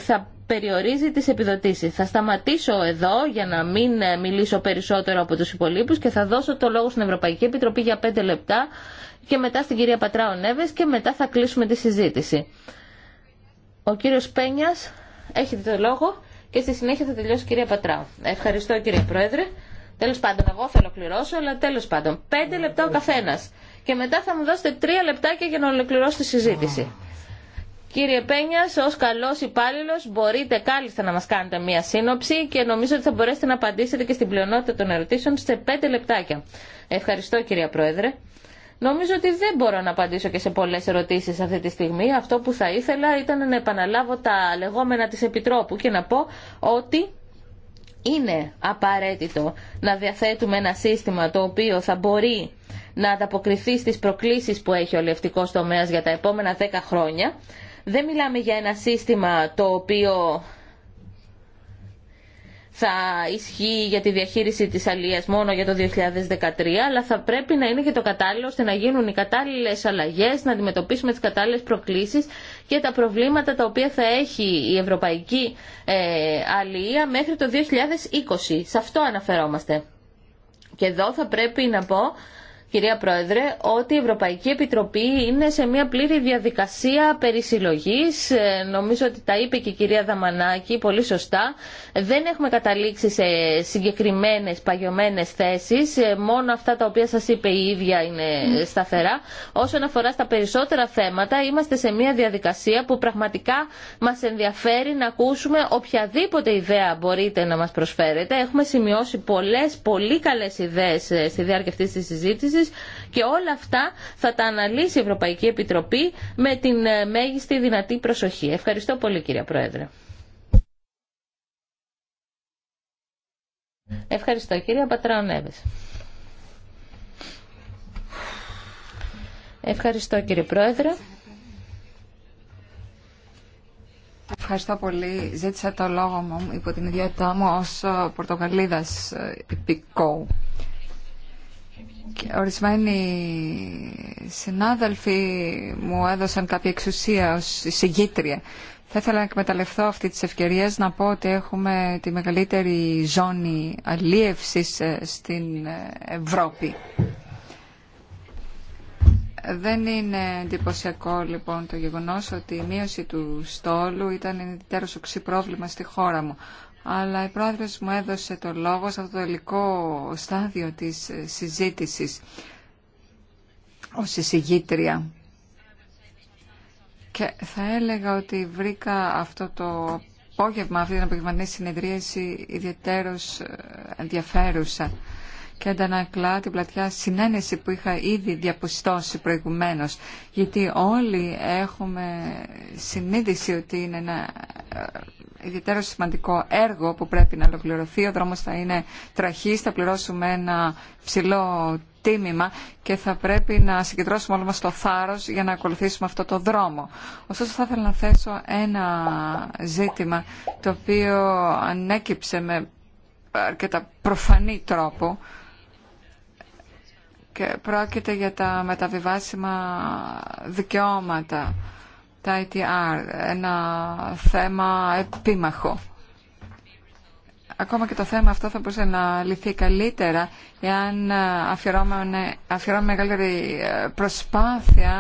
θα περιορίζει τις επιδοτήσεις. Θα σταματήσω εδώ για να μην ε, μιλήσω περισσότερο από τους υπολείπους και θα δώσω το λόγο στην Ευρωπαϊκή Επιτροπή για 5 λεπτά και μετά στην κυρία Πατράο Νέβες και μετά θα κλείσουμε τη συζήτηση. Ο κύριος Πένιας έχει το λόγο και στη συνέχεια θα τελειώσει κυρία Πατράου. Ευχαριστώ κύριε Πρόεδρε. Τέλο πάντων, εγώ θα ολοκληρώσω, αλλά τέλο πάντων, πέντε λεπτά ο καθένα. Και μετά θα μου δώσετε τρία λεπτάκια για να ολοκληρώσω τη συζήτηση. Κύριε Πένια, ω καλό υπάλληλο μπορείτε κάλλιστα να μα κάνετε μία σύνοψη και νομίζω ότι θα μπορέσετε να απαντήσετε και στην πλειονότητα των ερωτήσεων σε πέντε λεπτάκια. Ευχαριστώ κυρία Πρόεδρε. Νομίζω ότι δεν μπορώ να απαντήσω και σε πολλέ ερωτήσει αυτή τη στιγμή. Αυτό που θα ήθελα ήταν να επαναλάβω τα λεγόμενα τη Επιτρόπου και να πω ότι είναι απαραίτητο να διαθέτουμε ένα σύστημα το οποίο θα μπορεί να ανταποκριθεί στις προκλήσεις που έχει ο λευτικός τομέας για τα επόμενα 10 χρόνια. Δεν μιλάμε για ένα σύστημα το οποίο θα ισχύει για τη διαχείριση της αλίας μόνο για το 2013, αλλά θα πρέπει να είναι και το κατάλληλο ώστε να γίνουν οι κατάλληλες αλλαγές, να αντιμετωπίσουμε τις κατάλληλες προκλήσεις και τα προβλήματα τα οποία θα έχει η ευρωπαϊκή ε, αλληλεία μέχρι το 2020. Σε αυτό αναφερόμαστε. Και εδώ θα πρέπει να πω κυρία Πρόεδρε, ότι η Ευρωπαϊκή Επιτροπή είναι σε μια πλήρη διαδικασία περισυλλογής. Ε, νομίζω ότι τα είπε και η κυρία Δαμανάκη πολύ σωστά. Δεν έχουμε καταλήξει σε συγκεκριμένες παγιωμένες θέσεις. Ε, μόνο αυτά τα οποία σας είπε η ίδια είναι σταθερά. Όσον αφορά στα περισσότερα θέματα, είμαστε σε μια διαδικασία που πραγματικά μας ενδιαφέρει να ακούσουμε οποιαδήποτε ιδέα μπορείτε να μας προσφέρετε. Έχουμε σημειώσει πολλές πολύ καλές ιδέες ε, στη διάρκεια αυτής της συζήτηση και όλα αυτά θα τα αναλύσει η Ευρωπαϊκή Επιτροπή με την ε, μέγιστη δυνατή προσοχή. Ευχαριστώ πολύ κύριε Πρόεδρε. Ευχαριστώ κύριε Πατράων Ευχαριστώ κύριε Πρόεδρε. Ευχαριστώ πολύ. Ζήτησα το λόγο μου υπό την ιδιότητά μου ως ε, Πορτογαλίδας ε, υπηκόου ορισμένοι συνάδελφοι μου έδωσαν κάποια εξουσία ως συγκήτρια. Θα ήθελα να εκμεταλλευτώ αυτή τις ευκαιρίες να πω ότι έχουμε τη μεγαλύτερη ζώνη αλίευσης ε, στην ε, Ευρώπη. Δεν είναι εντυπωσιακό λοιπόν το γεγονός ότι η μείωση του στόλου ήταν ιδιαίτερο οξύ πρόβλημα στη χώρα μου αλλά η πρόεδρος μου έδωσε το λόγο σε αυτό το τελικό στάδιο της συζήτησης ως εισηγήτρια. Και θα έλεγα ότι βρήκα αυτό το απόγευμα, αυτή την απογευματινή συνεδρίαση ιδιαίτερως ε, ενδιαφέρουσα και αντανακλά την πλατιά συνένεση που είχα ήδη διαπιστώσει προηγουμένως. Γιατί όλοι έχουμε συνείδηση ότι είναι ένα ε, ιδιαίτερο σημαντικό έργο που πρέπει να ολοκληρωθεί. Ο δρόμος θα είναι τραχής, θα πληρώσουμε ένα ψηλό τίμημα και θα πρέπει να συγκεντρώσουμε όλο μας το θάρρος για να ακολουθήσουμε αυτό το δρόμο. Ωστόσο θα ήθελα να θέσω ένα ζήτημα το οποίο ανέκυψε με αρκετά προφανή τρόπο και πρόκειται για τα μεταβιβάσιμα δικαιώματα τα ITR, ε ένα θέμα επίμαχο. Ακόμα και το θέμα αυτό θα μπορούσε να λυθεί καλύτερα εάν αφιερώμε μεγαλύτερη ε, προσπάθεια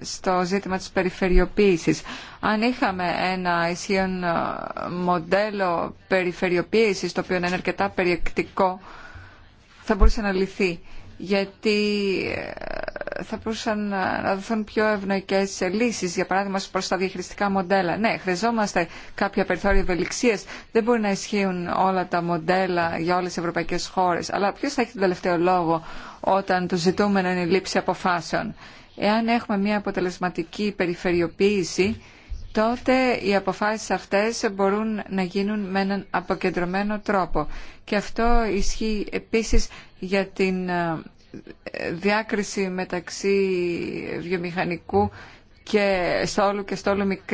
στο ζήτημα της περιφερειοποίησης. Αν είχαμε ένα ισχύον ε, μοντέλο περιφερειοποίησης, το οποίο είναι αρκετά περιεκτικό, θα μπορούσε να λυθεί. Γιατί θα μπορούσαν να δοθούν πιο ευνοϊκέ λύσει, για παράδειγμα προ τα διαχειριστικά μοντέλα. Ναι, χρειαζόμαστε κάποια περιθώρια ευελιξία. Δεν μπορεί να ισχύουν όλα τα μοντέλα για όλε τι ευρωπαϊκέ χώρε. Αλλά ποιο θα έχει τον τελευταίο λόγο όταν το ζητούμενο είναι η λήψη αποφάσεων. Εάν έχουμε μια αποτελεσματική περιφερειοποίηση, τότε οι αποφάσεις αυτές μπορούν να γίνουν με έναν αποκεντρωμένο τρόπο. Και αυτό ισχύει επίση για την ε, διάκριση μεταξύ βιομηχανικού και στόλου και στόλου